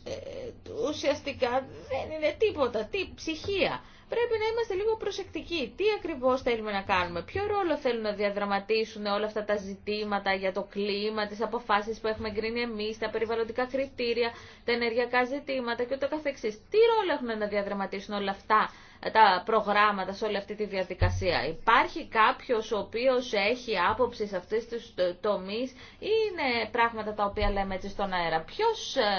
ε, ουσιαστικά δεν είναι τίποτα, τι ψυχία. Πρέπει να είμαστε λίγο προσεκτικοί. Τι ακριβώς θέλουμε να κάνουμε, ποιο ρόλο θέλουν να διαδραματίσουν όλα αυτά τα ζητήματα για το κλίμα, τις αποφάσεις που έχουμε γκρίνει εμείς, τα περιβαλλοντικά κριτήρια, τα ενεργειακά ζητήματα και ούτω καθεξής. Τι ρόλο έχουν να διαδραματίσουν όλα αυτά ε, τα προγράμματα σε όλη αυτή τη διαδικασία. Υπάρχει κάποιος ο οποίος έχει άποψη σε αυτές τις τομείς ή είναι πράγματα τα οποία λέμε έτσι στον αέρα. Ποιος ε,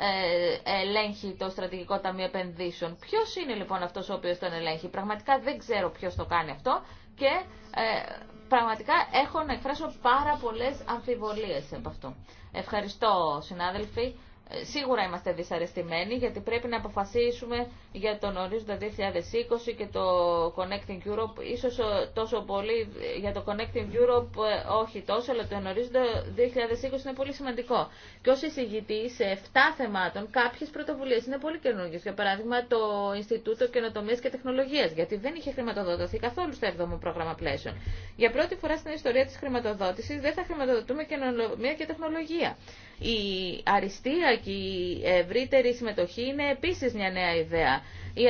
ε, ελέγχει το Στρατηγικό Ταμείο Επενδύσεων. Ποιο είναι λοιπόν αυτός ο οποίος τον ελέγχει. Πραγματικά δεν ξέρω ποιο το κάνει αυτό και ε, πραγματικά έχω να εκφράσω πάρα πολλές αμφιβολίες από αυτό. Ευχαριστώ συνάδελφοι. Σίγουρα είμαστε δυσαρεστημένοι γιατί πρέπει να αποφασίσουμε για τον ορίζοντα 2020 και το Connecting Europe. Ίσως ε, τόσο πολύ ε, για το Connecting Europe ε, όχι τόσο, αλλά τον ορίζοντα 2020 είναι πολύ σημαντικό. Και ως εισηγητή σε 7 θεμάτων κάποιες πρωτοβουλίες είναι πολύ καινούργιες. Για παράδειγμα το Ινστιτούτο Καινοτομίας και Τεχνολογίας, γιατί δεν είχε χρηματοδοτηθεί καθόλου στο 7ο πρόγραμμα πλαίσιο. Για πρώτη φορά στην ιστορία της χρηματοδότησης δεν θα χρηματοδοτούμε καινοτομία και τεχνολογία η αριστεία και η ευρύτερη συμμετοχή είναι επίσης μια νέα ιδέα. Η,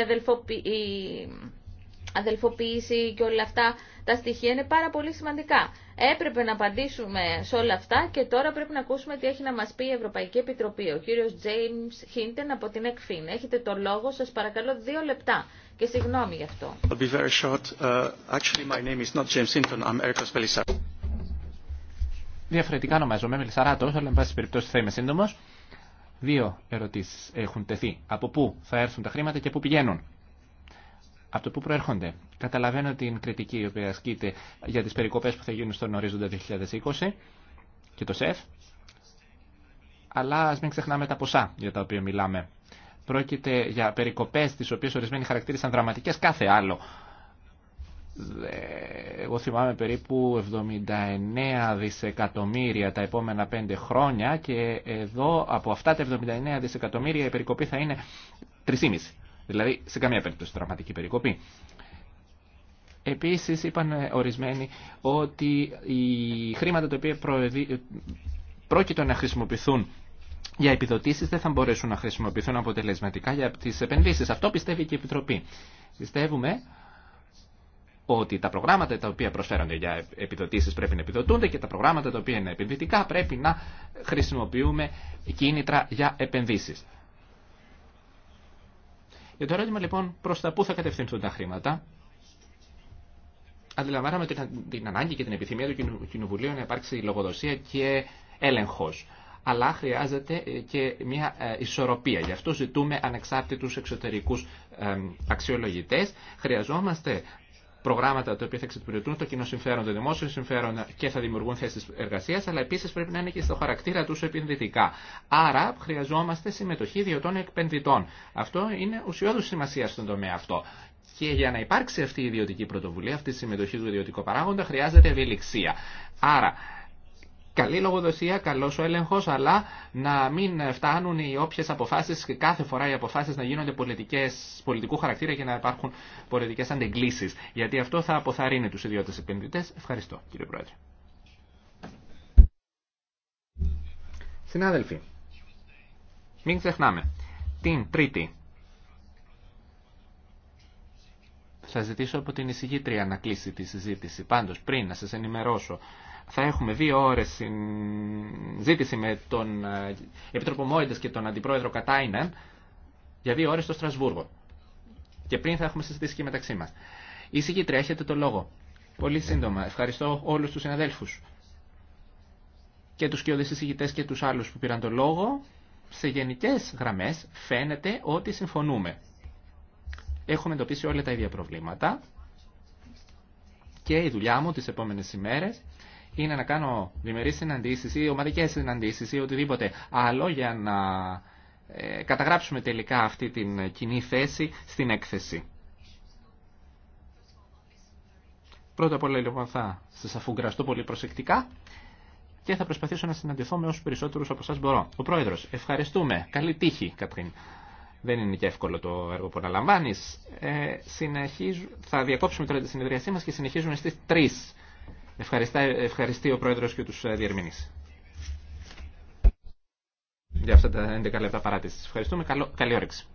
η αδελφοποίηση και όλα αυτά τα στοιχεία είναι πάρα πολύ σημαντικά. Έπρεπε να απαντήσουμε σε όλα αυτά και τώρα πρέπει να ακούσουμε τι έχει να μας πει η Ευρωπαϊκή Επιτροπή. Ο κύριος James Hinton από την ΕΚΦΗΝ. Έχετε το λόγο, σας παρακαλώ δύο λεπτά και συγγνώμη γι' αυτό διαφορετικά ονομάζομαι Μελισσαράτο, αλλά εν πάση περιπτώσει θα είμαι σύντομο. Δύο ερωτήσει έχουν τεθεί. Από πού θα έρθουν τα χρήματα και πού πηγαίνουν. Από το πού προέρχονται. Καταλαβαίνω την κριτική η οποία ασκείται για τι περικοπέ που θα γίνουν στον ορίζοντα 2020 και το ΣΕΦ. Αλλά α μην ξεχνάμε τα ποσά για τα οποία μιλάμε. Πρόκειται για περικοπέ τι οποίε ορισμένοι χαρακτήρισαν δραματικέ κάθε άλλο εγώ θυμάμαι περίπου 79 δισεκατομμύρια τα επόμενα πέντε χρόνια και εδώ από αυτά τα 79 δισεκατομμύρια η περικοπή θα είναι 3,5. Δηλαδή σε καμία περίπτωση δραματική περικοπή. Επίσης είπαν ορισμένοι ότι οι χρήματα τα οποία προεδι... πρόκειται να χρησιμοποιηθούν για επιδοτήσεις δεν θα μπορέσουν να χρησιμοποιηθούν αποτελεσματικά για τις επενδύσεις. Αυτό πιστεύει και η Επιτροπή. Πιστεύουμε ότι τα προγράμματα τα οποία προσφέρονται για επιδοτήσεις πρέπει να επιδοτούνται και τα προγράμματα τα οποία είναι επενδυτικά πρέπει να χρησιμοποιούμε κίνητρα για επενδύσεις. Για το ερώτημα λοιπόν προς τα πού θα κατευθυνθούν τα χρήματα, αντιλαμβάνομαι την ανάγκη και την επιθυμία του Κοινοβουλίου να υπάρξει λογοδοσία και έλεγχος αλλά χρειάζεται ε, και μια ε, ισορροπία. Γι' αυτό ζητούμε ανεξάρτητους εξωτερικούς ε, αξιολογητές. Χρειαζόμαστε προγράμματα τα οποία θα εξυπηρετούν το κοινό συμφέρον, το δημόσιο συμφέρον και θα δημιουργούν θέσει εργασία, αλλά επίση πρέπει να είναι και στο χαρακτήρα του επενδυτικά. Άρα χρειαζόμαστε συμμετοχή ιδιωτών επενδυτών. Αυτό είναι ουσιώδου σημασία στον τομέα αυτό. Και για να υπάρξει αυτή η ιδιωτική πρωτοβουλία, αυτή η συμμετοχή του ιδιωτικού παράγοντα, χρειάζεται ευελιξία. Άρα, καλή λογοδοσία, καλός ο έλεγχος, αλλά να μην φτάνουν οι όποιες αποφάσεις και κάθε φορά οι αποφάσεις να γίνονται πολιτικές, πολιτικού χαρακτήρα και να υπάρχουν πολιτικές αντεγκλήσεις. Γιατί αυτό θα αποθαρρύνει τους ιδιώτες επενδυτές. Ευχαριστώ κύριε Πρόεδρε. Συνάδελφοι, μην ξεχνάμε, την Τρίτη θα ζητήσω από την εισηγήτρια να κλείσει τη συζήτηση. Πάντως, πριν να σας ενημερώσω θα έχουμε δύο ώρε. συζήτηση με τον ε, Επίτροπο και τον Αντιπρόεδρο Κατάιναν για δύο ώρε στο Στρασβούργο. Και πριν θα έχουμε συζητήσει και μεταξύ μα. Η έχετε το λόγο. Πολύ σύντομα. Ευχαριστώ όλου τους συναδέλφου και τους κοιόδες εισηγητέ και τους άλλου που πήραν το λόγο. Σε γενικές γραμμέ φαίνεται ότι συμφωνούμε. Έχουμε εντοπίσει όλα τα ίδια προβλήματα και η δουλειά μου τις επόμενες ημέρες είναι να κάνω διμερεί συναντήσει ή ομαδικέ συναντήσει ή οτιδήποτε άλλο για να ε, καταγράψουμε τελικά αυτή την κοινή θέση στην έκθεση. Πρώτα απ' όλα λοιπόν θα σας αφουγκραστώ πολύ προσεκτικά και θα προσπαθήσω να συναντηθώ με όσου περισσότερου από εσά μπορώ. Ο πρόεδρο, ευχαριστούμε. Καλή τύχη, Κατρίν. Δεν είναι και εύκολο το έργο που αναλαμβάνει. Ε, Θα διακόψουμε τώρα τη συνεδρίασή μα και συνεχίζουμε στι 3. Ευχαριστά, ευχαριστεί ο Πρόεδρος και τους ε, διερμηνείς. Για αυτά τα 11 λεπτά παράτησης. Ευχαριστούμε. Καλό, καλή όρεξη.